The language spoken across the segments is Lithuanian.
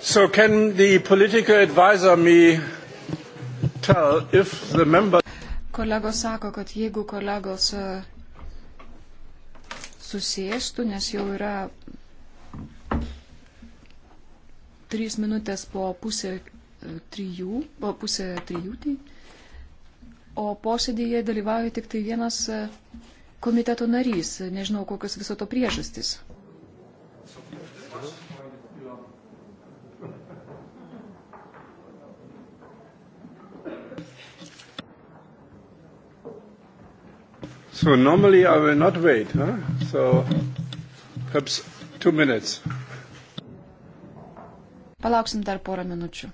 So can the political advisor me tell if the member... Kolegos sako, kad jeigu kolegos e, susėstų, nes jau yra trys minutės po pusę e, trijų, po pusę trijų, tai, o posėdėje dalyvauja tik tai vienas e, komiteto narys. Nežinau, kokios viso to priežastys. So normally I will not wait, huh? So perhaps two minutes. Palauksim dar porą minučių.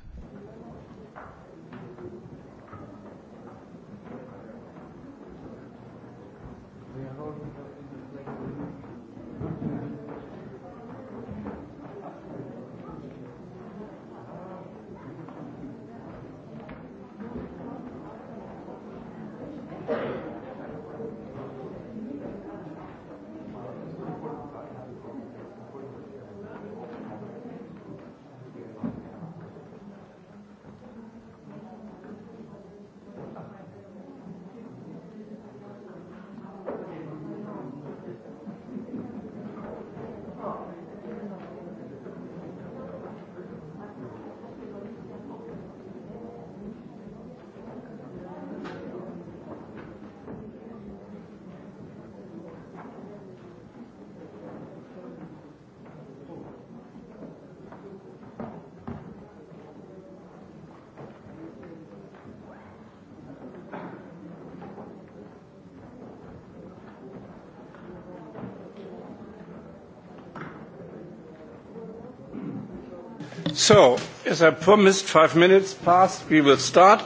So, as I promised, five minutes past, we will start.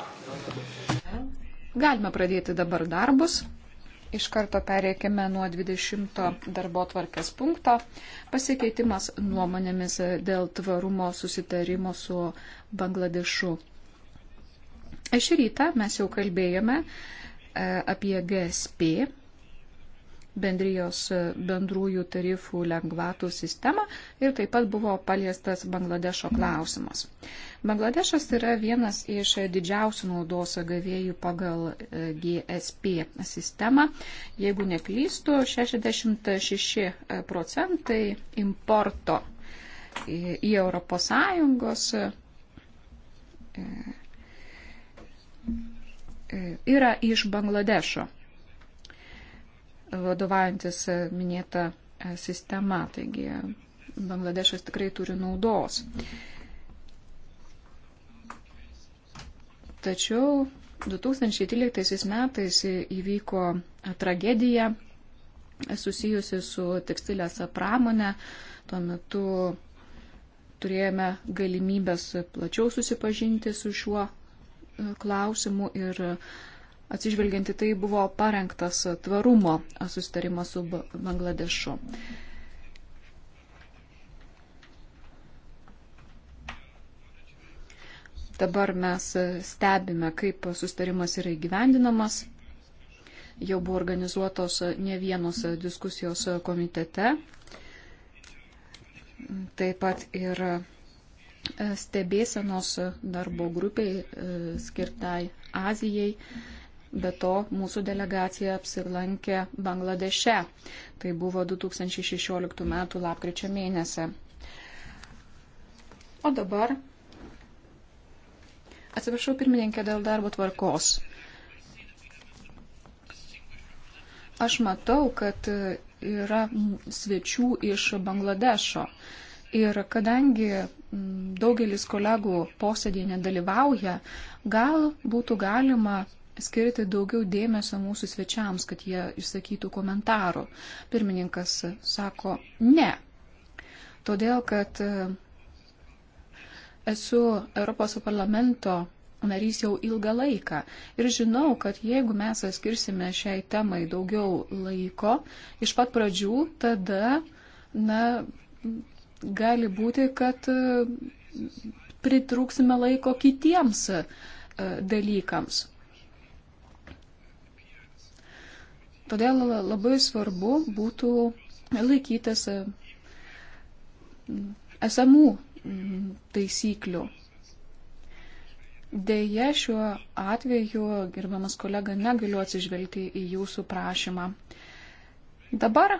Galime pradėti dabar darbus. Iš karto pereikime nuo 20 darbo tvarkės punkto. Pasikeitimas nuomonėmis dėl tvarumo susitarimo su Bangladešu. Šį rytą mes jau kalbėjome e, apie GSP bendrijos e, bendrųjų tarifų lengvatų sistemą ir taip pat buvo paliestas Bangladešo klausimas. Bangladešas yra vienas iš didžiausių naudos gavėjų pagal e, GSP sistemą. Jeigu neklystų, 66 e, procentai importo į Europos Sąjungos yra iš Bangladešo vadovaujantis e, minėta e, sistema. Taigi e, Bangladešas tikrai turi naudos. Tačiau 2013 metais įvyko tragedija susijusi su tekstilės pramonė. Tuo metu turėjome galimybės plačiau susipažinti su šiuo klausimu ir atsižvelgianti tai buvo parengtas tvarumo susitarimas su Bangladešu. Dabar mes stebime, kaip sustarimas yra įgyvendinamas. Jau buvo organizuotos ne vienos diskusijos komitete. Taip pat ir stebėsenos darbo grupiai e, skirtai Azijai Be to, mūsų delegacija apsilankė Bangladeše. Tai buvo 2016 m. lapkričio mėnesį. O dabar. Atsiprašau, pirmininkė, dėl darbo tvarkos. Aš matau, kad yra svečių iš Bangladešo. Ir kadangi daugelis kolegų posėdėje nedalyvauja, gal būtų galima skirti daugiau dėmesio mūsų svečiams, kad jie išsakytų komentarų. Pirmininkas sako ne. Todėl, kad e, esu Europos parlamento narys jau ilgą laiką ir žinau, kad jeigu mes skirsime šiai temai daugiau laiko iš pat pradžių, tada, na, gali būti, kad e, pritrūksime laiko kitiems e, dalykams. Todėl labai svarbu būtų laikytis e, esamų taisyklių. Deja, šiuo atveju, gerbiamas kolega, negaliu atsižvelgti į jūsų prašymą. Dabar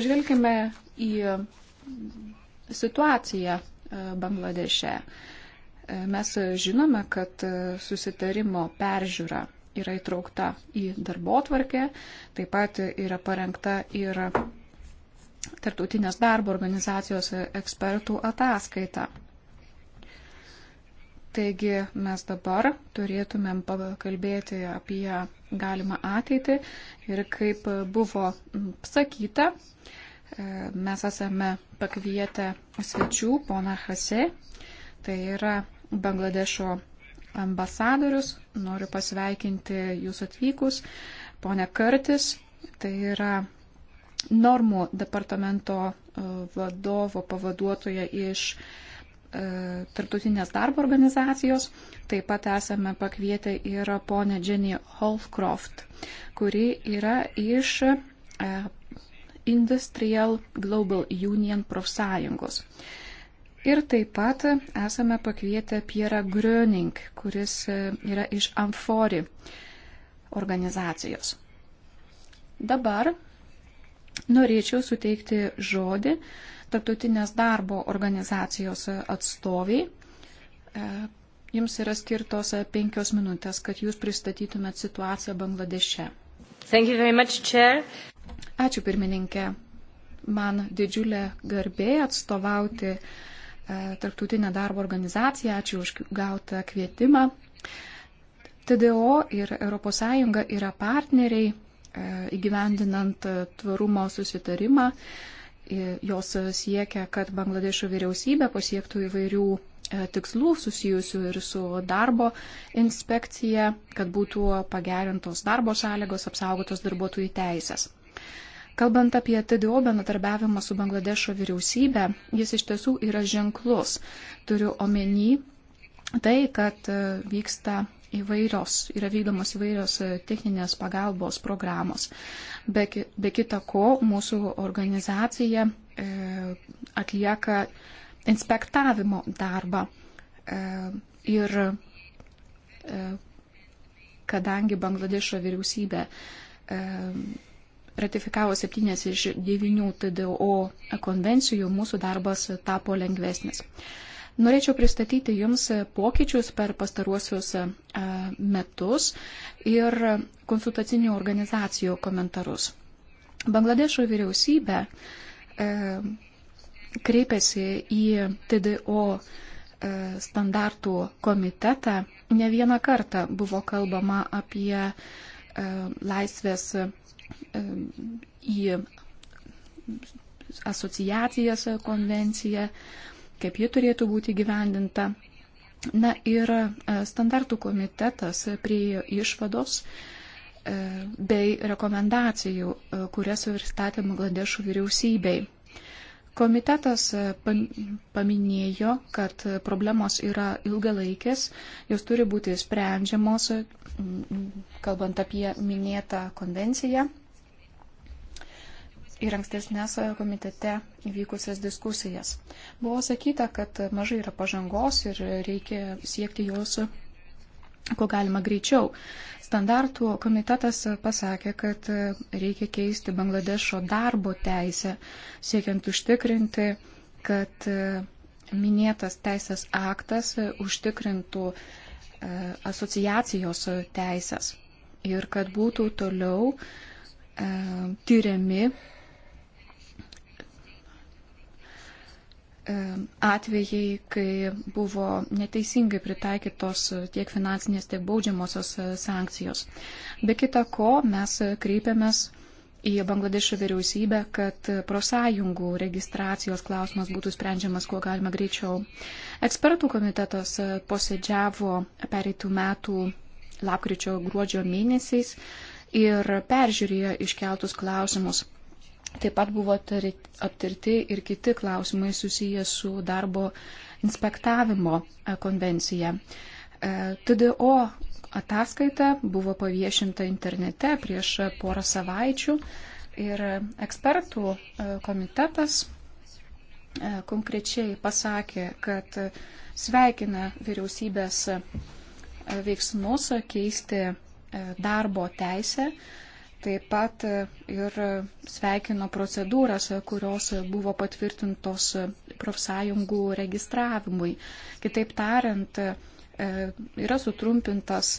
Žvelgime į situaciją e, Bangladeše. Mes žinome, kad susitarimo peržiūra yra įtraukta į darbo tvarkę, taip pat yra parengta ir Tartautinės darbo organizacijos ekspertų ataskaita. Taigi mes dabar turėtumėm pakalbėti apie galimą ateitį ir kaip buvo sakyta, mes esame pakvietę svečių poną Hase, tai yra Bangladešo ambasadorius. Noriu pasveikinti jūs atvykus. Pone Kartis, tai yra normų departamento e, vadovo pavaduotoja iš e, Tartutinės darbo organizacijos. Taip pat esame pakvietę ir ponę Jenny Holcroft, kuri yra iš e, Industrial Global Union profsąjungos. E, Ir taip pat esame pakvietę Pierą Gröning, kuris yra iš Amfori organizacijos. Dabar norėčiau suteikti žodį Tarptautinės darbo organizacijos atstoviai. E, jums yra skirtos penkios minutės, kad jūs pristatytumėt situaciją Bangladeše. Much, Ačiū pirmininkė. Man didžiulė garbė atstovauti uh, E, tarptautinę darbo organizaciją. Ačiū už gautą kvietimą. TDO ir ES yra partneriai e, įgyvendinant tvarumo susitarimą. E, jos siekia, kad Bangladešo vyriausybė pasiektų įvairių tikslų susijusių ir su darbo inspekcija, kad būtų pagerintos darbo sąlygos, apsaugotos darbuotojų teisės. Kalbant apie TDO bendradarbiavimą su Bangladešo vyriausybė, jis iš tiesų yra ženklus. Turiu omeny tai, kad e, vyksta įvairios, yra vykdomos įvairios e, techninės pagalbos programos. Be, be kita ko, mūsų organizacija e, atlieka inspektavimo darbą. E, ir e, kadangi Bangladešo vyriausybė e, ratifikavo septynės iš devinių TDO konvencijų, mūsų darbas tapo lengvesnis. Norėčiau pristatyti Jums pokyčius per pastaruosius metus ir konsultacinių organizacijų komentarus. Bangladešo vyriausybė kreipėsi į TDO standartų komitetą. Ne vieną kartą buvo kalbama apie laisvės į asociacijas konvenciją, kaip ji turėtų būti gyvendinta. Na ir e, standartų komitetas priejo išvados e, bei rekomendacijų, e, kurias pristatė Magladešų vyriausybei. Komitetas paminėjo, kad problemos yra ilgalaikės, jos turi būti sprendžiamos, kalbant apie minėtą konvenciją ir ankstesnės e, komitete vykusias diskusijas. Buvo sakyta, kad mažai yra pažangos ir reikia siekti jos kuo galima greičiau. Standartų komitetas pasakė, kad reikia keisti Bangladešo darbo teisę, siekiant užtikrinti, kad e, minėtas teisės aktas užtikrintų e, asociacijos teisės ir kad būtų toliau tyriami E, atvejai, kai buvo neteisingai pritaikytos tiek finansinės, tiek baudžiamosios e, sankcijos. Be kita ko, mes kreipiamės į Bangladešo vyriausybę, kad prosąjungų registracijos klausimas būtų sprendžiamas kuo galima greičiau. Ekspertų komitetas posėdžiavo pereitų metų lapkričio gruodžio mėnesiais ir peržiūrėjo iškeltus klausimus. Taip pat buvo aptarti ir kiti klausimai susiję su darbo inspektavimo e, konvencija. E, TDO ataskaita buvo paviešinta internete prieš porą savaičių ir ekspertų e, komitetas konkrečiai pasakė, kad sveikina vyriausybės veiksmus keisti darbo teisę Taip pat e, ir sveikino procedūras, e, kurios buvo patvirtintos e, profsąjungų registravimui. Kitaip tariant, yra sutrumpintas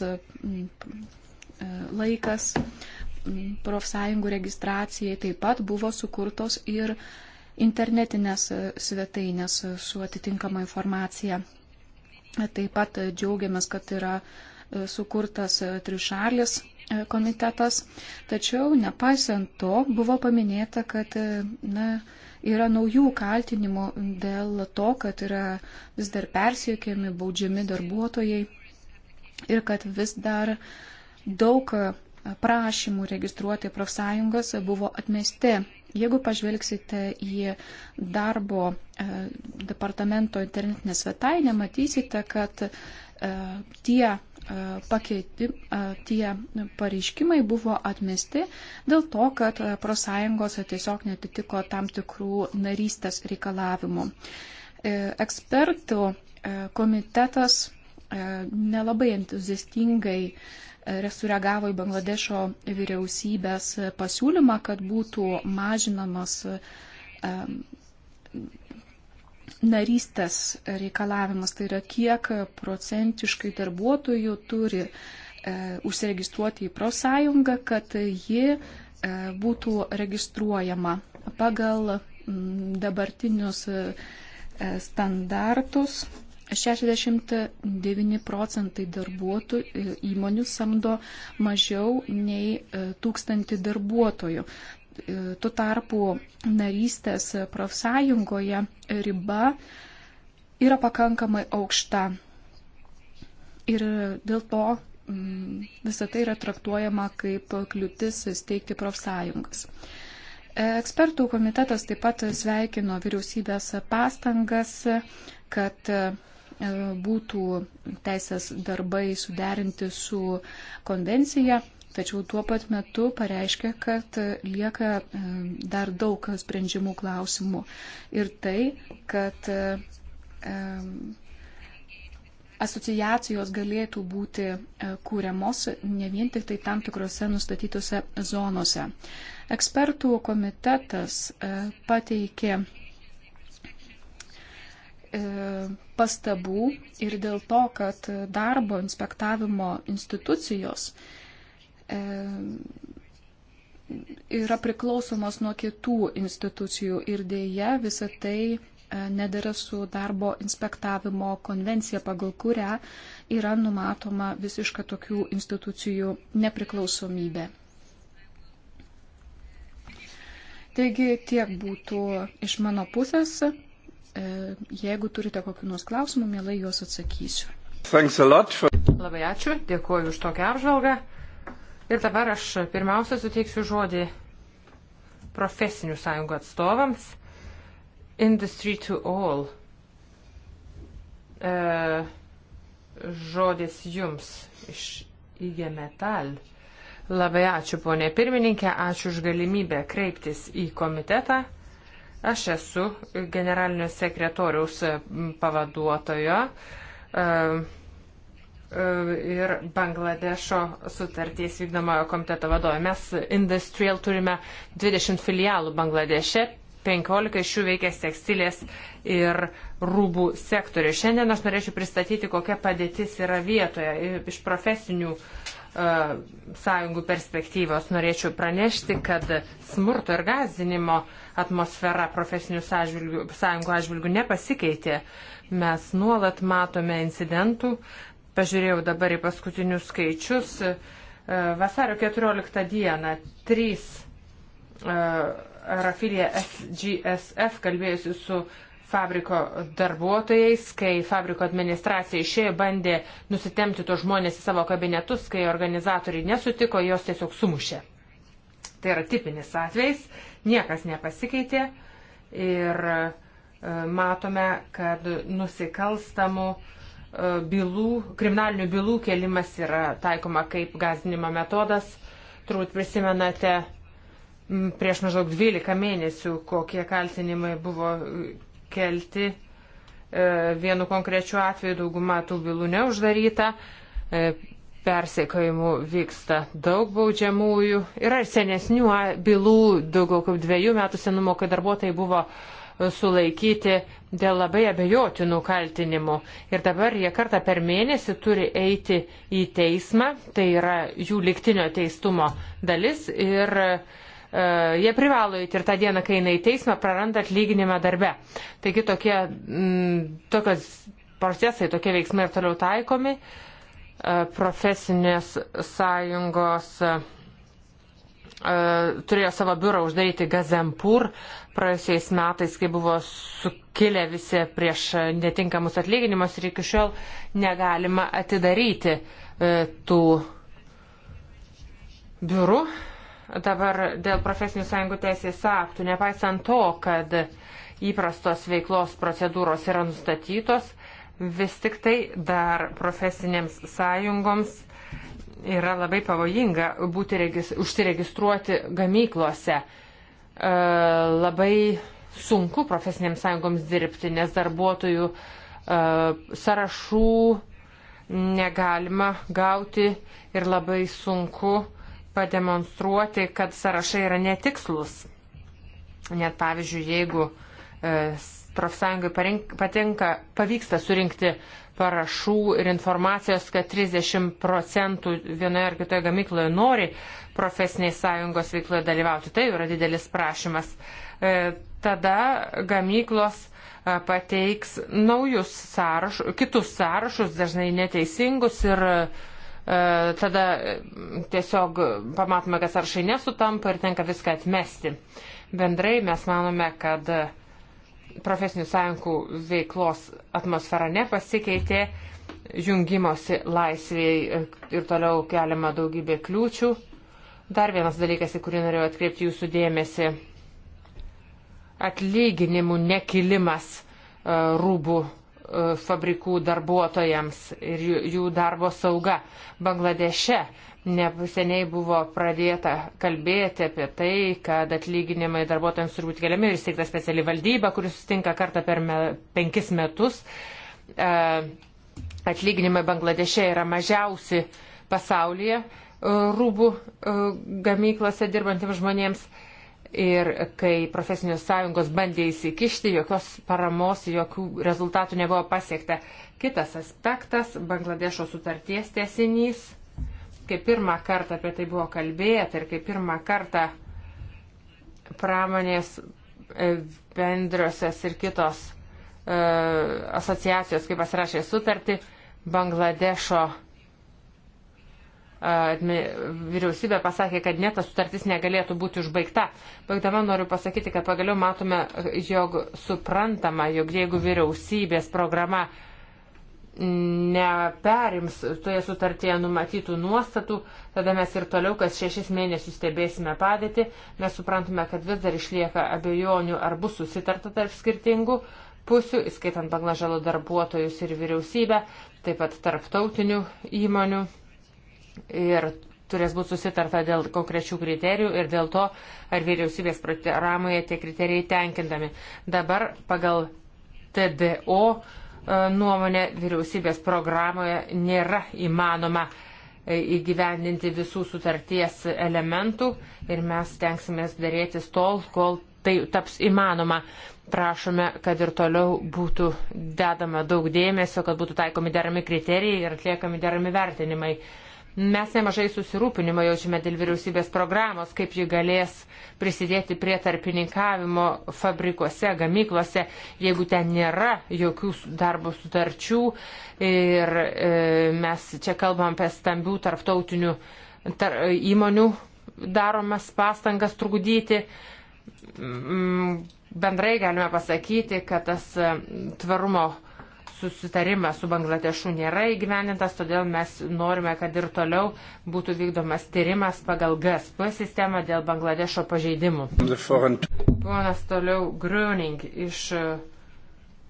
laikas profsąjungų registracijai, taip pat buvo sukurtos ir internetinės svetainės su atitinkama informacija. Taip pat džiaugiamės, kad yra sukurtas trišalis komitetas. Tačiau, nepaisant to, buvo paminėta, kad na, yra naujų kaltinimų dėl to, kad yra vis dar persiekiami, baudžiami darbuotojai ir kad vis dar daug prašymų registruoti profsąjungas buvo atmesti. Jeigu pažvelgsite į darbo e, departamento internetinę svetainę, matysite, kad e, tie E, pakeiti, e, tie pareiškimai buvo atmesti dėl to, kad prosąjungos tiesiog netitiko tam tikrų narystės reikalavimų. E, ekspertų komitetas nelabai entuziastingai resureagavo į Bangladešo vyriausybės pasiūlymą, kad būtų mažinamas narystės reikalavimas, tai yra kiek procentiškai darbuotojų turi e, užsiregistruoti į profsąjungą, kad ji e, būtų registruojama pagal m, mm, dabartinius e, standartus. 69 procentai darbuotojų e, įmonių samdo mažiau nei 1000 e, darbuotojų. Tuo tarpu narystės profsąjungoje riba yra pakankamai aukšta. Ir dėl to mm, visą tai yra traktuojama kaip kliūtis steigti profsąjungas. Ekspertų komitetas taip pat sveikino vyriausybės pastangas, kad e, būtų teisės darbai suderinti su konvencija tačiau tuo pat metu pareiškia, kad lieka e, dar daug sprendžiamų klausimų. Ir tai, kad e, asociacijos galėtų būti e, kūriamos ne vien tik tai tam tikrose nustatytose zonose. Ekspertų komitetas pateikė pastabų ir dėl to, kad darbo inspektavimo institucijos uh, E, yra priklausomos nuo kitų institucijų ir dėja visą tai e, nedara su darbo inspektavimo konvencija, pagal kurią yra numatoma visiška tokių institucijų nepriklausomybė. Taigi tiek būtų iš mano pusės. E, jeigu turite kokių nors klausimų, mielai juos atsakysiu. For... Labai ačiū, dėkuoju už tokią apžvalgą. Ir dabar aš pirmiausia suteiksiu žodį profesinių sąjungų atstovams. Industry to all. E, žodis jums iš IG Metal. Labai ačiū, ponė pirmininkė, ačiū už galimybę kreiptis į komitetą. Aš esu generalinio sekretoriaus pavaduotojo. E, ir Bangladešo sutarties vykdomojo komiteto vadovė. Mes Industrial turime 20 filialų Bangladeše, 15 iš jų veikia tekstilės ir rūbų sektorių. Šiandien aš norėčiau pristatyti, kokia padėtis yra vietoje. Iš profesinių uh, sąjungų perspektyvos norėčiau pranešti, kad smurto ir gazdinimo atmosfera profesinių sąjungų atžvilgių nepasikeitė. Mes nuolat matome incidentų, uh, Pažiūrėjau dabar į paskutinius skaičius. E, vasario 14 dieną 3 e, Rafilija SGSF kalbėjusi su fabriko darbuotojais, kai fabriko administracija išėjo, bandė nusitemti tos žmonės į savo kabinetus, kai organizatoriai nesutiko, jos tiesiog sumušė. Tai yra tipinis atvejs, niekas nepasikeitė ir e, matome, kad nusikalstamų uh, E, bylų, kriminalinių bylų kelimas yra taikoma kaip gazdinimo metodas. Turbūt prisimenate prieš maždaug 12 mėnesių, kokie kaltinimai buvo kelti e, vienu konkrečiu atveju, dauguma tų bylų neuždaryta, e, persiekojimų vyksta daug baudžiamųjų. Yra ir senesnių bylų, daugiau kaip dviejų metų senumo, kai darbuotojai buvo sulaikyti dėl labai abejotinų kaltinimų. Ir dabar jie kartą per mėnesį turi eiti į teismą, tai yra jų liktinio teistumo dalis. Ir e, jie privalo eiti ir tą dieną, kai eina į teismą, praranda atlyginimą darbe. Taigi tokie, m, mm, tokios procesai, tokie veiksmai ir toliau taikomi. E, profesinės sąjungos. E, E, turėjo savo biurą uždaryti Gazempur praėjusiais metais, kai buvo sukilę visi prieš netinkamus atlyginimus ir iki šiol negalima atidaryti e, tų biurų. Dabar dėl profesinių sąjungų teisės aktų, nepaisant to, kad įprastos veiklos procedūros yra nustatytos, vis tik tai dar profesinėms sąjungoms yra labai pavojinga būti regis, užsiregistruoti gamyklose. E, labai sunku profesinėms sąjungoms dirbti, nes darbuotojų e, sąrašų negalima gauti ir labai sunku pademonstruoti, kad sąrašai yra netikslus. Net pavyzdžiui, jeigu e, profsąjungai patinka, pavyksta surinkti parašų ir informacijos, kad 30 procentų vienoje ar kitoje gamykloje nori profesiniai sąjungos veikloje dalyvauti. Tai yra didelis prašymas. E, tada gamyklos e, pateiks naujus sąrašus, kitus sąrašus, dažnai neteisingus ir e, tada tiesiog pamatome, kad sąrašai nesutampa ir tenka viską atmesti. Bendrai mes manome, kad profesinių sąjungų veiklos atmosfera nepasikeitė, jungimosi laisvėjai ir toliau keliama daugybė kliūčių. Dar vienas dalykas, į kurį norėjau atkreipti jūsų dėmesį - atlyginimų nekilimas e, rūbų e, fabrikų darbuotojams ir jų darbo sauga. Bangladeše Nepuseniai buvo pradėta kalbėti apie tai, kad atlyginimai darbuotojams turi būti keliami ir įsteigta speciali valdyba, kuris sustinka kartą per me, penkis metus. E, atlyginimai Bangladeše yra mažiausi pasaulyje e, rūbų e, gamyklose dirbantiems žmonėms. Ir kai profesinės sąjungos bandė įsikišti, jokios paramos, jokių rezultatų nebuvo pasiekta. Kitas aspektas - Bangladešo sutarties tesinys kai pirmą kartą apie tai buvo kalbėta ir kai pirmą kartą pramonės e, bendrosios ir kitos e, asociacijos, kaip pasirašė sutartį, Bangladešo e, vyriausybė pasakė, kad net ta sutartis negalėtų būti užbaigta. Baigdama noriu pasakyti, kad pagaliau matome, jog suprantama, jog jeigu vyriausybės programa e, neperims toje sutartyje numatytų nuostatų, tada mes ir toliau kas šešis mėnesius stebėsime padėtį, mes suprantame, kad vis dar išlieka abejonių, ar bus susitarta tarp skirtingų pusių, įskaitant Banglažalo darbuotojus ir vyriausybę, taip pat tarptautinių įmonių. Ir turės būti susitarta dėl konkrečių kriterijų ir dėl to, ar vyriausybės programoje tie kriterijai tenkindami. Dabar pagal TDO E, nuomonė vyriausybės programoje nėra įmanoma e, įgyvendinti visų sutarties elementų ir mes tenksimės dėrėtis tol, kol tai taps įmanoma. Prašome, kad ir toliau būtų dedama daug dėmesio, kad būtų taikomi derami kriterijai ir atliekami derami vertinimai. Mes nemažai susirūpinimo jaučiame dėl vyriausybės programos, kaip ji galės prisidėti prie tarpininkavimo fabrikuose, gamyklose, jeigu ten nėra jokių darbo sutarčių. Ir e, mes čia kalbam apie stambių tarptautinių tar, įmonių daromas pastangas trukdyti. Mm, bendrai galime pasakyti, kad tas e, tvarumo susitarimas su Bangladešu nėra įgyvenintas, todėl mes norime, kad ir toliau būtų vykdomas tyrimas pagal GSP sistemą dėl Bangladešo pažeidimų. Ponas toliau Gröning iš e,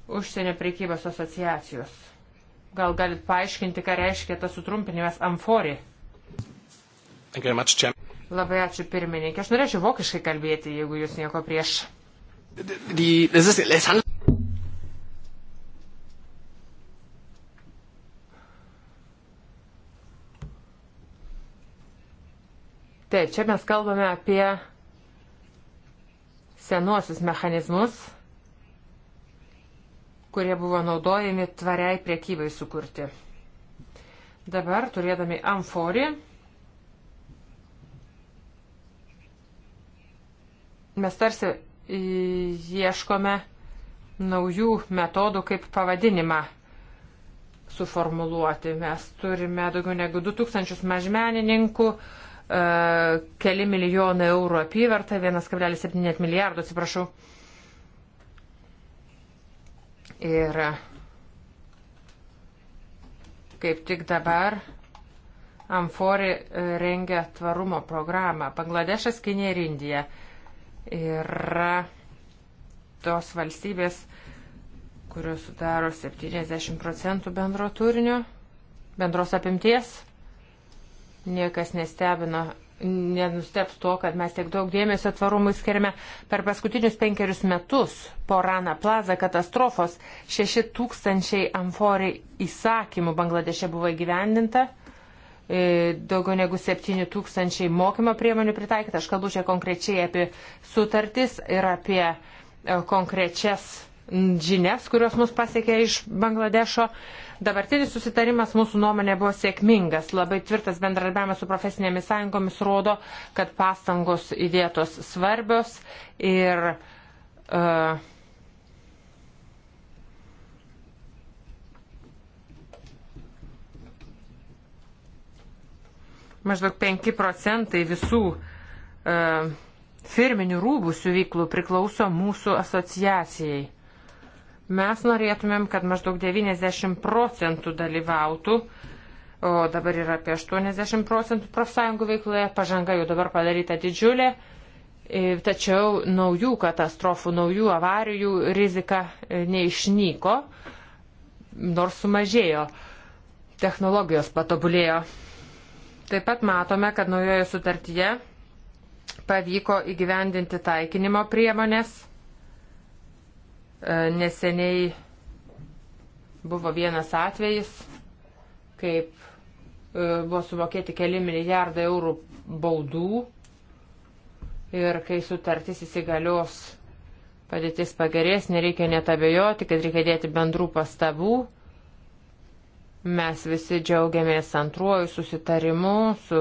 užsienio priekybos asociacijos. Gal galit paaiškinti, ką reiškia tas sutrumpinimas amfori? Labai ačiū pirmininkė. Aš norėčiau vokiškai kalbėti, jeigu jūs nieko prieš. Die, das ist, es handelt Taip, čia mes kalbame apie senuosius mechanizmus, kurie buvo naudojami tvariai priekybai sukurti. Dabar, turėdami amforį, mes tarsi ieškome naujų metodų, kaip pavadinimą suformuluoti. Mes turime daugiau negu 2000 mažmenininkų, E, keli milijonai eurų apyvarta, 1,7 milijardų, atsiprašau. Ir kaip tik dabar Amfori rengia tvarumo programą. Bangladešas, Kinė ir Indija yra tos valstybės, kurios sudaro 70 procentų bendro turinio, bendros apimties Niekas nestebina nenusteps to, kad mes tiek daug dėmesio tvarumui skiriame. Per paskutinius penkerius metus po Rana Plaza katastrofos 6000 amforiai įsakymų Bangladeše buvo įgyvendinta, e, daugiau negu 7000 mokymo priemonių pritaikyta. Aš kalbu čia konkrečiai apie sutartis ir apie e, konkrečias žinias, kurios mus pasiekė iš Bangladešo. Dabartinis susitarimas mūsų nuomonė buvo sėkmingas. Labai tvirtas bendradarbiavimas su profesinėmis sąjungomis rodo, kad pastangos įdėtos svarbios ir uh, maždaug 5 procentai visų uh, firminių rūbų siuvyklų priklauso mūsų asociacijai. Mes norėtumėm, kad maždaug 90 procentų dalyvautų, o dabar yra apie 80 procentų profsąjungų veikloje, pažanga jau dabar padaryta didžiulė, e, tačiau naujų katastrofų, naujų avarijų rizika e, neišnyko, nors sumažėjo, technologijos patobulėjo. Taip pat matome, kad naujoje sutartyje pavyko įgyvendinti taikinimo priemonės E, neseniai buvo vienas atvejis, kaip e, buvo sumokėti keli milijardai eurų baudų ir kai sutartis įsigalios padėtis pagerės, nereikia net abejoti, kad reikia dėti bendrų pastabų. Mes visi džiaugiamės antruoju susitarimu, su,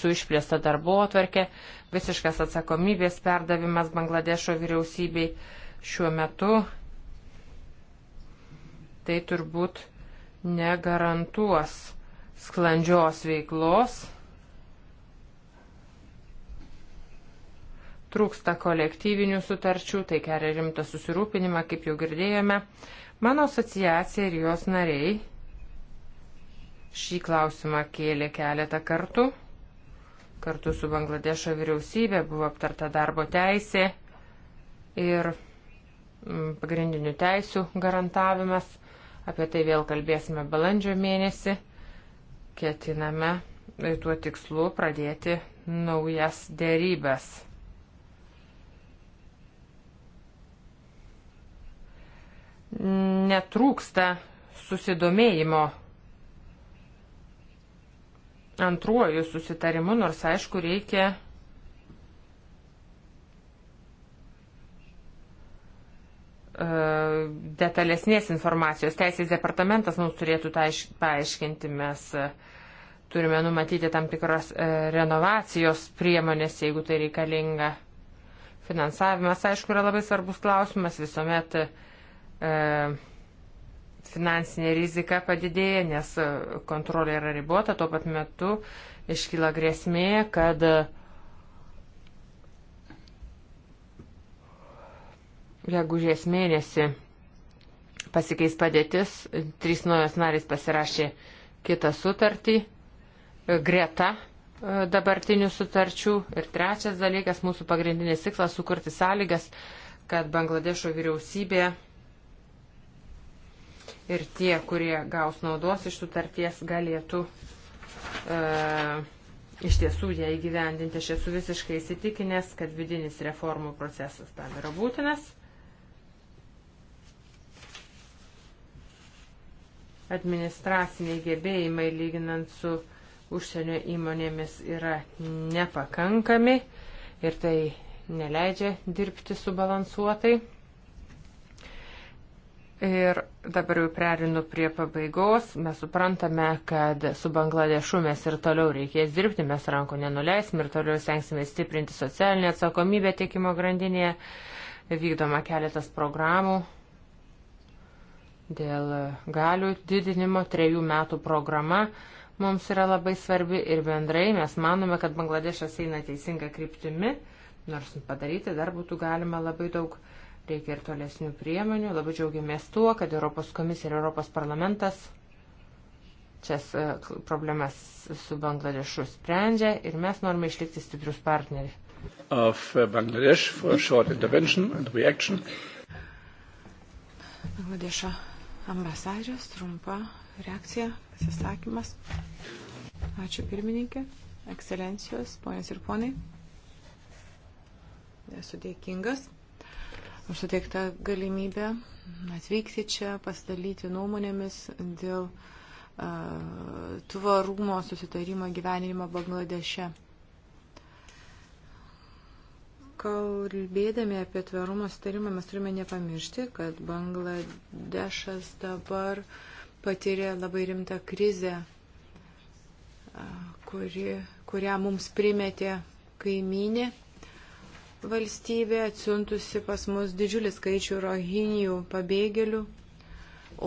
su išplėsta darbo atverkė, visiškas atsakomybės perdavimas Bangladešo vyriausybei šiuo metu tai turbūt negarantuos sklandžios veiklos. Trūksta kolektyvinių sutarčių, tai kelia rimtą susirūpinimą, kaip jau girdėjome. Mano asociacija ir jos nariai šį klausimą kėlė keletą kartų. Kartu su Bangladešo vyriausybė buvo aptarta darbo teisė ir Mm, pagrindinių teisių garantavimas. Apie tai vėl kalbėsime balandžio mėnesį. Ketiname tuo tikslu pradėti naujas dėrybės. Netrūksta susidomėjimo antruoju susitarimu, nors aišku reikia E, detalesnės informacijos. Teisės departamentas mums turėtų tai paaiškinti. Mes e, turime numatyti tam tikros e, renovacijos priemonės, jeigu tai reikalinga. Finansavimas, aišku, yra labai svarbus klausimas. Visuomet e, finansinė rizika padidėja, nes kontrolė yra ribota. Tuo pat metu iškyla grėsmė, kad e, gegužės mėnesį pasikeis padėtis, trys naujos narys pasirašė kitą sutartį greta e, dabartinių sutarčių. Ir trečias dalykas, mūsų pagrindinis tikslas - sukurti sąlygas, kad Bangladešo vyriausybė ir tie, kurie gaus naudos iš sutarties, galėtų e, iš tiesų ją įgyvendinti. Aš esu visiškai įsitikinęs, kad vidinis reformų procesas tam yra būtinas. administraciniai gebėjimai lyginant su užsienio įmonėmis yra nepakankami ir tai neleidžia dirbti subalansuotai. Ir dabar jau perinu prie pabaigos. Mes suprantame, kad su Bangladešu mes ir toliau reikės dirbti, mes rankų nenuleisim ir toliau stengsime stiprinti socialinę atsakomybę tiekimo grandinėje. Vykdoma keletas programų, dėl galių didinimo trejų metų programa mums yra labai svarbi ir bendrai mes manome, kad Bangladešas eina teisinga kryptimi, nors padaryti dar būtų galima labai daug. Reikia ir tolesnių priemonių. Labai džiaugiamės tuo, kad Europos komisija ir Europos parlamentas šias e, problemas su Bangladešu sprendžia ir mes norime išlikti stiprius partneriai. Uh, Bangladešo Ambasadžius, trumpa reakcija, pasisakymas. Ačiū pirmininkė, ekscelencijos, ponės ir ponai. Esu dėkingas už suteiktą galimybę atvykti čia, pasidalyti nuomonėmis dėl uh, tvarumo susitarimo gyvenimo Bangladeše. Kalbėdami apie tvarumo sutarimą mes turime nepamiršti, kad Bangladešas dabar patyrė labai rimtą krizę, kuri, kurią mums primetė kaiminė valstybė, atsiuntusi pas mus didžiulį skaičių rohinijų pabėgėlių,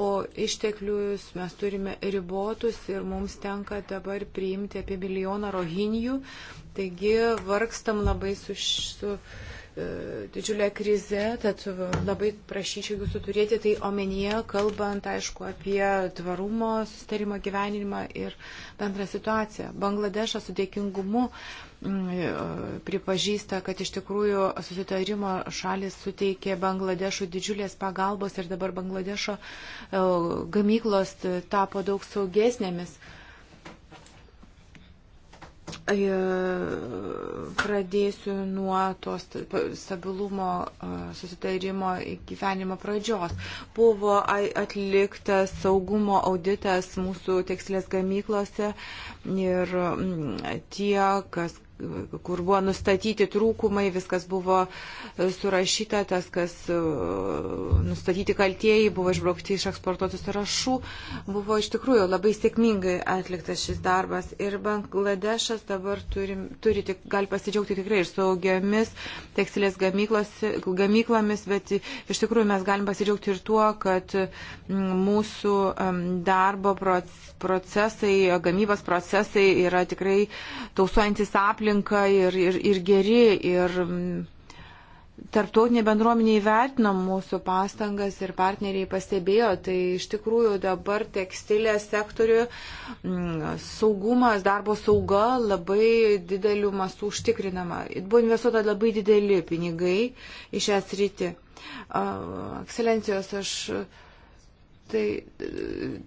o išteklius mes turime ribotus ir mums tenka dabar priimti apie milijoną rohinijų, Taigi vargstam labai su, su e, didžiulė krize, tad labai prašyčiau jūsų turėti tai omenyje, kalbant, aišku, apie tvarumo sustarimo gyvenimą ir bendrą situaciją. Bangladešas su dėkingumu e, pripažįsta, kad iš tikrųjų susitarimo šalis suteikė Bangladešų didžiulės pagalbos ir dabar Bangladešo e, gamyklos tapo daug saugesnėmis. E, pradėsiu nuo tos stabilumo e, susitarimo gyvenimo pradžios. Buvo atliktas saugumo auditas mūsų tekstilės gamyklose ir tie, kas kur buvo nustatyti trūkumai, viskas buvo e, surašyta, tas, kas e, nustatyti kaltieji, buvo išbraukti iš eksportuotų sąrašų, buvo iš tikrųjų labai sėkmingai atliktas šis darbas. Ir Bangladešas dabar turi, turi tik, gali pasidžiaugti tikrai ir saugiamis tekstilės gamyklomis, bet iš tikrųjų mes galim pasidžiaugti ir tuo, kad mūsų darbo procesai, gamybos procesai yra tikrai tausuojantis aplinką aplinka ir, ir, ir geri. Ir mm, tarptautinė bendruomenė įvertino mūsų pastangas ir partneriai pastebėjo, tai iš tikrųjų dabar tekstilės sektoriu mm, saugumas, darbo sauga labai dideliu mastu užtikrinama. Buvo investuota labai dideli pinigai į šią sritį. Ekscelencijos, aš Tai e,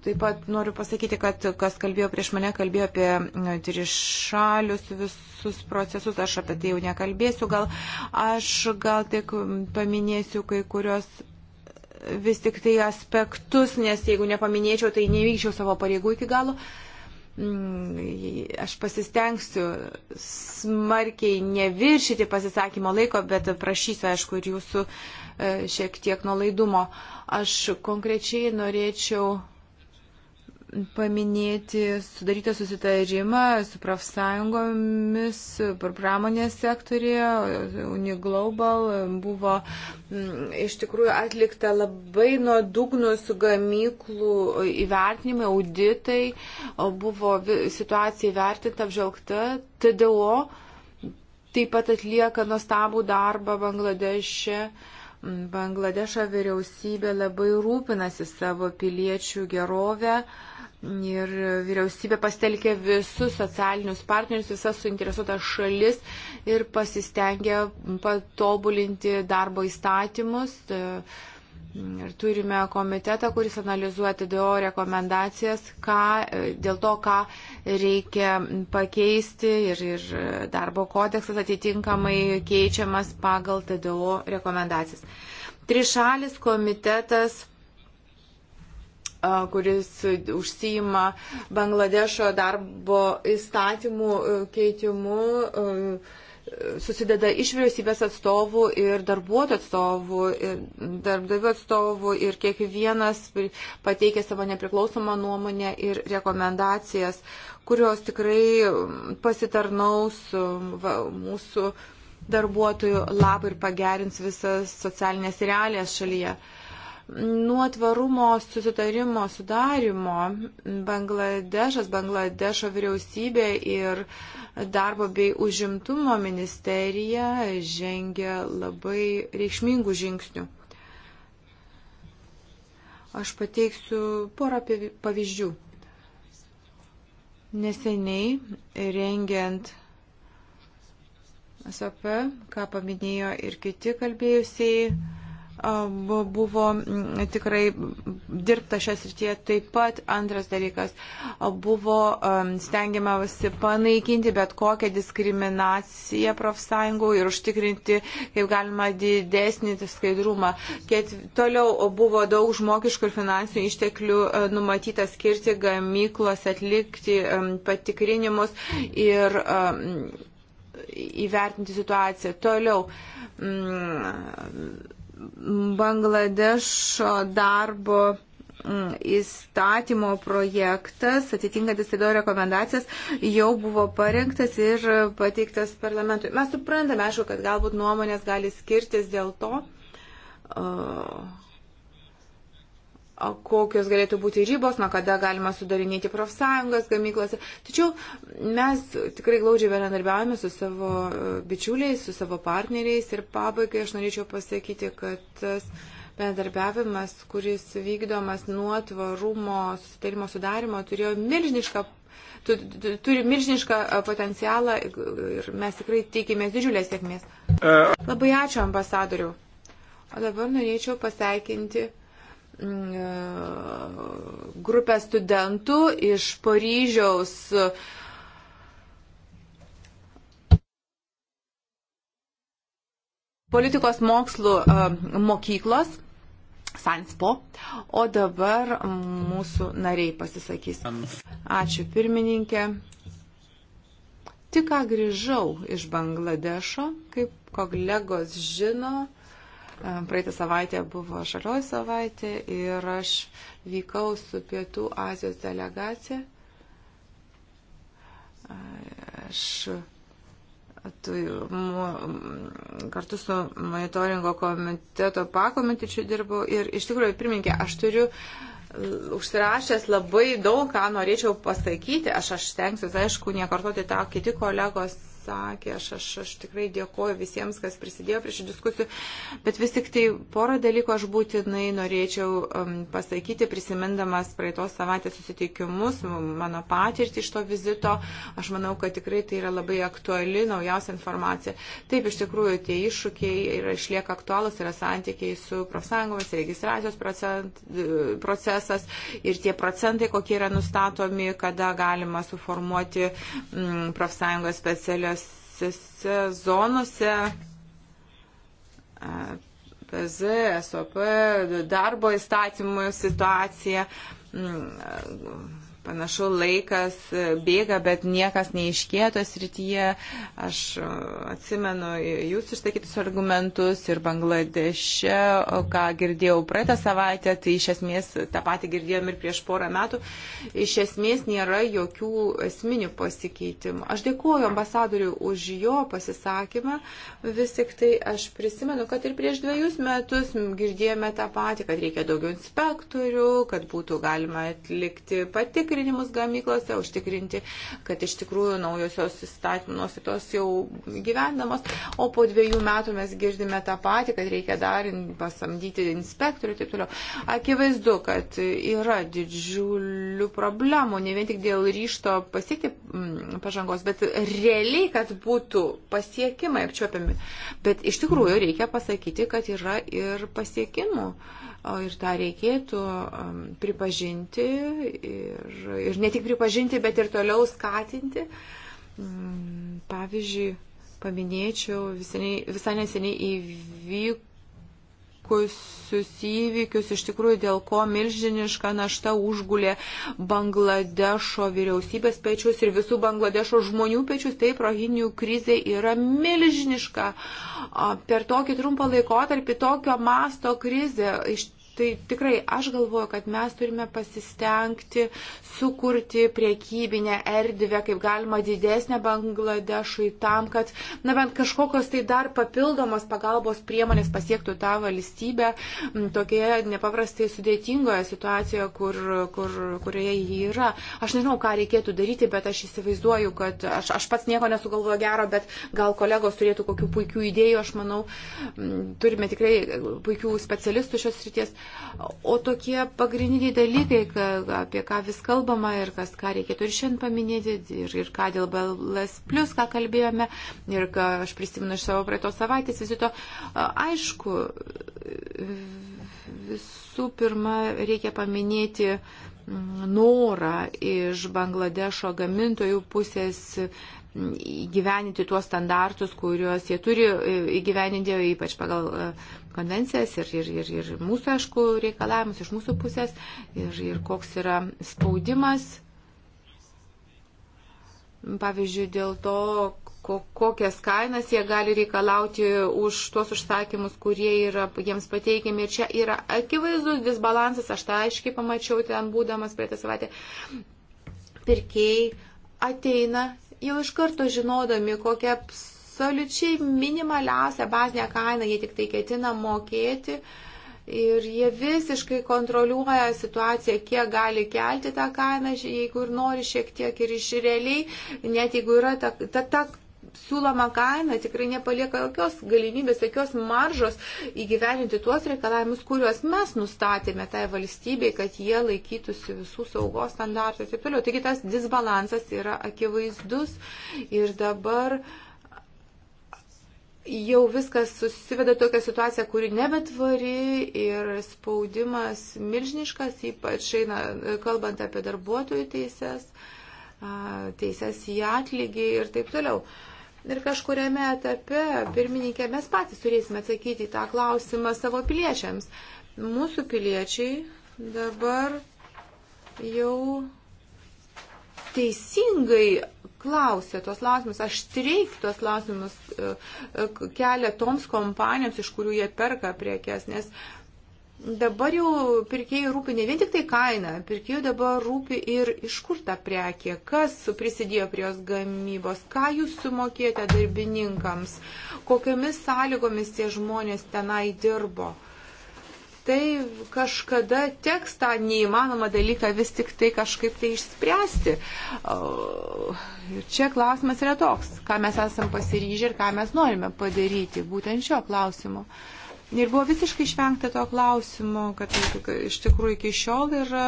taip pat noriu pasakyti, kad kas kalbėjo prieš mane, kalbėjo apie e, trišalius visus procesus, aš apie tai jau nekalbėsiu, gal aš gal tik paminėsiu kai kurios e, vis tik tai aspektus, nes jeigu nepaminėčiau, tai nevykčiau savo pareigų iki galo. Mm, aš pasistengsiu smarkiai neviršyti pasisakymo laiko, bet prašysiu, aišku, ir jūsų uh, E, šiek tiek nuolaidumo. Aš konkrečiai norėčiau paminėti sudarytą susitarimą su profsąjungomis pramonės sektorėje, Uniglobal buvo iš tikrųjų atlikta labai nuodugnus gamyklų įvertinimai, auditai, buvo situacija įvertinta, apžvelgta, TDO taip pat atlieka nuostabų darbą Bangladeše. Bangladešo vyriausybė labai rūpinasi savo piliečių gerovę ir vyriausybė pastelkė visus socialinius partnerius, visas suinteresuotas šalis ir pasistengė patobulinti darbo įstatymus. Tai Ir turime komitetą, kuris analizuoja TDO rekomendacijas, ką, dėl to, ką reikia pakeisti ir, ir darbo kodeksas atitinkamai keičiamas pagal TDO rekomendacijas. Trišalis komitetas kuris užsijima Bangladešo darbo įstatymų keitimu. Uh, susideda iš vyriausybės atstovų ir darbuotojų atstovų, ir darbdavių atstovų ir kiekvienas pateikia savo nepriklausomą nuomonę ir rekomendacijas, kurios tikrai pasitarnaus um, va, mūsų darbuotojų labai ir pagerins visas socialinės realijas šalyje. Uh, Nuo tvarumo susitarimo sudarimo Bangladešas, Bangladešo vyriausybė ir darbo bei užimtumo ministerija žengia labai reikšmingų žingsnių. Aš pateiksiu porą pavyzdžių. Neseniai rengiant SAP, ką paminėjo ir kiti kalbėjusiai, buvo mm, tikrai dirbta šias rytie. Taip pat antras dalykas buvo stengiamasi panaikinti bet kokią diskriminaciją profsąjungų ir užtikrinti kaip galima didesnį skaidrumą. Ket, toliau buvo daug žmogiškų ir finansinių išteklių numatyta skirti gamyklos, atlikti patikrinimus ir įvertinti situaciją. Toliau. Mm, Bangladešo darbo mm, įstatymo projektas, atitinkantis įdo rekomendacijas, jau buvo parengtas ir pateiktas parlamentui. Mes suprantame, aišku, kad galbūt nuomonės gali skirtis dėl to, uh, kokios galėtų būti ribos, nuo kada galima sudarinėti profsąjungas gamyklose. Tačiau mes tikrai glaudžiai bendradarbiavame su savo e, bičiuliais, su savo partneriais ir pabaigai aš norėčiau pasakyti, kad tas bendradarbiavimas, kuris vykdomas nuo tvarumo sutarimo sudarimo, turėjo milžinišką turi milžinišką e, potencialą ir mes tikrai tikimės didžiulės sėkmės. E. Labai ačiū ambasadoriu. O dabar norėčiau pasveikinti Mm, e, grupę studentų iš Paryžiaus politikos mokslų e, mokyklos. Sanspo, o dabar mūsų nariai pasisakys. Ačiū pirmininkė. Tik ką grįžau iš Bangladešo, kaip kolegos žino, Praeitą savaitę buvo žalioji savaitė ir aš vykau su Pietų Azijos delegacija. Aš tu, mu, kartu su monitoringo komiteto pakomitečiu dirbau ir iš tikrųjų, pirmininkė, aš turiu uh, užsirašęs labai daug, ką norėčiau pasakyti. Aš, aš stengsiuosi, aišku, nekartoti tą kiti kolegos pasakė, aš, aš, aš tikrai dėkoju visiems, kas prisidėjo prie šių diskusijų, bet vis tik tai porą dalykų aš būtinai norėčiau um, pasakyti, prisimindamas praeitos savaitės susitikimus, mano patirtį iš to vizito, aš manau, kad tikrai tai yra labai aktuali naujausia informacija. Taip, iš tikrųjų, tie iššūkiai yra išlieka aktualus, yra santykiai su profsąjungomis, registracijos procent, procesas ir tie procentai, kokie yra nustatomi, kada galima suformuoti mm, profsąjungos specialios atskirose zonose PZ, SOP, darbo įstatymų situacija mm, Panašu, laikas e, bėga, bet niekas neiškėtos rytyje. Aš e, atsimenu jūsų išsakytus argumentus ir Bangladeše, ką girdėjau praeitą savaitę, tai iš esmės tą patį girdėjom ir prieš porą metų. Iš esmės nėra jokių esminių pasikeitimų. Aš dėkuoju ambasadoriui už jo pasisakymą. Vis tik tai aš prisimenu, kad ir prieš dviejus metus girdėjome tą patį, kad reikia daugiau inspektorių, kad būtų galima atlikti patikrinimą patikrinimus gamyklose, užtikrinti, kad iš tikrųjų naujosios įstatymus tos jau gyvendamos, o po dviejų metų mes girdime tą patį, kad reikia dar pasamdyti inspektorių ir taip toliau. Akivaizdu, kad yra didžiulių problemų, ne vien tik dėl ryšto pasiekti mm, pažangos, bet realiai, kad būtų pasiekimai apčiopiami. Bet iš tikrųjų reikia pasakyti, kad yra ir pasiekimų. Uh, ir tą reikėtų um, pripažinti ir, ir ne tik pripažinti, bet ir toliau skatinti. Mm, pavyzdžiui, paminėčiau visai, visai neseniai įvykusius įvykius, iš tikrųjų dėl ko milžiniška našta užgulė Bangladešo vyriausybės pečius ir visų Bangladešo žmonių pečius, taip rohinių krizė yra milžiniška. Per tokį trumpą laikotarpį tokio masto krizė iš Tai tikrai aš galvoju, kad mes turime pasistengti sukurti priekybinę erdvę, kaip galima didesnę Bangladešui tam, kad, na bent kažkokios tai dar papildomos pagalbos priemonės pasiektų tą valstybę tokioje nepaprastai sudėtingoje situacijoje, kur, kur, kurioje ji yra. Aš nežinau, ką reikėtų daryti, bet aš įsivaizduoju, kad aš, aš pats nieko nesugalvoju gero, bet gal kolegos turėtų kokių puikių idėjų, aš manau, turime tikrai puikių specialistų šios ryties. O tokie pagrindiniai dalykai, ka, apie ką vis kalbama ir kas ką reikėtų ir šiandien paminėti, ir, ir ką dėl BLS, plus, ką kalbėjome, ir ką aš prisimenu iš savo praeitos savaitės vizito, aišku, visų pirma, reikia paminėti mm, norą iš Bangladešo gamintojų pusės įgyveninti tuos standartus, kuriuos jie turi e, įgyveninti, ypač pagal e, konvencijas ir, ir, ir, ir mūsų, aišku, reikalavimus iš mūsų pusės ir, ir koks yra spaudimas. Pavyzdžiui, dėl to, kokias kainas jie gali reikalauti už tuos užsakymus, kurie yra jiems pateikiami. Ir čia yra akivaizdus disbalansas, aš tą aiškiai pamačiau ten būdamas praeitą savaitę. Pirkėjai ateina jau iš karto žinodami, kokia absoliučiai minimaliausią bazinę kainą jie tik tai ketina mokėti. Ir jie visiškai kontroliuoja situaciją, kiek gali kelti tą kainą, jeigu ir nori šiek tiek ir iš realiai, net jeigu yra ta, ta, ta siūloma kaina tikrai nepalieka jokios galimybės, jokios maržos įgyveninti tuos reikalavimus, kuriuos mes nustatėme tai valstybei, kad jie laikytųsi visų saugos standartų ir taip toliau. Taigi tas disbalansas yra akivaizdus ir dabar uh, jau viskas susiveda tokią situaciją, kuri nebetvari ir spaudimas milžiniškas, ypač eina, kalbant apie darbuotojų teises, teises į atlygį ir taip toliau. Ir kažkuriame etape, pirmininkė, mes patys turėsime atsakyti į tą klausimą savo piliečiams. Mūsų piliečiai dabar jau teisingai klausė tuos klausimus, aštriai tuos klausimus e, e, kelia toms kompanijoms, iš kurių jie perka priekes, nes dabar jau pirkėjai rūpi ne vien tik tai kaina, pirkėjai dabar rūpi ir iš kur ta prekė, kas prisidėjo prie jos gamybos, ką jūs sumokėte darbininkams, kokiamis sąlygomis tie žmonės tenai dirbo. Uh, tai kažkada teks tą neįmanomą dalyką vis tik tai kažkaip tai išspręsti. Ir čia klausimas yra toks, ką mes esam pasiryžę ir ką mes norime padaryti būtent šio klausimo. Uh, Ir buvo visiškai išvengta to klausimo, kad tai iš tikrųjų iki šiol yra.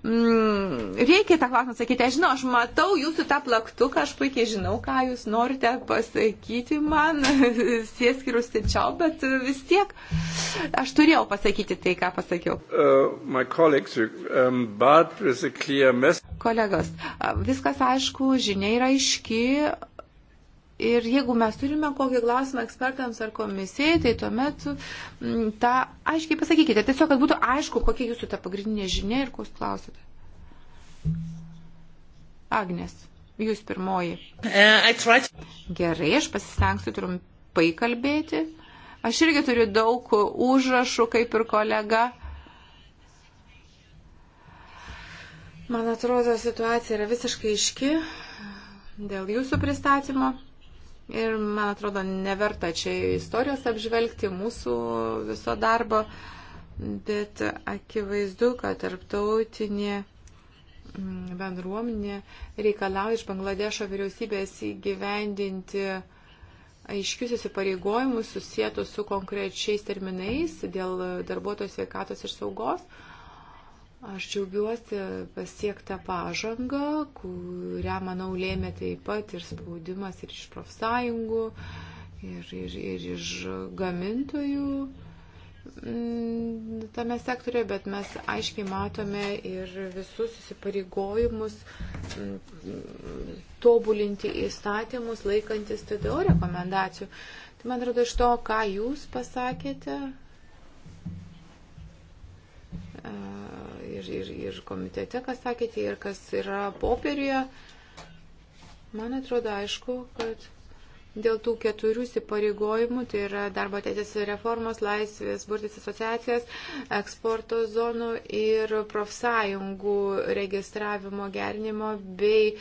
Mm, reikia tą klausimą sakyti, aš žinau, aš matau jūsų tą plaktuką, aš puikiai žinau, ką jūs norite pasakyti man, sėskirus čia, bet vis tiek aš turėjau pasakyti tai, ką pasakiau. Uh, um, Kolegos, viskas aišku, žinia yra aiški Ir jeigu mes turime kokį klausimą ekspertams ar komisijai, tai tuomet mm, tą aiškiai pasakykite. Tiesiog, kad būtų aišku, kokia jūsų ta pagrindinė žinia ir ko jūs klausite. Agnes, jūs pirmoji. Uh, Gerai, aš pasistengsiu trumpai kalbėti. Aš irgi turiu daug užrašų, kaip ir kolega. Man atrodo, situacija yra visiškai iški dėl jūsų pristatymo. Ir, man atrodo, neverta čia istorijos apžvelgti mūsų viso darbo, bet akivaizdu, kad tarptautinė mm, bendruomenė reikalauja iš Bangladešo vyriausybės įgyvendinti aiškius įsipareigojimus susijęto su konkrečiais terminais dėl darbuotojų sveikatos ir saugos. Uh, Aš džiaugiuosi pasiektą pažangą, kurią, manau, lėmė taip pat ir spaudimas ir iš profsąjungų, ir, ir, ir iš gamintojų mm, tame sektorėje, bet mes aiškiai matome ir visus įsipareigojimus mm, tobulinti įstatymus, laikantis TDO rekomendacijų. Tai man atrodo, iš to, ką jūs pasakėte, ir, ir, ir komitete, kas sakėte, ir kas yra popieriuje. Man atrodo aišku, kad dėl tų keturių įsipareigojimų, tai yra darbo teisės reformos, laisvės, burtis asociacijas, eksporto zonų ir profsąjungų registravimo gerinimo bei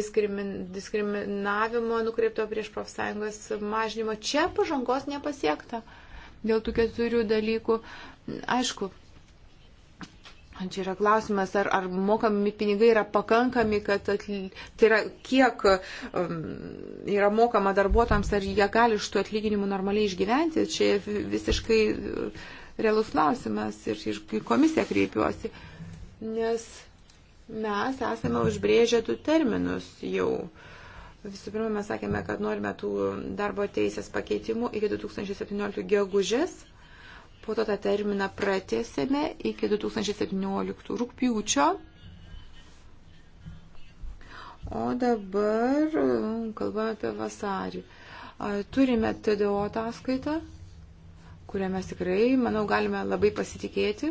diskrimin, diskriminavimo nukreipto prieš profsąjungas mažinimo. Čia pažangos nepasiekta dėl tų keturių dalykų. Aišku, Čia yra klausimas, ar, ar mokami pinigai yra pakankami, kad atly... tai yra kiek um, yra mokama darbuotojams, ar jie gali iš tų atlyginimų normaliai išgyventi. Čia visiškai uh, realus klausimas ir, ir komisiją kreipiuosi, nes mes esame užbrėžę tų terminus jau. Visų pirma, mes sakėme, kad norime tų darbo teisės pakeitimų iki 2017 gegužės Po to tą terminą pratėsėme iki 2017 rūpjūčio. O dabar mm, kalbame apie vasarį. Turime TDO ataskaitą, kurią mes tikrai, manau, galime labai pasitikėti.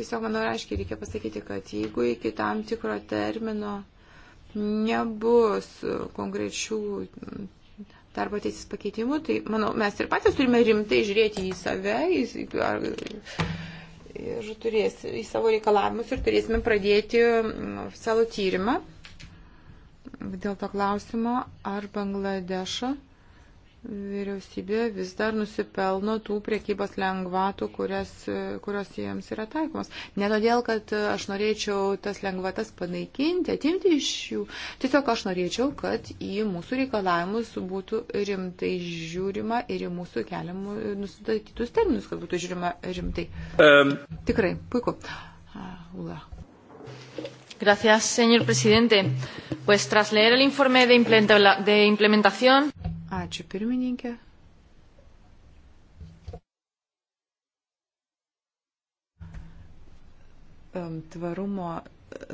Tiesiog, manau, aiškiai reikia pasakyti, kad jeigu iki tam tikro termino nebus konkrečių darbo teisės pakeitimų, tai manau, mes ir patys turime rimtai žiūrėti į save į, ar, ir turės, į savo reikalavimus ir turėsime pradėti nu, oficialų tyrimą dėl to klausimo, ar Bangladešą vyriausybė vis dar nusipelno tų priekybos lengvatų, kurias, kurios jiems yra taikomos. Ne todėl, kad aš norėčiau tas lengvatas panaikinti, atimti iš jų. Tiesiog aš norėčiau, kad į mūsų reikalavimus būtų rimtai žiūrima ir į mūsų keliamų nustatytus terminus, kad būtų žiūrima rimtai. Um. Tikrai, puiku. Ula. Gracias, señor presidente. Pues tras leer el informe de, implementa de implementación. Ačiū pirmininkė. Tvarumo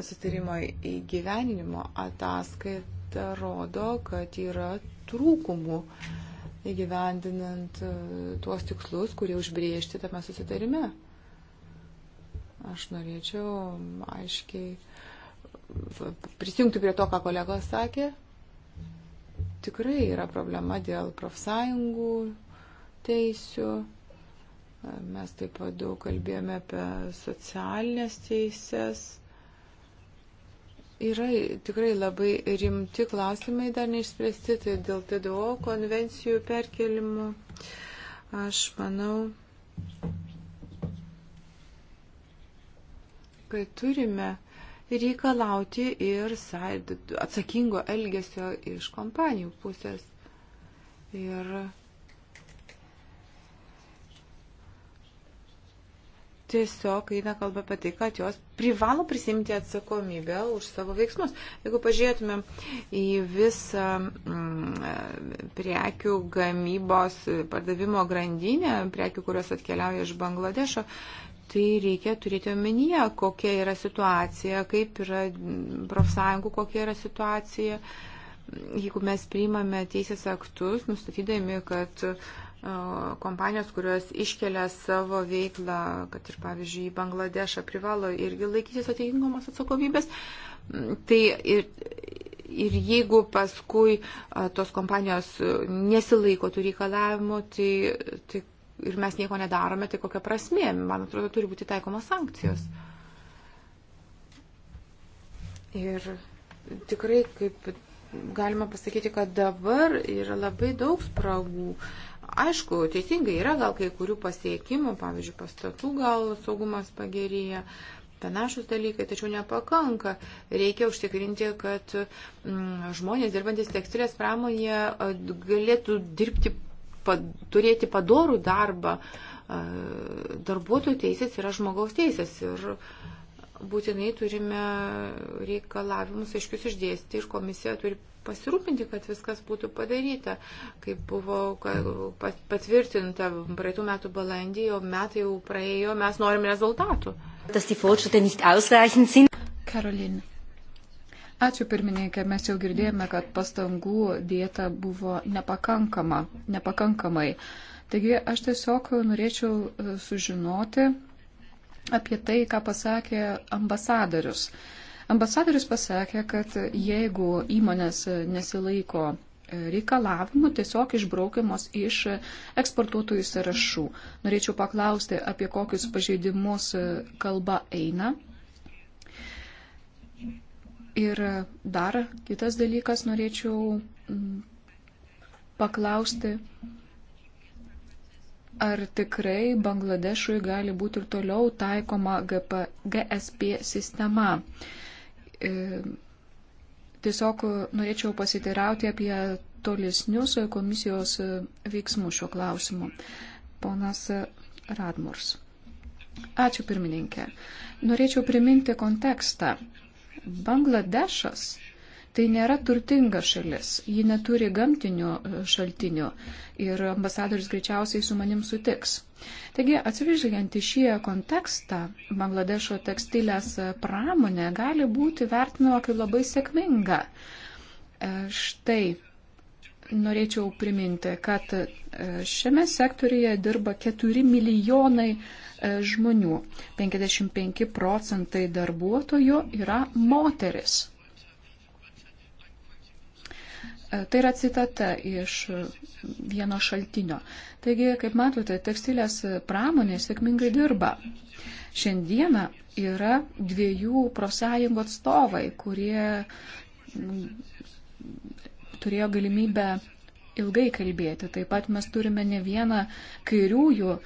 sutarimo įgyveninimo ataskaita rodo, kad yra trūkumų įgyvendinant e, tuos tikslus, kurie užbriežti tame susitarime. Aš norėčiau aiškiai prisijungti prie to, ką kolegos sakė, tikrai yra problema dėl profsąjungų teisių. Mes taip pat daug kalbėjome apie socialinės teises. Yra tikrai labai rimti klausimai dar neišspręsti, tai dėl TDO konvencijų perkelimo. Aš manau, kad turime uh, reikalauti ir atsakingo elgesio iš kompanijų pusės. Ir tiesiog eina kalba apie tai, kad jos privalo prisimti atsakomybę už savo veiksmus. Jeigu pažiūrėtumėm į visą mm, prekių gamybos pardavimo grandinę, prekių, kurios atkeliauja iš Bangladešo, tai reikia turėti omenyje, kokia yra situacija, kaip yra profsąjungų, kokia yra situacija. Jeigu mes priimame teisės aktus, nustatydami, kad kompanijos, kurios iškelia savo veiklą, kad ir pavyzdžiui į Bangladešą privalo irgi laikytis atitinkamos atsakomybės, tai ir, ir jeigu paskui tos kompanijos nesilaiko tų reikalavimų, tai, tai ir mes nieko nedarome, tai kokia prasmė, man atrodo, turi būti taikomos sankcijos. Ir tikrai, kaip galima pasakyti, kad dabar yra labai daug spragų. Aišku, teisingai yra gal kai kurių pasiekimų, pavyzdžiui, pastatų gal saugumas pagerėja, panašus dalykai, tačiau nepakanka. Reikia užtikrinti, kad mm, žmonės dirbantis tekstilės pramonėje galėtų dirbti pad, turėti padorų darbą, darbuotojų teisės yra žmogaus teisės. Ir būtinai turime reikalavimus aiškius išdėsti ir komisija turi pasirūpinti, kad viskas būtų padaryta, kaip buvo patvirtinta praeitų metų balandį, o metai jau praėjo, mes norim rezultatų. Karolina. Ačiū pirmininkė, mes jau girdėjome, kad pastangų dėta buvo nepakankama, nepakankamai. Taigi aš tiesiog norėčiau e, sužinoti apie tai, ką pasakė ambasadorius. Ambasadorius pasakė, kad jeigu įmonės nesilaiko e, reikalavimų tiesiog išbraukiamos iš eksportuotojų sąrašų. Norėčiau paklausti, apie kokius pažeidimus e, kalba eina Ir dar kitas dalykas norėčiau mm, paklausti, ar tikrai Bangladešui gali būti ir toliau taikoma GP, GSP sistema. E, tiesiog norėčiau pasiteirauti apie tolesnius komisijos veiksmus šiuo klausimu. Ponas Radmurs. Ačiū pirmininkė. Norėčiau priminti kontekstą. Bangladešas tai nėra turtinga šalis, ji neturi gamtinių e, šaltinių ir ambasadoris greičiausiai su manim sutiks. Taigi, atsižvelgiant į šį kontekstą, Bangladešo tekstilės pramonė gali būti vertinama kaip labai sėkminga. E, štai, norėčiau priminti, kad e, šiame sektoriuje dirba 4 milijonai E, žmonių. 55 procentai darbuotojų yra moteris. E, tai yra citata iš vieno šaltinio. Taigi, kaip matote, tekstilės pramonė sėkmingai dirba. Šiandieną yra dviejų profsąjungų atstovai, kurie turėjo galimybę ilgai kalbėti. Taip pat mes turime ne vieną kairiųjų e,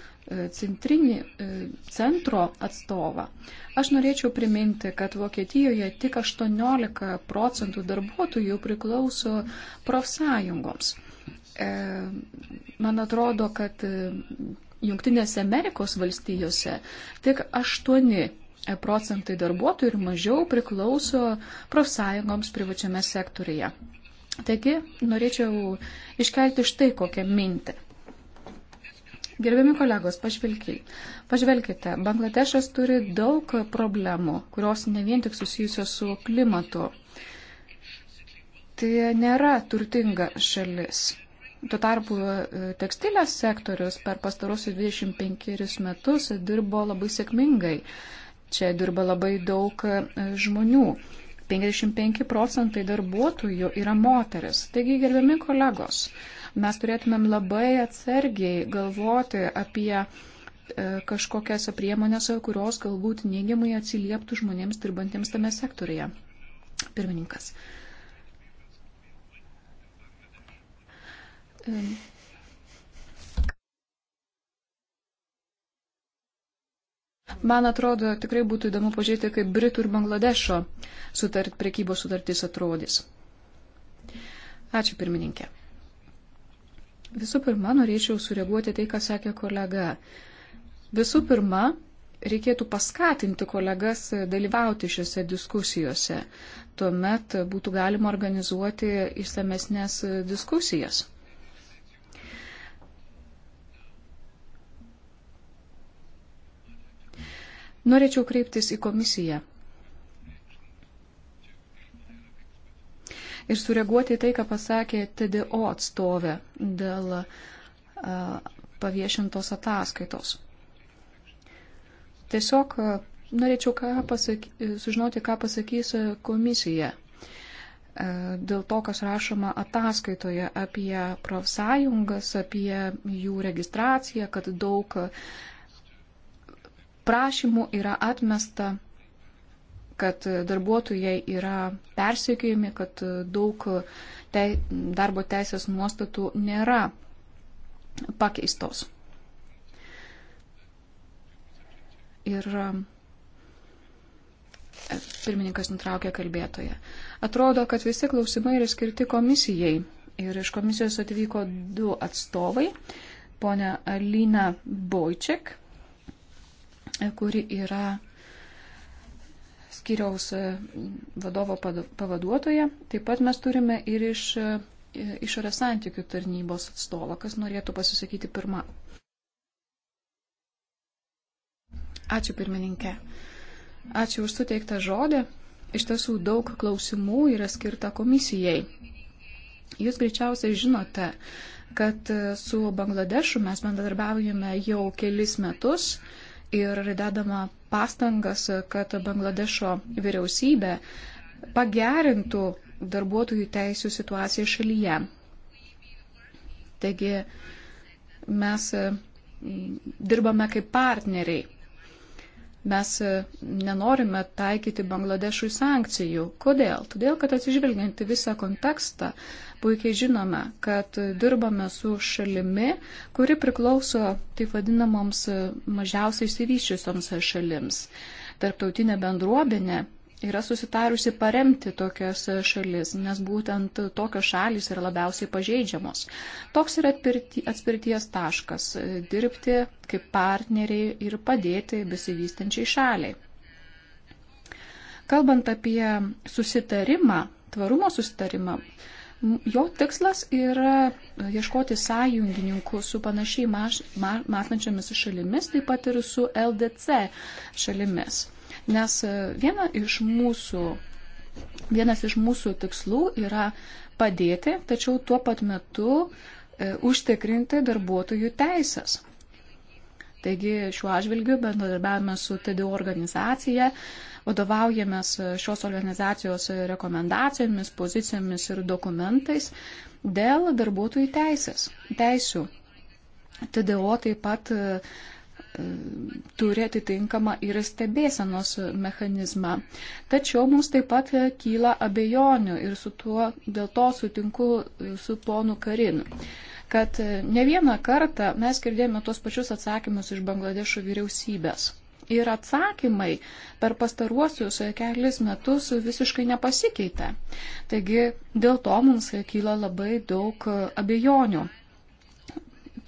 centrinį e, centro atstovą. Aš norėčiau priminti, kad Vokietijoje tik 18 procentų darbuotojų priklauso profsąjungoms. E, man atrodo, kad Junktinėse Amerikos valstijose tik 8 procentai darbuotojų ir mažiau priklauso profsąjungoms privačiame sektorija. Taigi, norėčiau iškelti štai kokią mintį. Gerbiami kolegos, pažvelkite. pažvelkite, Bangladešas turi daug problemų, kurios ne vien tik susijusios su klimatu. Tai nėra turtinga šalis. Tuo tarpu e, tekstilės sektorius per pastarosius 25 metus dirbo labai sėkmingai. Čia dirba labai daug e, žmonių. 55 procentai darbuotojų yra moteris. Taigi, gerbiami kolegos, mes turėtumėm labai atsargiai galvoti apie e, kažkokias priemonės, kurios galbūt neigiamai atsilieptų žmonėms dirbantiems tame sektorėje. Pirmininkas. Man atrodo, tikrai būtų įdomu pažiūrėti, kaip Britų ir Bangladešo sutart, prekybos sutartys atrodys. Ačiū pirmininkė. Visų pirma, norėčiau sureaguoti tai, ką sakė kolega. Visų pirma, reikėtų paskatinti kolegas dalyvauti šiuose diskusijose. Tuomet būtų galima organizuoti išsamesnės diskusijas. Norėčiau kreiptis į komisiją ir sureaguoti į tai, ką pasakė TDO atstovė dėl a, paviešintos ataskaitos. Tiesiog norėčiau ką pasaky, sužinoti, ką pasakys komisija dėl to, kas rašoma ataskaitoje apie profsąjungas, apie jų registraciją, kad daug prašymų yra atmesta, kad darbuotojai yra persiekėjami, kad daug te, darbo teisės nuostatų nėra pakeistos. Ir e, pirmininkas nutraukė kalbėtoje. Atrodo, kad visi klausimai yra skirti komisijai. Ir iš komisijos atvyko du atstovai. Pone Alina Bojček kuri yra skiriaus e, vadovo pavaduotoja. Taip pat mes turime ir iš e, išorės santykių tarnybos atstovą, kas norėtų pasisakyti pirmą. Ačiū pirmininkė. Ačiū už suteiktą žodį. Iš tiesų daug klausimų yra skirta komisijai. Jūs greičiausiai žinote, kad e, su Bangladešu mes bendradarbiaujame jau kelis metus. Uh, ir dedama pastangas, kad Bangladešo vyriausybė pagerintų darbuotojų teisų situaciją šalyje. Taigi mes mm, dirbame kaip partneriai. Mes mm, nenorime taikyti Bangladešui sankcijų. Kodėl? Todėl, kad atsižvelgianti visą kontekstą, puikiai žinome, kad dirbame su šalimi, kuri priklauso taip vadinamoms mažiausiai išsivyščiusioms šalims. Tarptautinė bendruomenė yra susitarusi paremti tokias šalis, nes būtent tokios šalis yra labiausiai pažeidžiamos. Toks yra atspirties taškas - dirbti kaip partneriai ir padėti besivystančiai šaliai. Kalbant apie susitarimą, tvarumo susitarimą, Jo tikslas yra ieškoti sąjungininkų su panašiai maž, ma, mąstančiamis šalimis, taip pat ir su LDC šalimis. Nes e, viena iš mūsų, vienas iš mūsų tikslų yra padėti, tačiau tuo pat metu e, užtikrinti darbuotojų teisės. Taigi šiuo atžvilgiu bendradarbiavame su TDO organizacija, vadovaujamės šios organizacijos rekomendacijomis, pozicijomis ir dokumentais dėl darbuotojų teisės, teisių. TDO taip pat e, turi atitinkamą ir stebėsenos mechanizmą. Tačiau mums taip pat kyla abejonių ir su tuo, dėl to sutinku su ponu Karinu kad ne vieną kartą mes girdėjome tuos pačius atsakymus iš Bangladešo vyriausybės. Ir atsakymai per pastaruosius kelius metus visiškai nepasikeitė. Taigi dėl to mums kyla labai daug abejonių.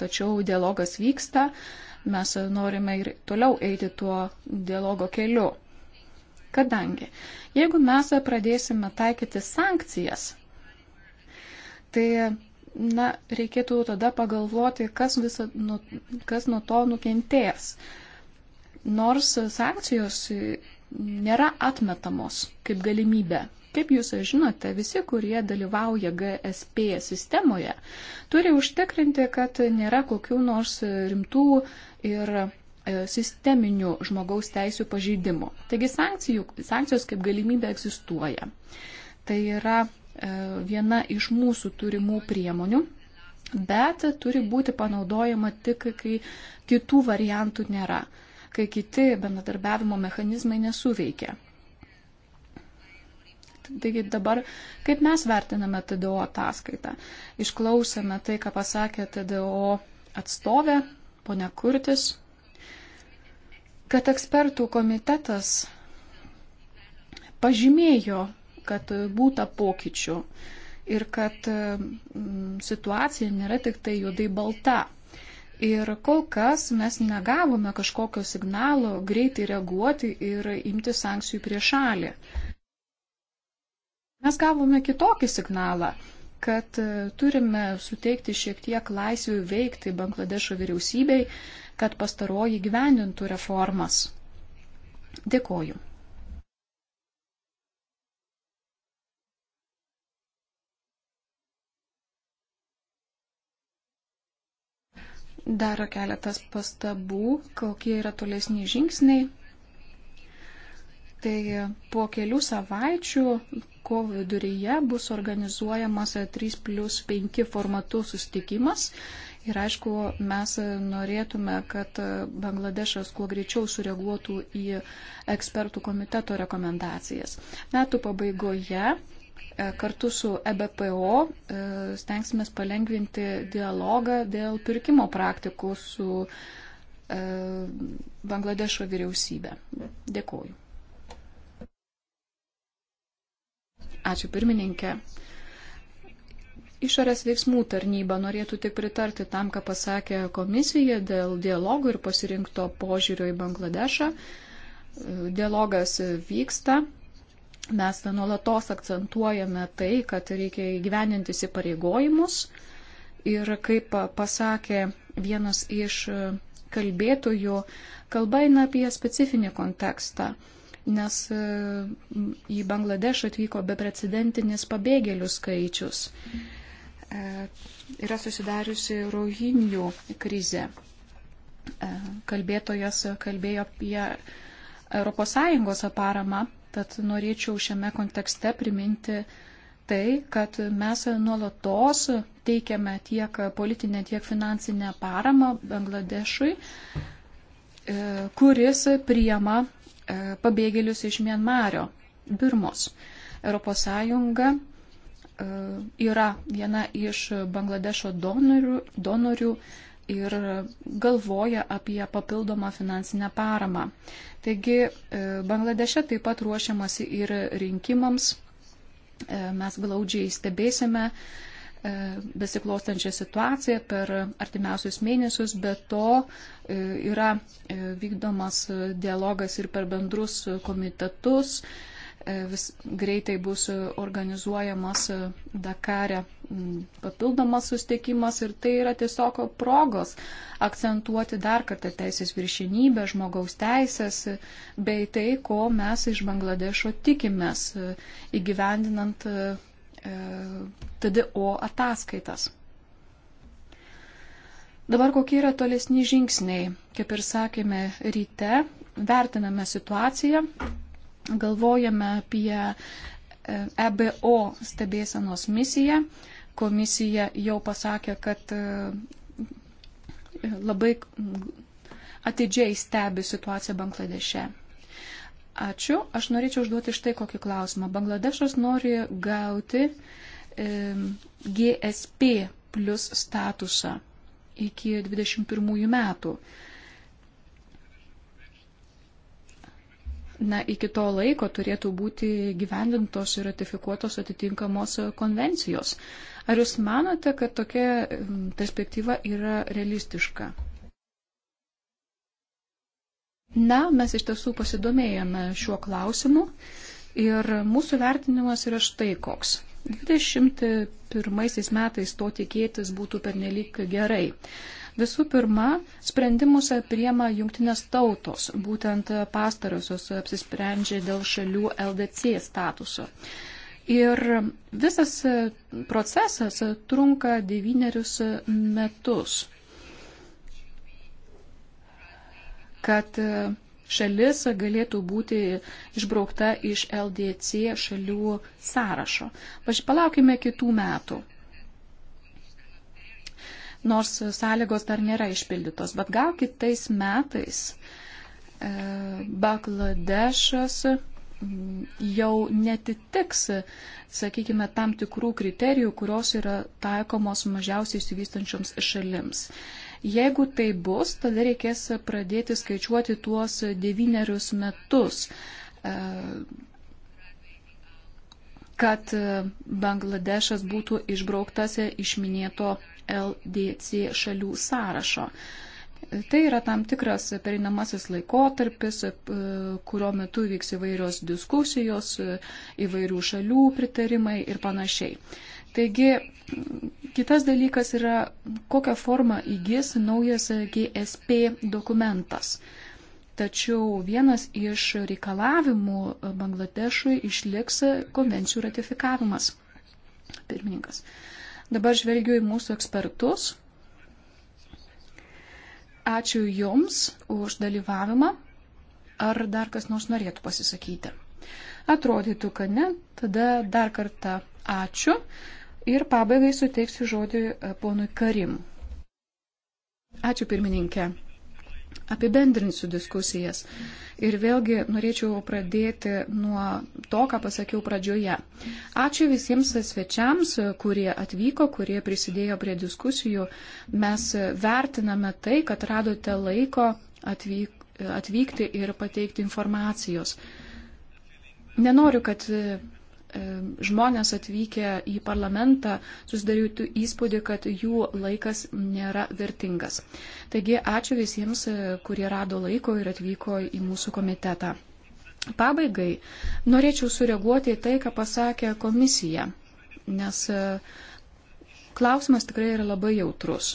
Tačiau dialogas vyksta, mes norime ir toliau eiti tuo dialogo keliu. Kadangi, jeigu mes pradėsime taikyti sankcijas, tai na, reikėtų tada pagalvoti, kas, visa, nu, kas nuo to nukentės. Nors sankcijos nėra atmetamos kaip galimybė. Kaip jūs žinote, visi, kurie dalyvauja GSP sistemoje, turi užtikrinti, kad nėra kokių nors rimtų ir e, sisteminių žmogaus teisų pažeidimų. Taigi sankcijų, sankcijos kaip galimybė egzistuoja. Tai yra E, viena iš mūsų turimų priemonių, bet turi būti panaudojama tik, kai kitų variantų nėra, kai kiti bendradarbiavimo mechanizmai nesuveikia. Taigi dabar, kaip mes vertiname TDO ataskaitą? Išklausėme tai, ką pasakė TDO atstovė, ponia Kurtis, kad ekspertų komitetas pažymėjo kad e, būta pokyčių ir kad e, situacija nėra tik tai juodai balta. Ir kol kas mes negavome kažkokio signalo greitai reaguoti ir imti sankcijų prie šalį. Mes gavome kitokį signalą, kad e, turime suteikti šiek tiek laisvių veikti Bangladešo vyriausybei, kad pastaroji gyvendintų reformas. Dėkoju. Dar keletas pastabų, kokie yra tolesni žingsniai. Tai po kelių savaičių, kovo viduryje, bus organizuojamas 3 plus 5 formatų sustikimas. Ir aišku, mes norėtume, kad Bangladešas kuo greičiau sureaguotų į ekspertų komiteto rekomendacijas. Metų pabaigoje E, kartu su EBPO e, stengsime palengvinti dialogą dėl pirkimo praktikų su e, Bangladešo vyriausybė. Dėkuoju. Ačiū pirmininkė. Išorės veiksmų tarnyba norėtų tik pritarti tam, ką pasakė komisija dėl dialogų ir pasirinkto požiūrio į Bangladešą. Dialogas vyksta Mes nuolatos akcentuojame tai, kad reikia įgyveninti įsipareigojimus. Ir kaip pasakė vienas iš kalbėtojų, kalba eina apie specifinį kontekstą, nes į Bangladešą atvyko beprecedentinis pabėgėlių skaičius. Yra susidariusi rohinių krizė. Kalbėtojas kalbėjo apie ES paramą Tad norėčiau šiame kontekste priminti tai, kad mes nuolatos teikiame tiek politinę, tiek finansinę paramą Bangladešui, e, kuris priema e, pabėgėlius iš Mienmario, Birmos. ES e, yra viena iš Bangladešo donorių, donorių ir galvoja apie papildomą finansinę paramą. Taigi e, Bangladeše taip pat ruošiamasi ir rinkimams. E, mes glaudžiai stebėsime e, besiklostančią situaciją per artimiausius mėnesius, bet to yra vykdomas dialogas ir per bendrus komitetus, E, vis greitai bus organizuojamas e, Dakare papildomas sustikimas ir tai yra tiesiog progos akcentuoti dar kartą teisės viršinybę, žmogaus teisės e, bei tai, ko mes iš Bangladešo tikimės įgyvendinant TDO ataskaitas. Dabar kokie yra tolesni žingsniai? Kaip ir sakėme ryte, vertiname situaciją, galvojame apie EBO e stebėsenos misiją. Komisija jau pasakė, kad e, labai atidžiai stebi situaciją Bangladeše. Ačiū. Aš norėčiau užduoti štai kokį klausimą. Bangladešas nori gauti e, GSP plus statusą iki 21 metų. E, na, iki to laiko turėtų būti gyvendintos ir ratifikuotos atitinkamos konvencijos. Ar Jūs manote, kad tokia perspektyva yra realistiška? Na, mes iš tiesų pasidomėjome šiuo klausimu ir mūsų vertinimas yra štai koks. 21 metais to tikėtis būtų pernelyg gerai. Visų pirma, sprendimus priema jungtinės tautos, būtent pastarosios apsisprendžia dėl šalių LDC statuso. Ir visas procesas trunka devynerius metus, kad šalis galėtų būti išbraukta iš LDC šalių sąrašo. Pažiūrėkime kitų metų nors sąlygos dar nėra išpildytos. Bet gal kitais metais e, Bakladešas mm, jau netitiks, sakykime, tam tikrų kriterijų, kurios yra taikomos mažiausiai įsivystančioms šalims. Jeigu tai bus, tada reikės pradėti skaičiuoti tuos devynerius metus, e, kad e, Bangladešas būtų išbrauktas iš minėto LDC šalių sąrašo. Tai yra tam tikras pereinamasis laikotarpis, e, kurio metu vyks įvairios diskusijos, e, įvairių šalių pritarimai ir panašiai. Taigi, kitas dalykas yra, kokią formą įgis naujas GSP dokumentas. Tačiau vienas iš reikalavimų Bangladešui išliks konvencijų ratifikavimas. Pirmininkas. Dabar žvelgiu į mūsų ekspertus. Ačiū Jums už dalyvavimą. Ar dar kas nors norėtų pasisakyti? Atrodytų, kad ne. Tada dar kartą ačiū. Ir pabaigai suteiksiu žodį e, ponui Karim. Ačiū pirmininkė apibendrinsiu diskusijas. Ir vėlgi norėčiau pradėti nuo to, ką pasakiau pradžioje. Ačiū visiems svečiams, kurie atvyko, kurie prisidėjo prie diskusijų. Mes vertiname tai, kad radote laiko atvyk, atvykti ir pateikti informacijos. Nenoriu, kad E, žmonės atvykę į parlamentą susidarytų įspūdį, kad jų laikas nėra vertingas. Taigi ačiū visiems, e, kurie rado laiko ir atvyko į mūsų komitetą. Pabaigai norėčiau sureaguoti į tai, ką pasakė komisija, nes e, klausimas tikrai yra labai jautrus.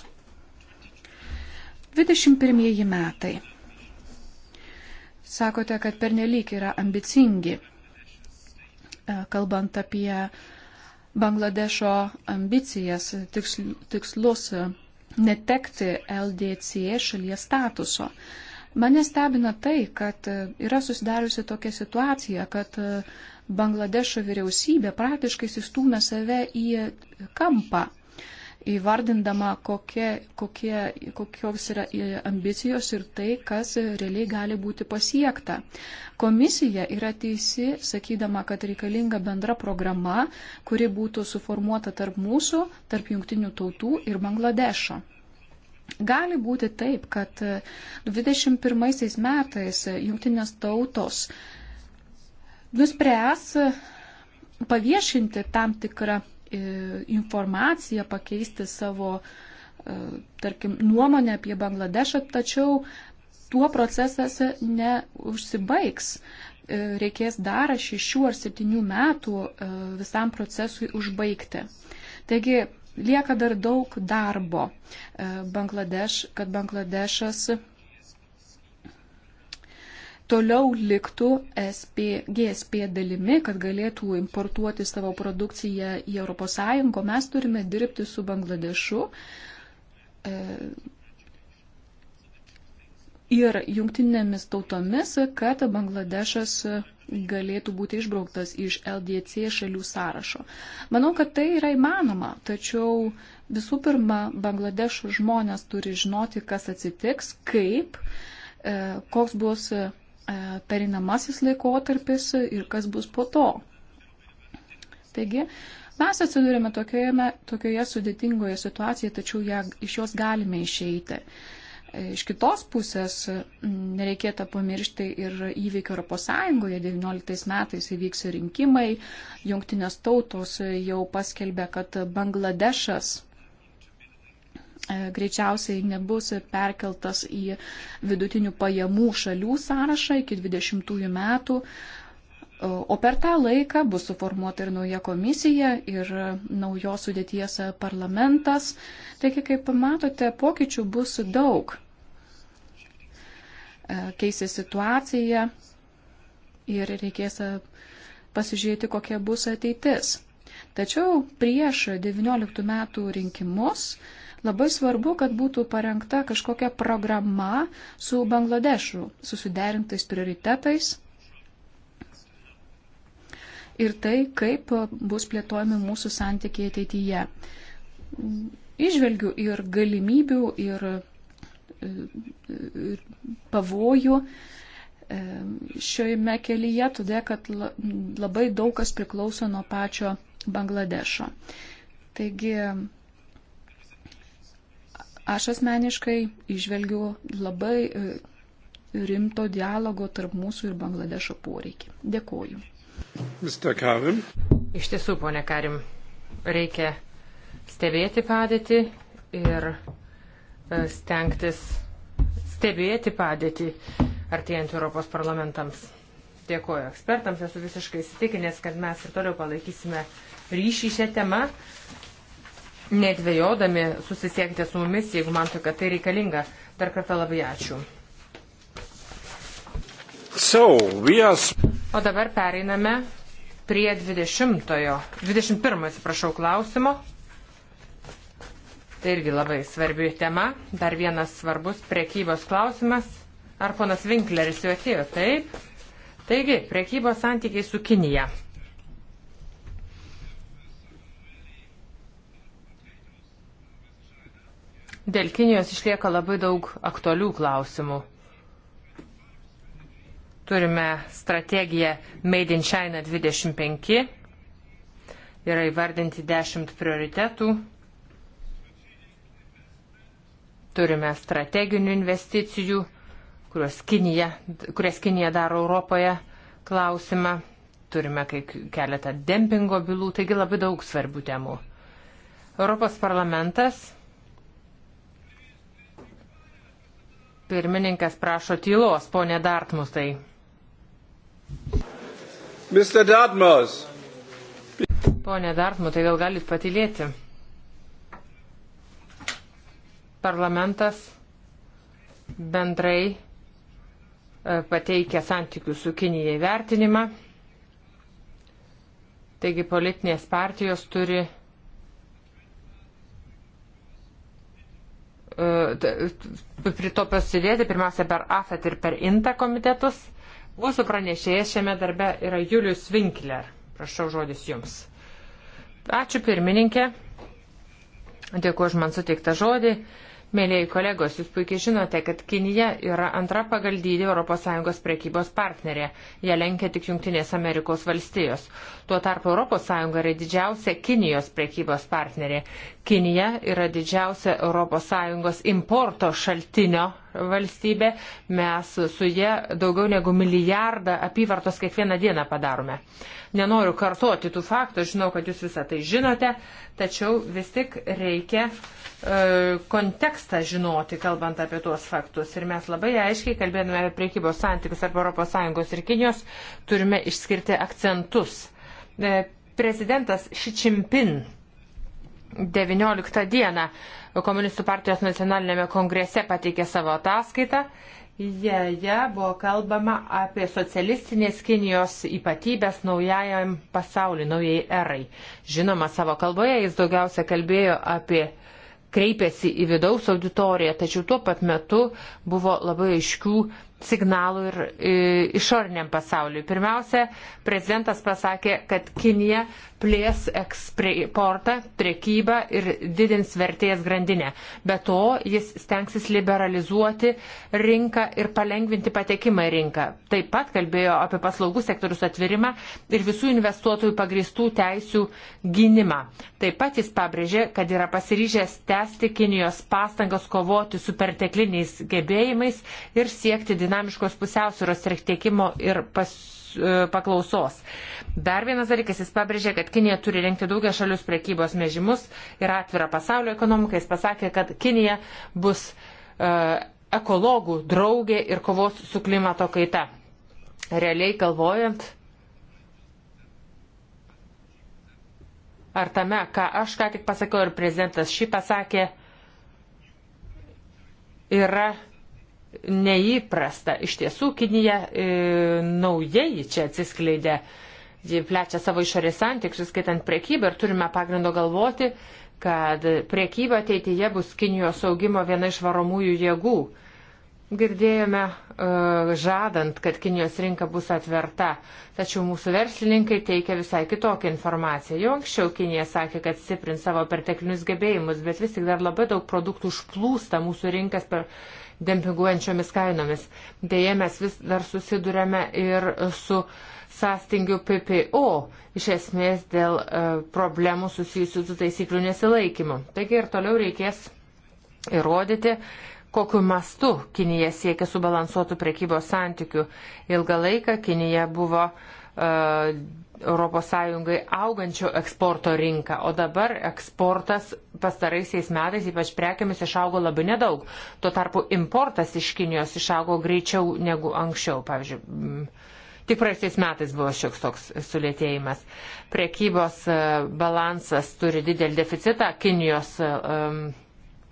21 metai. Sakote, kad pernelyg yra ambicingi E, kalbant apie Bangladešo ambicijas, tikslus e, netekti LDC šalies statuso. Mane stebina tai, kad e, yra susidariusi tokia situacija, kad Bangladešo vyriausybė praktiškai sistūmė save į kampą įvardindama, kokie, kokie, kokios yra ambicijos ir tai, kas realiai gali būti pasiekta. Komisija yra teisi, sakydama, kad reikalinga bendra programa, kuri būtų suformuota tarp mūsų, tarp jungtinių tautų ir Bangladešo. Gali būti taip, kad 21 metais jungtinės tautos nuspręs paviešinti tam tikrą informaciją, pakeisti savo, e, tarkim, nuomonę apie Bangladešą, tačiau tuo procesas neužsibaigs. E, reikės dar šešių ar septynių metų e, visam procesui užbaigti. Taigi lieka dar daug darbo, Bangladeš, kad Bangladešas toliau liktų SP, GSP dalimi, kad galėtų importuoti savo produkciją į ES, mes turime dirbti su Bangladešu e, ir jungtinėmis tautomis, kad Bangladešas galėtų būti išbrauktas iš LDC šalių sąrašo. Manau, kad tai yra įmanoma, tačiau visų pirma, Bangladešo žmonės turi žinoti, kas atsitiks, kaip, e, koks bus E, perinamasis laikotarpis ir kas bus po to. Taigi, mes atsidūrėme tokioje, tokioje sudėtingoje situacijoje, tačiau ją, iš jos galime išeiti. E, iš kitos pusės nereikėtų pamiršti ir įvykių ES, 19 metais įvyks rinkimai, jungtinės tautos jau paskelbė, kad Bangladešas E, greičiausiai nebus perkeltas į vidutinių pajamų šalių sąrašą iki 20 metų. E, o per tą laiką bus suformuota ir nauja komisija, ir naujos sudėties parlamentas. Taigi, kaip matote, pokyčių bus daug. E, Keisė situacija ir reikės pasižiūrėti, kokia bus ateitis. Tačiau prieš 19 metų rinkimus Labai svarbu, kad būtų parengta kažkokia programa su Bangladešu, su suderintais prioritetais ir tai, kaip bus plėtojami mūsų santykiai ateityje. Išvelgiu ir galimybių, ir, ir pavojų e, šioje kelyje, todėl kad labai daug kas priklauso nuo pačio Bangladešo. Taigi Aš asmeniškai išvelgiu labai e, rimto dialogo tarp mūsų ir Bangladešo poreikį. Dėkoju. Mr. Karim. Iš tiesų, ponė Karim, reikia stebėti padėtį ir e, stengtis stebėti padėtį artėjant Europos parlamentams. Dėkoju ekspertams, esu visiškai įsitikinęs, kad mes ir toliau palaikysime ryšį šią temą nedvėjodami susisiekite su mumis, jeigu man to, kad tai reikalinga. Dar kartą labai ačiū. So, are... O dabar pereiname prie 20-ojo, 21-ojo, atsiprašau, klausimo. Tai irgi labai svarbi tema. Dar vienas svarbus prekybos klausimas. Ar ponas Winkleris jau atėjo? Taip. Taigi, prekybos santykiai su Kinija. Dėl Kinijos išlieka labai daug aktualių klausimų. Turime strategiją Made in China 25, yra įvardinti 10 prioritetų, turime strateginių investicijų, kurias Kinija, kurias Kinija daro Europoje klausimą, turime kai keletą dempingo bylų, taigi labai daug svarbių temų. Europos parlamentas Pirmininkas prašo tylos, ponė Dartmusai. Mr. Dartmus. Pone Dartmutai, gal galit patylėti? Parlamentas bendrai e, pateikia santykių su Kinija įvertinimą. Taigi politinės partijos turi E, prie to pasidėti pirmiausia per AFET ir per INTA komitetus. Mūsų pranešėjas šiame darbe yra Julius Winkler. Prašau žodis jums. Ačiū pirmininkė. Dėkuoju už man suteiktą žodį. Uh, Mėlėjai kolegos, jūs puikiai žinote, kad Kinija yra antra pagal dydį ES prekybos partnerė. Ją lenkia tik Junktinės Amerikos valstijos. Tuo tarpu ES yra didžiausia Kinijos prekybos partnerė. Kinija yra didžiausia ES importo šaltinio valstybė. Mes su jie daugiau negu milijardą apyvartos kiekvieną dieną padarome. Nenoriu kartoti tų faktų, žinau, kad jūs visą tai žinote, tačiau vis tik reikia E, kontekstą žinoti, kalbant apie tuos faktus. Ir mes labai aiškiai, kalbėdami apie priekybos santykius arba ES ir Kinijos, turime išskirti akcentus. E, prezidentas Šičimpin 19 dieną Komunistų partijos nacionalinėme kongrese pateikė savo ataskaitą. Joje buvo kalbama apie socialistinės Kinijos ypatybės naujajam pasauliu, naujai erai. Žinoma, savo kalboje jis daugiausia kalbėjo apie uh, kreipėsi į vidaus auditoriją, tačiau tuo pat metu buvo labai aiškių signalų ir išorniam pasauliui. Pirmiausia, prezidentas pasakė, kad Kinija plės eksportą, priekybą ir didins vertės grandinę. Be to, jis stengsis liberalizuoti rinką ir palengvinti patekimą į rinką. Taip pat kalbėjo apie paslaugų sektorius atvirimą ir visų investuotojų pagristų teisių gynimą. Taip pat jis pabrėžė, kad yra pasiryžęs tęsti Kinijos pastangas kovoti su pertekliniais gebėjimais ir siekti dinamiką dinamiškos pusiausvėros ir tiekimo ir pas, e, paklausos. Dar vienas dalykas, jis pabrėžė, kad Kinija turi renkti daugia šalius prekybos mėžimus ir atvirą pasaulio ekonomiką. Jis pasakė, kad Kinija bus uh, ekologų draugė ir kovos su klimato kaita. Realiai galvojant, ar tame, ką aš ką tik pasakiau ir prezidentas šį pasakė, yra neįprasta. Iš tiesų, Kinija e, naujai čia atsiskleidė, ji plečia savo išorės santykius, skaitant priekybą ir turime pagrindo galvoti, kad priekyba ateityje bus Kinijos augimo viena iš varomųjų jėgų. Girdėjome e, žadant, kad Kinijos rinka bus atverta, tačiau mūsų verslininkai teikia visai kitokią informaciją. Jau anksčiau Kinija sakė, kad stiprins savo perteklinius gebėjimus, bet vis tik dar labai daug produktų užplūsta mūsų rinkas per dempinguojančiomis kainomis. Deja, mes vis dar susidurėme ir su sąstingiu PPO, iš esmės dėl e, problemų susijusių su taisyklių nesilaikymu. Taigi ir toliau reikės įrodyti, kokiu mastu Kinija siekia subalansuotų prekybos santykių. Ilgą laiką Kinija buvo uh, ES augančio eksporto rinką, o dabar eksportas pastaraisiais metais, ypač prekiamis, išaugo labai nedaug. Tuo tarpu importas iš Kinijos išaugo greičiau negu anksčiau. Pavyzdžiui, mm, tik praeisiais metais buvo šioks toks sulėtėjimas. Prekybos e, balansas turi didelį deficitą Kinijos um,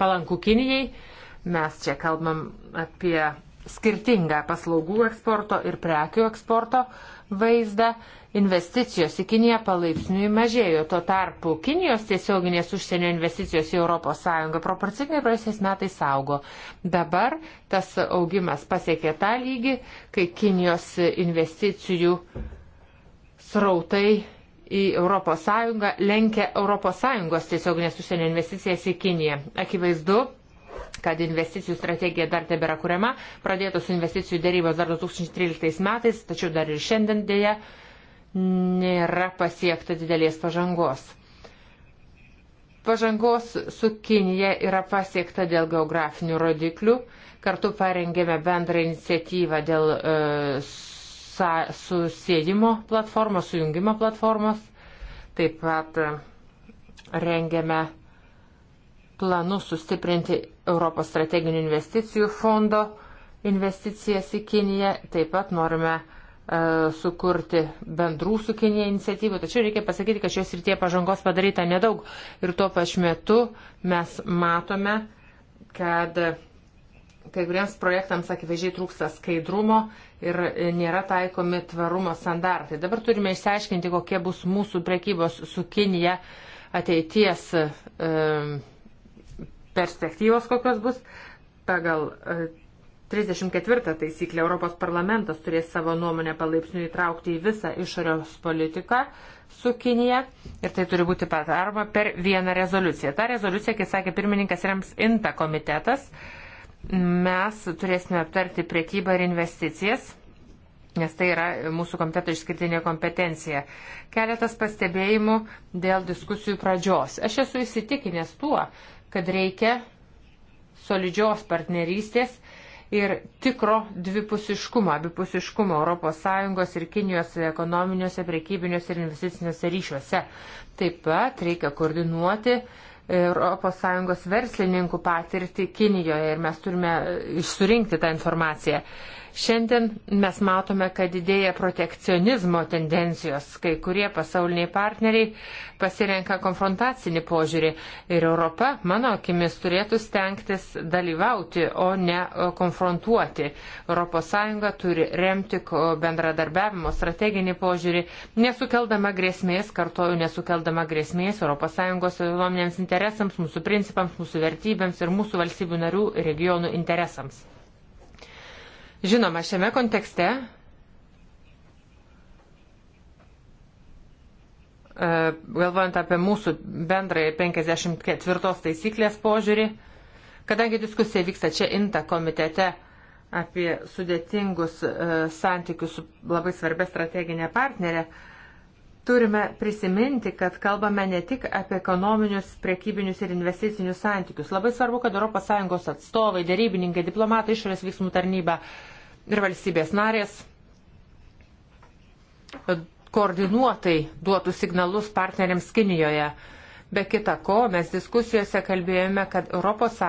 palankų Kinijai. Mes čia kalbam apie skirtingą paslaugų eksporto ir prekių eksporto vaizdą, investicijos į Kiniją palaipsniui mažėjo. Tuo tarpu Kinijos tiesioginės užsienio investicijos į ES proporcingai praėjusiais metais augo. Dabar tas augimas pasiekė tą lygį, kai Kinijos investicijų srautai į ES lenkia ES tiesioginės užsienio investicijas į Kiniją. Akivaizdu, kad investicijų strategija dar tebėra kuriama, pradėtos investicijų dėrybos dar 2013 metais, tačiau dar ir šiandien dėja nėra pasiekta didelės pažangos. Pažangos su Kinija yra pasiekta dėl geografinių rodiklių, kartu parengėme bendrą iniciatyvą dėl e, sa, susėdimo platformos, sujungimo platformos, taip pat e, rengėme planus sustiprinti Europos strateginių investicijų fondo investicijas į Kiniją, taip pat norime e, sukurti bendrų su Kinėje iniciatyvų. Tačiau reikia pasakyti, kad šios rytie pažangos padaryta nedaug. Ir tuo pačiu metu mes matome, kad kai kuriems projektams akivaizdžiai trūksta skaidrumo ir nėra taikomi tvarumo standartai. Dabar turime išsiaiškinti, kokie bus mūsų prekybos su Kinėje ateities. E, perspektyvos kokios bus. Pagal 34 e, taisyklę Europos parlamentas turės savo nuomonę palaipsniui įtraukti į visą išorės politiką su Kinija ir tai turi būti pataroma per vieną rezoliuciją. Ta rezoliucija, kaip sakė pirmininkas, rems INTA komitetas. Mes turėsime aptarti priekybą ir investicijas nes tai yra mūsų komiteto išskirtinė kompetencija. Keletas pastebėjimų dėl diskusijų pradžios. Aš esu įsitikinęs tuo, kad reikia solidžios partnerystės ir tikro dvipusiškumo, abipusiškumo ES ir Kinijos ekonominiuose, prekybiniuose ir investiciniuose ryšiuose. Taip pat reikia koordinuoti ES verslininkų patirtį Kinijoje ir mes turime išsirinkti e, tą informaciją. Šiandien mes matome, kad didėja protekcionizmo tendencijos, kai kurie pasauliniai partneriai pasirenka konfrontacinį požiūrį ir Europa, mano akimis, turėtų stengtis dalyvauti, o ne konfrontuoti. ES turi remti bendradarbiavimo strateginį požiūrį, nesukeldama grėsmės, kartoju, nesukeldama grėsmės ES visuomenėms interesams, mūsų principams, mūsų vertybėms ir mūsų valstybių narių regionų interesams. Žinoma, šiame kontekste e, galvojant apie mūsų bendrąją 54 taisyklės požiūrį, kadangi diskusija vyksta čia INTA komitete apie sudėtingus e, santykius su labai svarbia strateginė partnerė, Turime prisiminti, kad kalbame ne tik apie ekonominius, priekybinius ir investicinius santykius. Labai svarbu, kad ES atstovai, dėrybininkai, diplomatai, išorės veiksmų tarnyba ir valstybės narės e, koordinuotai duotų signalus partneriams Kinijoje. Be kita ko, mes diskusijose kalbėjome, kad ES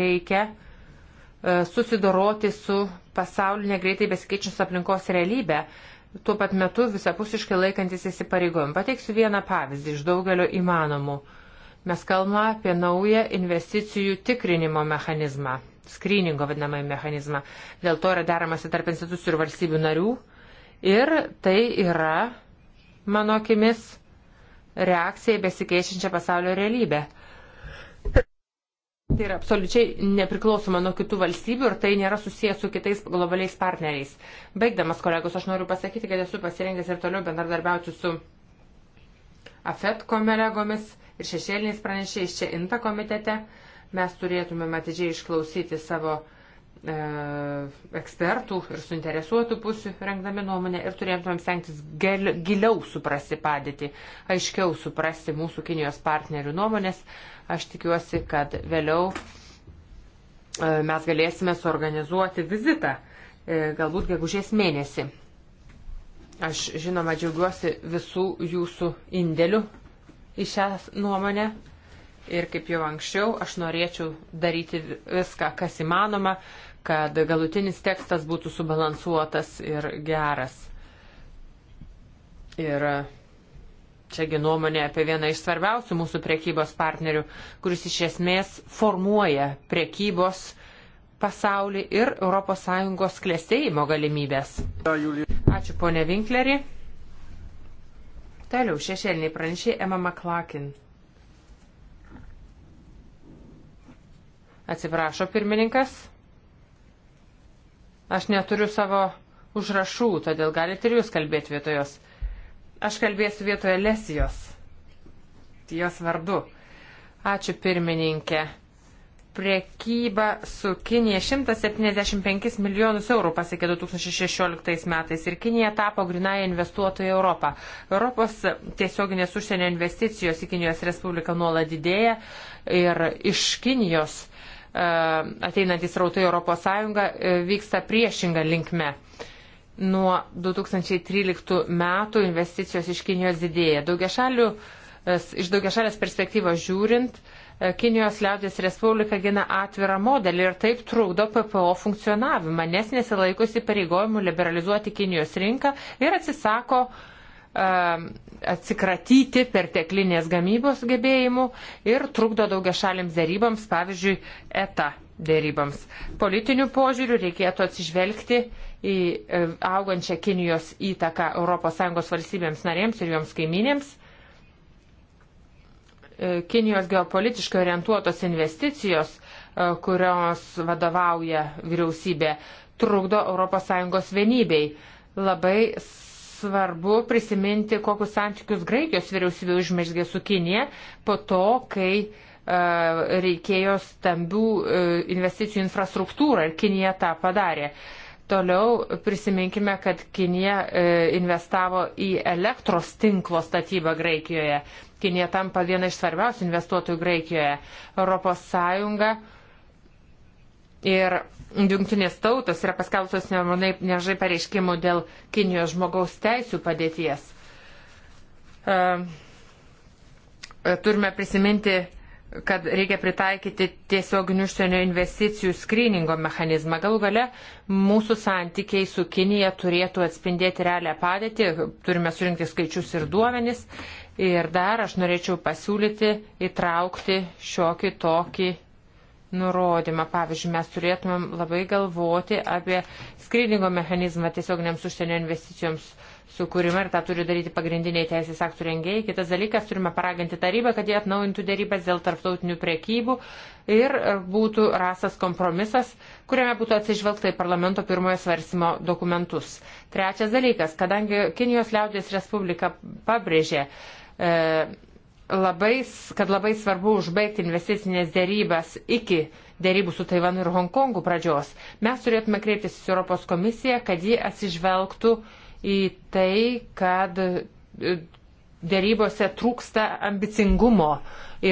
reikia e, susidoroti su pasaulinė greitai besikeičiančios aplinkos realybė tuo pat metu visapusiškai laikantis įsipareigojimų. Pateiksiu vieną pavyzdį iš daugelio įmanomų. Mes kalbame apie naują investicijų tikrinimo mechanizmą, skryningo vadinamąjį mechanizmą. Dėl to yra deramasi tarp institucijų ir valstybių narių. Ir tai yra, mano akimis, reakcija besikeičiančia pasaulio realybė. Tai yra absoliučiai nepriklausoma nuo kitų valstybių ir tai nėra susijęs su kitais globaliais partneriais. Baigdamas, kolegos, aš noriu pasakyti, kad esu pasirengęs ir toliau bendradarbiauti su AFET kolegomis ir šešėliniais pranešėjais čia INTA komitete. Mes turėtume atidžiai išklausyti savo uh, E, ekspertų ir suinteresuotų pusių rengdami nuomonę ir turėtumėm stengtis gil, giliau suprasti padėtį, aiškiau suprasti mūsų Kinijos partnerių nuomonės. Aš tikiuosi, kad vėliau e, mes galėsime suorganizuoti vizitą, e, galbūt gegužės mėnesį. Aš žinoma džiaugiuosi visų jūsų indėlių į šią nuomonę. Ir kaip jau anksčiau, aš norėčiau daryti viską, kas įmanoma, kad galutinis tekstas būtų subalansuotas ir geras. Ir čiagi nuomonė apie vieną iš svarbiausių mūsų priekybos partnerių, kuris iš esmės formuoja priekybos pasaulį ir ES klėstėjimo galimybės. Ačiū ponė Vinkleri. Toliau šešėliniai pranešė Emma McLaughlin. Atsiprašo pirmininkas. Aš neturiu savo užrašų, todėl galite ir jūs kalbėti vietojos. Aš kalbėsiu vietoje Lesijos. Jos vardu. Ačiū pirmininkė. Prekyba su Kinija 175 milijonus eurų pasiekė 2016 metais ir Kinija tapo grinąją investuotoją į Europą. Europos tiesioginės užsienio investicijos į Kinijos Respubliką nuolat didėja ir iš Kinijos uh, E, ateinantys rautai Europos Sąjunga e, vyksta priešinga linkme. Nuo 2013 metų investicijos iš Kinijos didėja. Daugiašalių, e, iš daugiašalės perspektyvos žiūrint, Kinijos liaudės Respublika gina atvirą modelį ir taip trukdo PPO funkcionavimą, nes nesilaikosi pareigojimų liberalizuoti Kinijos rinką ir atsisako uh, Um, atsikratyti perteklinės gamybos gebėjimų ir trukdo daugia šalims dėryboms, pavyzdžiui, ETA dėryboms. Politinių požiūrių reikėtų atsižvelgti į um, augančią Kinijos įtaką ES valstybėms narėms ir joms kaiminėms. Um, Kinijos geopolitiškai orientuotos investicijos, kurios vadovauja vyriausybė, trukdo ES vienybei. Labai svarbu prisiminti, kokius santykius Graikijos vyriausybė užmėžgė su Kinė po to, kai e, reikėjo stambių e, investicijų infrastruktūrą ir Kinija tą padarė. Toliau prisiminkime, kad Kinija e, investavo į elektros tinklo statybą Graikijoje. Kinija tampa viena iš svarbiausių investuotojų Graikijoje. Europos Sąjunga Ir jungtinės tautos yra paskelbtos nemažai pareiškimų dėl Kinijos žmogaus teisų padėties. E, turime prisiminti, kad reikia pritaikyti tiesioginių užsienio investicijų skryningo mechanizmą. Galų gale mūsų santykiai su Kinija turėtų atspindėti realią padėtį, turime surinkti skaičius ir duomenis. Ir dar aš norėčiau pasiūlyti įtraukti šiokį tokį nurodymą. Pavyzdžiui, mes turėtumėm labai galvoti apie skrydingo mechanizmą tiesioginiams užsienio investicijoms sukūrimą ir tą turi daryti pagrindiniai teisės aktų rengėjai. Kitas dalykas, turime paraginti tarybą, kad jie atnaujintų dėrybas dėl tarptautinių priekybų ir būtų rasas kompromisas, kuriame būtų atsižvelgta į parlamento pirmojo svarsimo dokumentus. Trečias dalykas, kadangi Kinijos liaudės Respublika pabrėžė, e, labai, kad labai svarbu užbaigti investicinės dėrybas iki dėrybų su Taivanu ir Hongkongu pradžios, mes turėtume kreiptis į Europos komisiją, kad ji atsižvelgtų į tai, kad e, dėrybose trūksta ambicingumo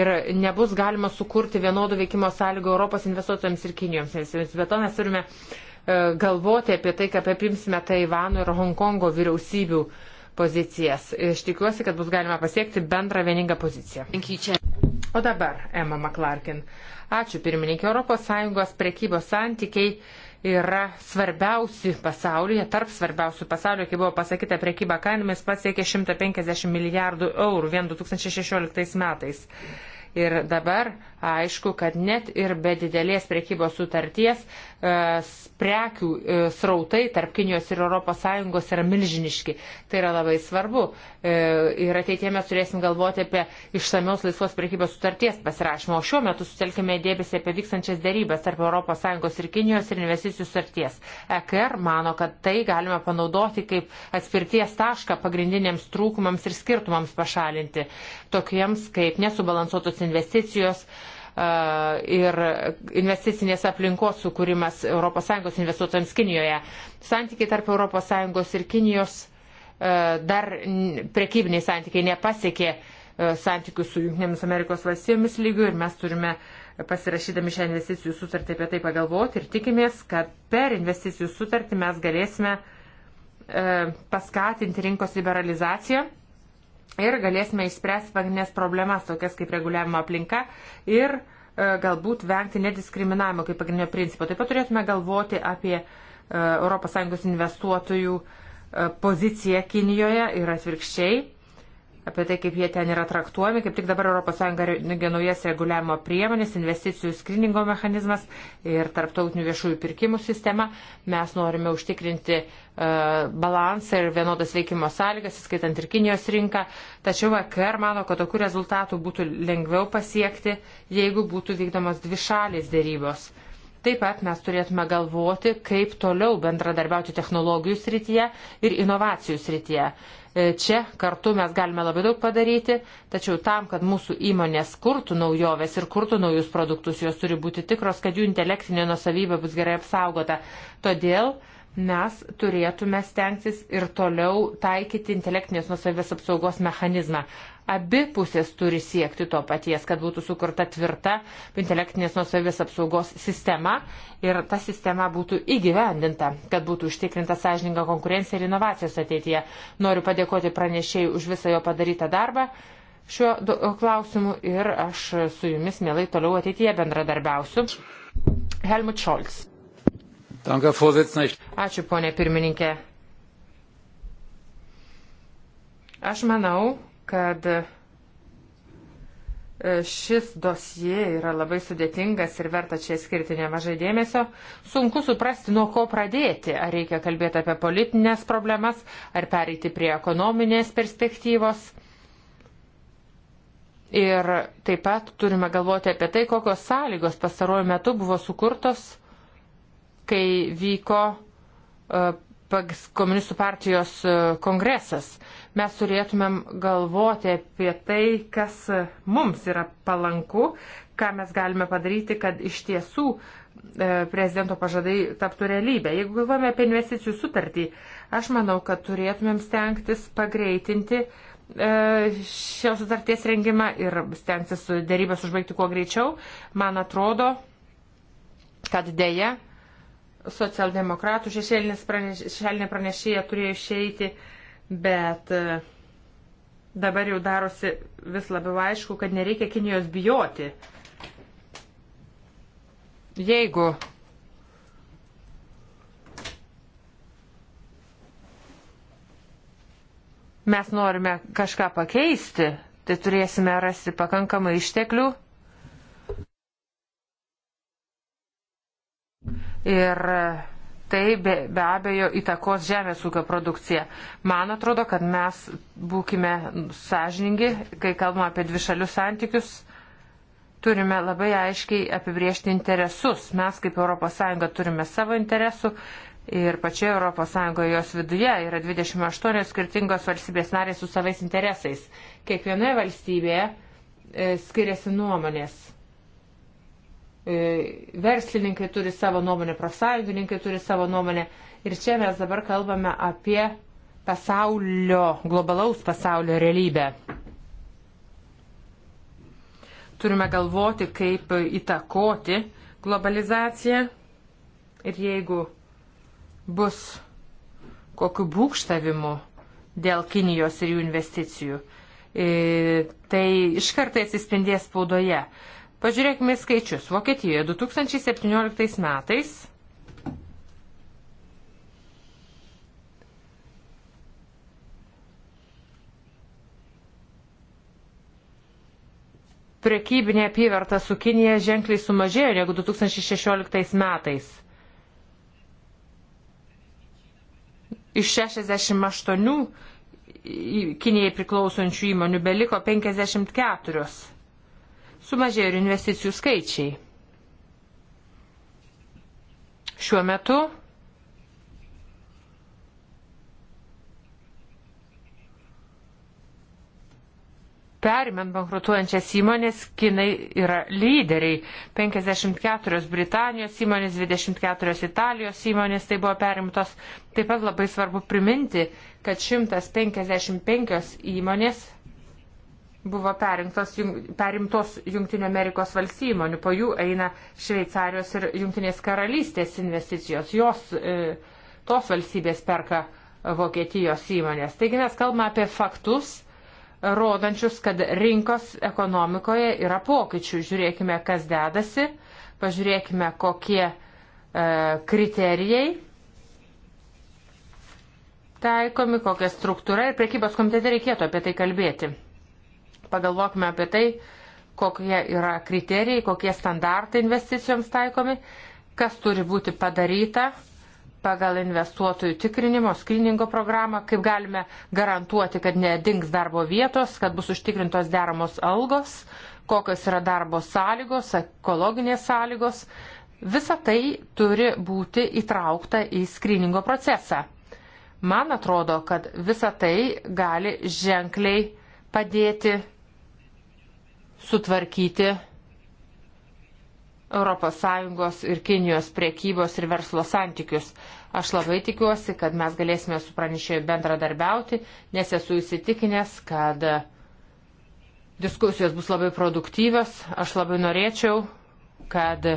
ir nebus galima sukurti vienodų veikimo sąlygų Europos investuotojams ir Kinijoms. Be to mes turime e, galvoti apie tai, kad apimsime Taivano ir Hongkongo vyriausybių uh, pozicijas. Iš tikiuosi, kad bus galima pasiekti bendrą vieningą poziciją. O dabar, Emma McClarkin. Ačiū pirmininkė. ES prekybos santykiai yra svarbiausi pasaulyje, tarp svarbiausių pasaulio, kai buvo pasakyta prekyba kainomis, pasiekė 150 milijardų eurų vien 2016 metais. Ir dabar aišku, kad net ir be didelės priekybos sutarties e, prekių e, srautai tarp Kinijos ir ES yra milžiniški. Tai yra labai svarbu. E, ir ateitie mes turėsim galvoti apie išsamios laisvos priekybos sutarties pasirašymą. O šiuo metu sutelkime dėmesį apie vykstančias dėrybas tarp ES ir Kinijos ir investicijų sutarties. EKR mano, kad tai galima panaudoti kaip atspirties tašką pagrindiniams trūkumams ir skirtumams pašalinti, tokiems kaip nesubalansuotos investicijos, uh, ir investicinės aplinkos sukūrimas ES investuotojams Kinijoje. Santykiai tarp ES ir Kinijos dar prekybiniai santykiai nepasiekė santykių su Junktinėmis Amerikos valstybėmis lygių ir mes turime pasirašydami šią investicijų sutartį apie tai pagalvoti ir tikimės, kad per investicijų sutartį mes galėsime paskatinti rinkos liberalizaciją ir galėsime išspręsti pagrindinės problemas, tokias kaip reguliavimo aplinka ir e, galbūt vengti nediskriminavimo kaip pagrindinio principo. Taip pat turėtume galvoti apie e, ES investuotojų e, poziciją Kinijoje ir atvirkščiai apie tai, kaip jie ten yra traktuojami. Kaip tik dabar ES rengia naujas reguliavimo priemonės, investicijų skriningo mechanizmas ir tarptautinių viešųjų pirkimų sistema. Mes norime užtikrinti e, balansą ir vienodas veikimo sąlygas, įskaitant ir Kinijos rinką. Tačiau EKR mano, kad tokių rezultatų būtų lengviau pasiekti, jeigu būtų vykdomos dvi šalės dėrybos. Taip pat mes turėtume galvoti, kaip toliau bendradarbiauti technologijų srityje ir inovacijų srityje. E, čia kartu mes galime labai daug padaryti, tačiau tam, kad mūsų įmonės kurtų naujoves ir kurtų naujus produktus, jos turi būti tikros, kad jų intelektinė nusavybė bus gerai apsaugota. Todėl mes turėtume stengtis ir toliau taikyti intelektinės nusavybės apsaugos mechanizmą. Abi pusės turi siekti to paties, kad būtų sukurta tvirta intelektinės nusavės apsaugos sistema ir ta sistema būtų įgyvendinta, kad būtų užtikrinta sąžininga konkurencija ir inovacijos ateityje. Noriu padėkoti pranešėjai už visą jo padarytą darbą šiuo klausimu ir aš su jumis mielai toliau ateityje bendradarbiausiu. Helmut Scholz. Ačiū, ponė pirmininkė. Aš manau, kad e, šis dosie yra labai sudėtingas ir verta čia skirti nemažai dėmesio. Sunku suprasti, nuo ko pradėti. Ar reikia kalbėti apie politinės problemas, ar pereiti prie ekonominės perspektyvos. Ir taip pat turime galvoti apie tai, kokios sąlygos pastaruoju metu buvo sukurtos, kai vyko e, komunistų partijos e, kongresas. Mes turėtumėm galvoti apie tai, kas e, mums yra palanku, ką mes galime padaryti, kad iš tiesų e, prezidento pažadai taptų realybę. Jeigu galvojame apie investicijų sutartį, aš manau, kad turėtumėm stengtis pagreitinti šios sutarties rengimą ir stengtis dėrybės užbaigti kuo greičiau. Man atrodo, kad dėja Socialdemokratų šešėlinė pranešėja turėjo išeiti, bet e, dabar jau darosi vis labiau aišku, kad nereikia Kinijos bijoti. Jeigu mes norime kažką pakeisti, tai turėsime rasti pakankamai išteklių ir tai be, be abejo įtakos žemės ūkio produkciją. Man atrodo, kad mes būkime sąžiningi, kai kalbame apie dvišalius santykius, turime labai aiškiai apibriežti interesus. Mes kaip ES turime savo interesų. Ir pačioje ES jos viduje yra 28 skirtingos valstybės narės su savais interesais. Kiekvienoje valstybėje e, skiriasi nuomonės E, verslininkai turi savo nuomonę, profsąjungininkai turi savo nuomonę. Ir čia mes dabar kalbame apie pasaulio, globalaus pasaulio realybę. Turime galvoti, kaip įtakoti globalizaciją ir jeigu bus kokiu būkštavimu dėl Kinijos ir jų investicijų, e, tai iš kartai atsispindės spaudoje. Pažiūrėkime skaičius. Vokietijoje 2017 metais prekybinė apyvarta su Kinija ženkliai sumažėjo negu 2016 metais. Iš 68 Kinijai priklausančių įmonių beliko 54 sumažėjo ir investicijų skaičiai. Šiuo metu perimant bankrutuojančias įmonės, kinai yra lyderiai. 54 Britanijos įmonės, 24 Italijos įmonės tai buvo perimtos. Taip pat labai svarbu priminti, kad 155 įmonės buvo jung, perimtos Junktinio Amerikos valstybių įmonių, po jų eina Šveicarijos ir Junktinės karalystės investicijos, jos, e, tos valstybės perka Vokietijos įmonės. Taigi mes kalbame apie faktus, rodančius, kad rinkos ekonomikoje yra pokyčių. Žiūrėkime, kas dedasi, pažiūrėkime, kokie e, kriterijai taikomi, kokia struktūra ir prekybos komitete reikėtų apie tai kalbėti. Pagalvokime apie tai, kokie yra kriterijai, kokie standartai investicijoms taikomi, kas turi būti padaryta pagal investuotojų tikrinimo, skriningo programą, kaip galime garantuoti, kad nedings darbo vietos, kad bus užtikrintos deramos algos, kokios yra darbo sąlygos, ekologinės sąlygos. Visa tai turi būti įtraukta į skriningo procesą. Man atrodo, kad visa tai gali ženkliai padėti sutvarkyti ES ir Kinijos priekybos ir verslo santykius. Aš labai tikiuosi, kad mes galėsime su pranešėjui bendradarbiauti, nes esu įsitikinęs, kad diskusijos bus labai produktyvios. Aš labai norėčiau, kad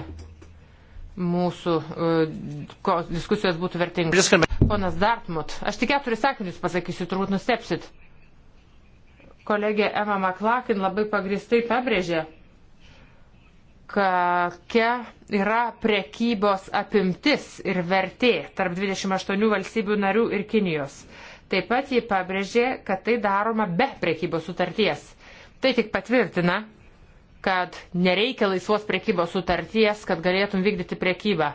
mūsų e, diskusijos būtų vertingos. Ponas Dartmut, aš tik keturis sakinius pasakysiu, turbūt nustepsit kolegė Emma McLaughlin labai pagristai pabrėžė, kokia yra prekybos apimtis ir vertė tarp 28 valstybių narių ir Kinijos. Taip pat jie pabrėžė, kad tai daroma be prekybos sutarties. Tai tik patvirtina, kad nereikia laisvos prekybos sutarties, kad galėtum vykdyti prekybą.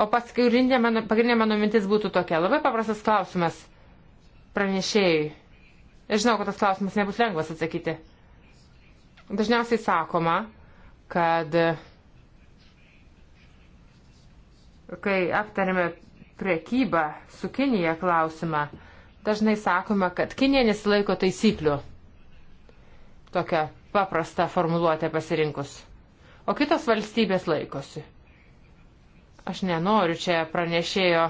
O pagrindinė mano, pagrindinė mano mintis būtų tokia. Labai paprastas klausimas pranešėjai. Aš žinau, kad tas klausimas nebus lengvas atsakyti. Dažniausiai sakoma, kad kai aptarėme priekybą su Kinija klausimą, dažnai sakoma, kad Kinija nesilaiko taisyklių. Tokia paprasta formuluotė pasirinkus. O kitos valstybės laikosi. Aš nenoriu čia pranešėjo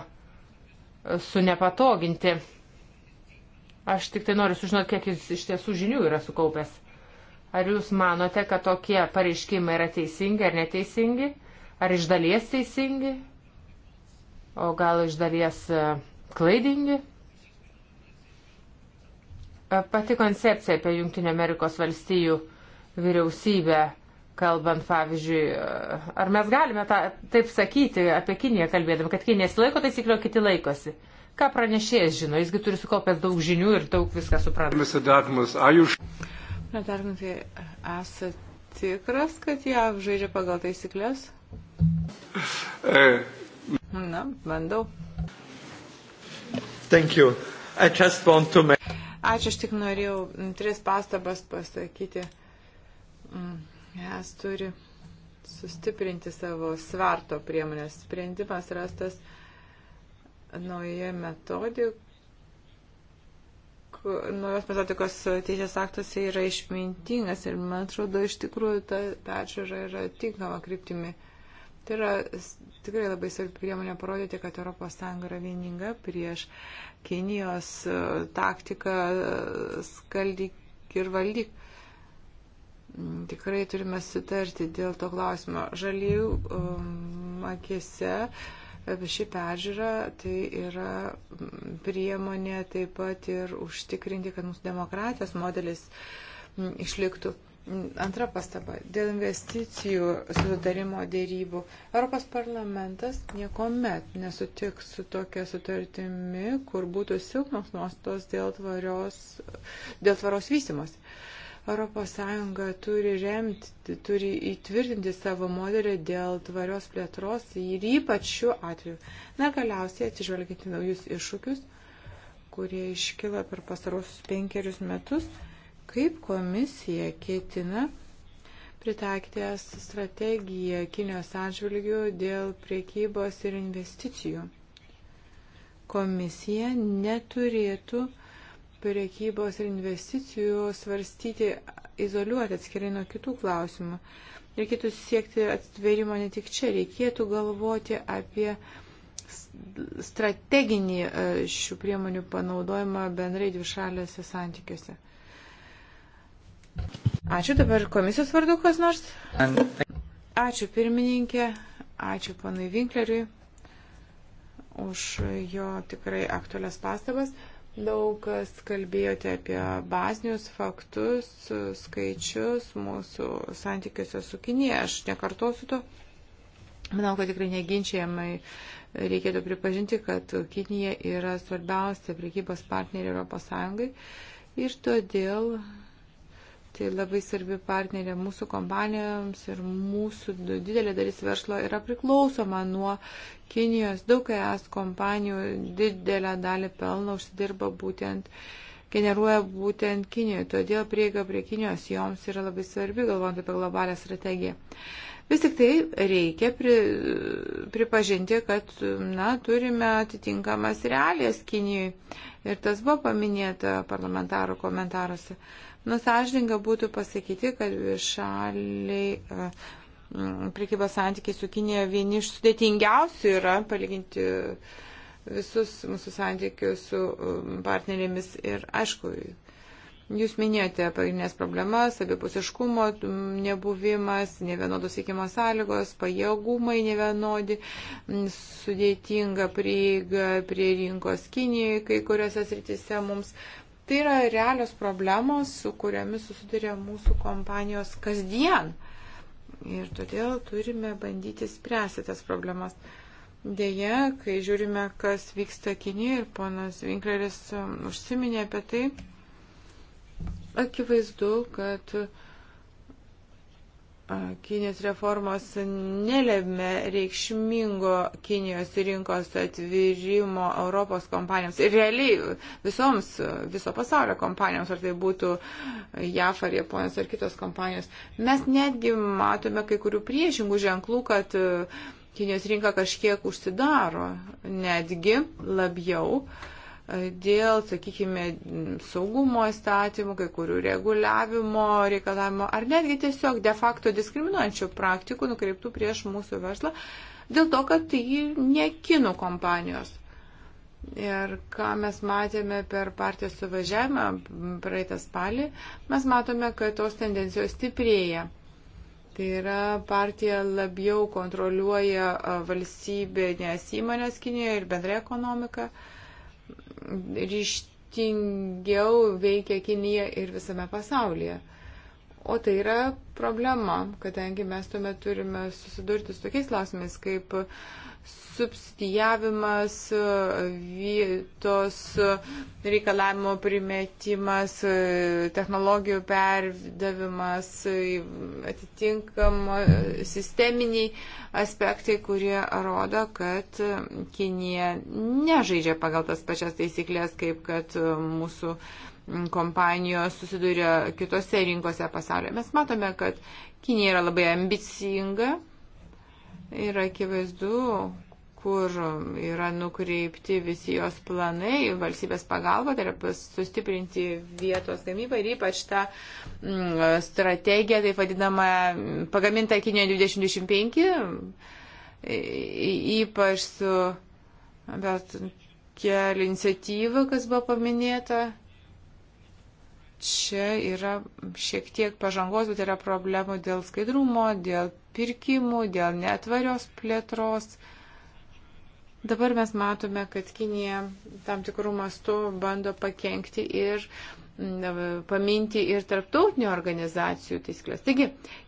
sunepatoginti Aš tik tai noriu sužinoti, kiek jis iš tiesų žinių yra sukaupęs. Ar jūs manote, kad tokie pareiškimai yra teisingi ar neteisingi? Ar iš dalies teisingi? O gal iš dalies e, klaidingi? E, pati koncepcija apie Junktinio Amerikos valstijų vyriausybę, kalbant, pavyzdžiui, e, ar mes galime ta, taip sakyti apie Kiniją kalbėdami, kad Kinija nesilaiko taisyklių, o kiti laikosi? Ką pranešėjas žino, jisgi turi sukaupęs daug žinių ir daug viską supranta. Na, dar, tai esate tikras, kad jie žaidžia pagal taisyklės? Eh. Na, bandau. Thank you. I just want to make... Ačiū, aš tik norėjau mm, tris pastabas pasakyti. Mm, mes turi sustiprinti savo svarto priemonės. Sprendimas rastas. tas nauja metodika naujos metodikos teisės aktuose yra išmintingas ir man atrodo iš tikrųjų ta peržiūra yra tinkama kryptimi. Tai yra tikrai labai svarbi priemonė parodyti, kad ES yra vieninga prieš Kinijos e, taktiką e, skaldyk ir valdyk. Mm, tikrai turime sutarti dėl to klausimo. Žalių um, akise uh, ši peržiūra tai yra priemonė taip pat ir užtikrinti, kad mūsų demokratijos modelis išliktų. Antra pastaba. Dėl investicijų sudarimo dėrybų. Europos parlamentas niekuomet nesutiks su tokia sutartimi, kur būtų silpnos nuostos dėl, tvarios, dėl tvaros vystimos. Uh, ES turi remti, turi įtvirtinti savo modelį dėl tvarios plėtros ir ypač šiuo atveju. Na, galiausiai atsižvelginti naujus iššūkius, kurie iškilo per pastarosius penkerius metus, kaip komisija ketina pritaikyti strategiją Kinijos atžvilgių dėl priekybos ir investicijų. Komisija neturėtų priekybos ir investicijų svarstyti izoliuoti atskirai nuo kitų klausimų. Reikėtų siekti atvėrimo ne tik čia, reikėtų galvoti apie strateginį e, šių priemonių panaudojimą bendrai dvišalėse santykiuose. Ačiū dabar komisijos vardu kas nors. Ačiū pirmininkė, ačiū panai Vinkleriui už jo tikrai aktualias pastabas. Daugas kalbėjote apie bazinius faktus, skaičius mūsų santykiuose su Kinėje. Aš nekartosiu to. Manau, kad tikrai neginčiamai reikėtų pripažinti, kad Kinija yra svarbiausia prekybos partnerė Europos Sąjungai. Ir todėl Tai labai svarbi partnerė mūsų kompanijoms ir mūsų didelė dalis verslo yra priklausoma nuo Kinijos. Daug ES kompanijų didelę dalį pelno užsidirba būtent, generuoja būtent Kinijoje. Todėl prieiga prie Kinijos joms yra labai svarbi, galvojant apie globalią strategiją. Vis tik tai reikia pri, pripažinti, kad na, turime atitinkamas realijas Kinijai. Ir tas buvo paminėta parlamentarų komentaruose. Uh, Nusažininga būtų pasakyti, kad šaliai e, prekybos santykiai su Kinėje vieni iš sudėtingiausių yra palyginti visus mūsų santykius su partnerėmis ir aišku, Jūs minėjote pagrindinės problemas, abipusiškumo nebuvimas, nevienodos veikimo sąlygos, pajėgumai nevienodi, sudėtinga prieiga prie rinkos Kinijoje, kai kuriuose srityse mums Tai yra realios problemos, su kuriamis susiduria mūsų kompanijos kasdien. Ir todėl turime bandyti spręsti tas problemas. Deja, kai žiūrime, kas vyksta Kinijoje ir ponas Vinkleris um, užsiminė apie tai, akivaizdu, kad uh, Kinijos reformos nelėmė reikšmingo Kinijos rinkos atvirimo Europos kompanijoms ir realiai visoms viso pasaulio kompanijoms, ar tai būtų JAF ar Japonijos ar kitos kompanijos. Mes netgi matome kai kurių priešingų ženklų, kad e, Kinijos rinka kažkiek užsidaro netgi labiau. Uh, dėl, sakykime, saugumo įstatymų, kai kurių reguliavimo reikalavimo, ar netgi tiesiog de facto diskriminuojančių praktikų nukreiptų prieš mūsų verslą, dėl to, kad tai ne kinų kompanijos. Ir ką mes matėme per partijos suvažiavimą praeitą spalį, mes matome, kad tos tendencijos stiprėja. Tai yra partija labiau kontroliuoja valstybinės įmonės Kinijoje ir bendrą ekonomiką. Uh, ryštingiau veikia Kinija ir visame pasaulyje. O tai yra problema, kadangi mes tuomet turime susidurti su tokiais klausimais kaip uh, subsidijavimas, vietos reikalavimo primetimas, technologijų perdavimas, atitinkamo sisteminiai aspektai, kurie rodo, kad Kinija nežaidžia pagal tas pačias taisyklės, kaip kad mūsų kompanijos susiduria kitose rinkose pasaulyje. Mes matome, kad Kinija yra labai ambicinga Ir akivaizdu, kur yra nukreipti visi jos planai, valstybės pagalba, tai yra sustiprinti vietos gamybą ir ypač tą mm, strategiją, tai vadinama, pagaminta Kinijoje 2025, ypač su bet kelių iniciatyva, kas buvo paminėta. Čia yra šiek tiek pažangos, bet yra problemų dėl skaidrumo, dėl pirkimų, dėl netvarios plėtros. Dabar mes matome, kad Kinija tam tikrų mastų bando pakengti ir paminti ir tarptautinių organizacijų taisyklės. Taigi,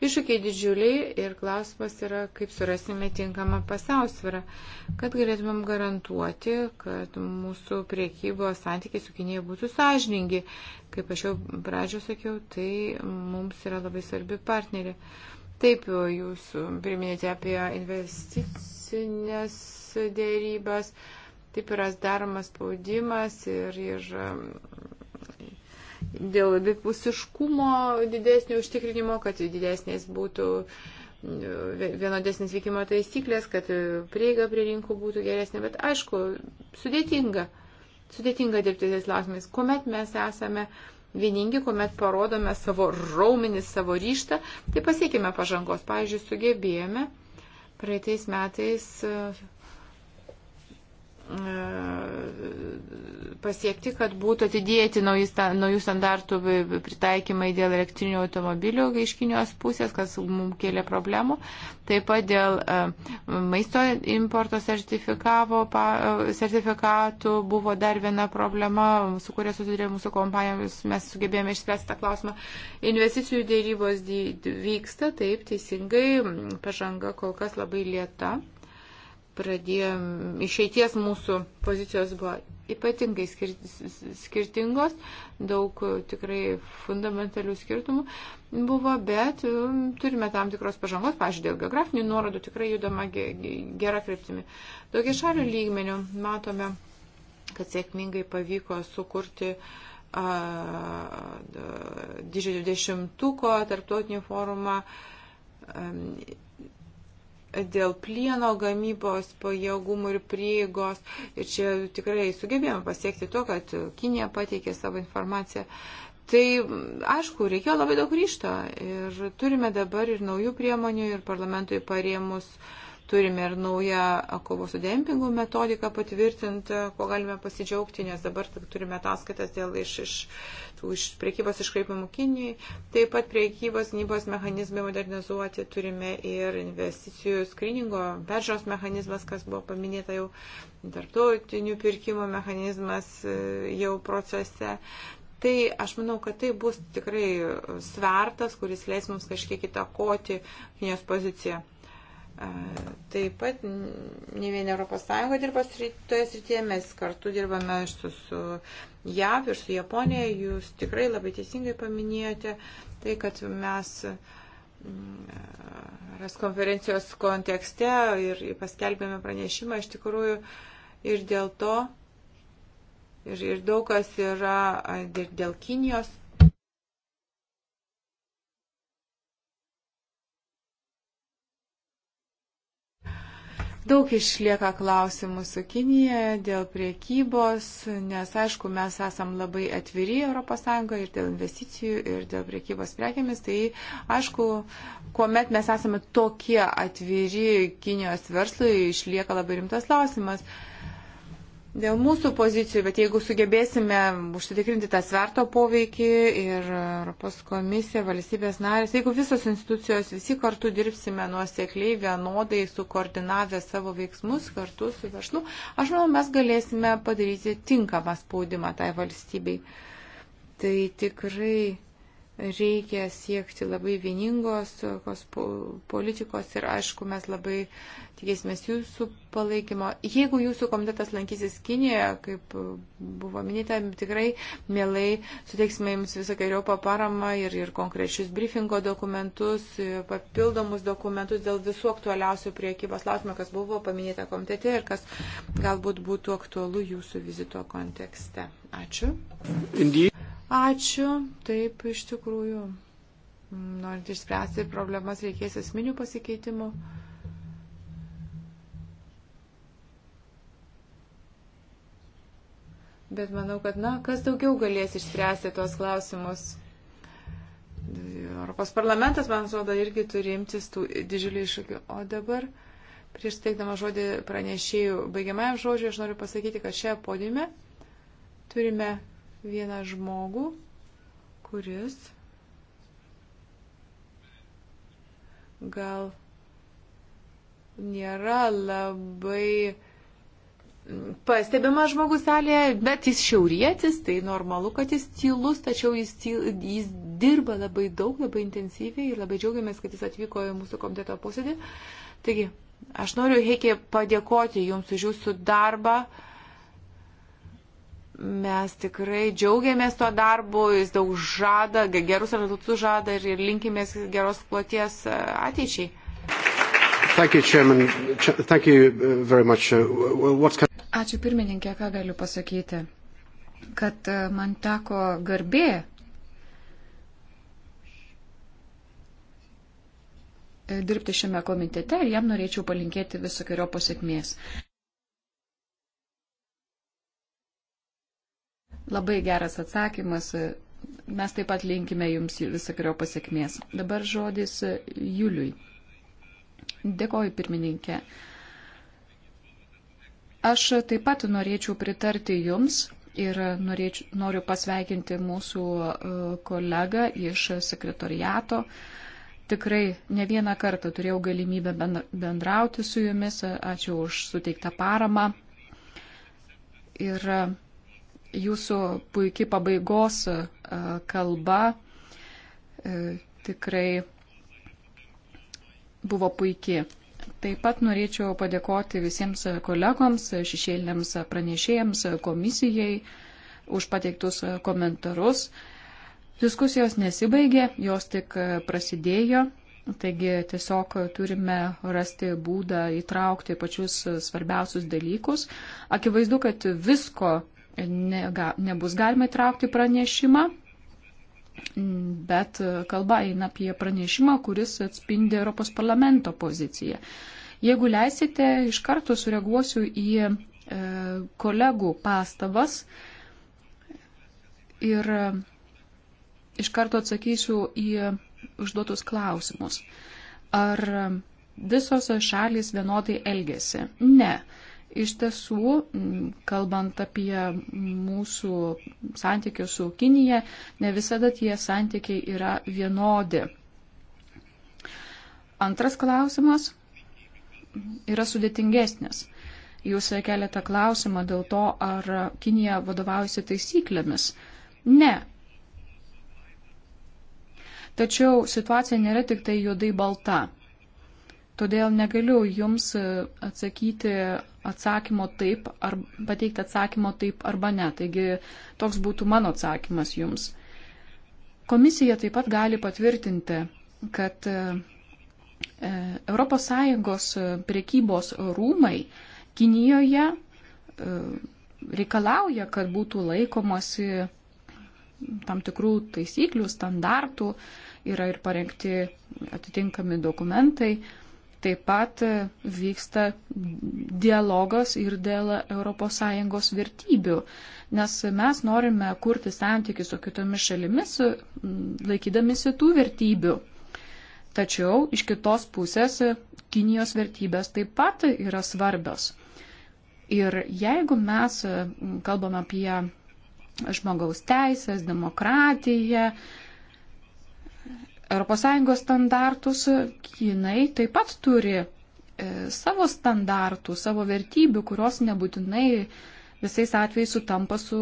iššūkiai didžiuliai ir klausimas yra, kaip surasime tinkamą pusiausvyrą, kad galėtumėm garantuoti, kad mūsų priekybos santykiai su Kinėje būtų sąžiningi. Kaip aš jau pradžio sakiau, tai mums yra labai svarbi partnerė. Taip, jūs priminėte apie investicinės dėrybas, taip yra daromas spaudimas ir, ir mm, dėl abipusiškumo didesnio užtikrinimo, kad didesnės būtų mm, vienodesnės veikimo taisyklės, kad prieiga prie rinkų būtų geresnė, bet aišku, sudėtinga, sudėtinga dirbti tais klausimais, kuomet mes esame uh, vieningi, kuomet parodome savo raumenį, savo ryštą, tai pasiekime pažangos. Pavyzdžiui, sugebėjome praeitais metais E, pasiekti, kad būtų atidėti naujų standartų pritaikymai dėl elektrinių automobilių iš Kinijos pusės, kas mums kėlė problemų. Taip pat dėl e, maisto importo e, sertifikatų buvo dar viena problema, su kuria susidurė mūsų kompanijomis. Mes sugebėjome išspręsti tą klausimą. Investicijų dėrybos vyksta, taip, teisingai, pažanga kol kas labai lieta pradėjom, išeities mūsų pozicijos buvo ypatingai skirtingos, daug tikrai fundamentalių skirtumų buvo, bet um, turime tam tikros pažangos, pažiūrėjau, dėl geografinių nuorodų tikrai judama gera kryptimi. Daugia šalių lygmenių matome, kad sėkmingai pavyko sukurti didžiojo dešimtuko tarptautinį forumą um, dėl plieno gamybos pajėgumų ir prieigos. Ir čia tikrai sugebėjome pasiekti to, kad Kinija pateikė savo informaciją. Tai aišku, reikėjo labai daug ryšto ir turime dabar ir naujų priemonių ir parlamentui parėmus uh, Turime ir naują kovos su dempingu metodiką patvirtintą, ko galime pasidžiaugti, nes dabar turime ataskaitas dėl iš, iš, iš priekybos iškreipimų Kinijai. Taip pat priekybos gynybos mechanizmai modernizuoti turime ir investicijų skriningo peržiūros mechanizmas, kas buvo paminėta jau tarptautinių pirkimo mechanizmas e, jau procese. Tai aš manau, kad tai bus tikrai svertas, kuris leis mums kažkiek įtakoti Kinijos poziciją. Taip pat ne vien Europos Sąjunga dirba toje srityje, mes kartu dirbame su, su JAV ir su Japonija. Jūs tikrai labai teisingai paminėjote tai, kad mes mm, ras konferencijos kontekste ir paskelbėme pranešimą iš tikrųjų ir dėl to, ir, ir daug kas yra dėl Kinijos Daug išlieka klausimų su Kinija dėl priekybos, nes aišku, mes esam labai atviri ES ir dėl investicijų, ir dėl priekybos prekiamis. Tai aišku, kuomet mes esame tokie atviri Kinijos verslui, išlieka labai rimtas klausimas. Uh, dėl mūsų pozicijų, bet jeigu sugebėsime užsitikrinti tą sverto poveikį ir Europos komisija, valstybės narės, jeigu visos institucijos visi kartu dirbsime nuosekliai, vienodai, sukoordinavę savo veiksmus kartu su verslu, aš manau, mes galėsime padaryti tinkamą spaudimą tai valstybei. Tai tikrai reikia siekti labai vieningos politikos ir aišku, mes labai tikėsimės jūsų palaikymo. Jeigu jūsų komitetas lankysis Kinijoje, kaip buvo minėta, tikrai mielai suteiksime jums visokiojo paparamą ir, ir konkrečius briefingo dokumentus, papildomus dokumentus dėl visų aktualiausių priekybos lausimų, kas buvo paminėta komitete ir kas galbūt būtų aktualu jūsų vizito kontekste. Ačiū. Indeed. Ačiū. Taip, iš tikrųjų, norint išspręsti problemas, reikės esminių pasikeitimų. Bet manau, kad, na, kas daugiau galės išspręsti tuos klausimus. Europos parlamentas, man atrodo, irgi turi imtis tų didžiulių iššūkių. O dabar, prieš teikdama žodį pranešėjų baigiamajam žodžiu, aš noriu pasakyti, kad čia podime turime vieną žmogų, kuris gal nėra labai mm, pastebimas žmogus salėje, bet jis šiaurietis, tai normalu, kad jis tylus, tačiau jis, tyl, jis dirba labai daug, labai intensyviai ir labai džiaugiamės, kad jis atvyko į mūsų komiteto posėdį. Taigi, aš noriu, Heikė, padėkoti Jums už Jūsų darbą. Uh, Mes tikrai džiaugiamės tuo darbu, jis daug žada, gerus rezultatus žada ir linkimės geros ploties e, ateičiai. Thank you, Chairman. Thank you uh, very much. Uh, what's... Ačiū pirmininkė, ką galiu pasakyti, kad e, man teko garbė dirbti šiame komitete ir jam norėčiau palinkėti visokiojo pasiekmės. Labai geras atsakymas. Mes taip pat linkime Jums visokrio pasiekmės. Dabar žodis Juliui. Dėkoju, pirmininkė. Aš taip pat norėčiau pritarti Jums ir norėčiau, noriu pasveikinti mūsų e, kolegą iš sekretoriato. Tikrai ne vieną kartą turėjau galimybę bendrauti su jumis. Ačiū už suteiktą paramą. Ir jūsų puikiai pabaigos e, kalba e, tikrai buvo puikiai. Taip pat norėčiau padėkoti visiems kolegoms, šešėliniams pranešėjams, komisijai už pateiktus komentarus. Diskusijos nesibaigė, jos tik prasidėjo, taigi tiesiog turime rasti būdą įtraukti pačius svarbiausius dalykus. Akivaizdu, kad visko nega, nebus galima įtraukti pranešimą, bet kalba eina apie pranešimą, kuris atspindi Europos parlamento poziciją. Jeigu leisite, iš karto sureaguosiu į e, kolegų pastabas ir e, iš karto atsakysiu į užduotus klausimus. Ar e, visos šalys vienodai elgesi? Ne. E, Iš tiesų, kalbant apie mūsų santykius su Kinija, ne visada tie santykiai yra vienodi. Antras klausimas yra sudėtingesnis. Jūs keliate klausimą dėl to, ar Kinija vadovaujasi taisyklėmis. Ne. Tačiau situacija nėra tik tai juodai balta. Todėl negaliu jums e, atsakyti atsakymo taip, ar pateikti atsakymo taip arba ne. Taigi toks būtų mano atsakymas jums. Komisija taip pat gali patvirtinti, kad ES e, e, priekybos rūmai Kinijoje reikalauja, kad būtų laikomasi tam tikrų taisyklių, standartų, yra ir parengti atitinkami dokumentai. Taip pat e, vyksta dialogas ir dėl ES vertybių, nes mes norime kurti santykius su kitomis šalimis, e, laikydamisi tų vertybių. Tačiau iš kitos pusės e, Kinijos vertybės taip pat yra svarbios. Ir jeigu mes kalbam apie žmogaus teisės, demokratiją, ES standartus, Kinai taip pat turi e, savo standartų, savo vertybių, kurios nebūtinai visais atvejais sutampa su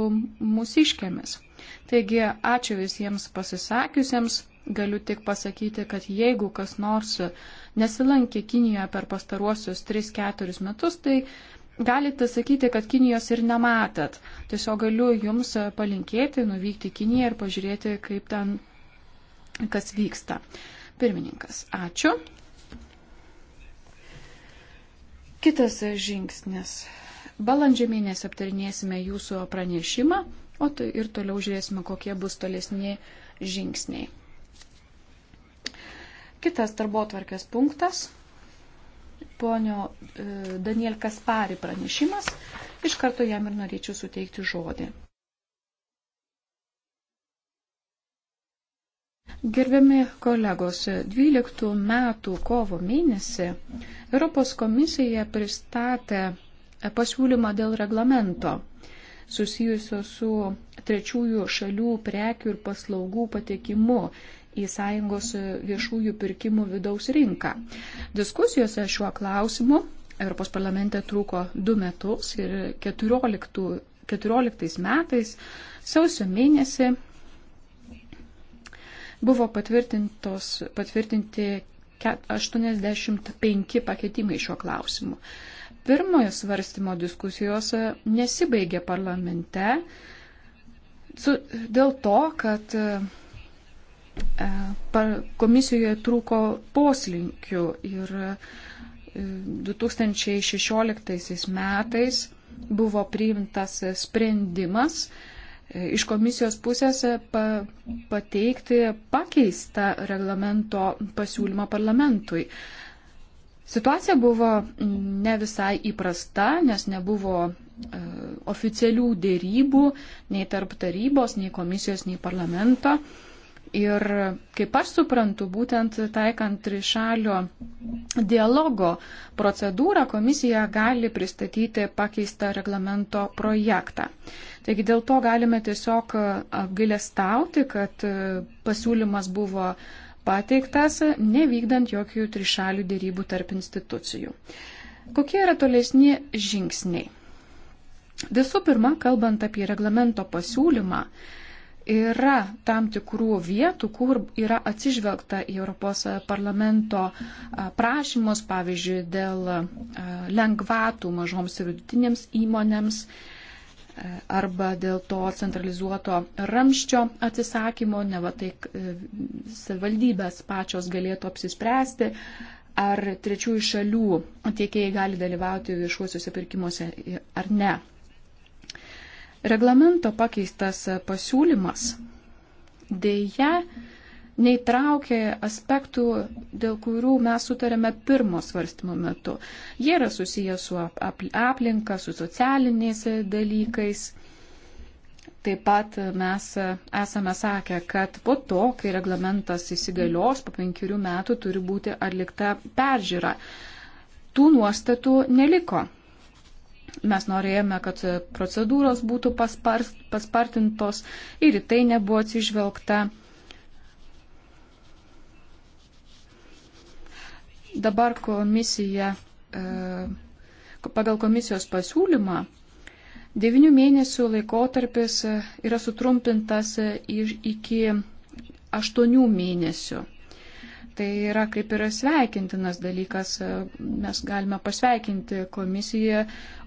mūsiškėmis. Taigi, ačiū visiems pasisakiusiems galiu tik pasakyti, kad jeigu kas nors nesilankė Kinijoje per pastaruosius 3-4 metus, tai galite sakyti, kad Kinijos ir nematėt. Tiesiog galiu jums palinkėti, nuvykti į Kiniją ir pažiūrėti, kaip ten kas vyksta. Pirmininkas, ačiū. Kitas žingsnis. Balandžio mėnesį aptarinėsime jūsų pranešimą, o tai ir toliau žiūrėsime, kokie bus tolesni žingsniai. Kitas darbotvarkės punktas. Ponio e, Daniel Kaspari pranešimas. Iš karto jam ir norėčiau suteikti žodį. Gerbiami kolegos, 12 metų kovo mėnesį Europos komisija pristatė pasiūlymą dėl reglamento susijusio su trečiųjų šalių prekių ir paslaugų patekimu į sąjungos viešųjų pirkimų vidaus rinką. Diskusijose šiuo klausimu Europos parlamente trūko du metus ir 14, 14 metais sausio mėnesį Buvo patvirtinti 85 pakeitimai šiuo klausimu. Pirmojo svarstymo diskusijos e, nesibaigė parlamente su, dėl to, kad e, e, komisijoje trūko poslinkių ir 2016 metais buvo priimtas sprendimas iš komisijos pusės e, pa, pateikti pakeistą reglamento pasiūlymą parlamentui. Situacija buvo ne visai įprasta, nes nebuvo e, oficialių dėrybų nei tarp tarybos, nei komisijos, nei parlamento. E, Ir kaip aš suprantu, būtent taikant trišalio dialogo procedūrą komisija gali pristatyti pakeistą reglamento projektą. Taigi dėl to galime tiesiog apgailestauti, kad pasiūlymas buvo pateiktas, nevykdant jokių trišalių dėrybų tarp institucijų. Kokie yra tolesni žingsniai? Visų pirma, kalbant apie reglamento pasiūlymą, yra tam tikrų vietų, kur yra atsižvelgta į Europos parlamento prašymus, pavyzdžiui, dėl lengvatų mažoms ir vidutinėms įmonėms arba dėl to centralizuoto ramščio atsisakymo, ne va tai e, savivaldybės pačios galėtų apsispręsti, ar trečiųjų šalių tiekėjai gali dalyvauti viešuosiuose pirkimuose ar ne. Reglamento pakeistas pasiūlymas dėja neįtraukė aspektų, dėl kurių mes sutarėme pirmo svarstymo metu. Jie yra susiję su aplinka, su socialiniais dalykais. Taip pat mes esame sakę, kad po to, kai reglamentas įsigalios, po penkerių metų turi būti atlikta peržiūra. Tų nuostatų neliko Mes norėjome, kad procedūros būtų paspar, paspartintos ir į tai nebuvo atsižvelgta. Dabar komisija, e, pagal komisijos pasiūlymą, Devinių mėnesių laikotarpis yra sutrumpintas iki aštuonių mėnesių tai yra kaip ir sveikintinas dalykas. Mes galime pasveikinti komisiją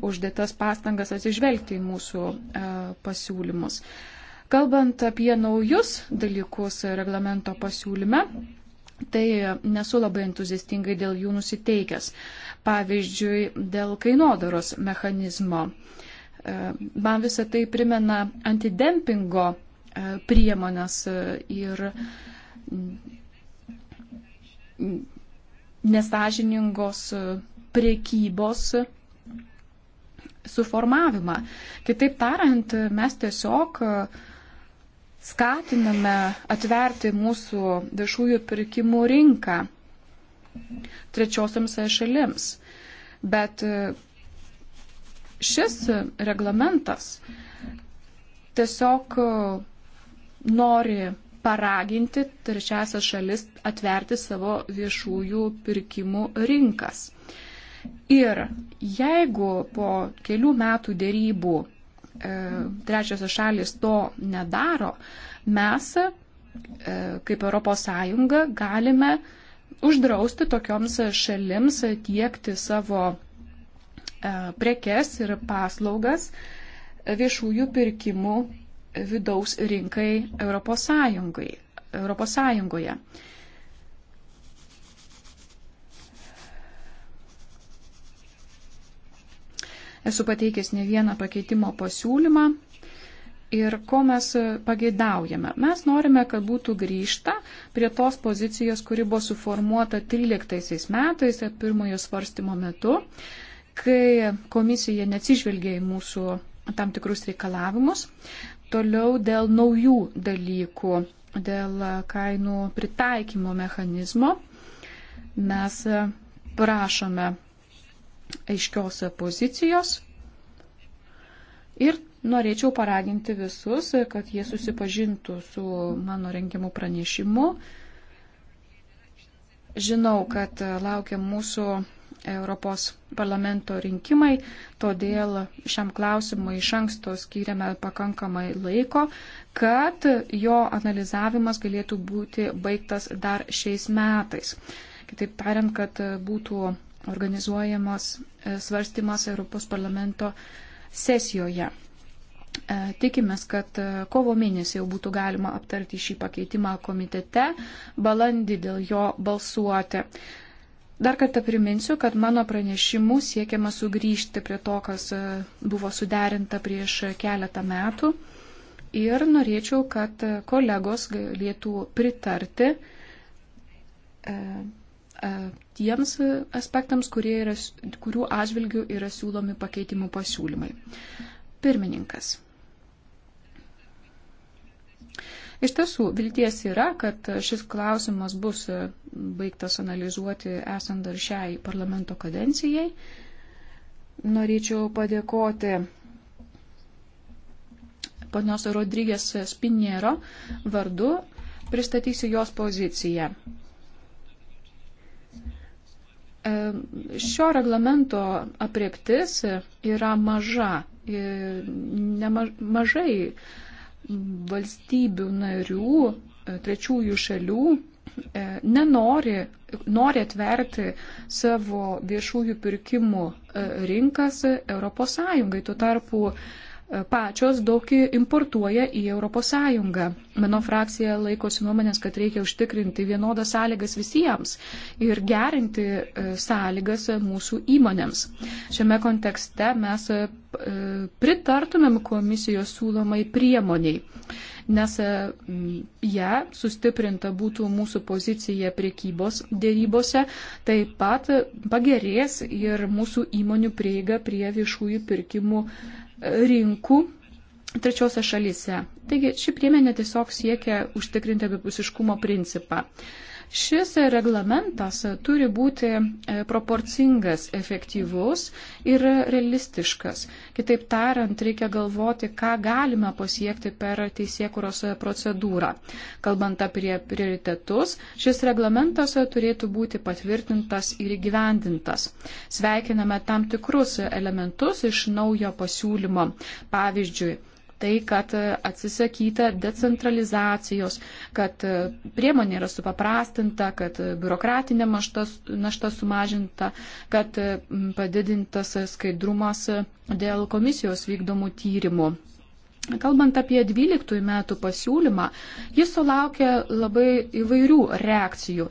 uždėtas pastangas atsižvelgti į mūsų e, pasiūlymus. Kalbant apie naujus dalykus reglamento pasiūlyme, tai nesu labai entuziastingai dėl jų nusiteikęs. Pavyzdžiui, dėl kainodaros mechanizmo. E, man visą tai primena antidempingo e, priemonės ir nesažiningos priekybos suformavimą. Kitaip tariant, mes tiesiog skatiname atverti mūsų viešųjų pirkimų rinką trečiosiams šalims. Bet šis reglamentas tiesiog nori paraginti trečiasias šalis atverti savo viešųjų pirkimų rinkas. Ir jeigu po kelių metų dėrybų e, trečiosios šalis to nedaro, mes e, kaip ES galime uždrausti tokioms šalims tiekti savo e, prekes ir paslaugas viešųjų pirkimų vidaus rinkai Europos, Sąjungai, Europos Sąjungoje. Esu pateikęs ne vieną pakeitimo pasiūlymą ir ko mes pageidaujame. Mes norime, kad būtų grįžta prie tos pozicijos, kuri buvo suformuota 13 metais, tai pirmojo svarstymo metu, kai komisija neatsižvelgė į mūsų tam tikrus reikalavimus. Toliau dėl naujų dalykų, dėl kainų pritaikymo mechanizmo mes prašome aiškios pozicijos ir norėčiau paraginti visus, kad jie susipažintų su mano rengiamu pranešimu. Žinau, kad laukia mūsų Europos parlamento rinkimai, todėl šiam klausimui iš anksto skiriame pakankamai laiko, kad jo analizavimas galėtų būti baigtas dar šiais metais. Kitaip tariant, kad būtų organizuojamas e, svarstymas Europos parlamento sesijoje. E, tikimės, kad e, kovo mėnesį jau būtų galima aptarti šį pakeitimą komitete, balandį dėl jo balsuoti. Dar kartą priminsiu, kad mano pranešimu siekiama sugrįžti prie to, kas e, buvo suderinta prieš keletą metų. Ir norėčiau, kad e, kolegos galėtų pritarti e, tiems aspektams, yra, kurių atžvilgių yra siūlomi pakeitimų pasiūlymai. Pirmininkas. Iš tiesų, vilties yra, kad šis klausimas bus e, baigtas analizuoti esant dar šiai parlamento kadencijai. Norėčiau padėkoti ponios Rodrygės Spiniero vardu, pristatysiu jos poziciją. E, šio reglamento apreptis yra maža. E, Nemažai mažai valstybių narių, e, trečiųjų šalių e, nenori, nori atverti savo viešųjų pirkimų e, rinkas ES. Tuo tarpu pačios daugį importuoja į ES. Mano frakcija laikosi nuomonės, kad reikia užtikrinti vienodas sąlygas visiems ir gerinti e, sąlygas mūsų įmonėms. Šiame kontekste mes e, pritartumėm komisijos siūlomai priemoniai, nes e, ją sustiprinta būtų mūsų pozicija priekybos dėrybose, taip pat pagerės ir mūsų įmonių prieiga prie viešųjų pirkimų rinkų trečiose šalyse. Taigi ši priemenė tiesiog siekia užtikrinti abipusiškumo principą. Šis reglamentas turi būti e, proporcingas, efektyvus ir realistiškas. Kitaip tariant, reikia galvoti, ką galime pasiekti per teisėkuros procedūrą. Kalbant apie prioritetus, šis reglamentas turėtų būti patvirtintas ir įgyvendintas. Sveikiname tam tikrus elementus iš naujo pasiūlymo. Pavyzdžiui, tai, kad e, atsisakyta decentralizacijos, kad e, priemonė yra supaprastinta, kad e, biurokratinė našta, našta sumažinta, kad padidintas skaidrumas dėl komisijos vykdomų tyrimų. Kalbant apie 12 metų pasiūlymą, jis sulaukė labai įvairių reakcijų.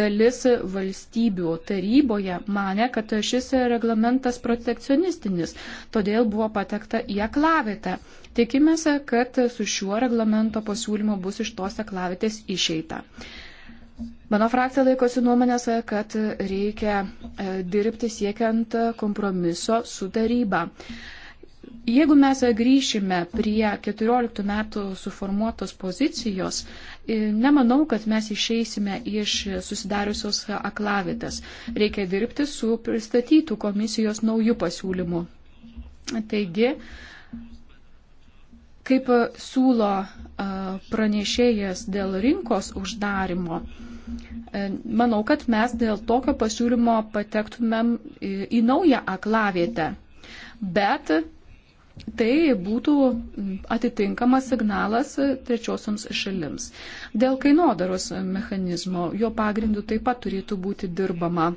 Dalis valstybių taryboje mane, kad šis reglamentas protekcionistinis, todėl buvo patekta į aklavitę. Tikimės, kad su šiuo reglamento pasiūlymu bus iš tos aklavitės išeita. Mano frakcija laikosi nuomonės, kad reikia e, dirbti siekiant kompromiso su taryba. Jeigu mes grįšime prie 14 metų suformuotos pozicijos, nemanau, kad mes išeisime iš susidariusios aklavitės. Reikia dirbti su pristatytų komisijos naujų pasiūlymų. Taigi, kaip siūlo pranešėjas dėl rinkos uždarimo, e, manau, kad mes dėl tokio pasiūlymo patektumėm į naują aklavietę. Bet Tai būtų atitinkamas signalas trečiosioms šalims. Dėl kainodaros mechanizmo jo pagrindu taip pat turėtų būti dirbama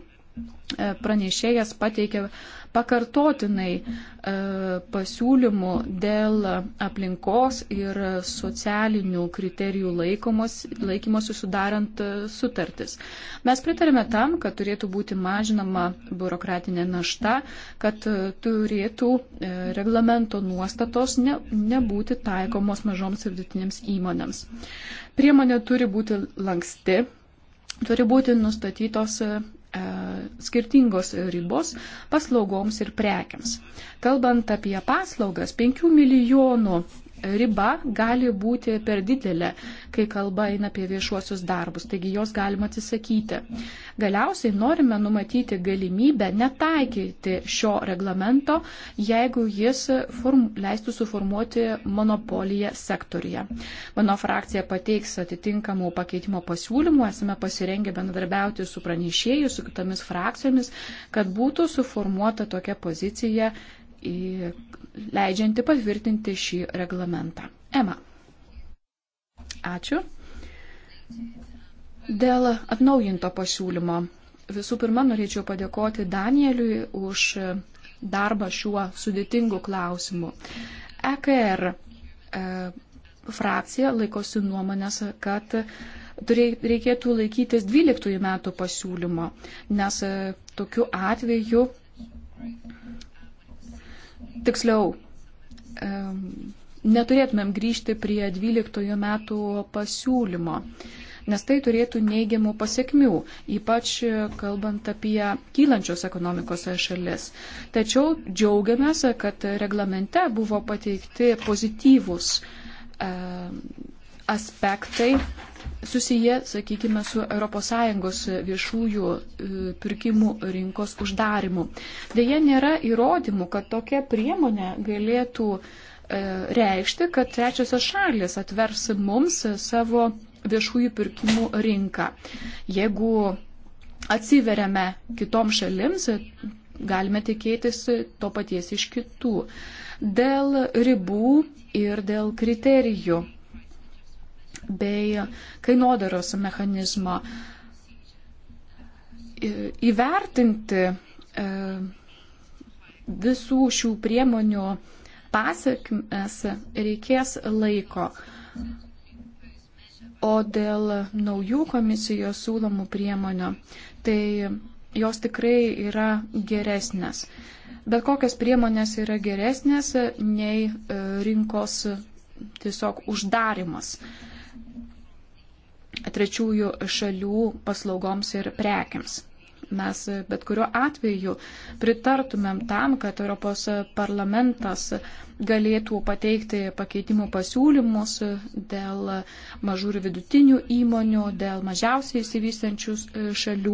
E, pranešėjas pateikė pakartotinai e, pasiūlymų dėl aplinkos ir socialinių kriterijų laikomos, laikymosi sudarant e, sutartis. Mes pritarėme tam, kad turėtų būti mažinama biurokratinė našta, kad turėtų reglamento nuostatos ne, nebūti taikomos mažoms ir vidutinėms įmonėms. Priemonė turi būti lanksti, turi būti nustatytos E, skirtingos ribos paslaugoms ir prekiams. Kalbant apie paslaugas, 5 milijonų riba gali būti per didelė, kai kalba eina apie viešuosius darbus, taigi jos galima atsisakyti. Galiausiai norime numatyti galimybę netaikyti šio reglamento, jeigu jis form, leistų suformuoti monopoliją sektorija. Mano frakcija pateiks atitinkamų pakeitimo pasiūlymų, esame pasirengę bendradarbiauti su pranešėjų, su kitomis frakcijomis, kad būtų suformuota tokia pozicija į leidžianti patvirtinti šį reglamentą. Ema. Ačiū. Dėl atnaujinto pasiūlymo. Visų pirma, norėčiau padėkoti Danieliui už darbą šiuo sudėtingu klausimu. EKR e, frakcija laikosi nuomonės, kad reikėtų laikytis 12 metų pasiūlymo, nes tokiu atveju Tiksliau, neturėtumėm grįžti prie 12 metų pasiūlymo, nes tai turėtų neigiamų pasiekmių, ypač kalbant apie kylančios ekonomikos šalis. Tačiau džiaugiamės, kad reglamente buvo pateikti pozityvus aspektai susiję, sakykime, su ES viešųjų e, pirkimų rinkos uždarimu. Deja, nėra įrodymų, kad tokia priemonė galėtų e, reikšti, kad trečiosios šalis atvers mums savo viešųjų pirkimų rinką. Jeigu atsiveriame kitom šalims, galime tikėtis to paties iš kitų. Dėl ribų ir dėl kriterijų bei kainodaros mechanizmą įvertinti e, visų šių priemonių pasiekmes reikės laiko. O dėl naujų komisijos siūlomų priemonių, tai jos tikrai yra geresnės. Bet kokios priemonės yra geresnės nei e, rinkos tiesiog uždarimas. E, trečiųjų šalių paslaugoms ir prekiams. Mes bet kuriuo atveju pritartumėm tam, kad Europos parlamentas galėtų pateikti pakeitimų pasiūlymus dėl mažų ir vidutinių įmonių, dėl mažiausiai įsivystančių šalių,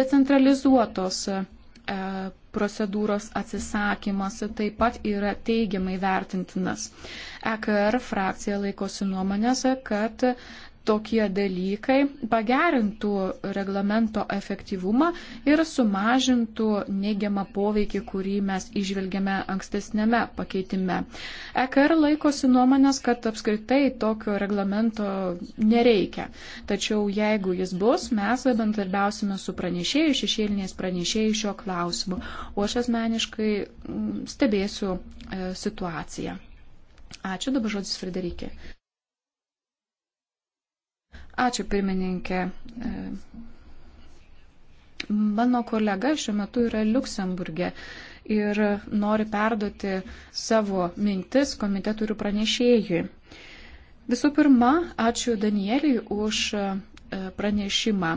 decentralizuotos e, procedūros atsisakymas taip pat yra teigiamai vertintinas. EKR frakcija laikosi nuomonėse, kad tokie dalykai pagerintų reglamento efektyvumą ir sumažintų neigiamą poveikį, kurį mes išvelgėme ankstesnėme pakeitime. EKR laikosi nuomonės, kad apskritai tokio reglamento nereikia. Tačiau jeigu jis bus, mes bendarbiausime su pranešėjai, šešėliniais pranešėjai šio klausimu. O aš asmeniškai mm, stebėsiu e, situaciją. Ačiū, dabar žodis Frederikė. Ačiū pirmininkė. Mano kolega šiuo metu yra Luksemburgė ir nori perduoti savo mintis komitetų ir pranešėjui. Visų pirma, ačiū Danieliui už e, pranešimą.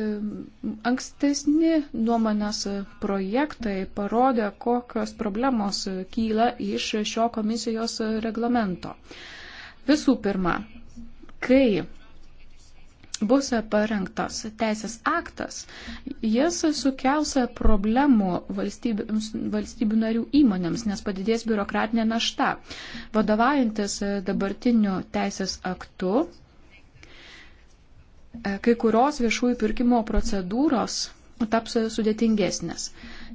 E, ankstesni nuomonės projektai parodė, kokios problemos kyla iš šio komisijos reglamento. Visų pirma, kai bus parengtas teisės aktas, jis sukels problemų valstybių, valstybių narių įmonėms, nes padidės biurokratinė našta. Vadovaujantis dabartiniu teisės aktu, e, kai kurios viešųjų pirkimo procedūros taps sudėtingesnės.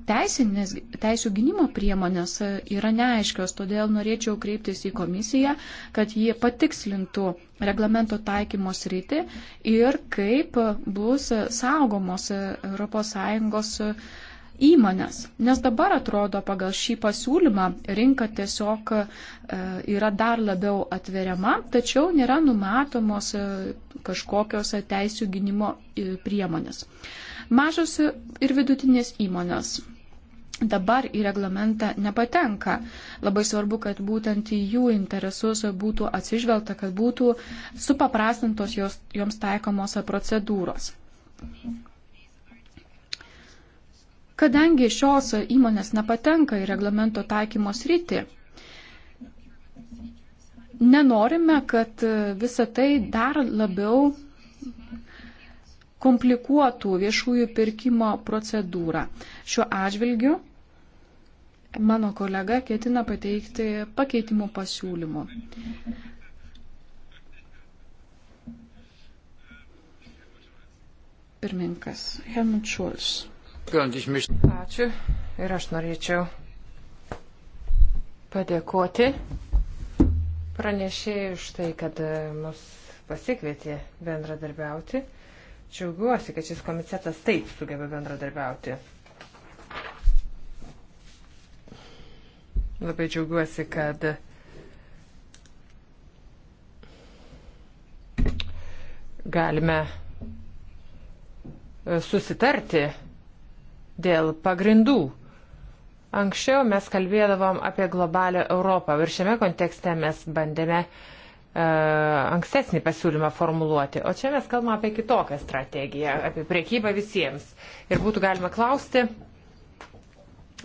Teisinės, teisų gynimo priemonės yra neaiškios, todėl norėčiau kreiptis į komisiją, kad jie patikslintų reglamento taikymo sritį ir kaip bus saugomos ES įmonės. Nes dabar atrodo pagal šį pasiūlymą rinka tiesiog e, yra dar labiau atveriama, tačiau nėra numatomos e, kažkokios teisų gynimo e, priemonės. Mažos ir vidutinės įmonės dabar į reglamentą nepatenka. Labai svarbu, kad būtent į jų interesus būtų atsižvelgta, kad būtų supaprastintos jos, joms taikomos procedūros. Kadangi šios įmonės nepatenka į reglamento taikymo sritį, nenorime, kad visa tai dar labiau komplikuotų viešųjų pirkimo procedūrą. Šiuo atžvilgiu mano kolega ketina pateikti pakeitimų pasiūlymų. Pirmininkas Helmut Šuls. Ačiū ir aš norėčiau padėkoti pranešėjai už tai, kad mus pasikvietė bendradarbiauti. Džiaugiuosi, kad šis komitetas taip sugeba bendradarbiauti. Labai džiaugiuosi, kad galime susitarti dėl pagrindų. Anksčiau mes kalbėdavom apie globalę Europą ir šiame kontekste mes bandėme uh, E, ankstesnį pasiūlymą formuluoti. O čia mes kalbame apie kitokią strategiją, apie priekybą visiems. Ir būtų galima klausti,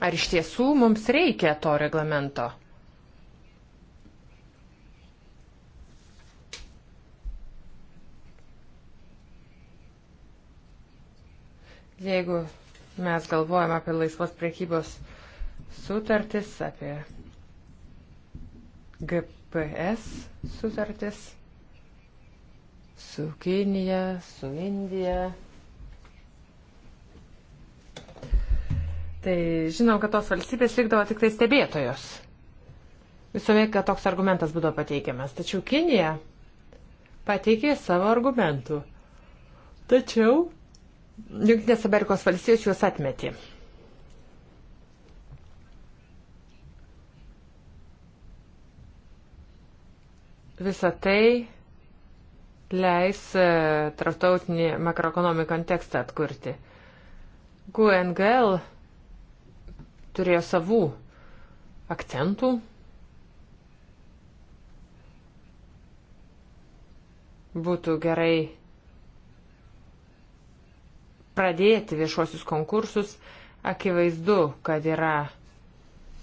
ar iš tiesų mums reikia to reglamento. Jeigu mes galvojam apie laisvos priekybos sutartis, apie GP PS sutartis su Kinija, su Indija. Tai žinom, kad tos valstybės likdavo tik tai stebėtojos. Visuomet, kad toks argumentas būdavo pateikiamas. Tačiau Kinija pateikė savo argumentų. Tačiau Junktinės Amerikos valstijos juos atmetė. Visą tai leis e, tarptautinį makroekonominį kontekstą atkurti. GUNGL turėjo savų akcentų. Būtų gerai pradėti viešuosius konkursus. Akivaizdu, kad yra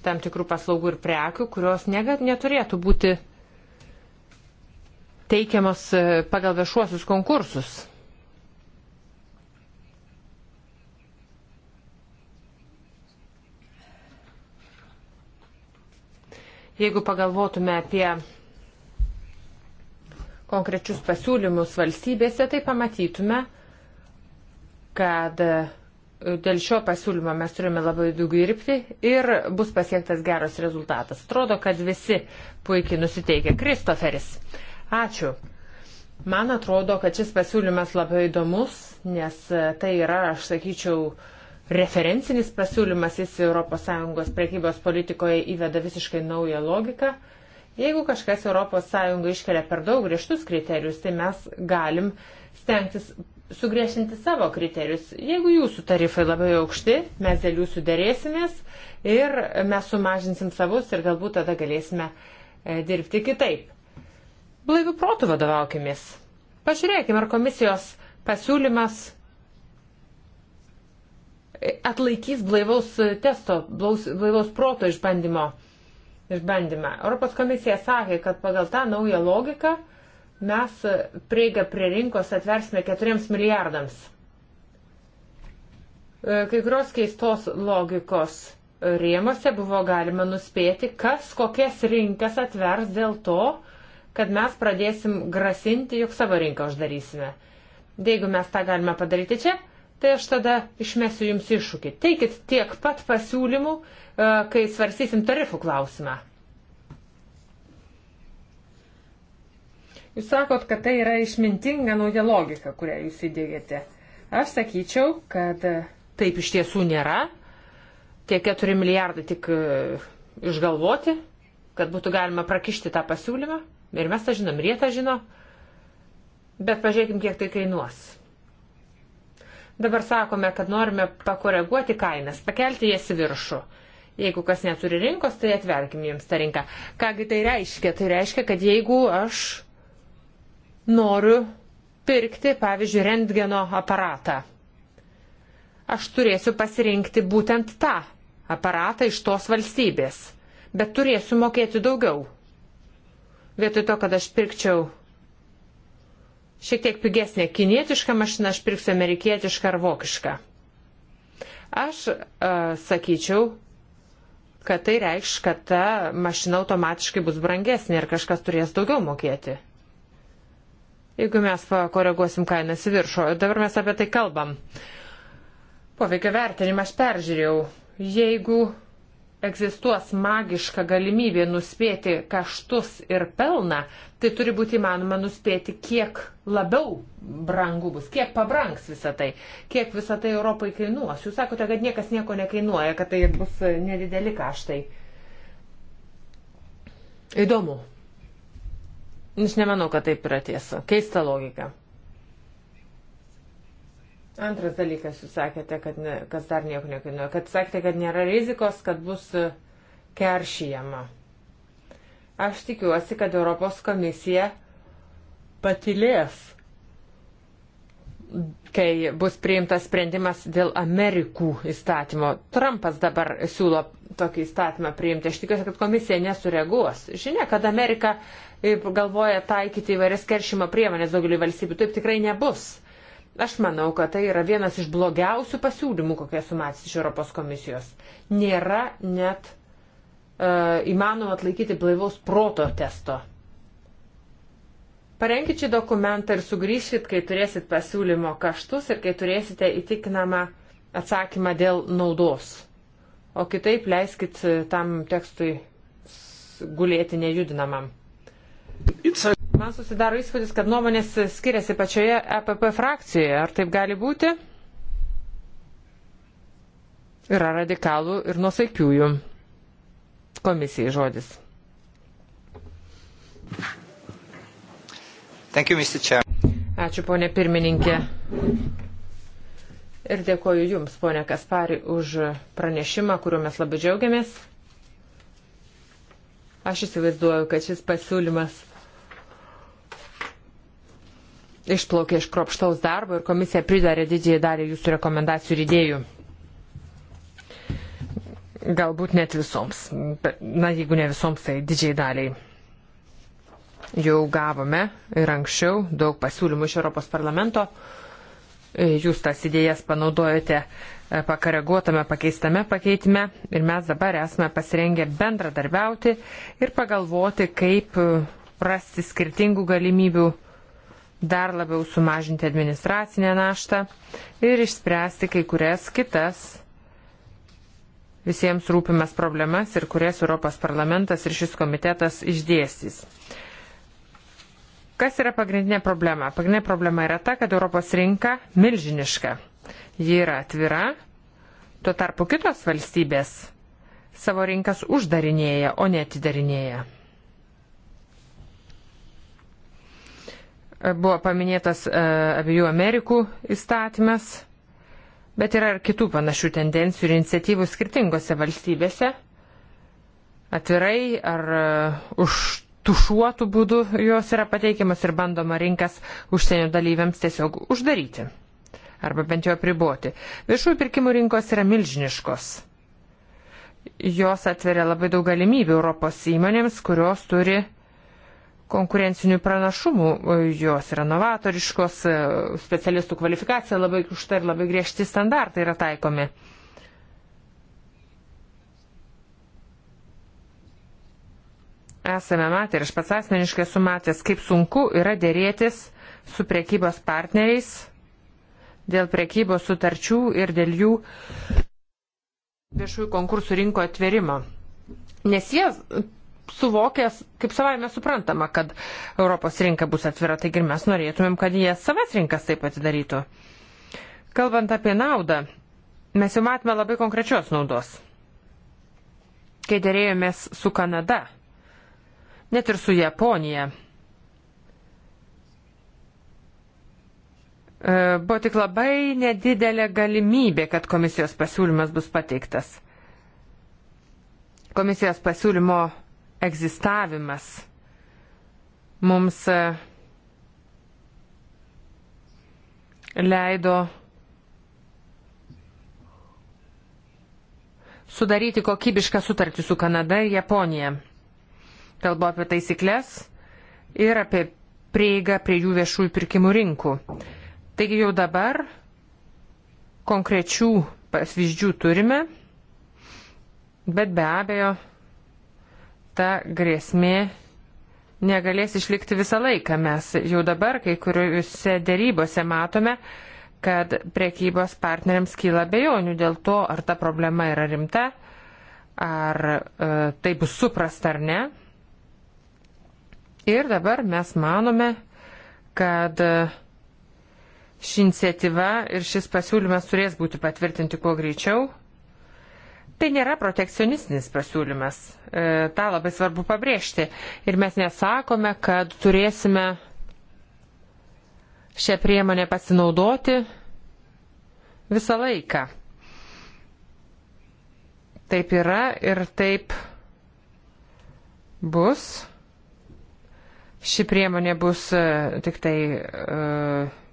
tam tikrų paslaugų ir prekių, kurios negat, neturėtų būti teikiamos e, pagal viešuosius konkursus. Jeigu pagalvotume apie konkrečius pasiūlymus valstybėse, tai pamatytume, kad e, dėl šio pasiūlymo mes turime labai daug dirbti ir bus pasiektas geras rezultatas. Atrodo, kad visi puikiai nusiteikia. Kristoferis. Ačiū. Man atrodo, kad šis pasiūlymas labai įdomus, nes e, tai yra, aš sakyčiau, referencinis pasiūlymas, jis ES prekybos politikoje įveda visiškai naują logiką. Jeigu kažkas ES iškelia per daug griežtus kriterijus, tai mes galim stengtis sugriešinti savo kriterijus. Jeigu jūsų tarifai labai aukšti, mes dėl jūsų dėrėsimės ir mes sumažinsim savus ir galbūt tada galėsime e, dirbti kitaip. Blaivių protų vadovaukimės. Pažiūrėkime, ar komisijos pasiūlymas atlaikys blaivaus testo, blaivaus proto išbandymo. Išbandymą. Europos komisija sakė, kad pagal tą naują logiką mes prieigą prie rinkos atversime 4 milijardams. E, kai kurios keistos logikos rėmose buvo galima nuspėti, kas kokias rinkas atvers dėl to, kad mes pradėsim grasinti, jog savo rinką uždarysime. Jeigu mes tą galime padaryti čia, tai aš tada išmesiu jums iššūkį. Teikit tiek pat pasiūlymų, e, kai svarstysim tarifų klausimą. Jūs sakot, kad tai yra išmintinga nauja logika, kurią jūs įdėgėte. Aš sakyčiau, kad e, taip iš tiesų nėra. Tie 4 milijardai tik e, išgalvoti, kad būtų galima prakišti tą pasiūlymą. Ir mes tą žinom, ir jie tą žino, bet pažiūrėkim, kiek tai kainuos. Dabar sakome, kad norime pakoreguoti kainas, pakelti jas į viršų. Jeigu kas neturi rinkos, tai atverkim jiems tą rinką. Kągi tai reiškia? Tai reiškia, kad jeigu aš noriu pirkti, pavyzdžiui, rentgeno aparatą, aš turėsiu pasirinkti būtent tą aparatą iš tos valstybės, bet turėsiu mokėti daugiau. Vietoj to, kad aš pirkčiau šiek tiek pigesnę kinietišką mašiną, aš pirksiu amerikietišką ar vokišką. Aš uh, sakyčiau, kad tai reikš, kad ta mašina automatiškai bus brangesnė ir kažkas turės daugiau mokėti. Jeigu mes pakoreguosim kainas į viršų, dabar mes apie tai kalbam. Poveikio vertinimą aš peržiūrėjau. Jeigu egzistuos magiška galimybė nuspėti kaštus ir pelną, tai turi būti įmanoma nuspėti, kiek labiau brangu bus, kiek pabranks visą tai, kiek visą tai Europai kainuos. Jūs sakote, kad niekas nieko nekainuoja, kad tai bus nedideli kaštai. Įdomu. Aš nemanau, kad taip yra tiesa. Keista logika. Antras dalykas, jūs sakėte, kad ne, kas dar nieko nekainuoja, kad sakėte, kad nėra rizikos, kad bus e, keršyjama. Aš tikiuosi, kad Europos komisija patilės, kai bus priimtas sprendimas dėl Amerikų įstatymo. Trumpas dabar siūlo tokį įstatymą priimti. Aš tikiuosi, kad komisija nesureaguos. Žinia, kad Amerika e, galvoja taikyti įvairias keršimo priemonės daugelį valstybių. Taip tikrai nebus Aš manau, kad tai yra vienas iš blogiausių pasiūlymų, kokie sumatys iš Europos komisijos. Nėra net uh, įmanoma atlaikyti blaivaus proto testo. Parenkit šį dokumentą ir sugrįšit, kai turėsit pasiūlymo kaštus ir kai turėsite įtikinamą atsakymą dėl naudos. O kitaip leiskit tam tekstui gulėti nejudinamam. It's a... Man susidaro įspūdis, kad nuomonės skiriasi pačioje EPP frakcijoje. Ar taip gali būti? Yra radikalų ir nusaikiųjų. Komisijai žodis. Thank you, Mr. Chair. Ačiū, ponė pirmininkė. Ir dėkoju Jums, ponė Kaspari, už pranešimą, kuriuo mes labai džiaugiamės. Aš įsivaizduoju, kad šis pasiūlymas išplaukė iš kropštaus darbo ir komisija pridarė didžiąją dalį jūsų rekomendacijų ir idėjų. Galbūt net visoms. Bet, na, jeigu ne visoms, tai didžiai daliai. Jau gavome ir anksčiau daug pasiūlymų iš Europos parlamento. Jūs tas idėjas panaudojate e, pakareguotame pakeistame pakeitime ir mes dabar esame pasirengę bendradarbiauti ir pagalvoti, kaip e, rasti skirtingų galimybių dar labiau sumažinti administracinę naštą ir išspręsti kai kurias kitas visiems rūpimas problemas ir kurias Europos parlamentas ir šis komitetas išdėstys. Kas yra pagrindinė problema? Pagrindinė problema yra ta, kad Europos rinka milžiniška. Ji yra atvira, tuo tarpu kitos valstybės savo rinkas uždarinėja, o netidarinėja. E, buvo paminėtas e, abiejų Amerikų įstatymas, bet yra ir kitų panašių tendencijų ir iniciatyvų skirtingose valstybėse. Atvirai ar e, už tušuotų būdų jos yra pateikiamas ir bandoma rinkas užsienio dalyviams tiesiog uždaryti arba bent jau apriboti. Viešųjų pirkimų rinkos yra milžiniškos. Jos atveria labai daug galimybių Europos įmonėms, kurios turi konkurencinių pranašumų, jos yra novatoriškos, e, specialistų kvalifikacija labai užta ir labai griežti standartai yra taikomi. Esame matę ir aš pats asmeniškai esu matęs, kaip sunku yra dėrėtis su prekybos partneriais dėl prekybos sutarčių ir dėl jų viešųjų konkursų rinko atverimo. Nes jie suvokęs kaip savaime suprantama, kad Europos rinka bus atvira, taigi ir mes norėtumėm, kad jie savas rinkas taip atidarytų. Kalbant apie naudą, mes jau matome labai konkrečios naudos. Kai dėrėjomės su Kanada, net ir su Japonija, e, buvo tik labai nedidelė galimybė, kad komisijos pasiūlymas bus pateiktas. Komisijos pasiūlymo egzistavimas mums e, leido sudaryti kokybišką sutartį su Kanada ir Japonija. Kalbu apie taisyklės ir apie prieigą prie jų viešųjų pirkimų rinkų. Taigi jau dabar konkrečių pavyzdžių turime, bet be abejo ta grėsmė negalės išlikti visą laiką. Mes jau dabar kai kuriuose dėrybose matome, kad prekybos partneriams kyla bejonių dėl to, ar ta problema yra rimta, ar e, tai bus suprasta ar ne. Ir dabar mes manome, kad e, ši iniciatyva ir šis pasiūlymas turės būti patvirtinti kuo greičiau Tai nėra protekcionistinis pasiūlymas. E, tą labai svarbu pabrėžti. Ir mes nesakome, kad turėsime šią priemonę pasinaudoti visą laiką. Taip yra ir taip bus. Ši priemonė bus e, tik tai. E,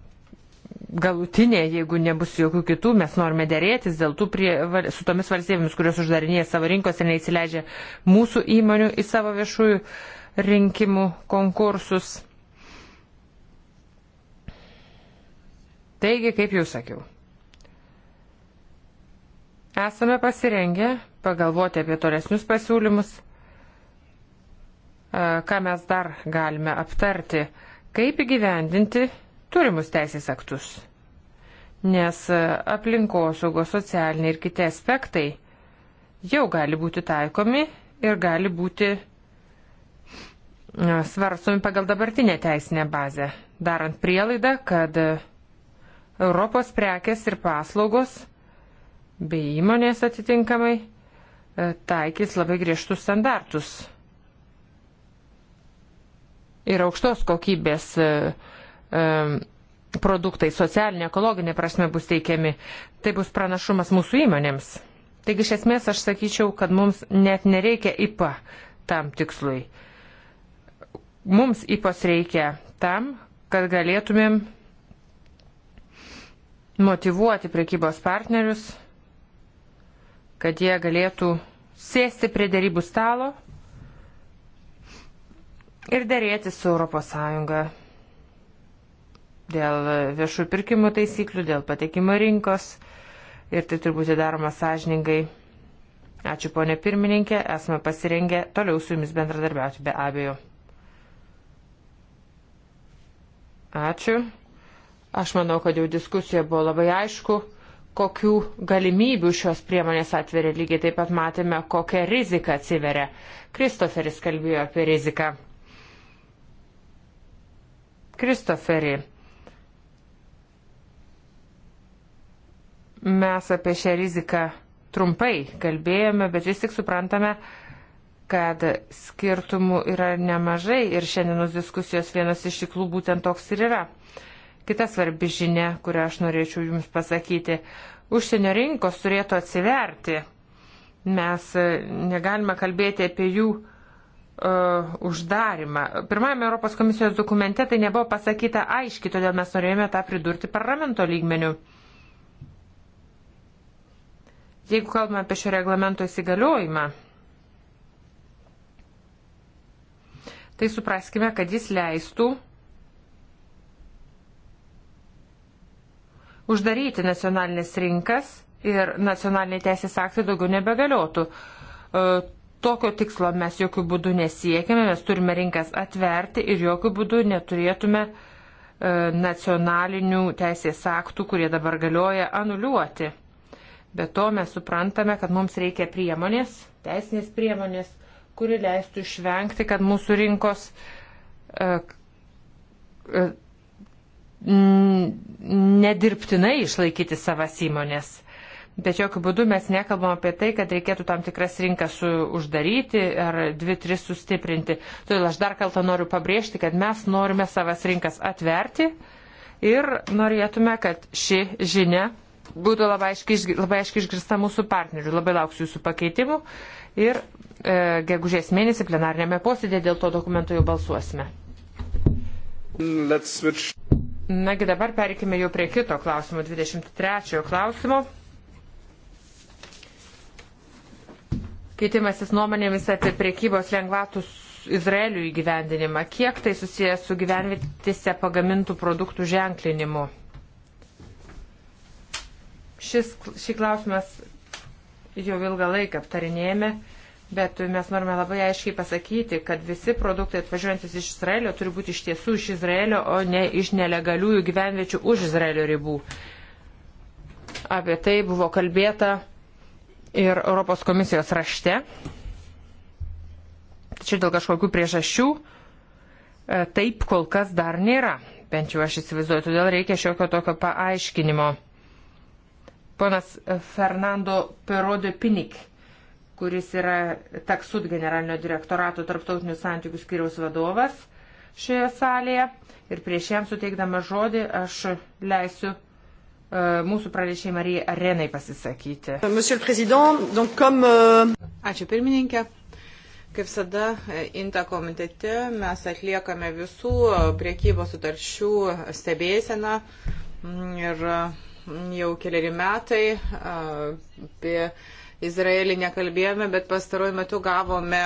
galutinė, jeigu nebus jokių kitų, mes norime dėrėtis dėl tų prie, su tomis valstybėmis, kurios uždarinėja savo rinkos ir neįsileidžia mūsų įmonių į savo viešųjų rinkimų konkursus. Taigi, kaip jau sakiau, esame pasirengę pagalvoti apie tolesnius pasiūlymus, ką mes dar galime aptarti, kaip įgyvendinti turimus teisės aktus, nes aplinkosaugos socialiniai ir kiti aspektai jau gali būti taikomi ir gali būti svarstomi pagal dabartinę teisinę bazę, darant prielaidą, kad Europos prekes ir paslaugos bei įmonės atitinkamai e, taikys labai griežtus standartus ir aukštos kokybės uh, produktai socialinė, ekologinė prasme bus teikiami. Tai bus pranašumas mūsų įmonėms. Taigi iš esmės aš sakyčiau, kad mums net nereikia IPA tam tikslui. Mums IPAS reikia tam, kad galėtumėm motivuoti prekybos partnerius, kad jie galėtų sėsti prie dėrybų stalo ir dėrėti su ES dėl viešų pirkimų taisyklių, dėl patekimo rinkos ir tai turi būti daroma sąžiningai. Ačiū ponė pirmininkė, esame pasirengę toliau su jumis bendradarbiauti be abejo. Ačiū. Aš manau, kad jau diskusija buvo labai aišku, kokių galimybių šios priemonės atveria. Lygiai taip pat matėme, kokią riziką atsiveria. Kristoferis kalbėjo apie riziką. Kristoferi, Mes apie šią riziką trumpai kalbėjome, bet vis tik suprantame, kad skirtumų yra nemažai ir šiandienos diskusijos vienas iš tiklų būtent toks ir yra. Kita svarbi žinia, kurią aš norėčiau Jums pasakyti, užsienio rinkos turėtų atsiverti. Mes e, negalime kalbėti apie jų uh, uždarimą. Pirmajame Europos komisijos dokumente tai nebuvo pasakyta aiškiai, todėl mes norėjome tą pridurti parlamento lygmeniu. Uh, Jeigu kalbame apie šio reglamento įsigaliojimą, tai supraskime, kad jis leistų uždaryti nacionalinės rinkas ir nacionaliniai teisės aktai daugiau nebegaliotų. E, tokio tikslo mes jokių būdų nesiekime, mes turime rinkas atverti ir jokių būdų neturėtume e, nacionalinių teisės aktų, kurie dabar galioja, anuliuoti. Be to mes suprantame, kad mums reikia priemonės, teisinės priemonės, kuri leistų išvengti, kad mūsų rinkos e, e, nedirbtinai išlaikyti savas įmonės. Bet jokių būdų mes nekalbam apie tai, kad reikėtų tam tikras rinkas uždaryti ar dvi, tris sustiprinti. Todėl aš dar kartą noriu pabrėžti, kad mes norime savas rinkas atverti ir norėtume, kad ši žinia būtų labai aiškiai, labai aiškiai išgirsta mūsų partnerių. Labai lauksiu jūsų pakeitimų ir e, gegužės mėnesį plenarnėme posėdėje dėl to dokumento jau balsuosime. Nagi dabar perikime jau prie kito klausimo, 23 klausimo. Keitimasis nuomonėmis apie priekybos lengvatus Izraelių įgyvendinimą. Kiek tai susijęs su gyvenvietėse pagamintų produktų ženklinimu? Šis, šį klausimas jau ilgą laiką aptarinėjame, bet mes norime labai aiškiai pasakyti, kad visi produktai atvažiuojantis iš Izraelio turi būti iš tiesų iš Izraelio, o ne iš nelegaliųjų gyvenviečių už Izraelio ribų. Apie tai buvo kalbėta ir Europos komisijos rašte. Tačiau dėl kažkokių priežasčių e, taip kol kas dar nėra. Bent jau aš įsivaizduoju, todėl reikia šiokio tokio paaiškinimo ponas Fernando Perodė Pinik, kuris yra Taksud generalinio direktorato tarptautinių santykių skiriaus vadovas šioje salėje. Ir prieš jam suteikdama žodį aš leisiu e, mūsų pranešėjai Marijai Arenai pasisakyti. Donc, comme... E, Ačiū pirmininkė. Kaip visada, e, INTA komitete mes atliekame visų priekybos sutarčių stebėseną ir jau keliari metai. Apie Izraelį nekalbėjome, bet pastaruoju metu gavome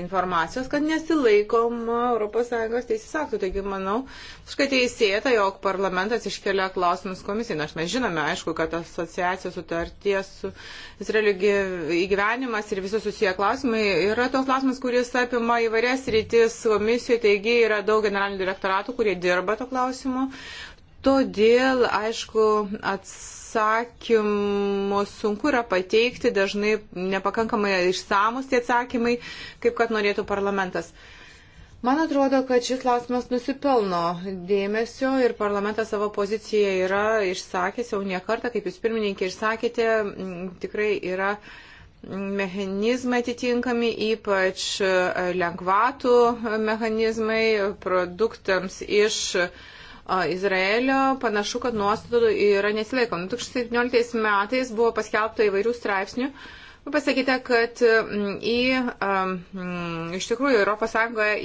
informacijos, kad nesilaikom ES teisės aktų. Taigi, manau, kažkaip teisėta, jog parlamentas iškelia klausimus komisijai. Nors mes žinome, aišku, kad asociacijos sutarties su Izraeliu įgyvenimas ir visi susiję klausimai yra toks klausimas, kuris apima įvairias rytis komisijoje. Taigi, yra daug generalinių direktoratų, kurie dirba to klausimu. Todėl, aišku, atsakymus sunku yra pateikti, dažnai nepakankamai išsamus tie atsakymai, kaip kad norėtų parlamentas. Man atrodo, kad šis klausimas nusipelno dėmesio ir parlamentas savo poziciją yra išsakęs jau ne kartą, kaip jūs pirmininkė išsakėte, tikrai yra mechanizmai atitinkami, ypač lengvatų mechanizmai produktams iš uh, Izraelio panašu, kad nuostatų yra nesilaikoma. 2017 metais buvo paskelbta įvairių straipsnių. Pasakyta, kad mm, į, mm, iš tikrųjų ES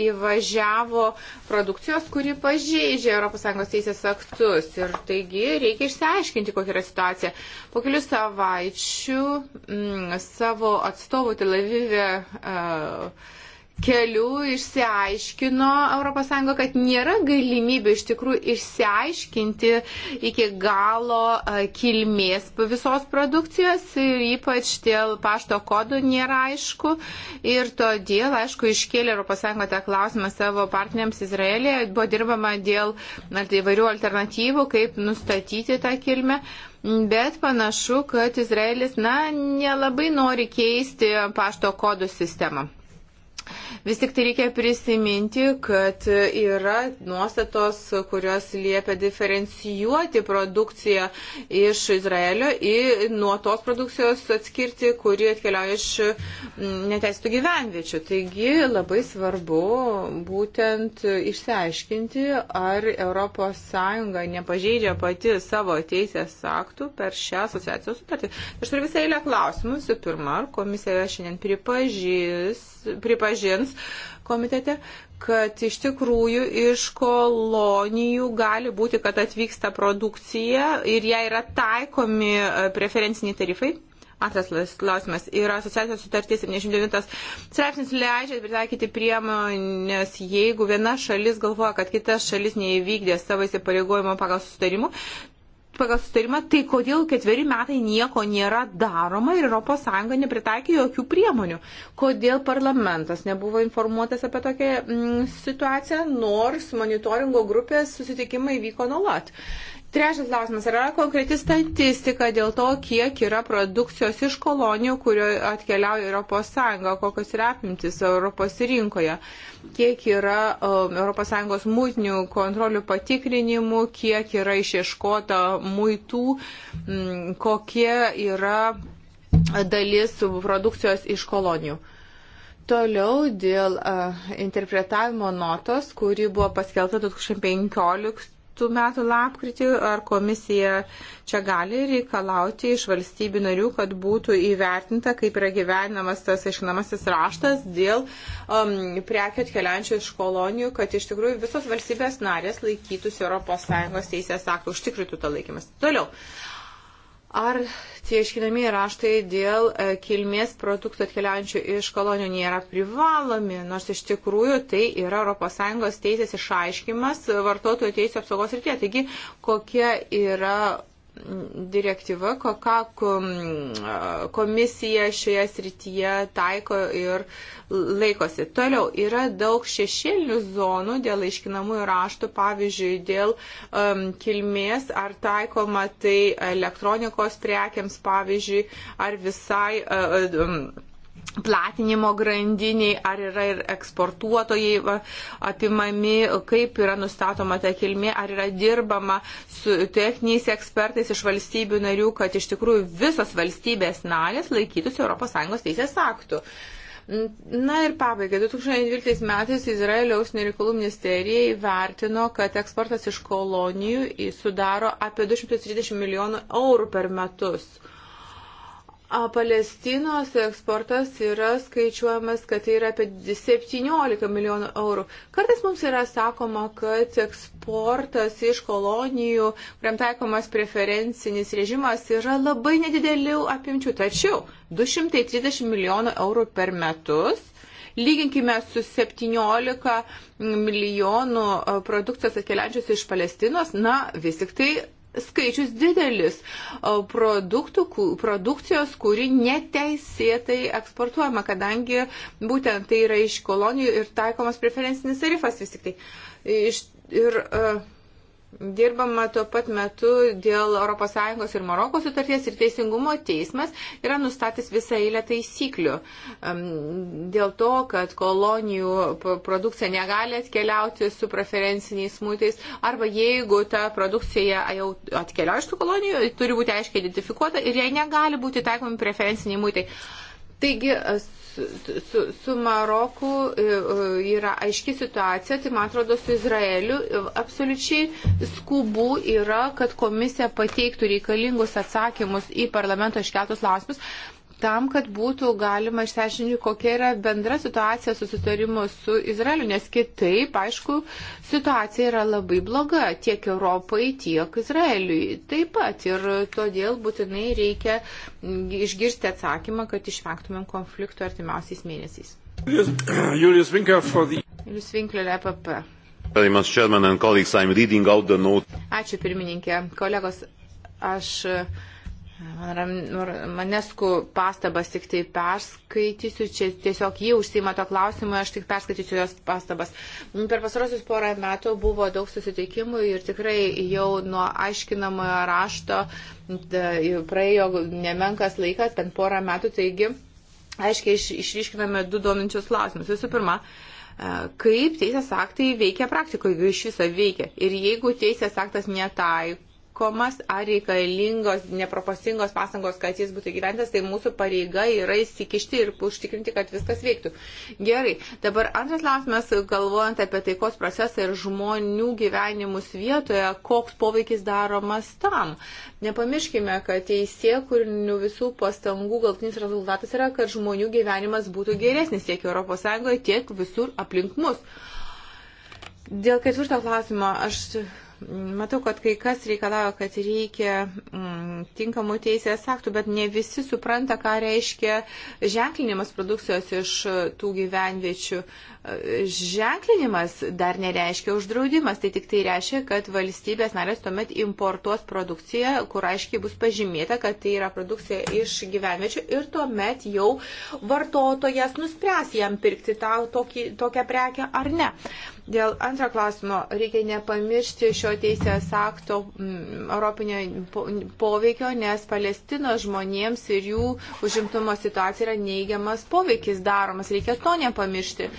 įvažiavo produkcijos, kuri pažeidžia ES teisės aktus. Ir taigi reikia išsiaiškinti, kokia yra situacija. Po kelių savaičių mm, savo atstovų Telavivė. Uh, kelių išsiaiškino ES, kad nėra galimybių iš tikrųjų išsiaiškinti iki galo kilmės visos produkcijos ir ypač dėl pašto kodų nėra aišku. Ir todėl, aišku, iškėlė ES tą klausimą savo partneriams Izraelėje, buvo dirbama dėl įvairių alternatyvų, kaip nustatyti tą kilmę bet panašu, kad Izraelis, na, nelabai nori keisti pašto kodų sistemą. Vis tik tai reikia prisiminti, kad yra nuostatos, kurios liepia diferencijuoti produkciją iš Izraelio ir nuo tos produkcijos atskirti, kuri atkeliauja iš mm, neteistų gyvenviečių. Taigi labai svarbu būtent išsiaiškinti, ar ES nepažeidžia pati savo teisės aktų per šią asociacijos sutartį. Aš turiu visą eilę klausimų. Visų pirma, ar komisija šiandien pripažys, pripažys pripažins komitete, kad iš tikrųjų iš kolonijų gali būti, kad atvyksta produkcija ir jai yra taikomi e, preferenciniai tarifai. Antras klausimas. Ir asociacijos sutartys 79 straipsnis leidžia pritaikyti priemonės, jeigu viena šalis galvoja, kad kita šalis neįvykdė savo įsipareigojimo pagal sustarimu, pagal sutarimą, tai kodėl ketveri metai nieko nėra daroma ir ES nepritaikė jokių priemonių. Kodėl parlamentas nebuvo informuotas apie tokią m, mm, situaciją, nors monitoringo grupės susitikimai vyko nuolat. Trečias klausimas. Ar yra konkreti statistika dėl to, kiek yra produkcijos iš kolonijų, kurio atkeliauja Europos Sąjunga, kokios yra apimtis Europos rinkoje, kiek yra um, Europos Sąjungos mūtinių kontrolių patikrinimų, kiek yra išieškota mūtų, m, mm, kokie yra dalis produkcijos iš kolonijų. Toliau dėl uh, interpretavimo notos, kuri buvo paskelta 2015 tų metų lapkritį, ar komisija čia gali reikalauti iš valstybių narių, kad būtų įvertinta, kaip yra gyvenamas tas aiškinamasis raštas dėl um, prekių atkeliančių iš kolonijų, kad iš tikrųjų visos valstybės narės laikytųsi ES teisės aktų, užtikrintų tą laikymas. Toliau, Ar tie iškinamieji raštai dėl e, kilmės produktų atkeliaujančių iš kolonijų nėra privalomi, nors iš tikrųjų tai yra ES teisės išaiškimas vartotojų teisų apsaugos rytėje. Taigi, kokia yra direktyva, ką komisija šioje srityje taiko ir laikosi. Toliau yra daug šešėlinių zonų dėl aiškinamųjų raštų, pavyzdžiui, dėl um, kilmės, ar taikoma tai elektronikos prekiams, pavyzdžiui, ar visai. Um, platinimo grandiniai, ar yra ir eksportuotojai apimami, kaip yra nustatoma ta kilmė, ar yra dirbama su techniniais ekspertais iš valstybių narių, kad iš tikrųjų visos valstybės narės laikytųsi ES teisės aktų. Na ir pabaigai, 2012 metais Izraelio ausnių reikalų ministerija įvertino, kad eksportas iš kolonijų sudaro apie 230 milijonų eurų per metus. Palestinos eksportas yra skaičiuojamas, kad tai yra apie 17 milijonų eurų. Kartais mums yra sakoma, kad eksportas iš kolonijų, kuriam taikomas preferencinis režimas, yra labai nedidelių apimčių. Tačiau 230 milijonų eurų per metus. Lyginkime su 17 milijonų produkcijos atkeliančios iš Palestinos, na vis tik tai skaičius didelis produktų, produkcijos, kuri neteisėtai eksportuojama, kadangi būtent tai yra iš kolonijų ir taikomas preferencinis tarifas vis tik tai. Iš, ir, uh, Dirbama tuo pat metu dėl ES ir Maroko sutarties ir Teisingumo teismas yra nustatęs visą eilę taisyklių. Dėl to, kad kolonijų produkcija negali atkeliauti su preferenciniais muitais, arba jeigu ta produkcija jau atkeliauja iš tų kolonijų, turi būti aiškiai identifikuota ir jai negali būti taikomi preferenciniai muitai. Taigi, su, su Maroku e, e, yra aiški situacija, tai man atrodo su Izraeliu e, absoliučiai skubu yra, kad komisija pateiktų reikalingus atsakymus į parlamento iškeltus klausimus tam, kad būtų galima išsiaiškinti, kokia yra bendra situacija susitarimo su Izraeliu, nes kitaip, aišku, situacija yra labai bloga tiek Europai, tiek Izraeliui taip pat. Ir todėl būtinai reikia išgirsti atsakymą, kad išvengtumėm konfliktų artimiausiais mėnesiais. Julius Winkler, the... Julius Winkler EPP. Ačiū pirmininkė. Kolegos, aš Manesku pastabas tik tai perskaitysiu, čia tiesiog jie užsima to klausimu, aš tik perskaitysiu jos pastabas. Per pasarosius porą metų buvo daug susitikimų ir tikrai jau nuo aiškinamojo rašto praėjo nemenkas laikas, bent porą metų, taigi aiškiai išryškiname du dominčius klausimus. Visų pirma, e, kaip teisės aktai veikia praktikoje, jeigu iš viso veikia. Ir jeigu teisės aktas netaiko, taikomas, ar reikalingos neproporcingos pasangos, kad jis būtų gyventas, tai mūsų pareiga yra įsikišti ir užtikrinti, kad viskas veiktų. Gerai, dabar antras klausimas, galvojant apie taikos procesą ir žmonių gyvenimus vietoje, koks poveikis daromas tam. Nepamirškime, kad teisė, kurinių visų pastangų galtinis rezultatas yra, kad žmonių gyvenimas būtų geresnis tiek ES, tiek visur aplink mus. Dėl ketvirto klausimo aš Matau, kad kai kas reikalauja, kad reikia mm, tinkamų teisės aktų, bet ne visi supranta, ką reiškia ženklinimas produkcijos iš e, tų gyvenviečių. E, ženklinimas dar nereiškia uždraudimas, tai tik tai reiškia, kad valstybės narės tuomet importuos produkciją, kur aiškiai bus pažymėta, kad tai yra produkcija iš gyvenviečių ir tuomet jau vartotojas nuspręs jam pirkti tą, tokį, tokią prekę ar ne. Dėl antro klausimo reikia nepamiršti šio teisės akto mm, europinio poveikio, nes Palestinos žmonėms ir jų užimtumo situacija yra neigiamas poveikis daromas. Reikia to nepamiršti.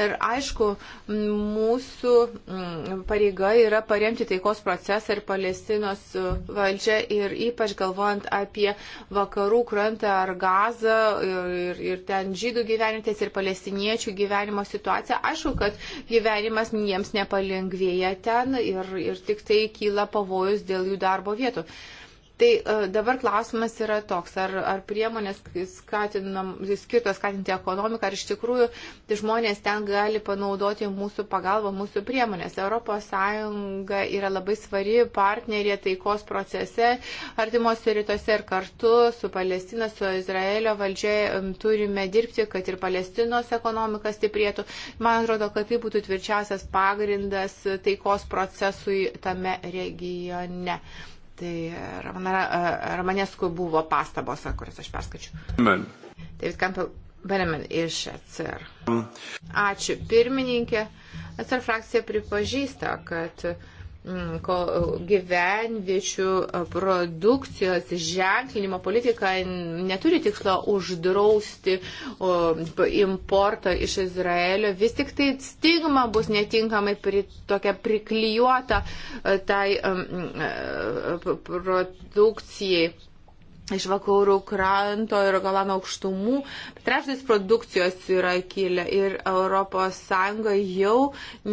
Ir aišku, mm, mūsų mm, pareiga yra paremti taikos procesą ir Palestinos e, valdžią ir ypač galvojant apie vakarų krantą ar gazą ir, ir, ir ten žydų gyvenimės ir palestiniečių gyvenimo situaciją. Aišku, kad gyvenimas perkelimas, jiems nepalengvėja ten ir, ir tik tai kyla pavojus dėl jų darbo vietų. Uh, Tai e, dabar klausimas yra toks, ar, ar priemonės skatinam, skirtos skatinti ekonomiką, ar iš tikrųjų tai žmonės ten gali panaudoti mūsų pagalbą, mūsų priemonės. ES yra labai svari partnerė taikos procese, artimuose rytuose ir kartu su Palestina, su Izraelio valdžia turime dirbti, kad ir Palestinos ekonomika stiprėtų. Man atrodo, kad tai būtų tvirčiausias pagrindas taikos procesui tame regione. Tai Romanesku buvo pastabos, kurias aš perskačiu. Amen. Tai viskam Benemen iš ECR. Ačiū pirmininkė. ECR frakcija pripažįsta, kad uh, Mm, gyvenviečių produkcijos ženklinimo politika neturi tikslo uždrausti importo iš Izraelio. Vis tik tai stigma bus netinkamai pri, tokia priklijuota e, tai e, produkcijai iš vakarų kranto ir Golano aukštumų. Trečdalis produkcijos yra kilę ir ES jau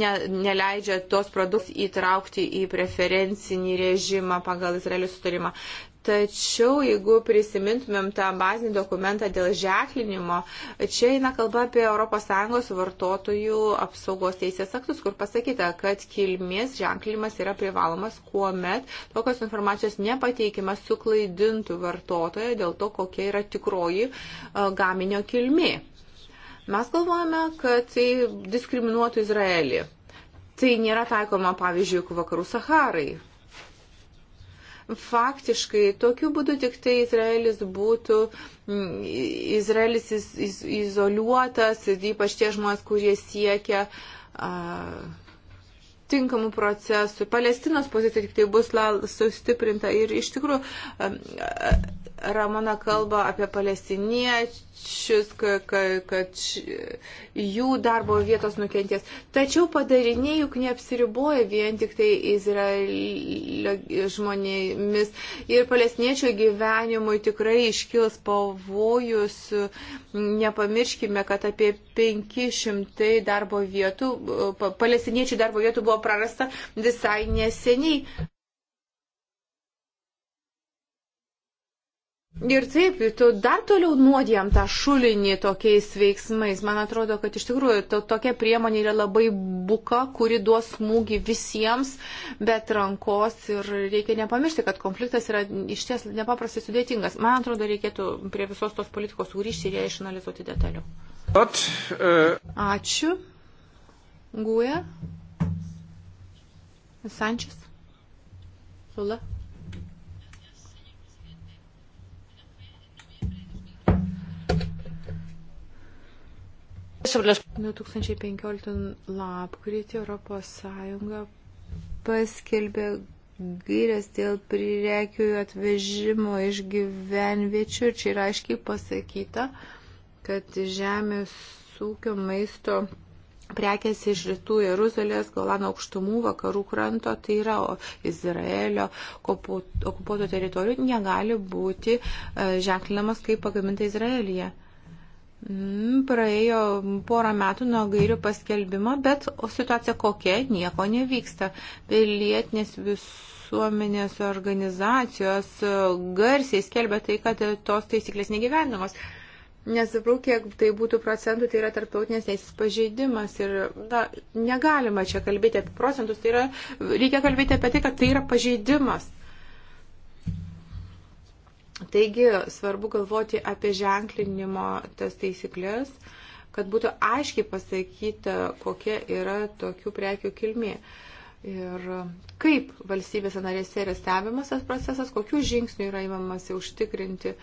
ne, neleidžia tos produkcijos įtraukti į preferencinį režimą pagal Izraelio sutarimą. Tačiau, jeigu prisimintumėm tą bazinį dokumentą dėl žeklinimo, čia eina kalba apie ES vartotojų apsaugos teisės aktus, kur pasakyta, kad kilmės ženklinimas yra privalomas, kuomet tokios informacijos nepateikimas suklaidintų vartotoją dėl to, kokia yra tikroji gaminio kilmė. Mes galvojame, kad tai diskriminuotų Izraelį. Tai nėra taikoma, pavyzdžiui, vakarų Saharai faktiškai tokiu būdu tik tai Izraelis būtų, Izraelis iz, iz, izoliuotas, ypač tie žmonės, kurie siekia a, tinkamų procesų. Palestinos pozicija tik tai bus la, sustiprinta ir iš tikrųjų Ramona kalba apie palestiniečius, kad, kad jų darbo vietos nukenties. Tačiau padariniai juk neapsiriboja vien tik tai Izraelio žmonėmis. Ir palestiniečių gyvenimui tikrai iškils pavojus. Nepamirškime, kad apie 500 darbo vietų, palestiniečių darbo vietų buvo prarasta visai neseniai. Ir taip, tu dar toliau nuodijam tą šulinį tokiais veiksmais. Man atrodo, kad iš tikrųjų to, tokia priemonė yra labai buka, kuri duos smūgį visiems, bet rankos ir reikia nepamiršti, kad konfliktas yra iš ties nepaprastai sudėtingas. Man atrodo, reikėtų prie visos tos politikos sugrįžti ir ją išanalizuoti detaliau. But, uh... E, Ačiū. Guja. Sančias. Sula. 2015 lapkritį Europos Sąjunga paskelbė gairias dėl prireikių atvežimo iš gyvenviečių ir čia yra aiškiai pasakyta, kad žemės ūkio maisto prekės iš rytų Jeruzalės, Golano aukštumų, vakarų kranto, tai yra Izraelio okupuoto teritorijų, negali būti e, ženklinamas kaip pagaminta Izraelija. Mm, praėjo porą metų nuo gairių paskelbimo, bet situacija kokia, nieko nevyksta. Pilietinės visuomenės organizacijos e, garsiai skelbia tai, kad e, tos taisyklės negyvenamos. Nesvarbu, kiek tai būtų procentų, tai yra tarptautinės teisės pažeidimas ir na, negalima čia kalbėti apie procentus, tai yra, reikia kalbėti apie tai, kad tai yra pažeidimas. Taigi svarbu galvoti apie ženklinimo tas taisyklės, kad būtų aiškiai pasakyta, kokia yra tokių prekių kilmė. Ir kaip valstybėse narėse yra stebimas tas procesas, kokių žingsnių yra įmamasi užtikrinti,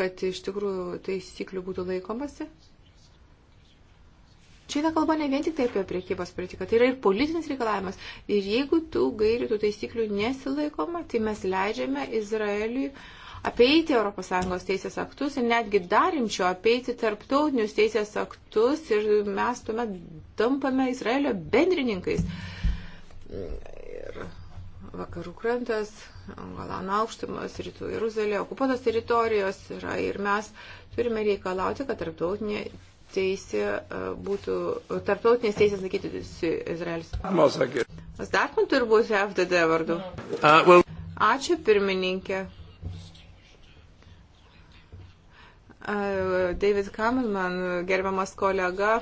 kad iš tikrųjų taisyklių būtų laikomasi. Čia eina kalba ne vien tik tai apie priekybos politiką, tai yra ir politinis reikalavimas. Ir jeigu tų gairių, tų taisyklių nesilaikoma, tai mes leidžiame Izraeliui uh, apeiti ES teisės aktus ir netgi darimčio apeiti tarptautinius teisės aktus ir mes tuomet tampame Izraelio bendrininkais. Ir vakarų krantas, Golano aukštumos, rytų Jeruzalė, okupuotos teritorijos yra ir mes turime reikalauti, kad tarptautinė teisė e, būtų, tarptautinės teisės sakytųsi Izraelis. Darkman turbūt FDD vardu. Uh, Ačiū pirmininkė. David Kamelman, gerbiamas kolega,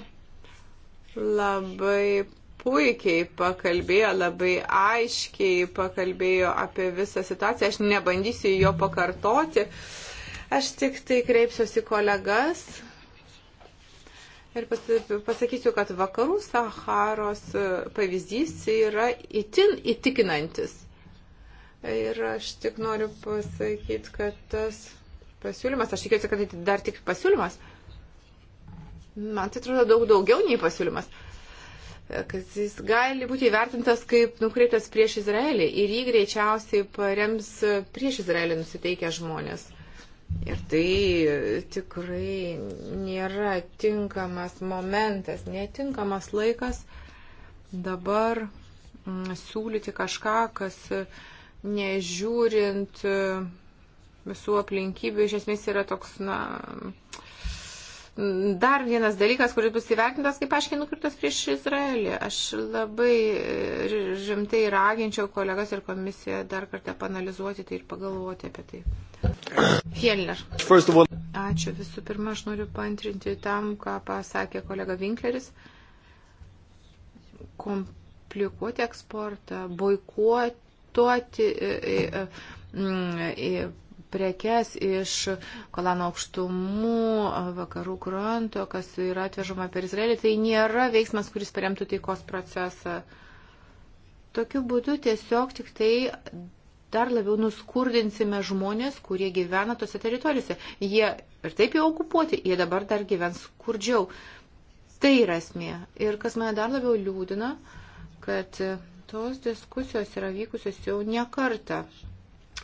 labai puikiai pakalbėjo, labai aiškiai pakalbėjo apie visą situaciją. Aš nebandysiu jo pakartoti. Aš tik tai kreipsiuosi kolegas ir pasakysiu, kad vakarų Saharos pavyzdys yra itin įtikinantis. Ir aš tik noriu pasakyti, kad tas pasiūlymas. Aš tikiuosi, kad tai dar tik pasiūlymas. Man tai atrodo daug daugiau nei pasiūlymas. Kad jis gali būti įvertintas kaip nukreiptas prieš Izraelį ir jį greičiausiai parems prieš Izraelį nusiteikę žmonės. Ir tai tikrai nėra tinkamas momentas, netinkamas laikas dabar mm, siūlyti kažką, kas nežiūrint visų aplinkybių iš esmės yra toks, na, dar vienas dalykas, kuris bus įvertintas kaip aiškiai nukirtas prieš Izraelį. Aš labai rimtai raginčiau kolegas ir komisiją dar kartą panalizuoti tai ir pagalvoti apie tai. Fielner. Ačiū. Visų pirma, aš noriu pantrinti tam, ką pasakė kolega Winkleris. Komplikuoti eksportą, boikuoti. Tuoti, e, e, e, e prekes iš Kolano aukštumų, vakarų kranto, kas yra atvežama per Izraelį, tai nėra veiksmas, kuris paremtų taikos procesą. Tokiu būdu tiesiog tik tai dar labiau nuskurdinsime žmonės, kurie gyvena tose teritorijose. Jie ir taip jau okupuoti, jie dabar dar gyvens skurdžiau. Tai yra esmė. Ir kas mane dar labiau liūdina, kad tos diskusijos yra vykusios jau ne kartą.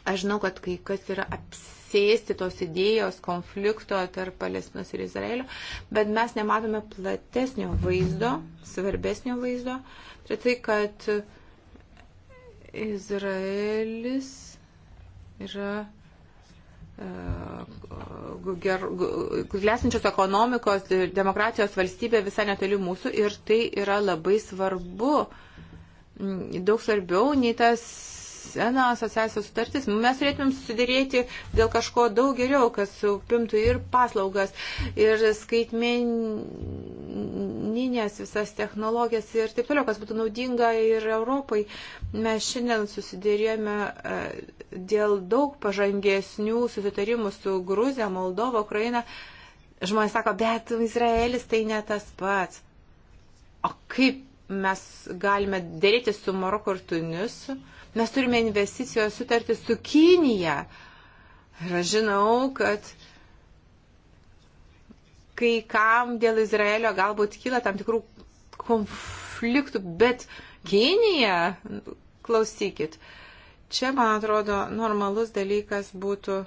Aš žinau, kad kai kas yra apsėsti tos idėjos konflikto tarp Palestinos ir Izraelio, bet mes nematome platesnio vaizdo, svarbesnio vaizdo. Tai tai, kad Izraelis yra e, glesinčios ekonomikos, demokratijos valstybė visai netoli mūsų ir tai yra labai svarbu, mm, daug svarbiau nei tas sena asociacijos sutartis, mes turėtumėm susidėrėti dėl kažko daug geriau, kas supimtų ir paslaugas, ir skaitmeninės visas technologijas ir taip toliau, kas būtų naudinga ir Europai. Mes šiandien susidėrėjome e, dėl daug pažangesnių susitarimų su Gruzija, Moldova, Ukraina. Žmonės sako, bet Izraelis tai ne tas pats. O kaip mes galime dėrėti su Maroku ir Tunisu? Mes turime investicijos sutartį su Kinija. Ir aš žinau, kad kai kam dėl Izraelio galbūt kyla tam tikrų konfliktų, bet Kinija, klausykit, čia, man atrodo, normalus dalykas būtų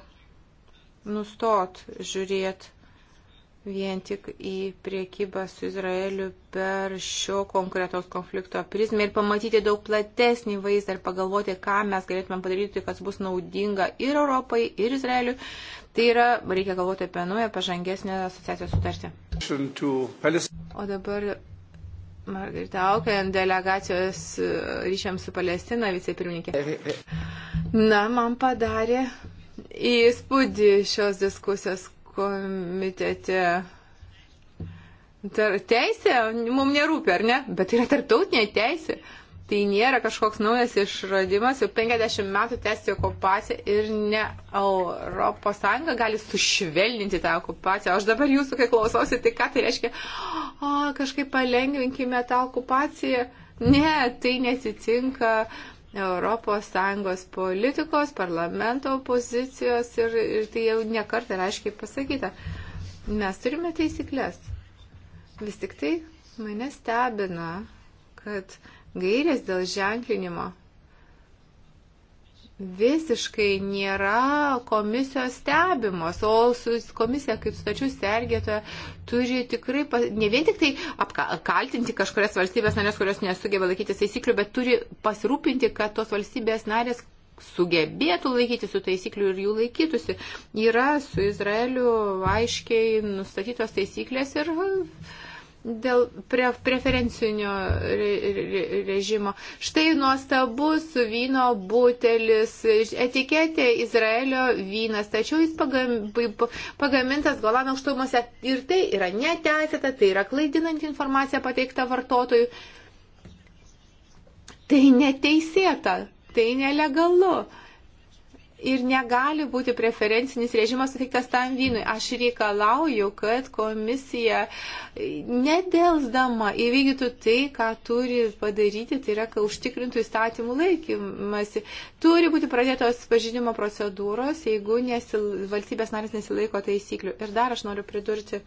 nustot žiūrėti vien tik į priekybą su Izraeliu per šio konkretos konflikto prizmę ir pamatyti daug platesnį vaizdą ir pagalvoti, ką mes galėtume padaryti, kas bus naudinga ir Europai, ir Izraeliui. Tai yra, reikia galvoti apie naują pažangesnę asociacijos sutartį. O dabar Margarita Aukian, delegacijos e, ryšiams su Palestina vicepirmininkė. Na, man padarė įspūdį šios diskusijos, komitete teisė, mums nerūpi, ar ne? Bet tai yra tarptautinė teisė. Tai nėra kažkoks naujas išradimas, jau 50 metų tęsti okupaciją ir ne Europos Sąjunga gali sušvelninti tą okupaciją. Aš dabar jūsų, kai klausausi, tai ką tai reiškia? O, kažkaip palengvinkime tą okupaciją. Ne, tai nesitinka. Uh, ES politikos, parlamento pozicijos ir, ir tai jau nekart ir aiškiai pasakyta. Mes turime teisiklės. Vis tik tai mane stebina, kad gairės dėl ženklinimo visiškai nėra komisijos stebimos, o komisija kaip stačių sergėtoja turi tikrai pas, ne vien tik tai apkaltinti kažkurias valstybės narės, kurios nesugeba laikytis taisyklių, bet turi pasirūpinti, kad tos valstybės narės sugebėtų laikytis tų taisyklių ir jų laikytųsi. Yra su Izraeliu aiškiai nustatytos taisyklės ir dėl pre, preferencinio re, re, režimo. Štai nuostabus vyno butelis, etiketė Izraelio vynas, tačiau jis pagam, pagamintas Golano aukštumose ir tai yra neteisėta, tai yra klaidinanti informacija pateikta vartotojui. Tai neteisėta, tai nelegalu ir negali būti preferencinis režimas suteiktas tam vynui. Aš reikalauju, kad komisija nedelsdama įvykdytų tai, ką turi padaryti, tai yra, kad užtikrintų įstatymų laikymasi. Turi būti pradėtos pažinimo procedūros, jeigu nesil, valstybės narės nesilaiko taisyklių. Ir dar aš noriu pridurti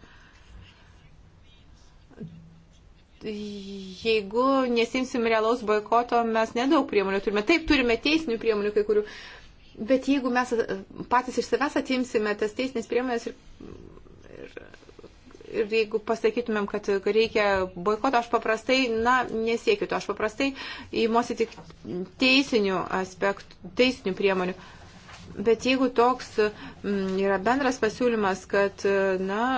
jeigu nesimsim realaus boikoto, mes nedaug priemonių turime. Taip, turime teisinių priemonių kai kurių, Bet jeigu mes e, patys iš savęs atimsime tas teisinės priemonės ir, ir, ir jeigu pasakytumėm, kad reikia boikoto, aš paprastai, na, nesiekiu to, aš paprastai įmosi tik teisinių aspektų, teisinių priemonių. Bet jeigu toks m, mm, yra bendras pasiūlymas, kad, na,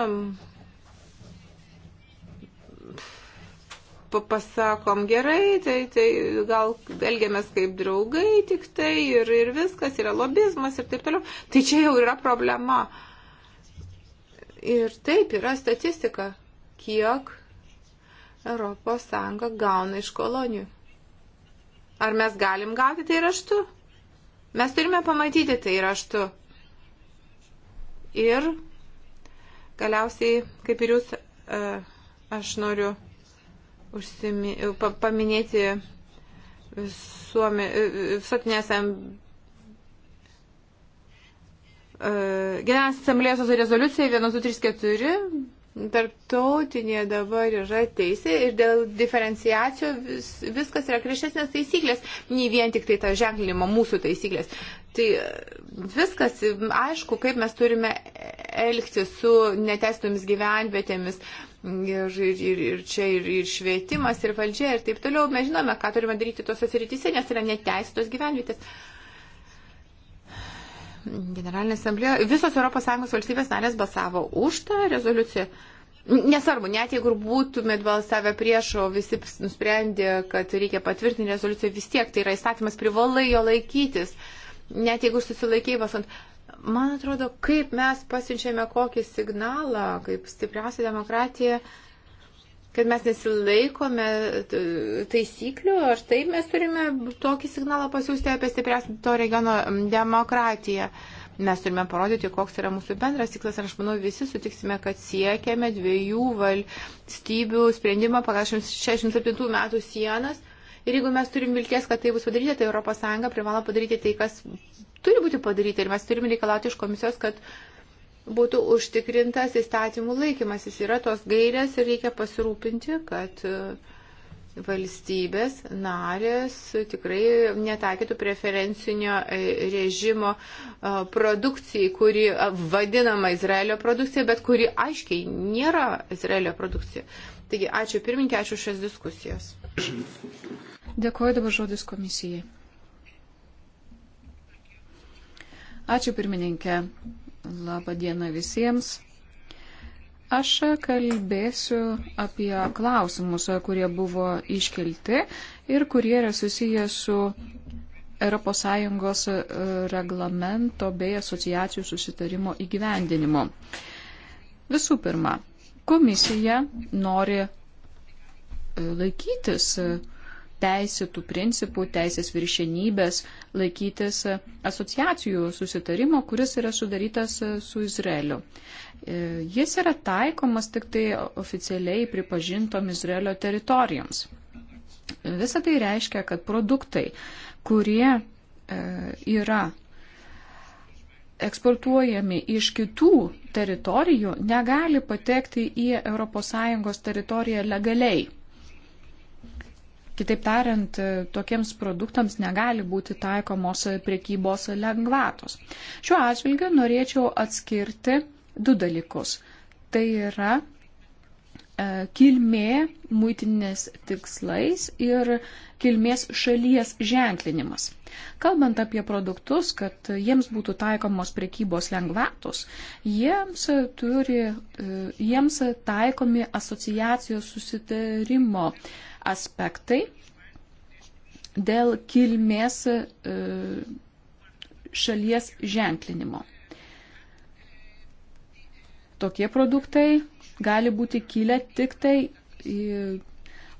pasakom gerai, tai, tai gal elgiamės kaip draugai tik tai ir, ir viskas yra lobizmas ir taip toliau. Tai čia jau yra problema. Ir taip yra statistika, kiek ES gauna iš kolonijų. Ar mes galim gauti tai raštu? Mes turime pamatyti tai raštu. Ir galiausiai, kaip ir jūs, e, aš noriu užsimi, pa, paminėti visuotinės e, Generalinės asamblėjos rezoliucija 1234 tarptautinė dabar yra teisė ir dėl diferenciacijų vis, viskas yra griežtesnės taisyklės, nei vien tik tai ta ženklinimo mūsų taisyklės. Tai e, viskas aišku, kaip mes turime elgti su neteistomis gyvenvietėmis. Uh, ir, ir, ir čia ir, ir švietimas, ir valdžia, ir taip toliau. Mes žinome, ką turime daryti tose srityse, nes yra neteisėtos gyvenvietės. Generalinė asamblėja, visos ES valstybės narės balsavo už tą rezoliuciją. Nesvarbu, net jeigu būtumėt balsavę prieš, o visi nusprendė, kad reikia patvirtinti rezoliuciją, vis tiek tai yra įstatymas, privalai jo laikytis. Net jeigu susilaikėjai balsant. Uh, Man atrodo, kaip mes pasiunčiame kokį signalą, kaip stipriausia demokratija, kad mes nesilaikome taisyklių, ar taip mes turime tokį signalą pasiūsti apie stipriausią to regiono demokratiją. Mes turime parodyti, koks yra mūsų bendras tikslas ir aš manau visi sutiksime, kad siekiame dviejų valstybių sprendimą pagal 67 metų sienas. Ir jeigu mes turim vilties, kad tai bus padaryta, tai ES privalo padaryti tai, kas turi būti padaryti ir mes turime reikalauti iš komisijos, kad būtų užtikrintas įstatymų laikymas. Jis yra tos gairės ir reikia pasirūpinti, kad e, valstybės narės tikrai netaikytų preferencinio e, režimo e, produkcijai, kuri vadinama Izraelio produkcija, bet kuri aiškiai nėra Izraelio produkcija. Taigi ačiū pirmininkė, ačiū šias diskusijas. Dėkuoju dabar žodis komisijai. Ačiū pirmininkė. Labą dieną visiems. Aš kalbėsiu apie klausimus, kurie buvo iškelti ir kurie yra susiję su ES e, reglamento bei asociacijų susitarimo įgyvendinimu. Visų pirma, komisija nori e, laikytis teisėtų principų, teisės viršenybės laikytis asociacijų susitarimo, kuris yra sudarytas su Izraeliu. E, jis yra taikomas tik tai oficialiai pripažintom Izraelio teritorijoms. Visą tai reiškia, kad produktai, kurie e, yra eksportuojami iš kitų teritorijų, negali patekti į ES teritoriją legaliai. Kitaip tariant, tokiems produktams negali būti taikomos priekybos lengvatos. Šiuo atžvilgiu norėčiau atskirti du dalykus. Tai yra e, kilmė muitinės tikslais ir kilmės šalies ženklinimas. Kalbant apie produktus, kad jiems būtų taikomos priekybos lengvatos, jiems, turi, e, jiems taikomi asociacijos susitarimo e, aspektai dėl kilmės e, šalies ženklinimo. Tokie produktai gali būti kilę tik tai e,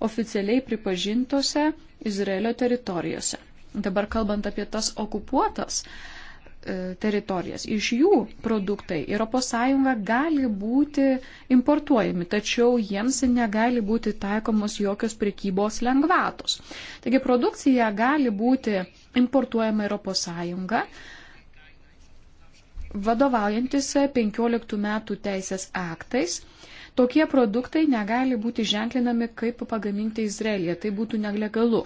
oficialiai pripažintose Izraelio teritorijose. Dabar kalbant apie tas okupuotas E, teritorijas. Iš jų produktai ES gali būti importuojami, tačiau jiems negali būti taikomos jokios prekybos lengvatos. Taigi produkcija gali būti importuojama ES vadovaujantis 15 metų teisės aktais. Tokie produktai negali būti ženklinami kaip pagaminti Izraelija. Tai būtų nelegalu.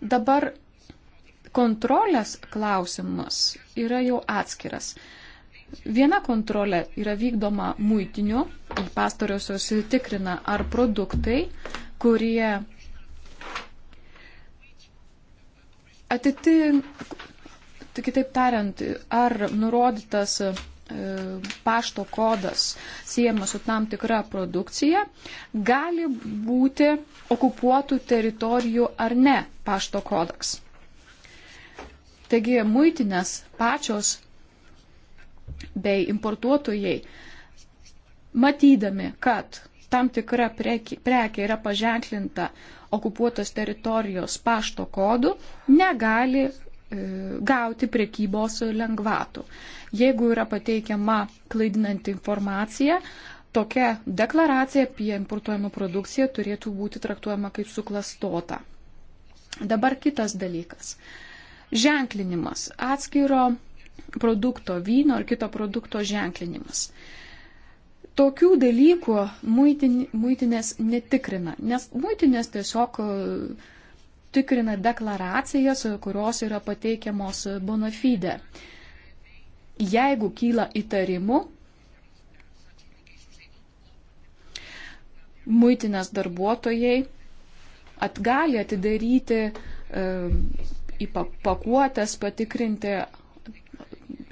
Dabar kontrolės klausimas yra jau atskiras. Viena kontrolė yra vykdoma muitiniu, pastoriosios tikrina, ar produktai, kurie atitik, kitaip tariant, ar nurodytas e, pašto kodas siejamas su tam tikra produkcija, gali būti okupuotų teritorijų ar ne pašto kodas. Taigi muitinės pačios bei importuotojai, matydami, kad tam tikra prekė yra paženklinta okupuotos teritorijos pašto kodu, negali e, gauti priekybos lengvatų. Jeigu yra pateikiama klaidinanti informacija, tokia deklaracija apie importuojamą produkciją turėtų būti traktuojama kaip suklastota. Dabar kitas dalykas ženklinimas, atskiro produkto, vyno ar kito produkto ženklinimas. Tokių dalykų muitinės netikrina, nes muitinės tiesiog e, tikrina deklaracijas, kurios yra pateikiamos bona fide. Jeigu kyla įtarimų, muitinės darbuotojai at, gali atidaryti e, į pakuotės patikrinti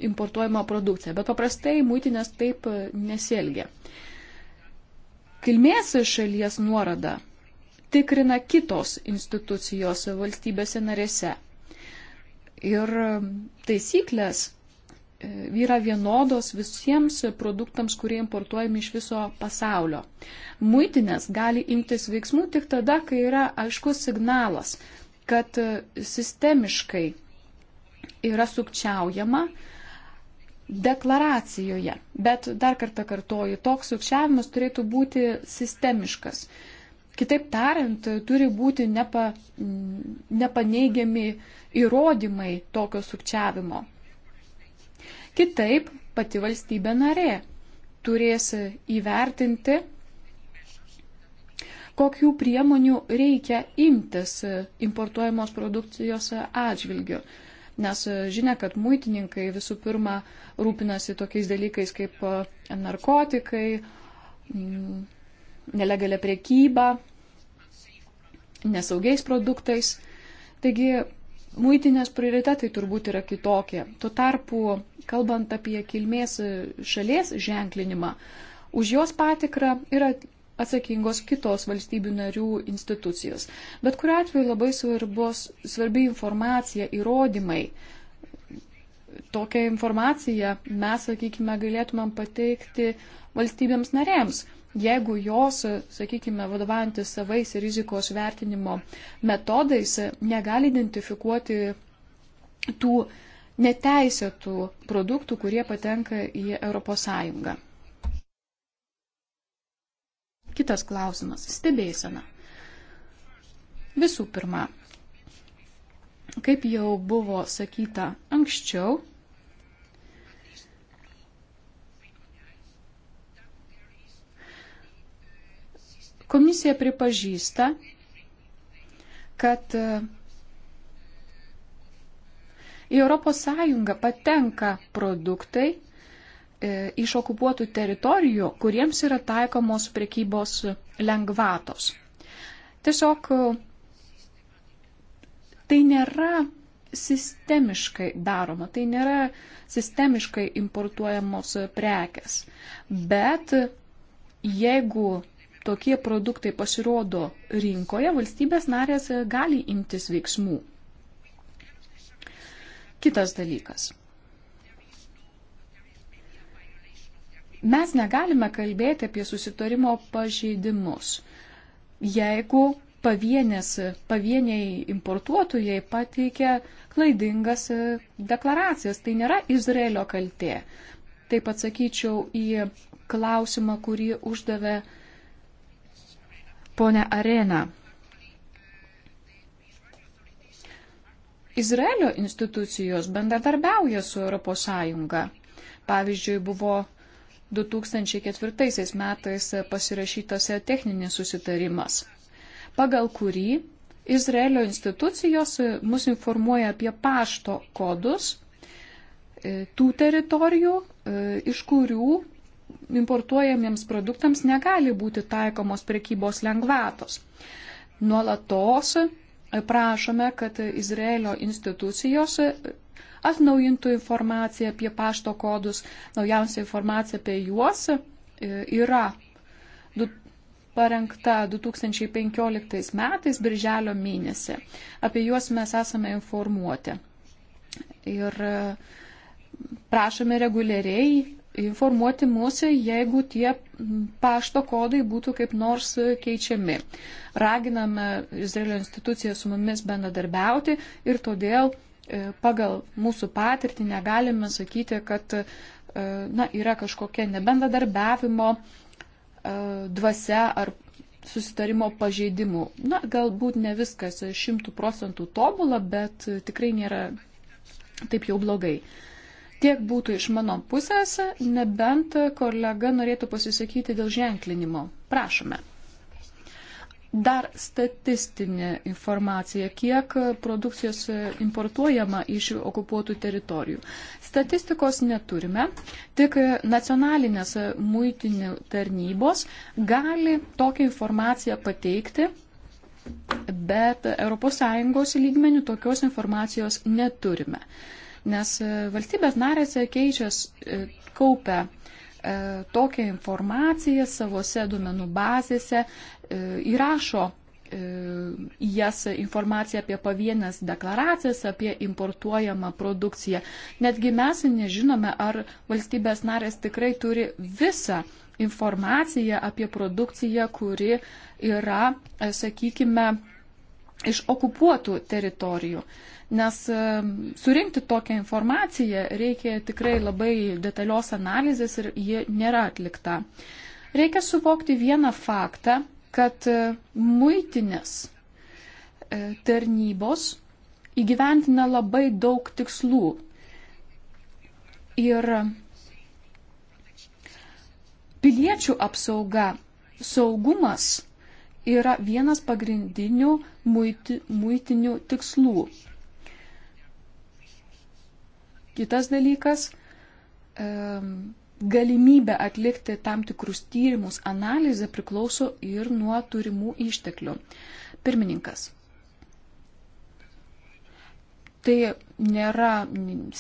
importuojamą produkciją. Bet paprastai muitinės taip nesielgia. Kilmės šalies nuorada tikrina kitos institucijos valstybėse narėse. Ir taisyklės e, yra vienodos visiems produktams, kurie importuojami iš viso pasaulio. Muitinės gali imtis veiksmų tik tada, kai yra aiškus signalas, kad sistemiškai yra sukčiaujama deklaracijoje. Bet dar kartą kartoju, toks sukčiavimas turėtų būti sistemiškas. Kitaip tariant, turi būti nepa, nepaneigiami įrodymai tokio sukčiavimo. Kitaip pati valstybė narė turės įvertinti kokių priemonių reikia imtis importuojamos produkcijos atžvilgiu. Nes e, žinia, kad muitininkai visų pirma rūpinasi tokiais dalykais kaip e, narkotikai, mm, nelegalia priekyba, nesaugiais produktais. Taigi muitinės prioritetai turbūt yra kitokie. Tuo tarpu, kalbant apie kilmės e, šalies ženklinimą, už jos patikrą yra atsakingos kitos valstybių narių institucijos. Bet kuriu atveju labai svarbos, svarbi informacija, įrodymai. Tokią informaciją mes, sakykime, galėtumėm pateikti valstybėms narėms. Jeigu jos, sakykime, vadovantis savais rizikos vertinimo metodais, negali identifikuoti tų neteisėtų produktų, kurie patenka į ES. Kitas klausimas - stebėsena. Visų pirma, kaip jau buvo sakyta anksčiau, komisija pripažįsta, kad e, į ES patenka produktai, E, iš okupuotų teritorijų, kuriems yra taikomos prekybos lengvatos. Tiesiog e, tai nėra sistemiškai daroma, tai nėra sistemiškai importuojamos prekes. Bet jeigu tokie produktai pasirodo rinkoje, valstybės narės gali imtis veiksmų. Kitas dalykas Mes negalime kalbėti apie susitarimo pažeidimus, jeigu pavienės, pavieniai importuotojai pateikia klaidingas e, deklaracijas. Tai nėra Izraelio kaltė. Taip atsakyčiau į klausimą, kurį uždavė ponia Arena. Izraelio institucijos bendradarbiauja su ES. Pavyzdžiui, buvo 2004 metais pasirašytas techninis susitarimas, pagal kurį Izraelio institucijos mus informuoja apie pašto kodus e, tų teritorijų, e, iš kurių importuojamiems produktams negali būti taikomos prekybos lengvatos. Nuolatos prašome, kad Izraelio institucijos atnaujintų informaciją apie pašto kodus, naujausia informacija apie juos e, yra parengta 2015 metais, birželio mėnesį. Apie juos mes esame informuoti. Ir e, prašome reguliariai informuoti mūsų, jeigu tie pašto kodai būtų kaip nors keičiami. Raginame Izraelio instituciją su mumis bendradarbiauti ir todėl E, pagal mūsų patirtį negalime sakyti, kad e, na, yra kažkokia nebendradarbiavimo e, dvasia ar susitarimo pažeidimų. Na, galbūt ne viskas šimtų procentų tobula, bet tikrai nėra taip jau blogai. Tiek būtų iš mano pusės, nebent kolega norėtų pasisakyti dėl ženklinimo. Prašome. Dar statistinė informacija, kiek produkcijos importuojama iš okupuotų teritorijų. Statistikos neturime, tik nacionalinės muitinių tarnybos gali tokią informaciją pateikti, bet ES lygmenių tokios informacijos neturime. Nes valstybės narėse keičias e, kaupia E, tokią informaciją savose duomenų bazėse, e, įrašo e, į jas informaciją apie pavienas deklaracijas, apie importuojamą produkciją. Netgi mes nežinome, ar valstybės narės tikrai turi visą informaciją apie produkciją, kuri yra, sakykime, iš okupuotų teritorijų nes e, surinkti tokią informaciją reikia tikrai labai detalios analizės ir ji nėra atlikta. Reikia suvokti vieną faktą, kad e, muitinės e, tarnybos įgyventina labai daug tikslų. Ir piliečių apsauga, saugumas yra vienas pagrindinių muiti, muitinių tikslų. Kitas dalykas - galimybė atlikti tam tikrus tyrimus, analizę priklauso ir nuo turimų išteklių. Pirmininkas. Tai nėra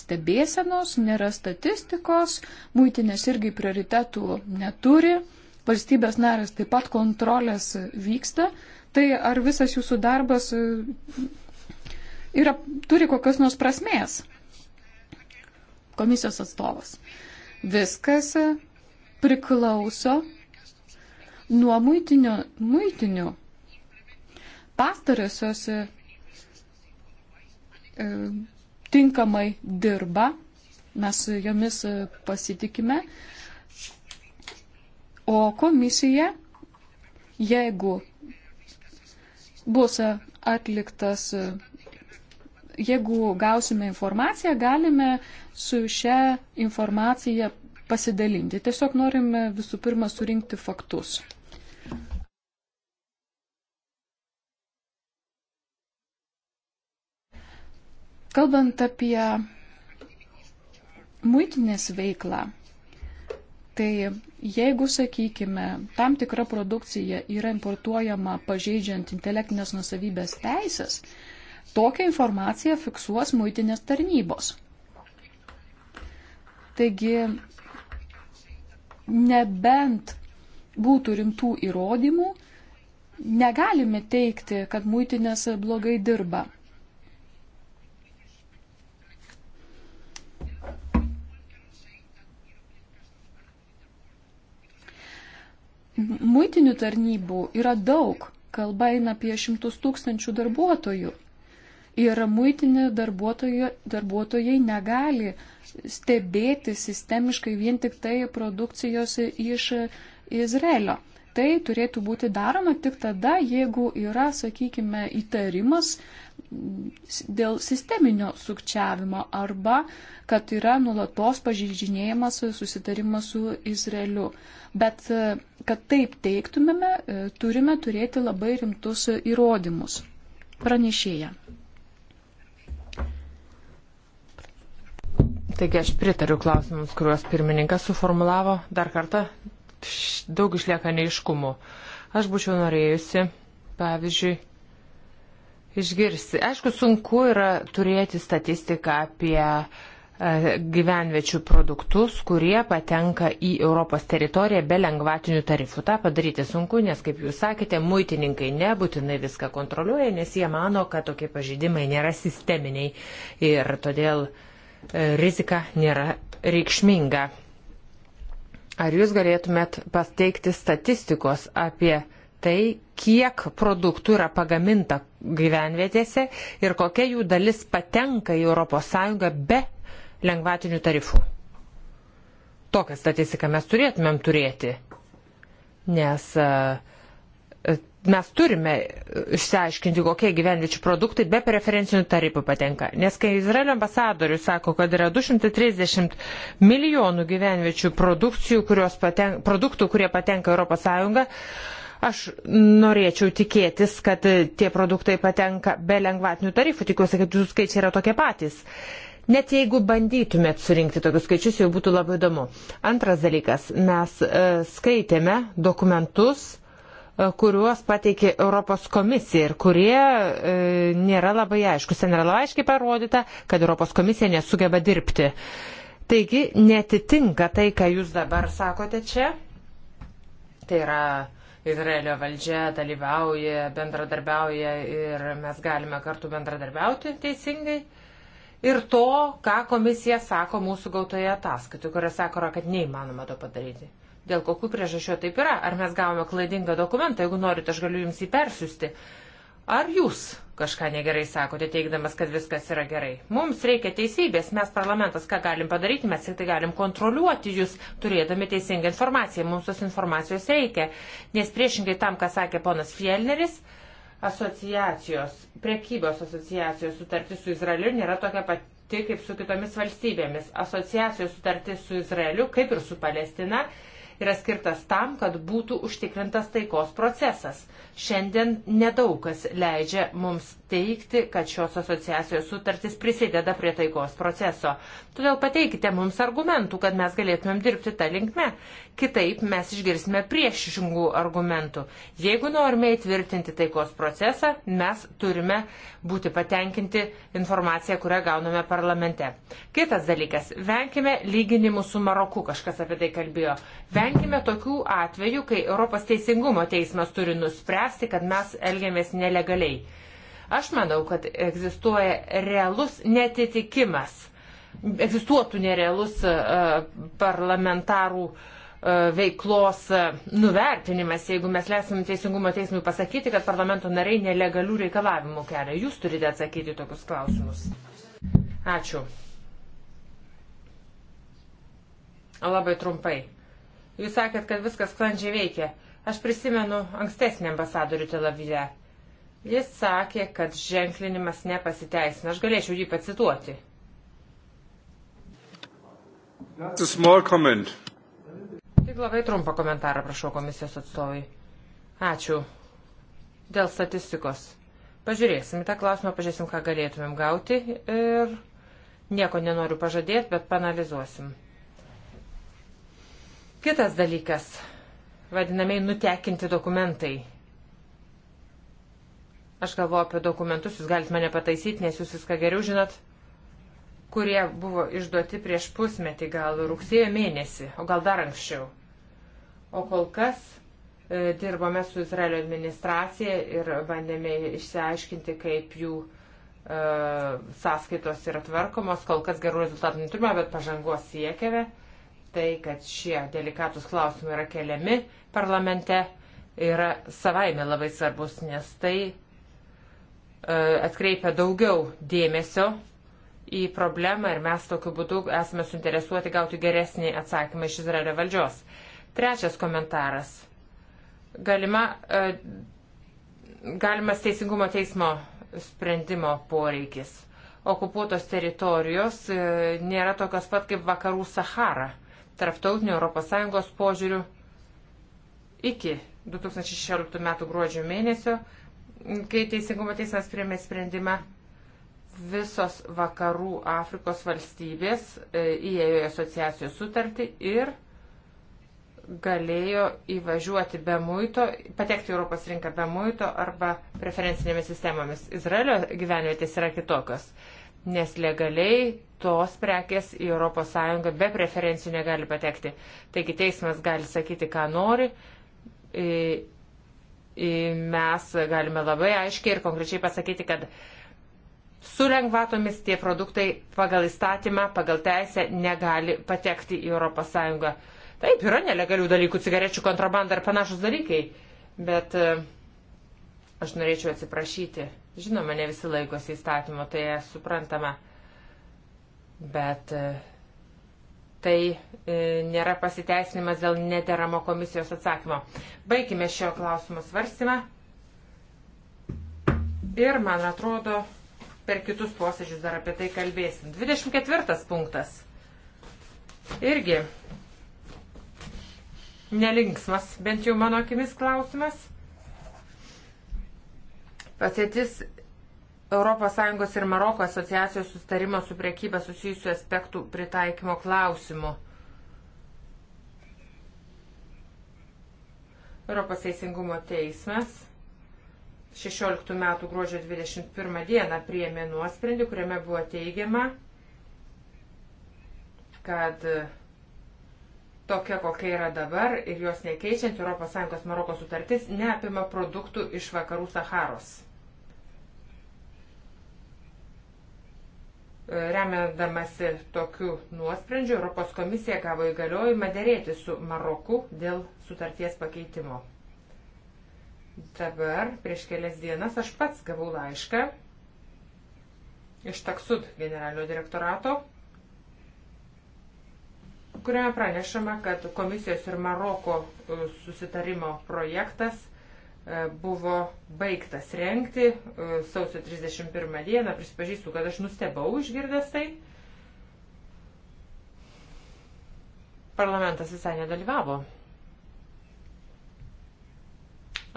stebėsenos, nėra statistikos, muitinės irgi prioritetų neturi, valstybės narės taip pat kontrolės vyksta, tai ar visas jūsų darbas e, yra, turi kokios nors prasmės? komisijos atstovas. Viskas priklauso nuo muitinių. muitinių. Pastariosios e, e, tinkamai dirba, mes jomis e, pasitikime, o komisija, jeigu bus atliktas e, jeigu gausime informaciją, galime su šią informaciją pasidalinti. Tiesiog norime visų pirma surinkti faktus. Kalbant apie muitinės veiklą, tai jeigu, sakykime, tam tikra produkcija yra importuojama pažeidžiant intelektinės nusavybės teisės, Tokią informaciją fiksuos muitinės tarnybos. Taigi, nebent būtų rimtų įrodymų, negalime teikti, kad muitinės blogai dirba. Muitinių tarnybų yra daug, kalba eina apie šimtus tūkstančių darbuotojų. Ir muitinių darbuotojai negali stebėti sistemiškai vien tik tai produkcijos iš Izraelio. Tai turėtų būti daroma tik tada, jeigu yra, sakykime, įtarimas dėl sisteminio sukčiavimo arba kad yra nulatos pažydžinėjimas susitarimas su Izraeliu. Bet e, kad taip teiktumėme, e, turime turėti labai rimtus įrodymus. Pranešėja. Taigi aš pritariu klausimams, kuriuos pirmininkas suformulavo. Dar kartą daug išlieka neiškumų. Aš būčiau norėjusi, pavyzdžiui, išgirsti. Aišku, sunku yra turėti statistiką apie e, gyvenviečių produktus, kurie patenka į Europos teritoriją be lengvatinių tarifų. Ta padaryti sunku, nes, kaip jūs sakėte, muitininkai nebūtinai viską kontroliuoja, nes jie mano, kad tokie pažydimai nėra sisteminiai ir todėl uh, rizika nėra reikšminga. Ar jūs galėtumėt pasteikti statistikos apie tai, kiek produktų yra pagaminta gyvenvietėse ir kokia jų dalis patenka į ES be lengvatinių tarifų. Tokią statistiką mes turėtumėm turėti, nes e, mes turime išsiaiškinti, kokie gyvenviečių produktai be preferencinių tarifų patenka. Nes kai Izraelio ambasadorius sako, kad yra 230 milijonų gyvenviečių paten, produktų, kurie patenka ES, aš norėčiau tikėtis, kad tie produktai patenka be lengvatinių tarifų. Tikiuosi, kad jūsų skaičiai yra tokie patys. Net jeigu bandytumėt surinkti tokius skaičius, jau būtų labai įdomu. Antras dalykas, mes e, skaitėme dokumentus E, kuriuos pateikė Europos komisija ir kurie e, nėra labai aiškus. Ten yra labai aiškiai parodyta, kad Europos komisija nesugeba dirbti. Taigi netitinka tai, ką jūs dabar sakote čia. Tai yra Izraelio valdžia dalyvauja, bendradarbiauja ir mes galime kartu bendradarbiauti teisingai. Ir to, ką komisija sako mūsų gautoje ataskaitoje, kuria sako, kad neįmanoma to padaryti dėl kokių priežasčių taip yra. Ar mes gavome klaidingą dokumentą, jeigu norite, aš galiu jums jį persiųsti. Ar jūs kažką negerai sakote, teikdamas, kad viskas yra gerai? Mums reikia teisybės, mes parlamentas, ką galim padaryti, mes tik tai galim kontroliuoti jūs, turėdami teisingą informaciją. Mums tos informacijos reikia, nes priešingai tam, ką sakė ponas Fielneris, asociacijos, priekybos asociacijos sutartis su Izraeliu nėra tokia pati kaip su kitomis valstybėmis. Asociacijos sutartis su Izraeliu, kaip ir su Palestina, yra skirtas tam, kad būtų užtikrintas taikos procesas. Šiandien nedaug kas leidžia mums teikti, kad šios asociacijos sutartis prisideda prie taikos proceso. Todėl pateikite mums argumentų, kad mes galėtumėm dirbti tą linkmę. Kitaip mes išgirsime priešingų argumentų. Jeigu norime įtvirtinti taikos procesą, mes turime būti patenkinti informaciją, kurią gauname parlamente. Kitas dalykas - venkime lyginimų su Maroku, kažkas apie tai kalbėjo. Venkime tokių atvejų, kai Europos teisingumo teismas turi nuspręsti, kad mes elgiamės nelegaliai. Aš manau, kad egzistuoja realus netitikimas egzistuotų nerealus e, parlamentarų E, veiklos nuvertinimas, jeigu mes lesim Teisingumo teismui pasakyti, kad parlamento nariai nelegalių reikalavimų kelia. Jūs turite atsakyti tokius klausimus. Ačiū. Labai trumpai. Jūs sakėt, kad viskas sklandžiai veikia. Aš prisimenu ankstesnį ambasadorių Telavyje. Jis sakė, kad ženklinimas nepasiteisina. Aš galėčiau jį pacituoti. That's a small comment. Tik labai trumpą komentarą prašau komisijos atstovai. Ačiū. Dėl statistikos. Pažiūrėsim į tą klausimą, pažiūrėsim, ką galėtumėm gauti ir nieko nenoriu pažadėti, bet panalizuosim. Kitas dalykas. Vadinamiai nutekinti dokumentai. Aš galvoju apie dokumentus, jūs galite mane pataisyti, nes jūs viską geriau žinot, kurie buvo išduoti prieš pusmetį, gal rugsėjo mėnesį, o gal dar anksčiau. O kol kas e, dirbame su Izraelio administracija ir bandėme išsiaiškinti, kaip jų e, sąskaitos yra tvarkomos. Kol kas gerų rezultatų neturime, bet pažangos siekėme. Tai, kad šie delikatus klausimai yra keliami parlamente, yra savaime labai svarbus, nes tai e, atkreipia daugiau dėmesio į problemą ir mes tokiu būdu esame suinteresuoti gauti geresnį atsakymą iš Izraelio valdžios. Trečias komentaras. Galima, e, galimas teisingumo teismo sprendimo poreikis. Okupuotos teritorijos e, nėra tokios pat kaip vakarų Sahara. Tarptautinio ES požiūrių iki 2016 m. gruodžio mėnesio, kai Teisingumo teismas priėmė sprendimą, visos vakarų Afrikos valstybės e, įėjo į asociacijos sutartį ir galėjo įvažiuoti be muito, patekti į Europos rinką be muito arba preferencinėmis sistemomis. Izraelio gyvenvietės yra kitokios, nes legaliai tos prekės į ES be preferencijų negali patekti. Taigi teismas gali sakyti, ką nori. Mes galime labai aiškiai ir konkrečiai pasakyti, kad su lengvatomis tie produktai pagal įstatymą, pagal teisę negali patekti į ES Taip, yra nelegalių dalykų, cigarečių kontrabanda ir panašus dalykai, bet e, aš norėčiau atsiprašyti. Žinoma, ne visi laikosi įstatymo, tai suprantama, bet e, tai e, nėra pasiteisinimas dėl nederamo komisijos atsakymo. Baigime šio klausimo svarstymą ir, man atrodo, per kitus posėdžius dar apie tai kalbėsim. 24 punktas. Irgi nelinksmas, bent jau mano akimis klausimas. Pasėtis ES ir Maroko asociacijos sustarimo su priekyba susijusių aspektų pritaikymo klausimų. Europos Teisingumo teismas 16 metų gruodžio 21 dieną priėmė nuosprendį, kuriame buvo teigiama, kad tokia, kokia yra dabar ir jos nekeičiant ES Maroko sutartis neapima produktų iš vakarų Saharos. E, remiamasi tokiu nuosprendžiu, Europos komisija gavo įgaliojimą dėrėti su Maroku dėl sutarties pakeitimo. Dabar, prieš kelias dienas, aš pats gavau laišką iš Taksud generalinio direktorato kuriame pranešama, kad komisijos ir Maroko e, susitarimo projektas e, buvo baigtas renkti e, sausio 31 dieną. Prisipažįstu, kad aš nustebau išgirdęs tai. Parlamentas visai nedalyvavo.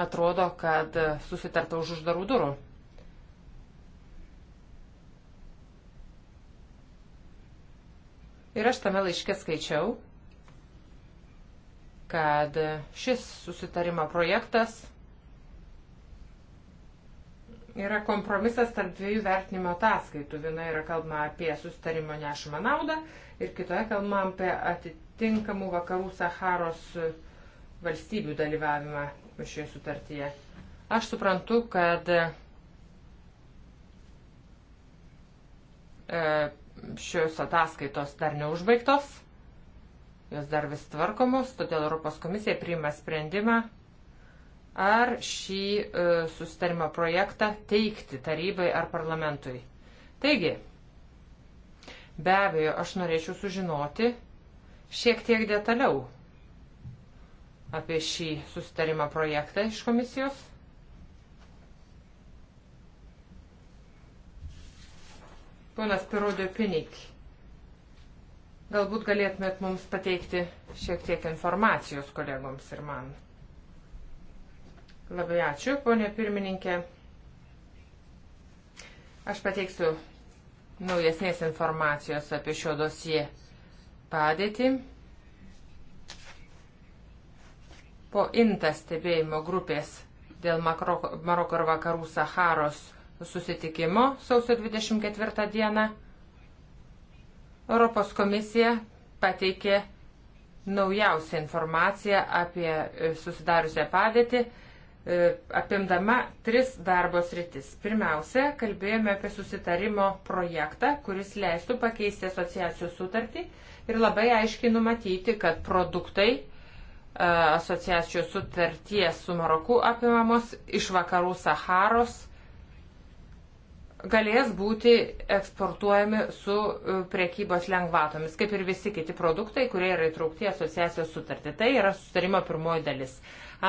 Atrodo, kad susitarta už uždarų durų. Ir aš tame laiške skaičiau, kad šis susitarimo projektas yra kompromisas tarp dviejų vertinimo ataskaitų. Viena yra kalbama apie susitarimo nešamą naudą ir kitoje kalbama apie atitinkamų vakarų Saharos valstybių dalyvavimą šioje sutartyje. Aš suprantu, kad e, šios ataskaitos dar neužbaigtos, jos dar vis tvarkomos, todėl Europos komisija priima sprendimą, ar šį e, sustarimo projektą teikti tarybai ar parlamentui. Taigi, be abejo, aš norėčiau sužinoti šiek tiek detaliau apie šį sustarimo projektą iš komisijos. Ponas Pirodė Pinik, galbūt galėtumėt mums pateikti šiek tiek informacijos kolegoms ir man. Labai ačiū, ponė pirmininkė. Aš pateiksiu naujesnės informacijos apie šio dosie padėtį. Po INTA stebėjimo grupės dėl Maroko ir Vakarų Saharos susitikimo sausio 24 dieną Europos komisija pateikė naujausią informaciją apie e, susidariusią padėtį, e, apimdama tris darbos rytis. Pirmiausia, kalbėjome apie susitarimo projektą, kuris leistų pakeisti asociacijos sutartį ir labai aiškiai numatyti, kad produktai e, asociacijos sutarties su Maroku apimamos iš vakarų Saharos galės būti eksportuojami su e, priekybos lengvatomis, kaip ir visi kiti produktai, kurie yra įtraukti asociacijos sutartį. Tai yra sustarimo pirmoji dalis.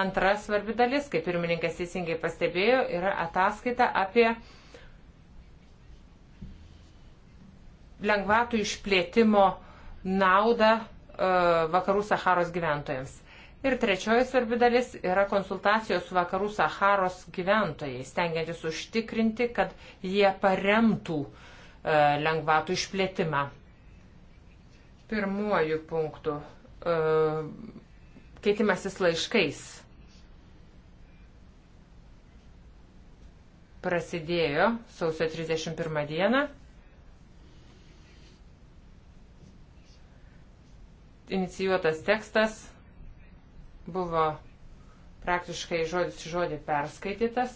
Antra svarbi dalis, kaip pirmininkas teisingai pastebėjo, yra ataskaita apie lengvatų išplėtimo naudą e, vakarų Saharos gyventojams. Ir trečioji svarbi dalis yra konsultacijos su vakarų Saharos gyventojais, stengiantis užtikrinti, kad jie paremtų e, lengvatų išplėtimą. Pirmuoju punktu. E, keitimasis laiškais. Prasidėjo sausio 31 dieną. Inicijuotas tekstas buvo praktiškai žodis į žodį perskaitytas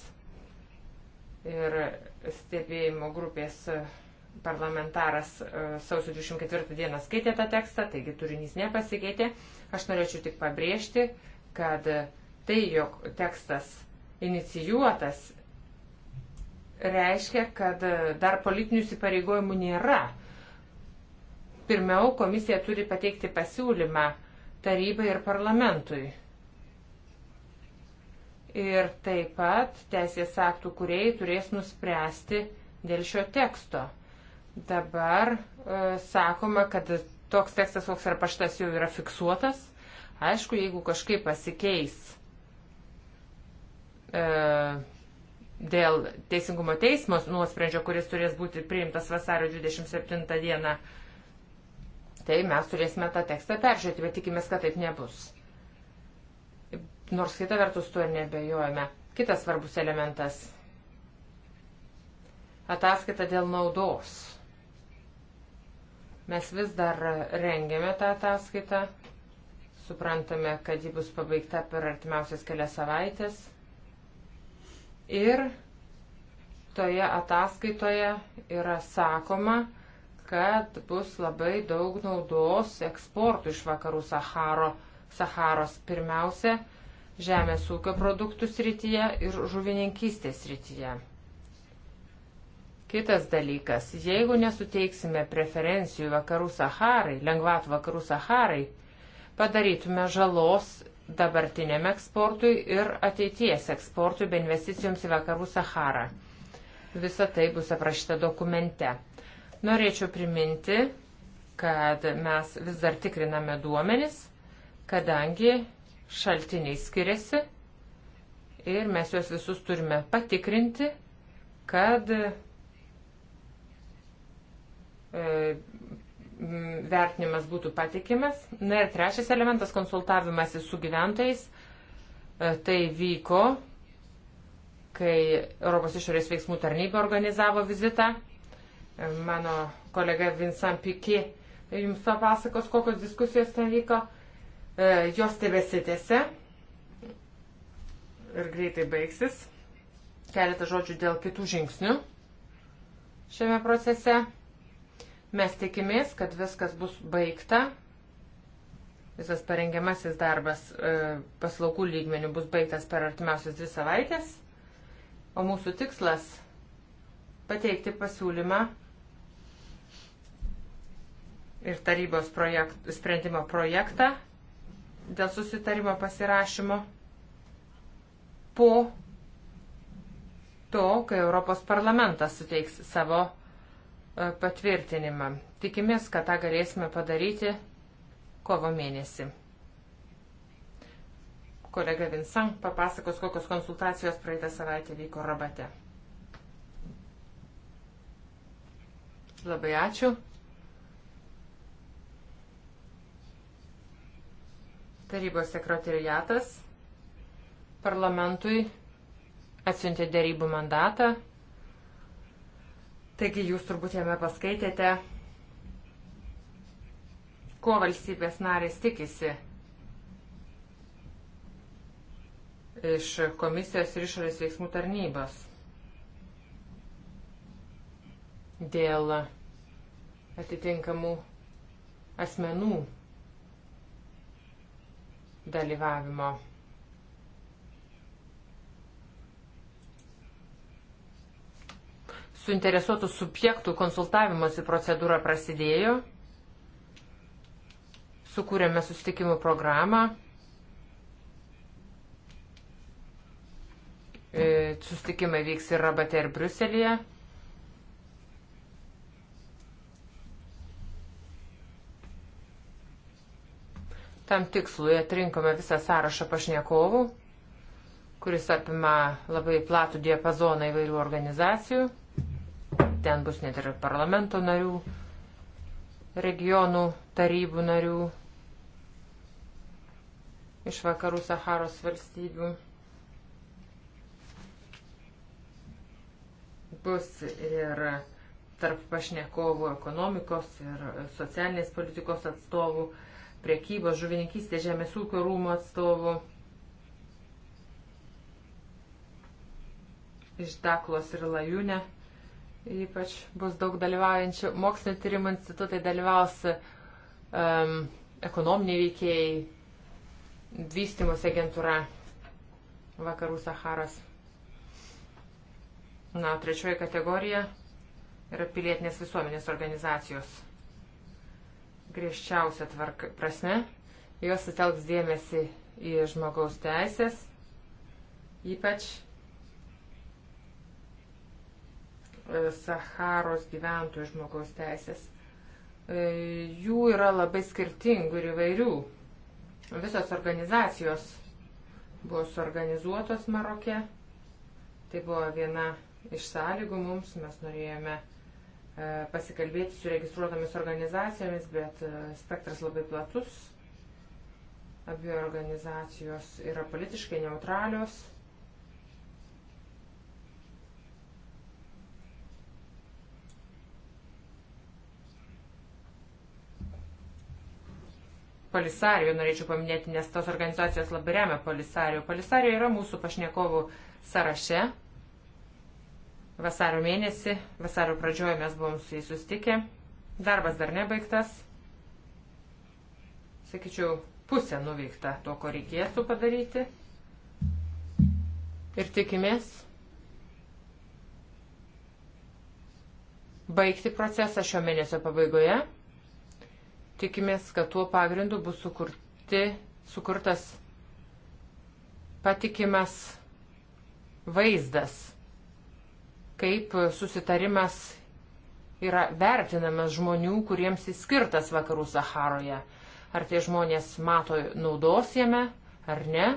ir stebėjimo grupės e, parlamentaras e, sausio 24 dieną skaitė tą tekstą, taigi turinys nepasikeitė. Aš norėčiau tik pabrėžti, kad tai, jog tekstas inicijuotas, reiškia, kad e, dar politinių įsipareigojimų nėra. Pirmiau, komisija turi pateikti pasiūlymą tarybai ir parlamentui. Ir taip pat teisės aktų kuriejai turės nuspręsti dėl šio teksto. Dabar e, sakoma, kad toks tekstas, koks yra paštas, jau yra fiksuotas. Aišku, jeigu kažkaip pasikeis e, dėl Teisingumo teismo nuosprendžio, kuris turės būti priimtas vasario 27 dieną, e, tai mes turėsime tą tekstą peržiūrėti, bet tikimės, kad taip nebus. Nors kita vertus tuo ir nebejojame. Kitas svarbus elementas - ataskaita dėl naudos. Mes vis dar rengiame tą ataskaitą, suprantame, kad ji bus pabaigta per artimiausias kelias savaitės. Ir toje ataskaitoje yra sakoma, kad bus labai daug naudos eksportų iš vakarų Saharo, Saharos pirmiausia žemės ūkio produktų srityje ir žuvininkystės srityje. Kitas dalykas, jeigu nesuteiksime preferencijų vakarų Saharai, lengvat vakarų Saharai, padarytume žalos dabartiniam eksportui ir ateities eksportui bei investicijoms į vakarų Saharą. Visa tai bus aprašyta dokumente. Norėčiau priminti, kad mes vis dar tikriname duomenis, kadangi šaltiniai skiriasi ir mes juos visus turime patikrinti, kad e, vertinimas būtų patikimas. Na ir trečias elementas - konsultavimas su gyventojais. E, tai vyko, kai Europos išorės veiksmų tarnyba organizavo vizitą Mano kolega Vincent Pikė jums papasakos, kokios diskusijos ten vyko. E, jos tebesitėse ir greitai baigsis. Keletą žodžių dėl kitų žingsnių šiame procese. Mes tikimės, kad viskas bus baigta visas parengiamasis darbas e, paslaugų lygmenių bus baigtas per artimiausias dvi savaitės, o mūsų tikslas pateikti pasiūlymą ir tarybos projekt, sprendimo projektą dėl susitarimo pasirašymo po to, kai Europos parlamentas suteiks savo e, patvirtinimą. Tikimės, kad tą galėsime padaryti kovo mėnesį. Kolega Vinsang papasakos, kokios konsultacijos praeitą savaitę vyko rabate. Labai ačiū. Tarybos sekretariatas parlamentui atsiuntė dėrybų mandatą. Taigi jūs turbūt jame paskaitėte, ko valstybės narės tikisi iš komisijos ir išorės veiksmų tarnybos dėl atitinkamų asmenų dalyvavimo. Suinteresuotų subjektų konsultavimosi procedūra prasidėjo. Sukūrėme susitikimų programą. E, susitikimai vyks ir Rabate, ir Bruselėje. Tam tikslui atrinkome visą sąrašą pašnekovų, kuris apima labai platų diapazoną įvairių organizacijų. Ten bus net ir parlamento narių, regionų tarybų narių iš vakarų Saharos valstybių. Bus ir tarp pašnekovų ekonomikos ir socialinės politikos atstovų priekybos žuvininkystės žemės ūkio rūmų atstovų, iš Daklos ir Lajūne. Ypač bus daug dalyvaujančių. Mokslinio tyrimų institutai dalyvaus um, ekonominiai veikėjai, vystimus agentūra Vakarų Saharos. Na, trečioji kategorija yra pilietinės visuomenės organizacijos griežčiausia tvarka prasme. Jos sutelks dėmesį į žmogaus teisės, ypač e, Saharos gyventojų žmogaus teisės. E, jų yra labai skirtingų ir įvairių. Visos organizacijos buvo suorganizuotos Marokė. Tai buvo viena iš sąlygų mums. Mes norėjome uh, E, pasikalbėti su registruotomis organizacijomis, bet e, spektras labai platus. Abi organizacijos yra politiškai neutralios. Polisario norėčiau paminėti, nes tos organizacijos labai remia Polisario. Polisario yra mūsų pašnekovų sąraše. Vasario mėnesį, vasario pradžioje mes buvom su jais sustikę. Darbas dar nebaigtas. Sakyčiau, pusė nuveikta to, ko reikėtų padaryti. Ir tikimės baigti procesą šio mėnesio pabaigoje. Tikimės, kad tuo pagrindu bus sukurti, sukurtas patikimas vaizdas kaip susitarimas yra vertinamas žmonių, kuriems jis skirtas vakarų Saharoje. Ar tie žmonės mato naudos jame, ar ne?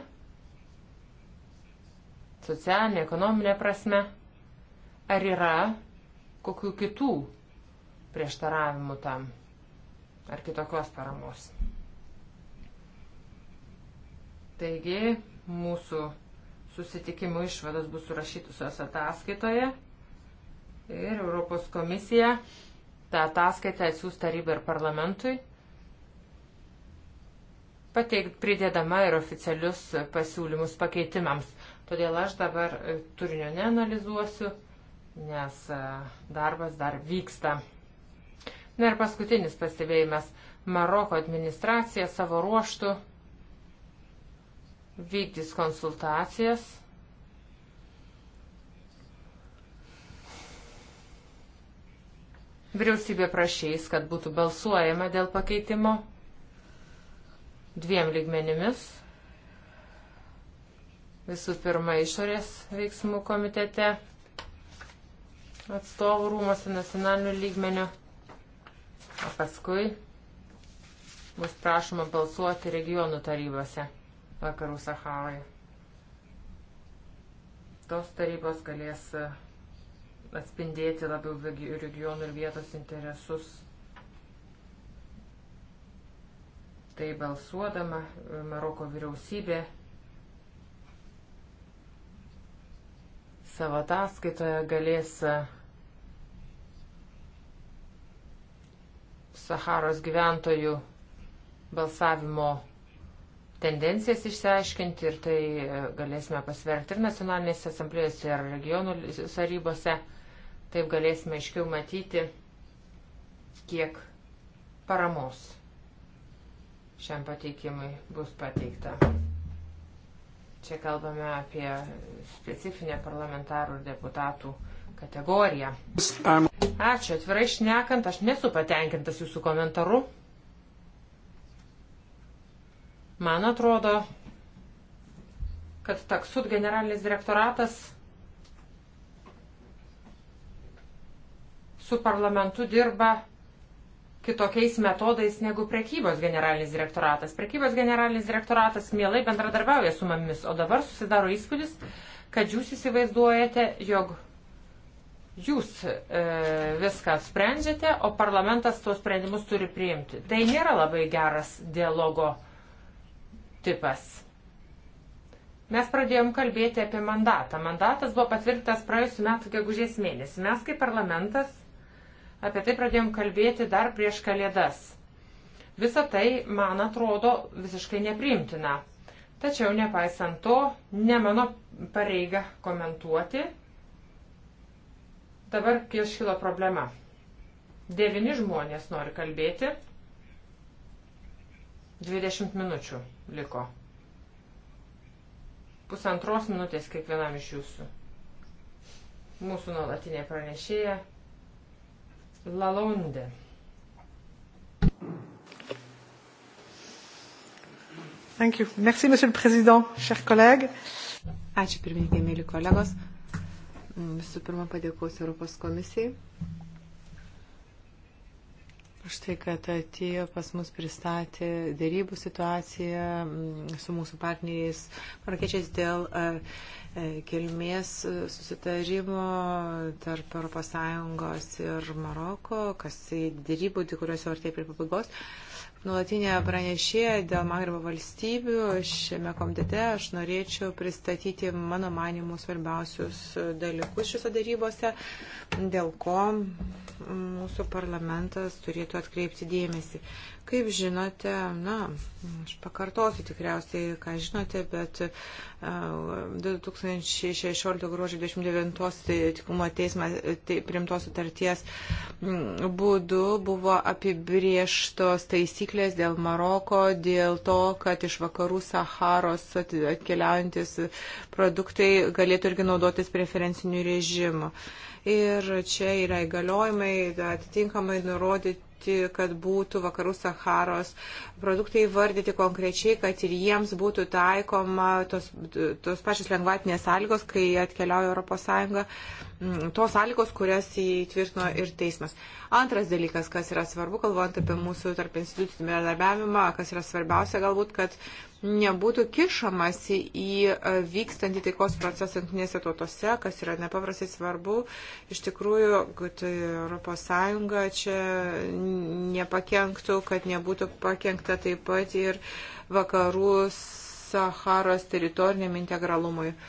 Socialinė, ekonominė prasme. Ar yra kokių kitų prieštaravimų tam? Ar kitokios paramos? Taigi, mūsų susitikimų išvados bus surašytusios ataskaitoje ir Europos komisija tą ataskaitą atsiūs tarybai ir parlamentui, pateikt pridedama ir oficialius pasiūlymus pakeitimams. Todėl aš dabar e, turinio neanalizuosiu, nes e, darbas dar vyksta. Na ir paskutinis pastebėjimas. Maroko administracija savo ruoštų vykdys konsultacijas Vyriausybė prašys, kad būtų balsuojama dėl pakeitimo dviem lygmenimis. Visų pirma, išorės veiksmų komitete atstovų rūmose nacionalinių lygmenių, o paskui bus prašoma balsuoti regionų tarybose vakarų Saharoje. Tos tarybos galės atspindėti labiau regionų ir vietos interesus. Tai balsuodama e, Maroko vyriausybė savo ataskaitoje galės e, Saharos gyventojų balsavimo tendencijas išsiaiškinti ir tai e, galėsime pasverti ir nacionalinėse asamblėjose, ir regionų sarybose. Taip galėsime aiškiau matyti, kiek paramos šiam pateikimui bus pateikta. Čia kalbame apie specifinę parlamentarų ir deputatų kategoriją. Ačiū, atvirai šnekant, aš nesu patenkintas jūsų komentaru. Man atrodo, kad taksut generalinis direktoratas su parlamentu dirba kitokiais metodais negu prekybos generalinis direktoratas. Prekybos generalinis direktoratas mielai bendradarbiauja su mumis, o dabar susidaro įspūdis, kad jūs įsivaizduojate, jog jūs e, viską sprendžiate, o parlamentas tuos sprendimus turi priimti. Tai nėra labai geras dialogo tipas. Mes pradėjom kalbėti apie mandatą. Mandatas buvo patvirtintas praėjusiu metu gegužės mėnesį. Mes kaip parlamentas Apie tai pradėjom kalbėti dar prieš kalėdas. Visa tai, man atrodo, visiškai nepriimtina. Tačiau, nepaisant to, ne mano pareiga komentuoti. Dabar iškilo problema. Devini žmonės nori kalbėti. 20 minučių liko. Pusantros minutės kiekvienam iš jūsų. Mūsų nuolatinė pranešėja Lalonde. Thank you. Merci, Monsieur le Président, chers collègues. Ačiū pirmininkai, mėly kolegos. Mm, visų pirma, padėkosiu Europos komisijai Už tai, kad atėjo pas mus pristatė dėrybų situaciją mm, su mūsų partneriais marokiečiais dėl e, e, kilmės susitarimo tarp ES ir Maroko, kas į dėrybų, kuriuose artėja prie pabaigos nuolatinė pranešėja dėl Magrebo valstybių. Šiame komitete aš norėčiau pristatyti mano manimų svarbiausius dalykus šiuose darybose, dėl ko mūsų parlamentas turėtų atkreipti dėmesį. Kaip žinote, na, aš pakartosiu tikriausiai, ką žinote, bet 2016 gruodžio 29 tai tikumo teismas tai, primtos sutarties būdu buvo apibrieštos taisyklės dėl Maroko, dėl to, kad iš vakarų Saharos atkeliaujantis produktai galėtų irgi naudotis preferenciniu režimu. Uh, ir čia yra įgaliojimai atitinkamai nurodyti kad būtų vakarų Saharos produktai vardyti konkrečiai, kad ir jiems būtų taikoma tos, tos pačios lengvatinės sąlygos, kai atkeliauja Europos Sąjunga, mm, tos sąlygos, kurias įtvirtino ir teismas. Antras dalykas, kas yra svarbu, kalbant apie mūsų tarp institucijų bendradarbiavimą, kas yra svarbiausia galbūt, kad nebūtų kišamasi į e, vykstantį taikos procesą jungtinėse tautose, kas yra nepaprastai svarbu. Iš tikrųjų, kad ES čia nepakenktų, kad nebūtų pakenkta taip pat ir vakarų Saharos teritoriniam integralumui. Uh,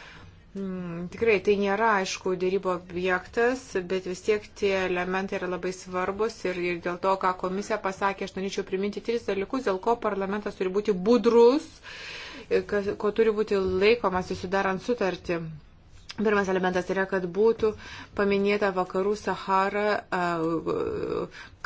Mm, tikrai tai nėra, aišku, dėrybo objektas, bet vis tiek tie elementai yra labai svarbus ir, ir dėl to, ką komisija pasakė, aš norėčiau priminti tris dalykus, dėl ko parlamentas turi būti budrus, kas, ko turi būti laikomasi sudarant sutartį. Pirmas elementas yra, kad būtų paminėta vakarų Sahara,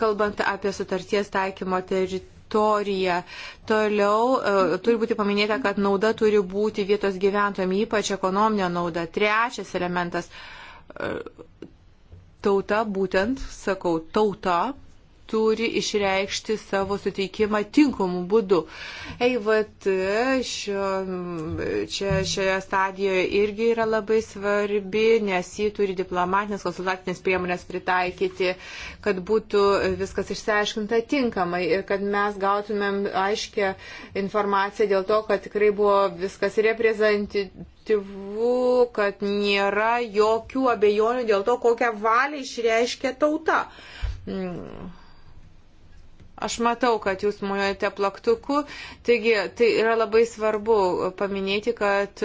kalbant apie sutarties taikymo teritoriją teritoriją. Toliau e, turi būti paminėta, kad nauda turi būti vietos gyventojams, ypač ekonominė nauda. Trečias elementas. E, tauta, būtent, sakau, tauta turi išreikšti savo suteikimą tinkamų būdų. EIVT šio, čia, šioje stadijoje irgi yra labai svarbi, nes ji turi diplomatinės konsultacinės priemonės pritaikyti, kad būtų viskas išsiaiškinta tinkamai ir kad mes gautumėm aiškę informaciją dėl to, kad tikrai buvo viskas reprezentatyvi objektivu, kad nėra jokių abejonių dėl to, kokią valią išreiškia tauta. Mm. Aš matau, kad jūs muojate plaktuku, taigi tai yra labai svarbu paminėti, kad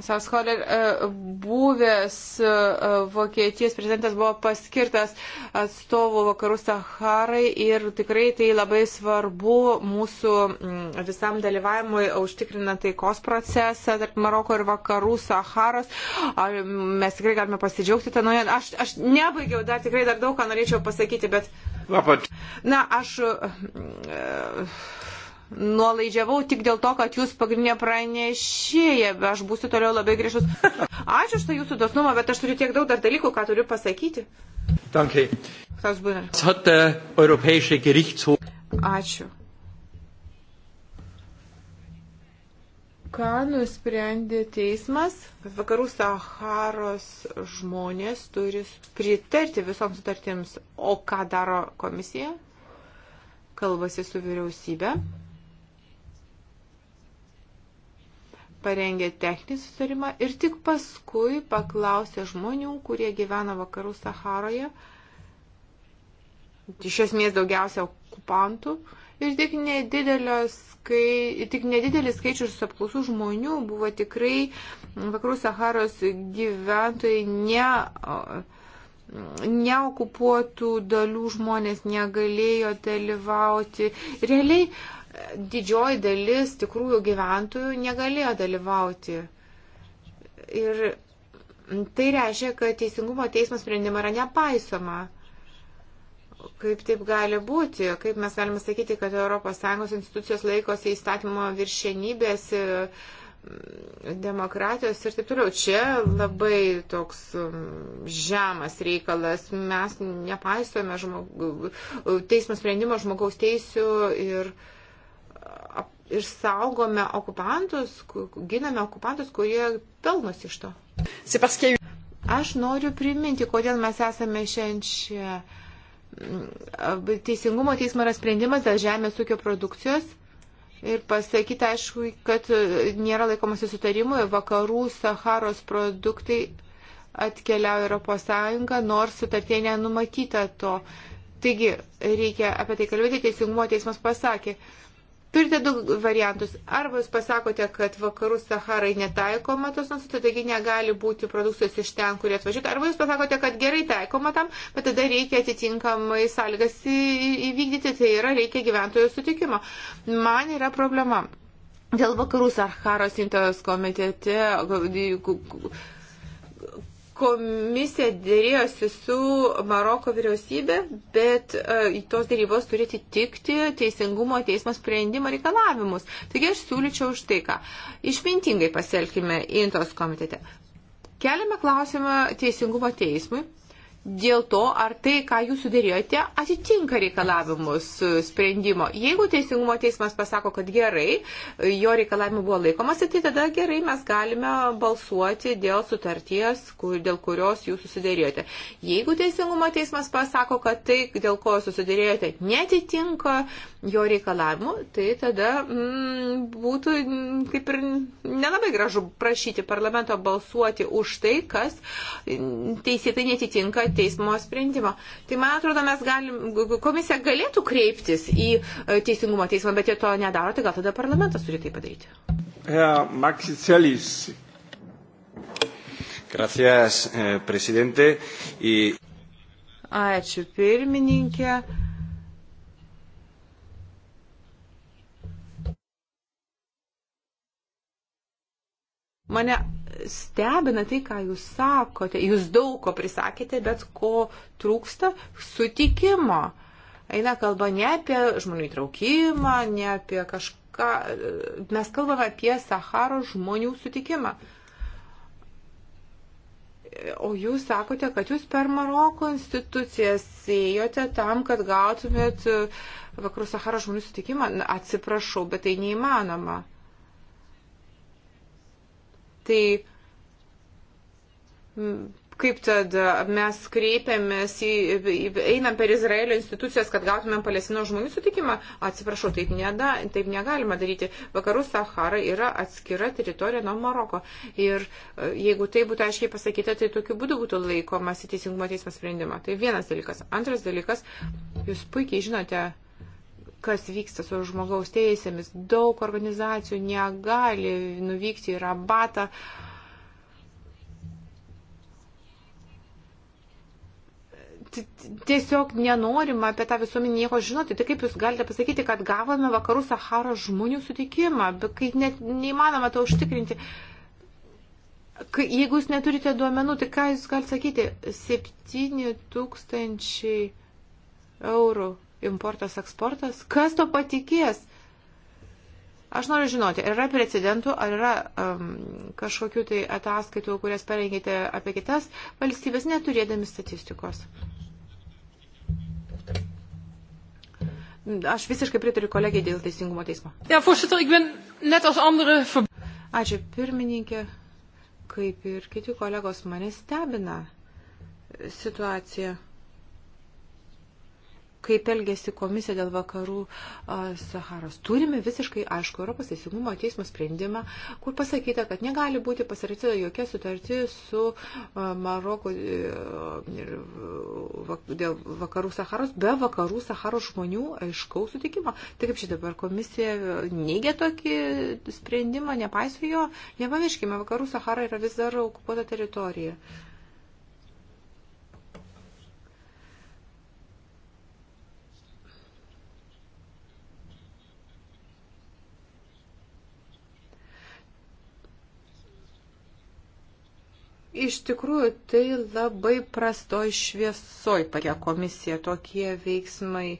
Asams e, Holler e, buvęs e, Vokietijos prezidentas buvo paskirtas atstovų vakarų Saharai ir tikrai tai labai svarbu mūsų visam dalyvavimui užtikrinant taikos procesą tarp Maroko ir vakarų Saharos. Mes tikrai galime pasidžiaugti tą naujieną. Aš, aš nebaigiau, dar tikrai dar daug ką norėčiau pasakyti, bet Na, aš mm, e, nuolaidžiavau tik dėl to, kad jūs pagrindinė pranešėja, aš būsiu toliau labai grįžus. Ačiū už tą jūsų dosnumą, bet aš turiu tiek daug dar dalykų, ką turiu pasakyti. Danke. Ačiū. ką nusprendė teismas, kad vakarų Saharos žmonės turi pritarti visoms sutartims, o ką daro komisija, kalbasi su vyriausybė, parengė techninį sutarimą ir tik paskui paklausė žmonių, kurie gyvena vakarų Saharoje, iš esmės daugiausia okupantų, Ir tik, skai, tik nedidelis skaičius apklausų žmonių buvo tikrai vakarų Saharos gyventojai ne neokupuotų dalių žmonės negalėjo dalyvauti. Realiai didžioji dalis tikrųjų gyventojų negalėjo dalyvauti. Ir tai reiškia, kad teisingumo teismo sprendimą yra nepaisoma. Kaip taip gali būti? Kaip mes galime sakyti, kad ES institucijos laikosi įstatymo viršenybės, mm, demokratijos ir taip toliau. Čia labai toks mm, žemas reikalas. Mes nepaisome žmog... teismo sprendimo žmogaus teisių ir ir saugome okupantus, giname okupantus, kurie pelnosi iš to. Aš noriu priminti, kodėl mes esame šiandien čia. Teisingumo teismo yra sprendimas dėl žemės ūkio produkcijos ir pasakyti, aišku, kad e, nėra laikomasi sutarimų, vakarų Saharos produktai atkeliauja Europos Sąjunga, nors sutartė nenumatyta to. Taigi, reikia apie tai kalbėti, teisingumo teismas pasakė. Uh, Turite du variantus. Arba jūs pasakote, kad vakarų Saharai netaikoma tos nuostatos, taigi negali būti produkcijos iš ten, kurie atvažiuoja. Arba jūs pasakote, kad gerai taikoma tam, bet tada reikia atitinkamai sąlygas įvykdyti, tai yra reikia gyventojų sutikimo. Man yra problema. Dėl vakarų Saharos intos komitete Komisija dėrėjosi su Maroko vyriausybė, bet uh, tos dėrybos turi atitikti teisingumo teismo sprendimo reikalavimus. Taigi aš siūlyčiau už tai, ką išmintingai pasielkime Intos komitete. Keliame klausimą teisingumo teismui dėl to, ar tai, ką jūs sudėrėjote, atitinka reikalavimus e, sprendimo. Jeigu Teisingumo teismas pasako, kad gerai, e, jo reikalavimų buvo laikomasi, tai tada gerai mes galime balsuoti dėl sutarties, kur, dėl kurios jūs susidėrėjote. Jeigu Teisingumo teismas pasako, kad tai, dėl ko susidėrėjote, netitinka jo reikalavimų, tai tada mm, būtų mm, kaip ir nelabai gražu prašyti parlamento balsuoti už tai, kas mm, teisėtai netitinka teismo sprendimo. Tai man atrodo, mes galim, komisija galėtų kreiptis į e, teisingumo teismą, bet jie to nedaro, tai gal tada parlamentas turi tai padaryti. Ja, Gracias, eh, presidente. Y... Ačiū, pirmininkė. Mane stebina tai, ką jūs sakote. Jūs daug ko prisakėte, bet ko trūksta sutikimo. Eina kalba ne apie žmonių įtraukimą, ne apie kažką. Mes kalbame apie Saharo žmonių sutikimą. O jūs sakote, kad jūs per Maroko institucijas ėjote tam, kad gautumėt uh, vakarų Saharo žmonių sutikimą. Na, atsiprašau, bet tai neįmanoma. Tai Kaip tad mes kreipiamės, į, einam per Izraelio institucijas, kad gautumėm Palestino žmonių sutikimą? Atsiprašau, taip, neda, taip negalima daryti. Vakarų Sahara yra atskira teritorija nuo Maroko. Ir jeigu tai būtų aiškiai pasakyta, tai tokiu būdu būtų laikomas į teisingumo teismo sprendimą. Tai vienas dalykas. Antras dalykas, jūs puikiai žinote kas vyksta su žmogaus teisėmis. Daug organizacijų negali nuvykti į rabatą. Uh, tiesiog nenorima apie tą visuomenį nieko žinoti. Tai kaip jūs galite pasakyti, kad gavome vakarų Sahara žmonių sutikimą, bet kai net neįmanoma to užtikrinti. Kai, jeigu jūs neturite duomenų, tai ką jūs galite sakyti? 7 tūkstančiai eurų importas, eksportas. Kas to patikės? Aš noriu žinoti, ar yra precedentų, ar yra um, kažkokių tai ataskaitų, kurias parengėte apie kitas valstybės, neturėdami statistikos. Aš visiškai pritariu kolegiai dėl teisingumo teismo. Ja, voorzitter, ik ben net als andere... Ačiū, pirmininkė. Kaip ir kiti kolegos, mane stebina situacija kaip elgėsi komisija dėl vakarų Saharos. Turime visiškai aišku Europos teisingumo teismo sprendimą, kur pasakyta, kad negali būti pasirašyta jokia sutartis su Maroku e, dėl vakarų Saharos be vakarų Saharos žmonių aiškaus sutikimo. Tai kaip šitą dabar komisija neigia tokį sprendimą, nepaiso jo, nepamirškime, vakarų Sahara yra vis dar okupuota teritorija. Iš tikrųjų, tai labai prastoj šviesoj patie komisija tokie veiksmai.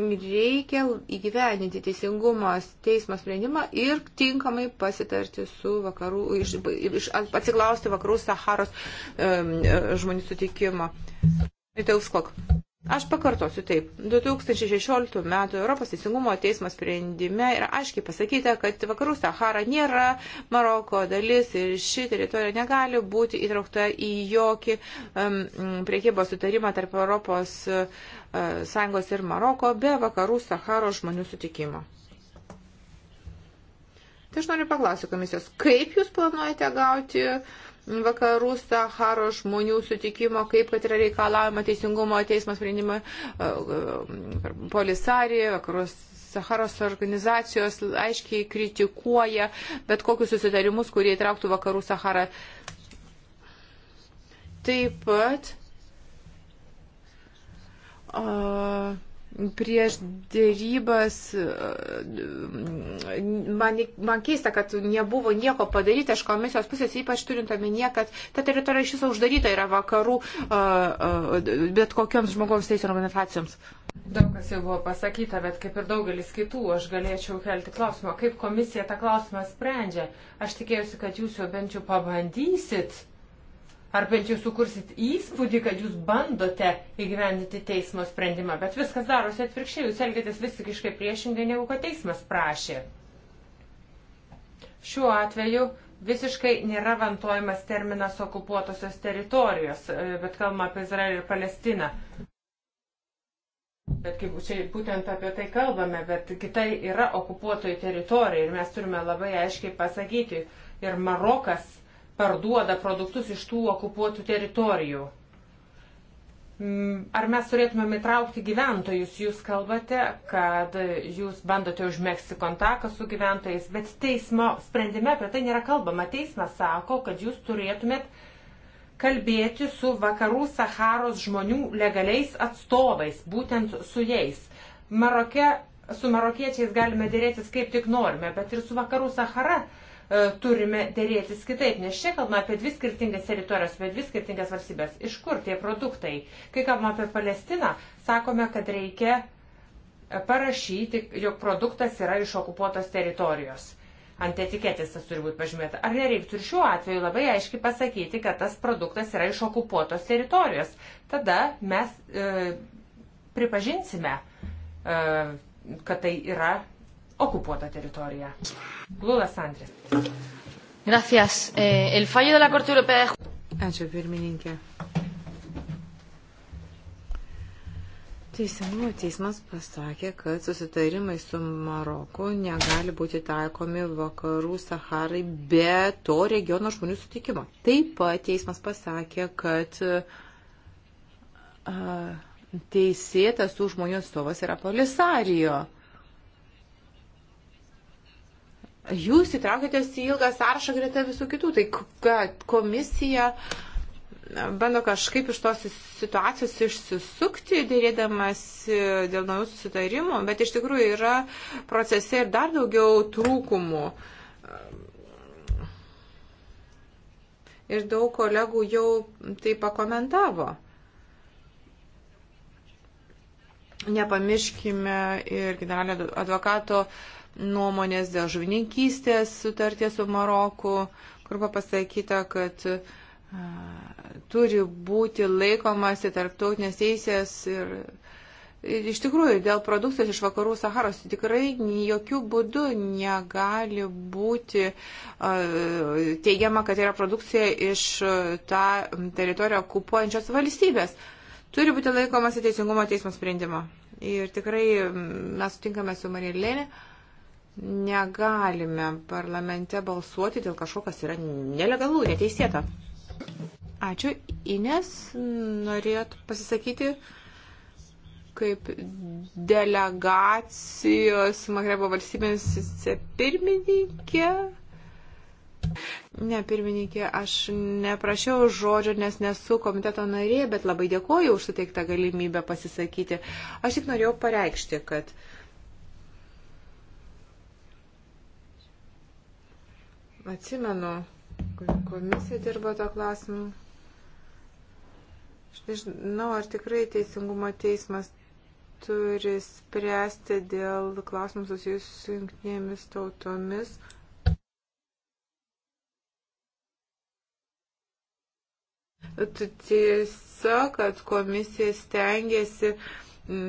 Reikia įgyveninti teisingumas teismo sprendimą ir tinkamai pasitarti su vakarų, iš, iš, atsiklausti vakarų Saharos um, žmonių sutikimo. Tai užkok. Aš pakartosiu taip. 2016 m. Europos teisingumo teismo sprendime yra aiškiai pasakyta, kad vakarų Sahara nėra Maroko dalis ir ši teritorija negali būti įtraukta į jokį um, priekybos sutarimą tarp Europos uh, Sąjungos ir Maroko be vakarų Saharo žmonių sutikimo. Tai aš noriu paklausyti komisijos, kaip jūs planuojate gauti uh, vakarų Saharo žmonių sutikimo, kaip kad yra reikalavimo teisingumo teismo sprendimo e, e, polisarį, vakarų Saharos organizacijos aiškiai kritikuoja bet kokius susitarimus, kurie įtrauktų vakarų Saharą. Taip pat. Uh, prieš dėrybas man, man keista, kad nebuvo nieko padaryta iš komisijos pusės, ypač turint omenyje, kad ta teritorija iš viso uždaryta yra vakarų bet kokioms žmogaus teisų organizacijoms. Daug kas jau buvo pasakyta, bet kaip ir daugelis kitų, aš galėčiau kelti klausimą, kaip komisija tą klausimą sprendžia. Aš tikėjusi, kad jūs jau bent jau pabandysit ar bent jau sukursit įspūdį, kad jūs bandote įgyvendinti teismo sprendimą, bet viskas darosi atvirkščiai, jūs elgiatės visiškai priešingai, negu kad teismas prašė. Šiuo atveju visiškai nėra vantojamas terminas okupuotosios teritorijos, e, bet kalbama apie Izraelį ir Palestiną. Bet kaip čia būtent apie tai kalbame, bet kitai yra okupuotojų teritorija ir mes turime labai aiškiai pasakyti, ir Marokas parduoda produktus iš tų okupuotų teritorijų. Mm, ar mes turėtumėm įtraukti gyventojus? Jūs kalbate, kad jūs bandote užmėgsti kontaktą su gyventojais, bet teismo sprendime apie tai nėra kalbama. Teismas sako, kad jūs turėtumėt kalbėti su vakarų Saharos žmonių legaliais atstovais, būtent su jais. Maroke, su marokiečiais galime dėrėtis kaip tik norime, bet ir su vakarų Sahara E, turime dėrėtis kitaip, nes čia kalbame apie dvi skirtingas teritorijas, apie dvi skirtingas valstybės. Iš kur tie produktai? Kai kalbame apie Palestiną, sakome, kad reikia e, parašyti, jog produktas yra iš okupuotos teritorijos. Ant etiketės tas turi būti pažymėta. Ar nereiktų ir šiuo atveju labai aiškiai pasakyti, kad tas produktas yra iš okupuotos teritorijos? Tada mes e, pripažinsime, e, kad tai yra okupuotą teritoriją. Lulas Andrės. Gracias. Eh, el fallo de la Corte Europea de Ačiū, pirmininkė. Teisingumo teismas pasakė, kad susitarimai su Maroku negali būti taikomi vakarų Saharai be to regiono žmonių sutikimo. Taip pat teismas pasakė, kad a, teisėtas tų žmonių atstovas yra polisarijo. A, Jūs įtraukėtės į ilgą sąrašą greta visų kitų. Tai kad komisija bando kažkaip iš tos situacijos išsisukti, dėrėdamas e, dėl naujų susitarimų, bet iš tikrųjų yra procese ir dar daugiau trūkumų. Ir daug kolegų jau tai pakomentavo. Nepamirškime ir generalinio advokato uh, nuomonės dėl žuvininkystės sutarties su Maroku, kur buvo pasakyta, kad turi būti laikomasi tarptautinės teisės ir, ir iš tikrųjų dėl produkcijos iš vakarų Saharos tikrai jokių būdų negali būti uh, teigiama, kad yra produkcija iš tą teritoriją okupuojančios valstybės. Turi būti laikomasi teisingumo teismo sprendimo. Ir tikrai mes sutinkame su Marilėne. Uh, negalime parlamente balsuoti dėl kažko, kas yra nelegalų, neteisėta. Ačiū. Ines, norėt pasisakyti, kaip delegacijos Magrebo valstybės pirmininkė? Ne, pirmininkė, aš neprašiau žodžio, nes nesu komiteto narė, bet labai dėkoju už suteiktą galimybę pasisakyti. Aš tik norėjau pareikšti, kad uh, Atsimenu, komisija dirbo to klausimu. Aš nežinau, ar tikrai teisingumo teismas turi spręsti dėl klausimų susijusių su jungtinėmis tautomis. Tiesa, kad komisija stengiasi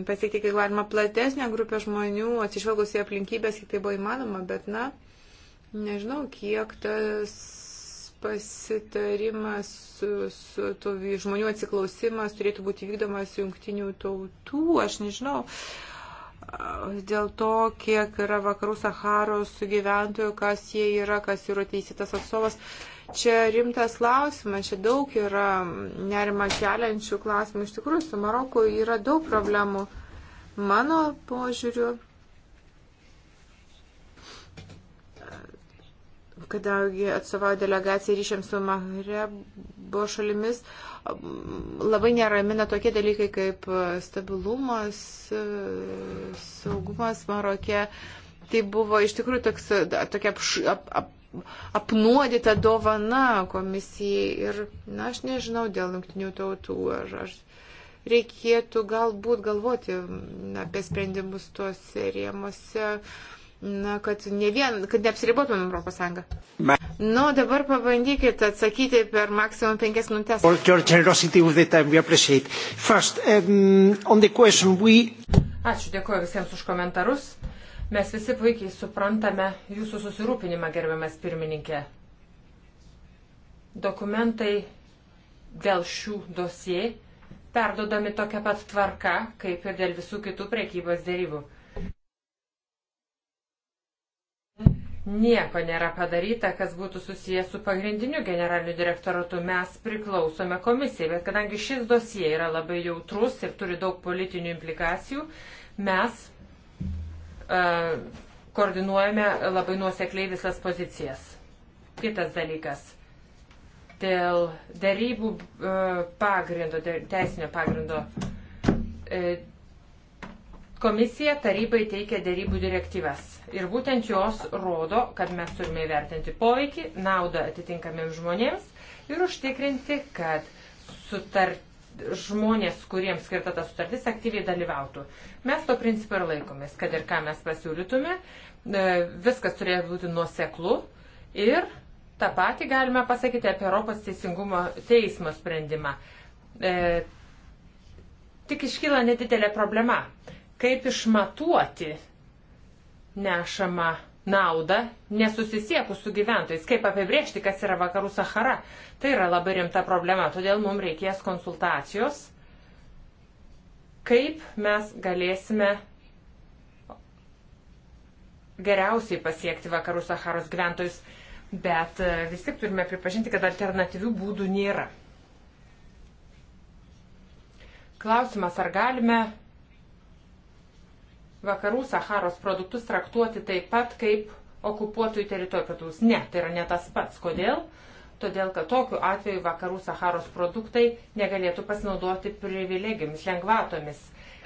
pasiekti, kaip galima, platesnę grupę žmonių, atsižvelgus į aplinkybės, kiek tai buvo įmanoma, bet, na, Nežinau, kiek tas pasitarimas su, su tų žmonių atsiklausimas turėtų būti vykdomas jungtinių tautų, aš nežinau. Dėl to, kiek yra vakarų Saharos gyventojų, kas jie yra, kas yra teisėtas atstovas. Čia rimtas klausimas, čia daug yra nerima keliančių klausimų. Iš tikrųjų, su Maroku yra daug problemų mano požiūriu kadangi atstovauju delegaciją ryšiams su Mahrebo šalimis, labai neramina tokie dalykai kaip e, stabilumas, e, saugumas Marokė. Tai buvo iš tikrųjų toks, e, tokia apš, ap, ap, apnuodyta dovana komisijai ir, na, aš nežinau dėl jungtinių tautų, ar, ar reikėtų galbūt galvoti na, apie sprendimus tuose rėmose. Uh, Na, kad ne vien, kad neapsiribotumėm Europos Sąjungą. Na, nu, dabar pabandykit atsakyti per maksimum penkias minutės. First, um, we... Ačiū, dėkuoju visiems už komentarus. Mes visi puikiai suprantame jūsų susirūpinimą, gerbiamas pirmininkė. Dokumentai dėl šių dosie perdodami tokia pat tvarka, kaip ir dėl visų kitų prekybos dėrybų. Nieko nėra padaryta, kas būtų susijęs su pagrindiniu generaliniu direktoratu. Mes priklausome komisijai, bet kadangi šis dosie yra labai jautrus ir turi daug politinių implikacijų, mes uh, koordinuojame labai nuosekliai visas pozicijas. Kitas dalykas dėl darybų e, pagrindo, teisinio pagrindo. E, Komisija tarybai teikia dėrybų direktyvas ir būtent jos rodo, kad mes turime įvertinti poveikį, naudą atitinkamiems žmonėms ir užtikrinti, kad sutar... žmonės, kuriems skirta ta sutartis, aktyviai dalyvautų. Mes to principą ir laikomės, kad ir ką mes pasiūlytume, e, viskas turėjo būti nuoseklu ir tą patį galime pasakyti apie Europos teisingumo teismo sprendimą. E, tik iškyla nedidelė problema kaip išmatuoti nešamą naudą nesusisiekus su gyventojais, kaip apibriežti, kas yra vakarų Sahara. Tai yra labai rimta problema, todėl mums reikės konsultacijos, kaip mes galėsime geriausiai pasiekti vakarų Saharos gyventojus, bet e, vis tik turime pripažinti, kad alternatyvių būdų nėra. Klausimas, ar galime vakarų Saharos produktus traktuoti taip pat kaip okupuotųjų teritorijų produktus. Ne, tai yra ne tas pats. Kodėl? Todėl, kad tokiu atveju vakarų Saharos produktai negalėtų pasinaudoti privilegijomis, lengvatomis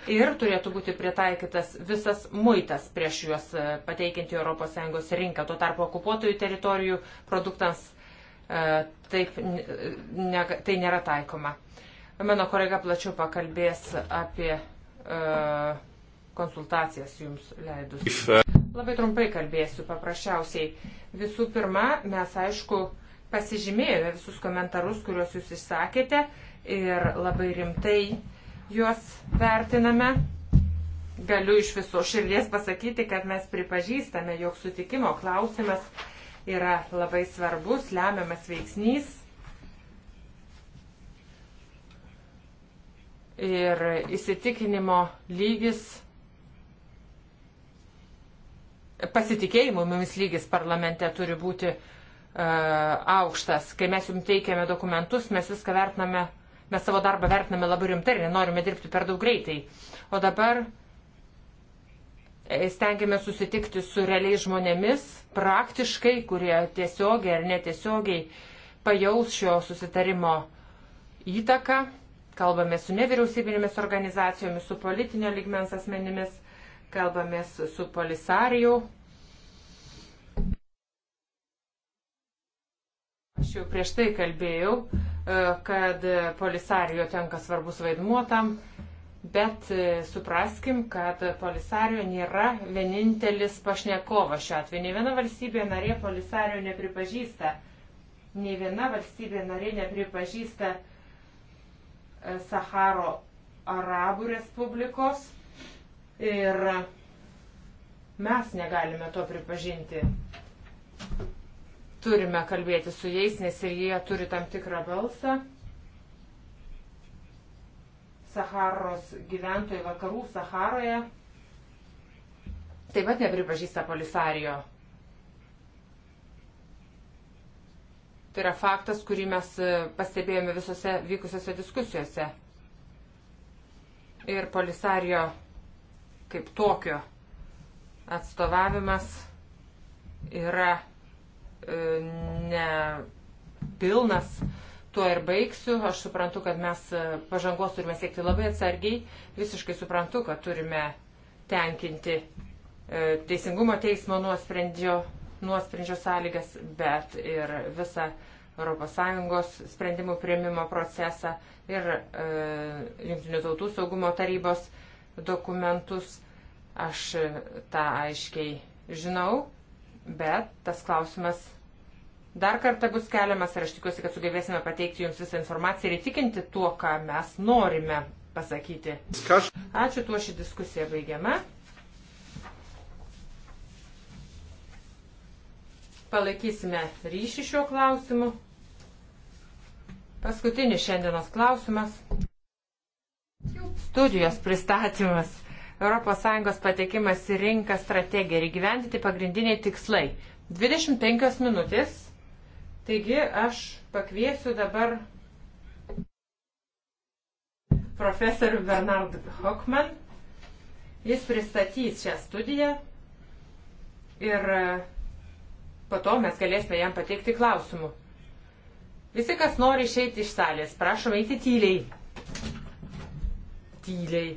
ir turėtų būti pritaikytas visas muitas prieš juos e, pateikinti ES rinką. Tuo tarpu okupuotųjų teritorijų produktams e, taip, e, ne, tai nėra taikoma. Mano kolega plačiau pakalbės apie uh, konsultacijas jums leidus. Uh, labai trumpai kalbėsiu, paprasčiausiai. Visų pirma, mes aišku pasižymėjome visus komentarus, kuriuos jūs išsakėte ir labai rimtai juos vertiname. Galiu iš viso širdies pasakyti, kad mes pripažįstame, jog sutikimo klausimas yra labai svarbus, lemiamas veiksnys. Ir įsitikinimo lygis pasitikėjimo mumis lygis parlamente turi būti uh, aukštas. Kai mes jums teikiame dokumentus, mes viską vertiname, mes savo darbą vertiname labai rimtai ir nenorime dirbti per daug greitai. O dabar e, stengiame susitikti su realiais žmonėmis, praktiškai, kurie tiesiogiai ar netiesiogiai pajaus šio susitarimo įtaką. Kalbame su nevyriausybinėmis organizacijomis, su politinio ligmens asmenimis kalbamės su Polisarijau. Aš jau prieš tai kalbėjau, e, kad Polisarijo tenka svarbus vaidmuo tam, bet e, supraskim, kad Polisarijo nėra vienintelis pašnekovas šiuo atveju. Ne viena valstybė narė Polisarijo nepripažįsta. Ne viena valstybė narė nepripažįsta e, Saharo Arabų Respublikos Ir mes negalime to pripažinti. Turime kalbėti su jais, nes ir jie turi tam tikrą balsą. Saharos gyventojai vakarų Saharoje taip pat nepripažįsta polisarijo. Tai yra faktas, kurį mes pastebėjome visose vykusiose diskusijose. Ir polisarijo kaip tokio atstovavimas yra e, nepilnas. Tuo ir baigsiu. Aš suprantu, kad mes e, pažangos turime siekti labai atsargiai. Visiškai suprantu, kad turime tenkinti e, teisingumo teismo nuosprendžio, nuosprendžio sąlygas, bet ir visą ES sprendimų prieimimo procesą ir e, Junktinių tautų saugumo tarybos dokumentus. Aš tą aiškiai žinau, bet tas klausimas dar kartą bus keliamas ir aš tikiuosi, kad sugebėsime pateikti jums visą informaciją ir įtikinti tuo, ką mes norime pasakyti. Ačiū, tuo ši diskusija baigiama. Palaikysime ryšį šiuo klausimu. Paskutinis šiandienos klausimas studijos pristatymas. ES patekimas į rinką strategiją ir įgyvendyti pagrindiniai tikslai. 25 minutės. Taigi aš pakviesiu dabar profesorių Bernard Hockman. Jis pristatys šią studiją ir e, po to mes galėsime jam pateikti klausimų. Visi, kas nori išeiti iš salės, prašom eiti tyliai tyliai.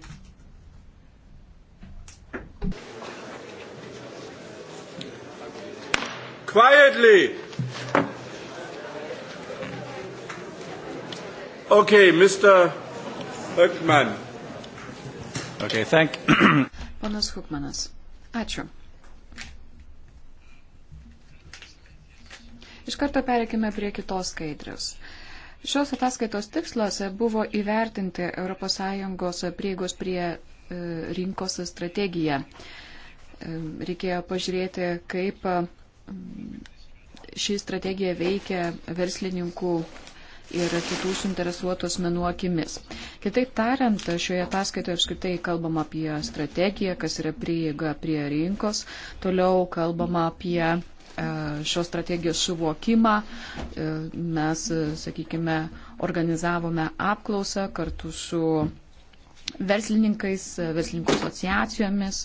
Quietly. Okay, Mr. Höckman. Okay, thank. Ponas Hukmanas. Ačiū. Iš karto pereikime prie kitos skaidrės. Šios ataskaitos tikslas buvo įvertinti ES prieigos prie e, rinkos strategiją. E, reikėjo pažiūrėti, kaip mm, ši strategija veikia verslininkų ir kitų suinteresuotų asmenų akimis. Kitaip tariant, šioje ataskaitoje apskritai kalbama apie strategiją, kas yra prieiga prie rinkos, toliau kalbama apie E, šios strategijos suvokimą. E, mes, e, sakykime, organizavome apklausą kartu su verslininkais, verslininkų asociacijomis,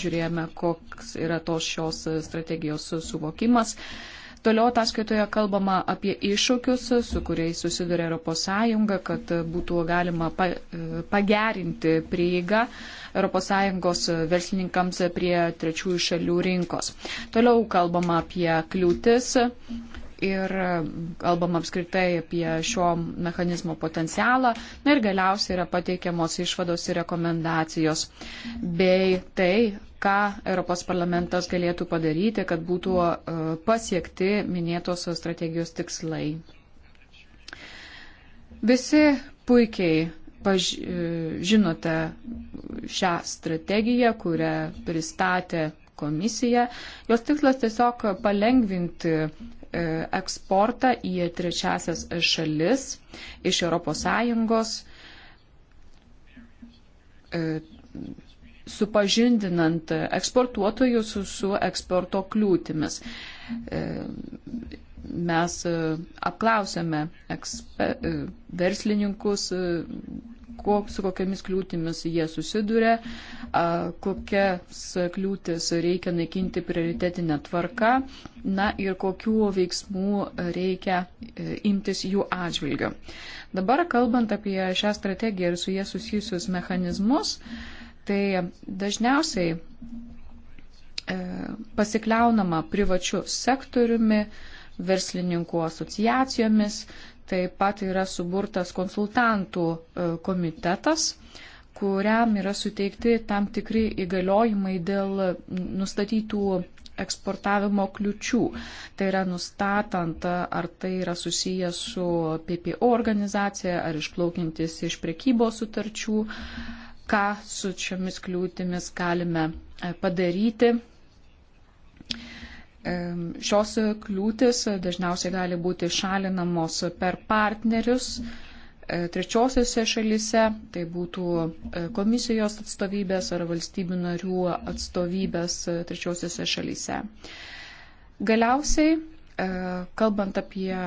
žiūrėjome, koks yra tos šios strategijos suvokimas. Toliau ataskaitoje kalbama apie iššūkius, su kuriais susiduria ES, kad būtų galima pagerinti prieigą uh, ES verslininkams prie trečiųjų šalių rinkos. Toliau kalbama apie kliūtis ir kalbam apskritai apie šio mechanizmo potencialą. Na ir galiausiai yra pateikiamos išvados ir rekomendacijos. Bei tai, ką Europos parlamentas galėtų padaryti, kad būtų e, pasiekti minėtos strategijos tikslai. Visi puikiai paž... žinote šią strategiją, kurią pristatė komisija. Jos tikslas tiesiog palengvinti e, eksportą į trečiasias šalis iš ES, e, supažindinant eksportuotojus su eksporto kliūtimis e, mes e, apklausėme eksper, e, verslininkus, e, kok, su kokiamis kliūtimis jie susiduria, kokias kliūtis reikia naikinti prioritetinę tvarką, na ir kokių veiksmų reikia imtis jų atžvilgiu. Dabar kalbant apie šią strategiją ir su jie susijusius mechanizmus, tai dažniausiai pasikliaunama privačiu sektoriumi, verslininkų asociacijomis, taip pat yra suburtas konsultantų e, komitetas, kuriam yra suteikti tam tikri įgaliojimai dėl nustatytų eksportavimo kliučių. Tai yra nustatant, ar tai yra susijęs su PPO organizacija, ar išplaukintis iš prekybos sutarčių, ką su šiomis kliūtimis galime e, padaryti Šios kliūtis dažniausiai gali būti šalinamos per partnerius e, trečiosiose šalise, tai būtų e, komisijos atstovybės ar valstybių narių atstovybės e, trečiosiose šalise. Galiausiai E, kalbant apie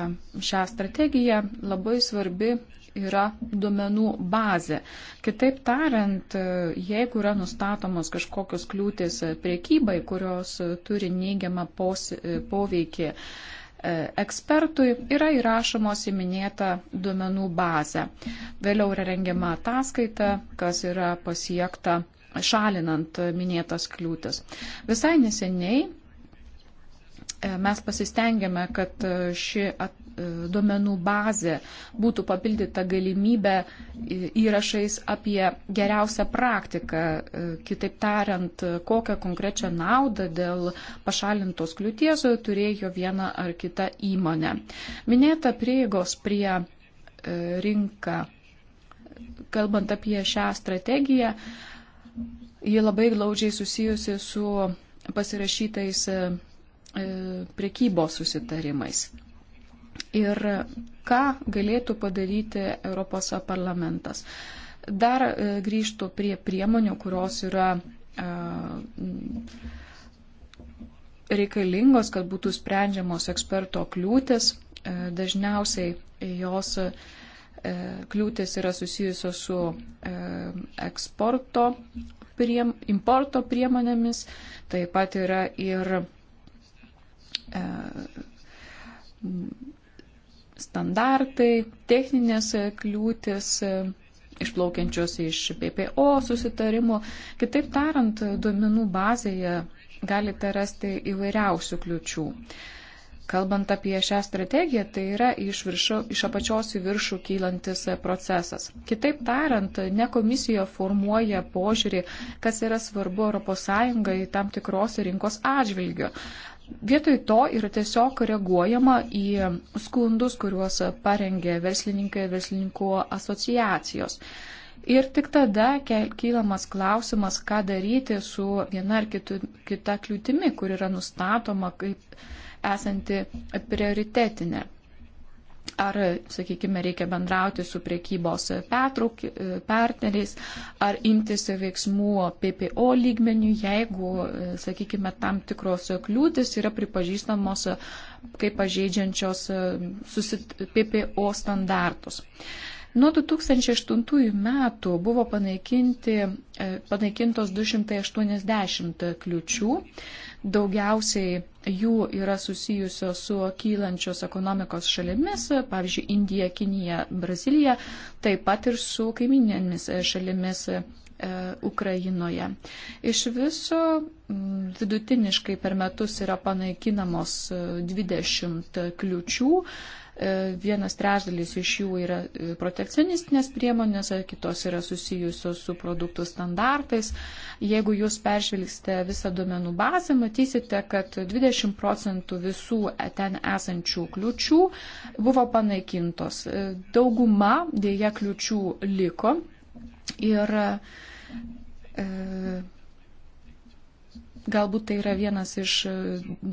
šią strategiją, labai svarbi yra duomenų bazė. Kitaip tariant, e, jeigu yra nustatomos kažkokios kliūtis priekybai, kurios turi neigiamą pos, e, poveikį ekspertui, yra įrašomos į minėtą duomenų bazę. Vėliau yra rengiama ataskaita, kas yra pasiekta šalinant minėtas kliūtis. Visai neseniai E, mes pasistengėme, kad e, ši e, duomenų bazė būtų papildyta galimybė įrašais apie geriausią praktiką, kitaip tariant, kokią konkrečią naudą dėl pašalintos kliūties turėjo viena ar kita įmonė. Minėta prieigos prie rinką, kalbant apie šią strategiją, ji labai glaudžiai susijusi su pasirašytais E, priekybos susitarimais. Ir ką galėtų padaryti Europos parlamentas? Dar e, grįžtų prie priemonių, kurios yra e, reikalingos, kad būtų sprendžiamos eksperto kliūtis. Dažniausiai jos kliūtis yra susijusios su eksporto, priem, importo priemonėmis, taip pat yra ir E, standartai, techninės kliūtis e, išplaukiančios iš PPO susitarimų. Kitaip tariant, duomenų bazėje galite rasti įvairiausių kliučių. Kalbant apie šią strategiją, tai yra iš, viršu, iš apačios į viršų kylantis procesas. Kitaip tariant, ne komisija formuoja požiūrį, kas yra svarbu ES tam tikros rinkos atžvilgiu. Vietoj to yra tiesiog reaguojama į skundus, kuriuos parengė verslininkai ir verslininkų asociacijos. Ir tik tada kylamas klausimas, ką daryti su viena ar kitu, kita kliūtimi, kur yra nustatoma kaip esanti prioritetinė ar, sakykime, reikia bendrauti su priekybos pertrauk, partneriais, ar imtis veiksmų PPO lygmenių, jeigu, sakykime, tam tikros kliūtis yra pripažįstamos kaip pažeidžiančios susit, PPO standartus. Nuo 2008 metų buvo panaikintos 280 kliučių, daugiausiai jų yra susijusios su kylančios ekonomikos šalimis, pavyzdžiui, Indija, Kinija, Brazilija, taip pat ir su kaiminėmis šalimis e, Ukrainoje. Iš viso vidutiniškai per metus yra panaikinamos 20 e, kliučių E, vienas trešdalis iš jų yra e, protekcionistinės priemonės, e, kitos yra susijusios su produktų standartais. Jeigu jūs peržvelgsite visą duomenų bazę, matysite, kad 20 procentų visų ten esančių kliučių buvo panaikintos. Dauguma dėja kliučių liko ir e, galbūt tai yra vienas iš e,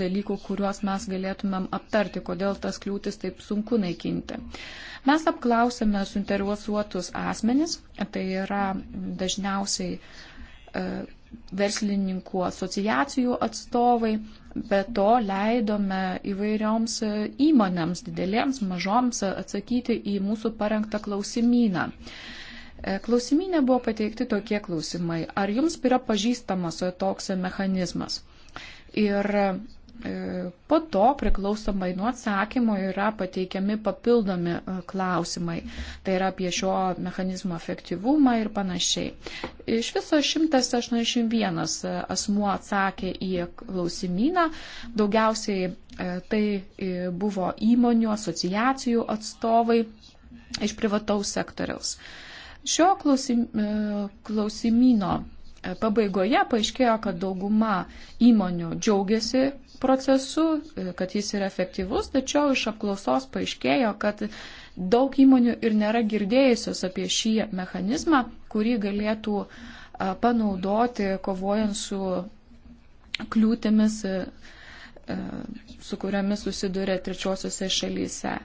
dalykų, kuriuos mes galėtumėm aptarti, kodėl tas kliūtis taip sunku naikinti. Mes apklausėme suinteresuotus asmenis, tai yra dažniausiai e, verslininkų asociacijų atstovai, bet to leidome įvairioms e, įmonėms, didelėms, mažoms atsakyti į mūsų parengtą klausimyną. E, Klausimynė buvo pateikti tokie klausimai. Ar jums yra pažįstamas toks mechanizmas? Ir e, po to priklausomai nuo atsakymo yra pateikiami papildomi e, klausimai. Tai yra apie šio mechanizmo efektyvumą ir panašiai. Iš viso 181 asmuo atsakė į klausimyną. Daugiausiai tai buvo įmonių, asociacijų atstovai iš privataus sektoriaus. Šio klausim, e, klausimino e, pabaigoje paaiškėjo, kad dauguma įmonių džiaugiasi procesu, e, kad jis yra efektyvus, tačiau iš apklausos paaiškėjo, kad daug įmonių ir nėra girdėjusios apie šį mechanizmą, kurį galėtų panaudoti kovojant su kliūtimis, su kuriamis susiduria trečiosiuose šalyse.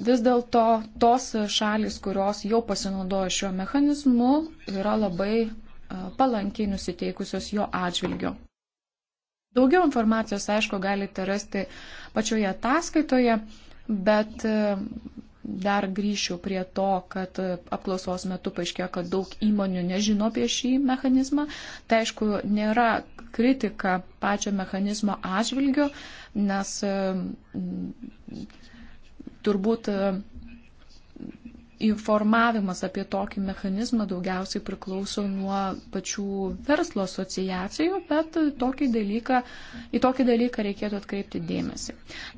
Vis dėlto tos šalis, kurios jau pasinaudojo šiuo mechanizmu, yra labai e, palankiai nusiteikusios jo atžvilgiu. Daugiau informacijos, aišku, galite rasti pačioje ataskaitoje, bet e, dar grįšiu prie to, kad apklausos metu paaiškėjo, kad daug įmonių nežino apie šį mechanizmą. Tai aišku, nėra kritika pačio mechanizmo atžvilgiu, nes Turbūt e, informavimas apie tokį mechanizmą daugiausiai priklauso nuo pačių verslo asociacijų, bet tokį dalyką, į tokį dalyką reikėtų atkreipti dėmesį.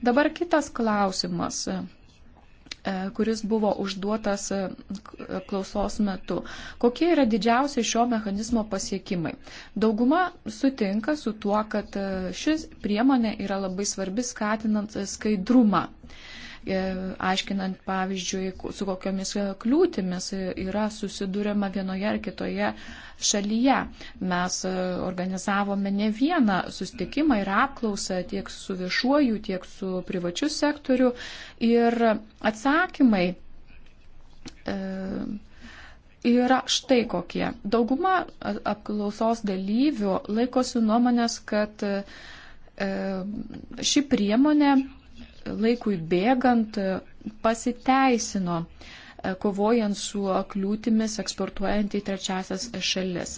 Dabar kitas klausimas e, kuris buvo užduotas e, klausos metu. Kokie yra didžiausi šio mechanizmo pasiekimai? Dauguma sutinka su tuo, kad šis priemonė yra labai svarbi skatinant skaidrumą. E, aiškinant, pavyzdžiui, su kokiomis e, kliūtimis yra susidūrima vienoje ar kitoje šalyje. Mes e, organizavome ne vieną sustikimą ir apklausą tiek su viešuoju, tiek su privačiu sektoriu ir atsakymai. E, yra štai kokie. Dauguma apklausos dalyvių laikosi nuomonės, kad ši priemonė laikui bėgant pasiteisino. Uh, kovojant su kliūtimis eksportuojant į trečiasias šalis.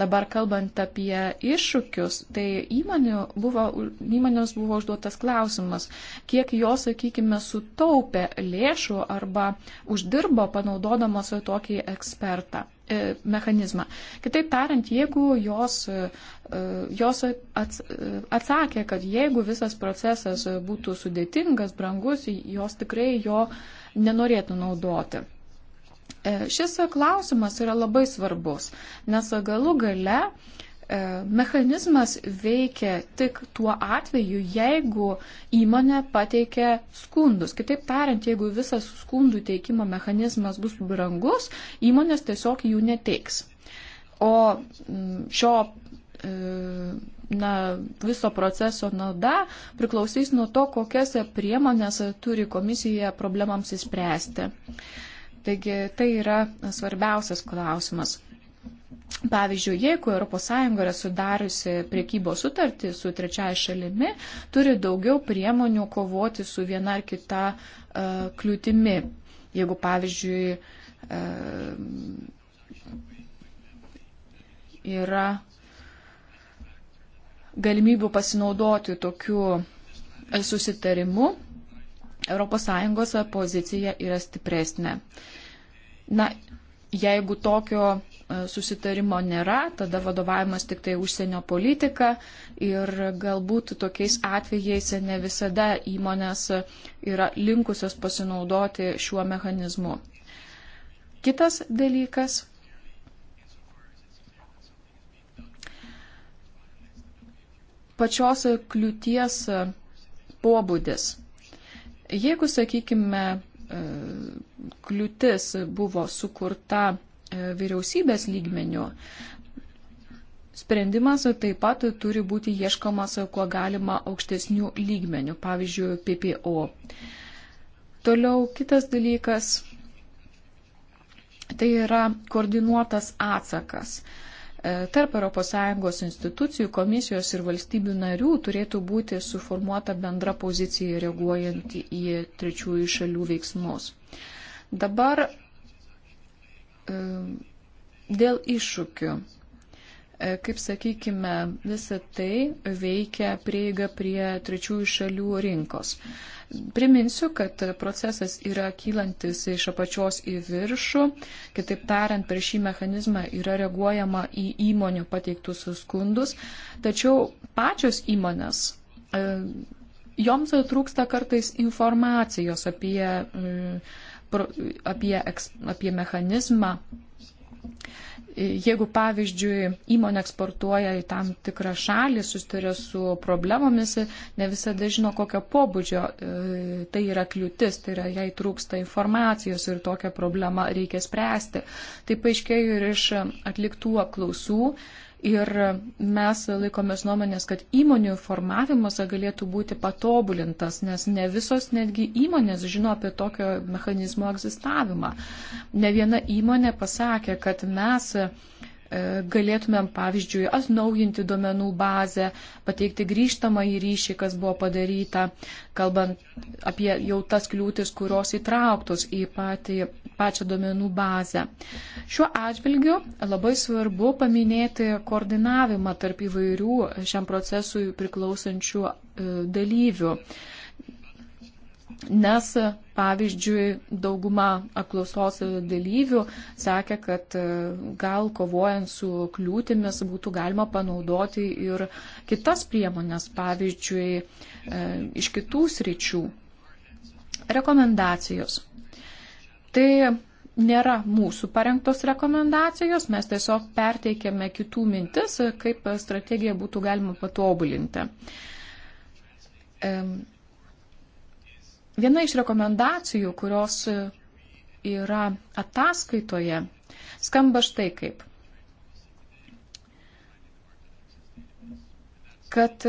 Dabar kalbant apie iššūkius, tai įmonių buvo, įmonėms buvo užduotas klausimas, kiek jos, sakykime, sutaupė lėšų arba uždirbo panaudodamos tokį ekspertą e, mechanizmą. Kitaip tariant, jeigu jos, e, jos atsakė, kad jeigu visas procesas būtų sudėtingas, brangus, jos tikrai jo nenorėtų naudoti. E, šis klausimas yra labai svarbus, nes galų gale e, mechanizmas veikia tik tuo atveju, jeigu įmonė pateikia skundus. Kitaip tariant, jeigu visas skundų teikimo mechanizmas bus brangus, įmonės tiesiog jų neteiks. O šio e, na, viso proceso nauda priklausys nuo to, kokias priemonės turi komisija problemams įspręsti. Taigi tai yra svarbiausias klausimas. Pavyzdžiui, jeigu ES yra sudariusi priekybos sutartį su trečiaja šalimi, turi daugiau priemonių kovoti su viena ar kita uh, kliūtimi. Jeigu, pavyzdžiui, uh, yra galimybių pasinaudoti tokiu e, susitarimu, ES pozicija yra stipresnė. Na, jeigu tokio e, susitarimo nėra, tada vadovavimas tik tai užsienio politika ir galbūt tokiais atvejais ne visada įmonės yra linkusios pasinaudoti šiuo mechanizmu. Kitas dalykas pačios kliūties pobūdis. Jeigu, sakykime, e, kliūtis buvo sukurta e, vyriausybės lygmeniu, Sprendimas taip pat turi būti ieškomas kuo galima aukštesnių lygmenių, pavyzdžiui, PPO. Toliau kitas dalykas - tai yra koordinuotas atsakas. E, tarp ES institucijų, komisijos ir valstybių narių turėtų būti suformuota bendra pozicija reaguojant į trečiųjų šalių veiksmus. Dabar e, dėl iššūkių. E, kaip sakykime, visa tai veikia prieiga prie trečiųjų šalių rinkos. Priminsiu, kad procesas yra kylantis iš apačios į viršų. Kitaip tariant, per šį mechanizmą yra reaguojama į įmonių pateiktus skundus. Tačiau pačios įmonės. E, joms trūksta kartais informacijos apie, e, apie, apie mechanizmą Jeigu, pavyzdžiui, įmonė eksportuoja į tam tikrą šalį, susiduria su problemomis, ne visada žino, kokio pobūdžio e, tai yra kliūtis, tai yra jai trūksta informacijos ir tokią problemą reikia spręsti. Tai paaiškėjo ir iš atliktų apklausų, Ir mes laikomės nuomonės, kad įmonių formavimas galėtų būti patobulintas, nes ne visos netgi įmonės žino apie tokio mechanizmo egzistavimą. Ne viena įmonė pasakė, kad mes e, galėtumėm, pavyzdžiui, atnaujinti duomenų bazę, pateikti grįžtamą į ryšį, kas buvo padaryta, kalbant apie jau tas kliūtis, kurios įtrauktos į patį pačią duomenų bazę. Šiuo atžvilgiu labai svarbu paminėti koordinavimą tarp įvairių šiam procesui priklausančių e, dalyvių. Nes, pavyzdžiui, dauguma apklausos dalyvių sakė, kad e, gal kovojant su kliūtimis būtų galima panaudoti ir kitas priemonės, pavyzdžiui, e, iš kitų sričių. Rekomendacijos. Tai nėra mūsų parengtos rekomendacijos, mes tiesiog perteikėme kitų mintis, kaip strategiją būtų galima patobulinti. Viena iš rekomendacijų, kurios yra ataskaitoje, skamba štai kaip. Kad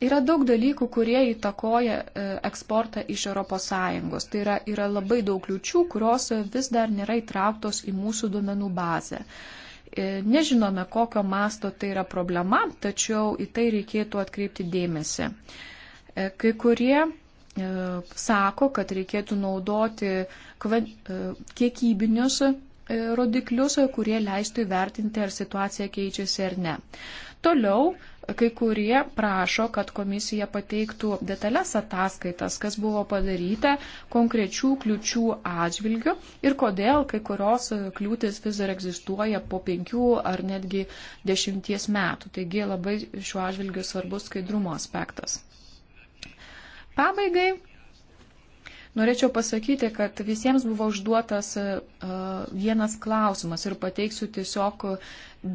Yra daug dalykų, kurie įtakoja e, eksportą iš ES. Tai yra, yra labai daug kliučių, kurios vis dar nėra įtrauktos į mūsų duomenų bazę. E, nežinome, kokio masto tai yra problema, tačiau į tai reikėtų atkreipti dėmesį. E, kai kurie sako, kad reikėtų naudoti kiekybinius rodiklius, kurie leistų įvertinti, ar situacija keičiasi ar ne. Toliau kai kurie prašo, kad komisija pateiktų detales ataskaitas, kas buvo padaryta konkrečių kliučių atžvilgių ir kodėl kai kurios kliūtis vis dar egzistuoja po penkių ar netgi dešimties metų. Taigi labai šiuo atžvilgiu svarbus skaidrumo aspektas. Pabaigai. Norėčiau pasakyti, kad visiems buvo užduotas uh, vienas klausimas ir pateiksiu tiesiog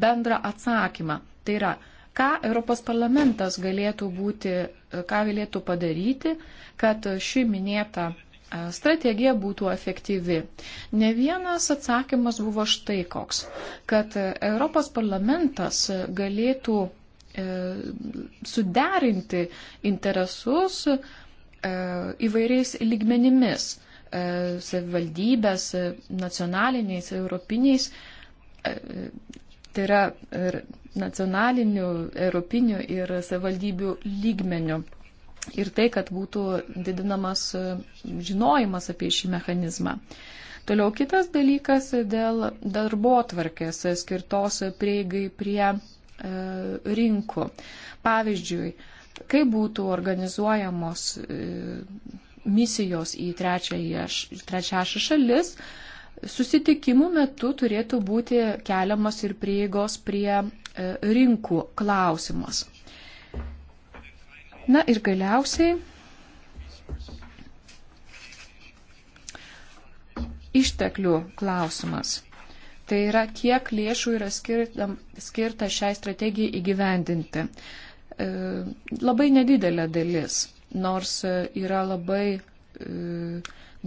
bendrą atsakymą. Tai yra, uh, Ką Europos parlamentas galėtų būti, ką galėtų padaryti, kad ši minėta e, strategija būtų efektyvi. Ne vienas atsakymas buvo štai koks, kad Europos parlamentas galėtų e, suderinti interesus e, įvairiais lygmenimis - savivaldybės, nacionaliniais, europiniais. Tai yra nacionaliniu, europiniu ir savivaldybių lygmeniu. Ir tai, kad būtų didinamas e, žinojimas apie šį mechanizmą. Toliau kitas dalykas dėl darbo tvarkės skirtos prieigai prie e, rinkų. Pavyzdžiui, kai būtų organizuojamos e, misijos į trečiąją šalis, Susitikimų metu turėtų būti keliamas ir prieigos prie e, rinkų klausimas. Na ir galiausiai išteklių klausimas. Tai yra, kiek lėšų yra skirta, skirta šiai strategijai įgyvendinti. E, labai nedidelė dalis, nors e, yra labai e,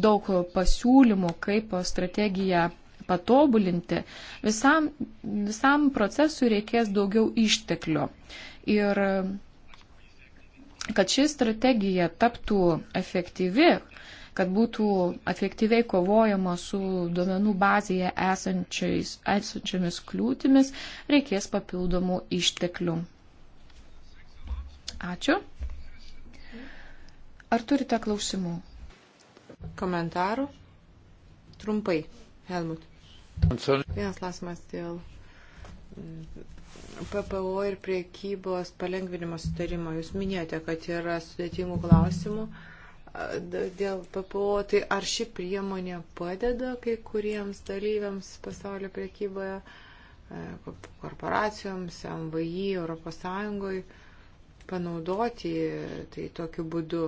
daug pasiūlymų, kaip strategiją patobulinti. Visam, visam procesui reikės daugiau išteklių. Ir kad ši strategija taptų efektyvi, kad būtų efektyviai kovojama su duomenų bazėje esančiomis kliūtimis, reikės papildomų išteklių. Ačiū. Ar turite klausimų? Komentarų? Trumpai, Helmut. Vienas klausimas dėl mm, PPO ir priekybos palengvinimo sutarimo. Jūs minėjote, kad yra sudėtingų klausimų dėl PPO. Tai ar ši priemonė padeda kai kuriems dalyviams pasaulio priekyboje, korporacijoms, MVI, ES panaudoti tai tokiu būdu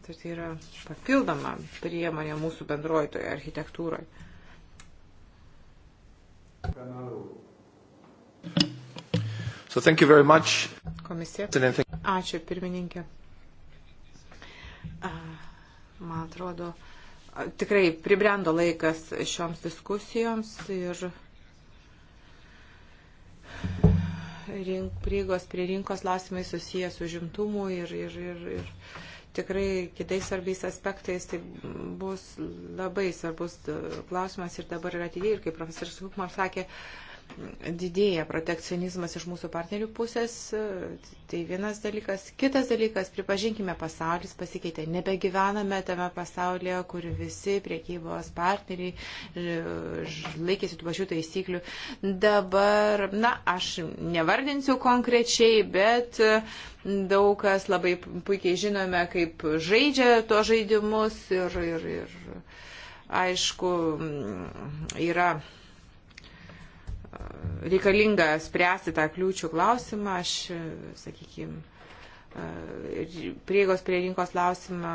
Tai, tai yra papildoma priemonė mūsų bendrojoje architektūroje. So thank you very much. Komisija. Ačiū pirmininkė. Man atrodo, tikrai pribrendo laikas šioms diskusijoms ir rink, prieigos prie rinkos klausimai susijęs su žimtumu ir, ir, ir, ir tikrai kitais svarbiais aspektais tai bus labai svarbus e, klausimas ir dabar ir ateityje. Ir kaip profesorius Hukmar sakė, uh, didėja protekcionizmas iš mūsų partnerių pusės, tai vienas dalykas. Kitas dalykas, pripažinkime, pasaulis pasikeitė. Nebegyvename tame pasaulyje, kur visi priekybos partneriai e, laikėsi tų pačių taisyklių. Dabar, na, aš nevardinsiu konkrečiai, bet e, daug kas labai puikiai žinome, kaip žaidžia to žaidimus ir, ir, ir aišku, yra reikalinga spręsti tą kliūčių klausimą, aš, sakykime, prieigos prie rinkos klausimą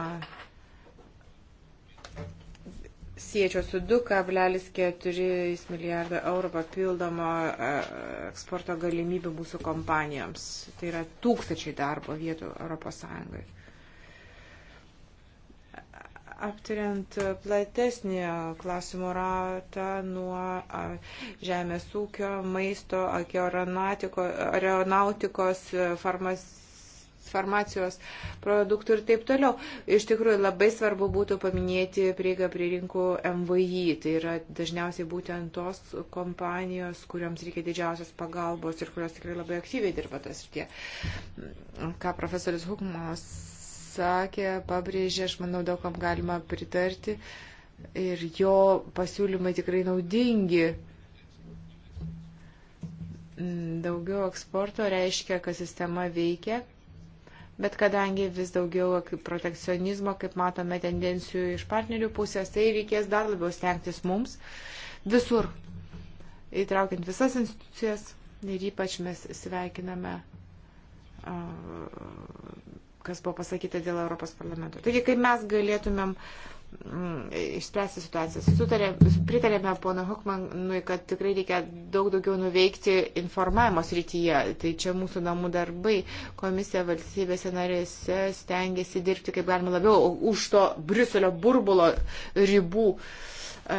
siečio su 2,4 milijardo eurų papildomo e, eksporto galimybių mūsų kompanijoms. Tai yra tūkstančiai darbo vietų ES aptariant platesnį klausimų ratą nuo žemės ūkio, maisto, aeronautikos, farmas farmacijos produktų ir taip toliau. Iš tikrųjų, labai svarbu būtų paminėti prieigą prie rinkų MVI. Tai yra dažniausiai būtent tos kompanijos, kuriams reikia didžiausios pagalbos ir kurios tikrai labai aktyviai dirba tas ir tie. Ką profesorius Hukmas sakė, pabrėžė, aš manau, daug kam galima pritarti ir jo pasiūlymai tikrai naudingi. Daugiau eksporto reiškia, kad sistema veikia, bet kadangi vis daugiau protekcionizmo, kaip matome tendencijų iš partnerių pusės, tai reikės dar labiau stengtis mums visur, įtraukiant visas institucijas ir ypač mes sveikiname kas buvo pasakyta dėl Europos parlamento. Taigi, kaip mes galėtumėm mm, išspręsti situacijas. Sutarė, pritarėme pono Hukmanui, kad tikrai reikia daug daugiau nuveikti informavimo srityje. Tai čia mūsų namų darbai. Komisija valstybėse narėse stengiasi dirbti kaip galima labiau už to Briuselio burbulo ribų. Uh, E,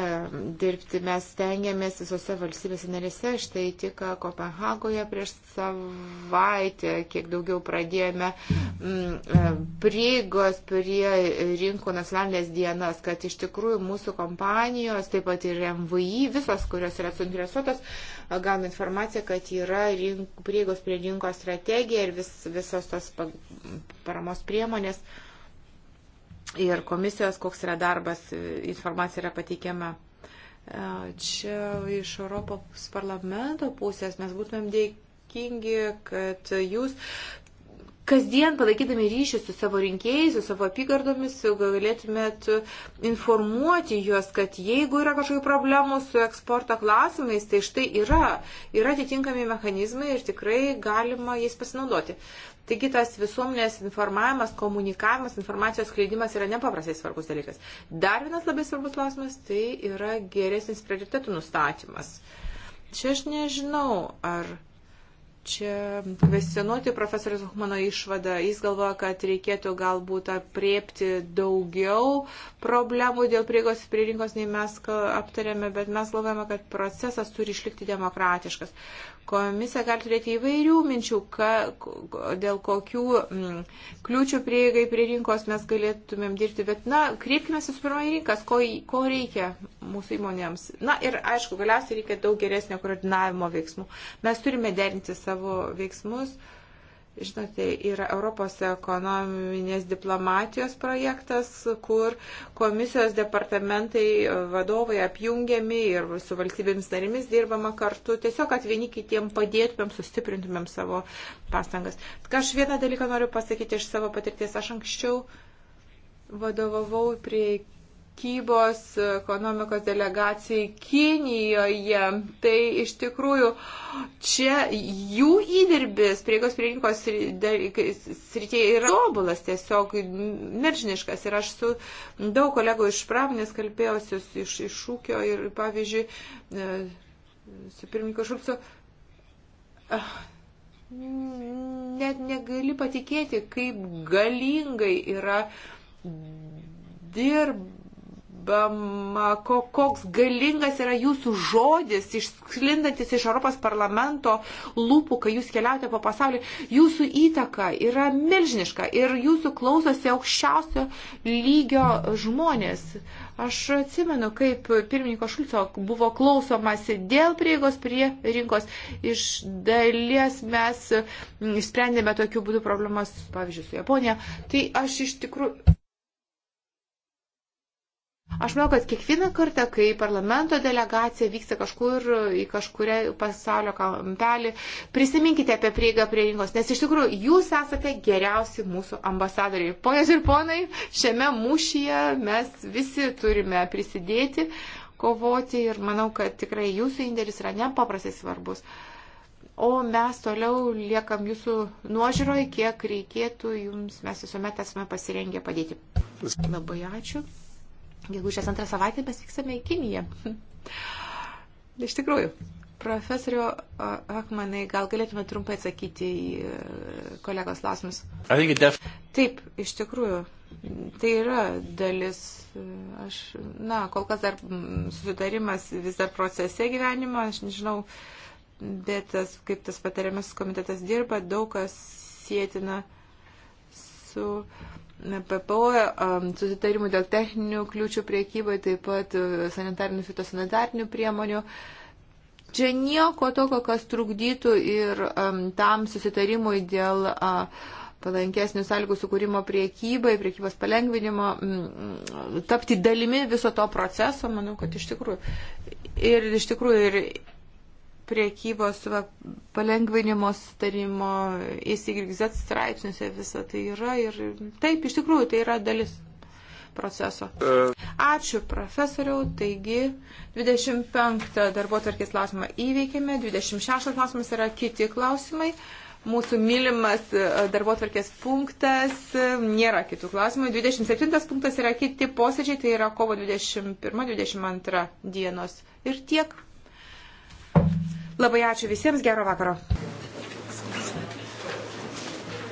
dirbti. Mes stengiamės visose valstybėse narėse, štai tik e, Kopenhagoje prieš savaitę, kiek daugiau pradėjome mm, e, prieigos prie rinkų nacionalinės dienas, kad iš tikrųjų mūsų kompanijos, taip pat ir MVI, visos, kurios yra suinteresuotos, gauna informaciją, kad yra rink, prieigos prie rinkos strategija ir vis, visos tos paramos priemonės. Uh, ir komisijos, koks yra darbas, informacija yra pateikiama. E, čia iš Europos parlamento pusės mes būtumėm dėkingi, kad jūs kasdien palaikydami ryšį su savo rinkėjais, su savo apygardomis, galėtumėt informuoti juos, kad jeigu yra kažkokių problemų su eksporto klausimais, tai štai yra, yra atitinkami mechanizmai ir tikrai galima jais pasinaudoti. Taigi tas visuomenės informavimas, komunikavimas, informacijos skleidimas yra nepaprastai svarbus dalykas. Dar vienas labai svarbus klausimas tai yra geresnis prioritetų nustatymas. Čia aš nežinau, ar čia kvestionuoti profesorius Hukmano išvadą. Jis galvoja, kad reikėtų galbūt apriepti daugiau problemų dėl prieigos prie rinkos, nei mes aptarėme, bet mes galvojame, kad procesas turi išlikti demokratiškas. Komisija gali turėti įvairių minčių, ka, dėl kokių m, mm, kliūčių prieigai prie rinkos mes galėtumėm dirbti, bet, na, kreipkime visų pirma į rinkas, ko, ko reikia mūsų įmonėms. Na ir, aišku, galiausiai reikia daug geresnio koordinavimo veiksmų. Mes turime derinti savo veiksmus. Uh, žinote, yra Europos ekonominės diplomatijos projektas, kur komisijos departamentai vadovai apjungiami ir su valstybėmis narimis dirbama kartu, tiesiog kad vieni kitiem padėtumėm, sustiprintumėm savo pastangas. Aš vieną dalyką noriu pasakyti iš savo patirties. Aš anksčiau vadovavau prie prekybos ekonomikos delegacijai Kinijoje. Tai iš tikrųjų čia jų įdirbis prieigos prie rinkos srityje yra tobulas, tiesiog miržiniškas. Ir aš su daug kolegų iš pramonės kalbėjausi, iš, iš ūkio ir pavyzdžiui, e, su pirmininku Šulcu. Ah, net negali patikėti, kaip galingai yra dirb, Bamako, koks galingas yra jūsų žodis, išsklindantis iš Europos parlamento lūpų, kai jūs keliaujate po pasaulį. Jūsų įtaka yra milžiniška ir jūsų klausosi aukščiausio lygio žmonės. Aš atsimenu, kaip pirmininko Šulco buvo klausomasi dėl prieigos prie rinkos. Iš dalies mes sprendėme tokiu būdu problemas, pavyzdžiui, su Japonija. Tai aš iš tikrųjų. Aš manau, kad kiekvieną kartą, kai parlamento delegacija vyksta kažkur į kažkurę pasaulio kampelį, prisiminkite apie prieigą prie rinkos, nes iš tikrųjų jūs esate geriausi mūsų ambasadoriai. Ponios ir ponai, šiame mūšyje mes visi turime prisidėti, kovoti ir manau, kad tikrai jūsų indėlis yra nepaprastai svarbus. O mes toliau liekam jūsų nuožiūroje, kiek reikėtų jums, mes visuomet esame pasirengę padėti. Labai ačiū gegužės antrą savaitę mes vyksime į Kiniją. Iš tikrųjų, profesoriu Akmanai, gal galėtume trumpai atsakyti į e, kolegos klausimus? Taip, iš tikrųjų, tai yra dalis, e, aš, na, kol kas dar susidarimas vis dar procese gyvenimo, aš nežinau, bet tas, kaip tas patariamasis komitetas dirba, daug kas sėtina su uh, PPO susitarimų dėl techninių kliūčių priekybai, taip pat e, sanitarinių fitosanitarinių priemonių. Čia nieko tokio, kas trukdytų ir um, tam susitarimui dėl uh, palankesnių sąlygų sukūrimo priekybai, priekybos palengvinimo, m, tapti dalimi viso to proceso, manau, kad iš tikrųjų. Ir iš tikrųjų ir priekybos va, palengvinimo starimo, įsigirgzat straipsniuose visą tai yra ir taip, iš tikrųjų, tai yra dalis proceso. E. Ačiū profesoriau, taigi 25 darbo tvarkės klausimą įveikėme, 26 klausimas yra kiti klausimai. Mūsų mylimas e, darbo tvarkės punktas e, nėra kitų klausimų. 27 punktas yra kiti posėdžiai, tai yra kovo 21-22 dienos. Ir tiek. Labai ačiū visiems, gero vakaro.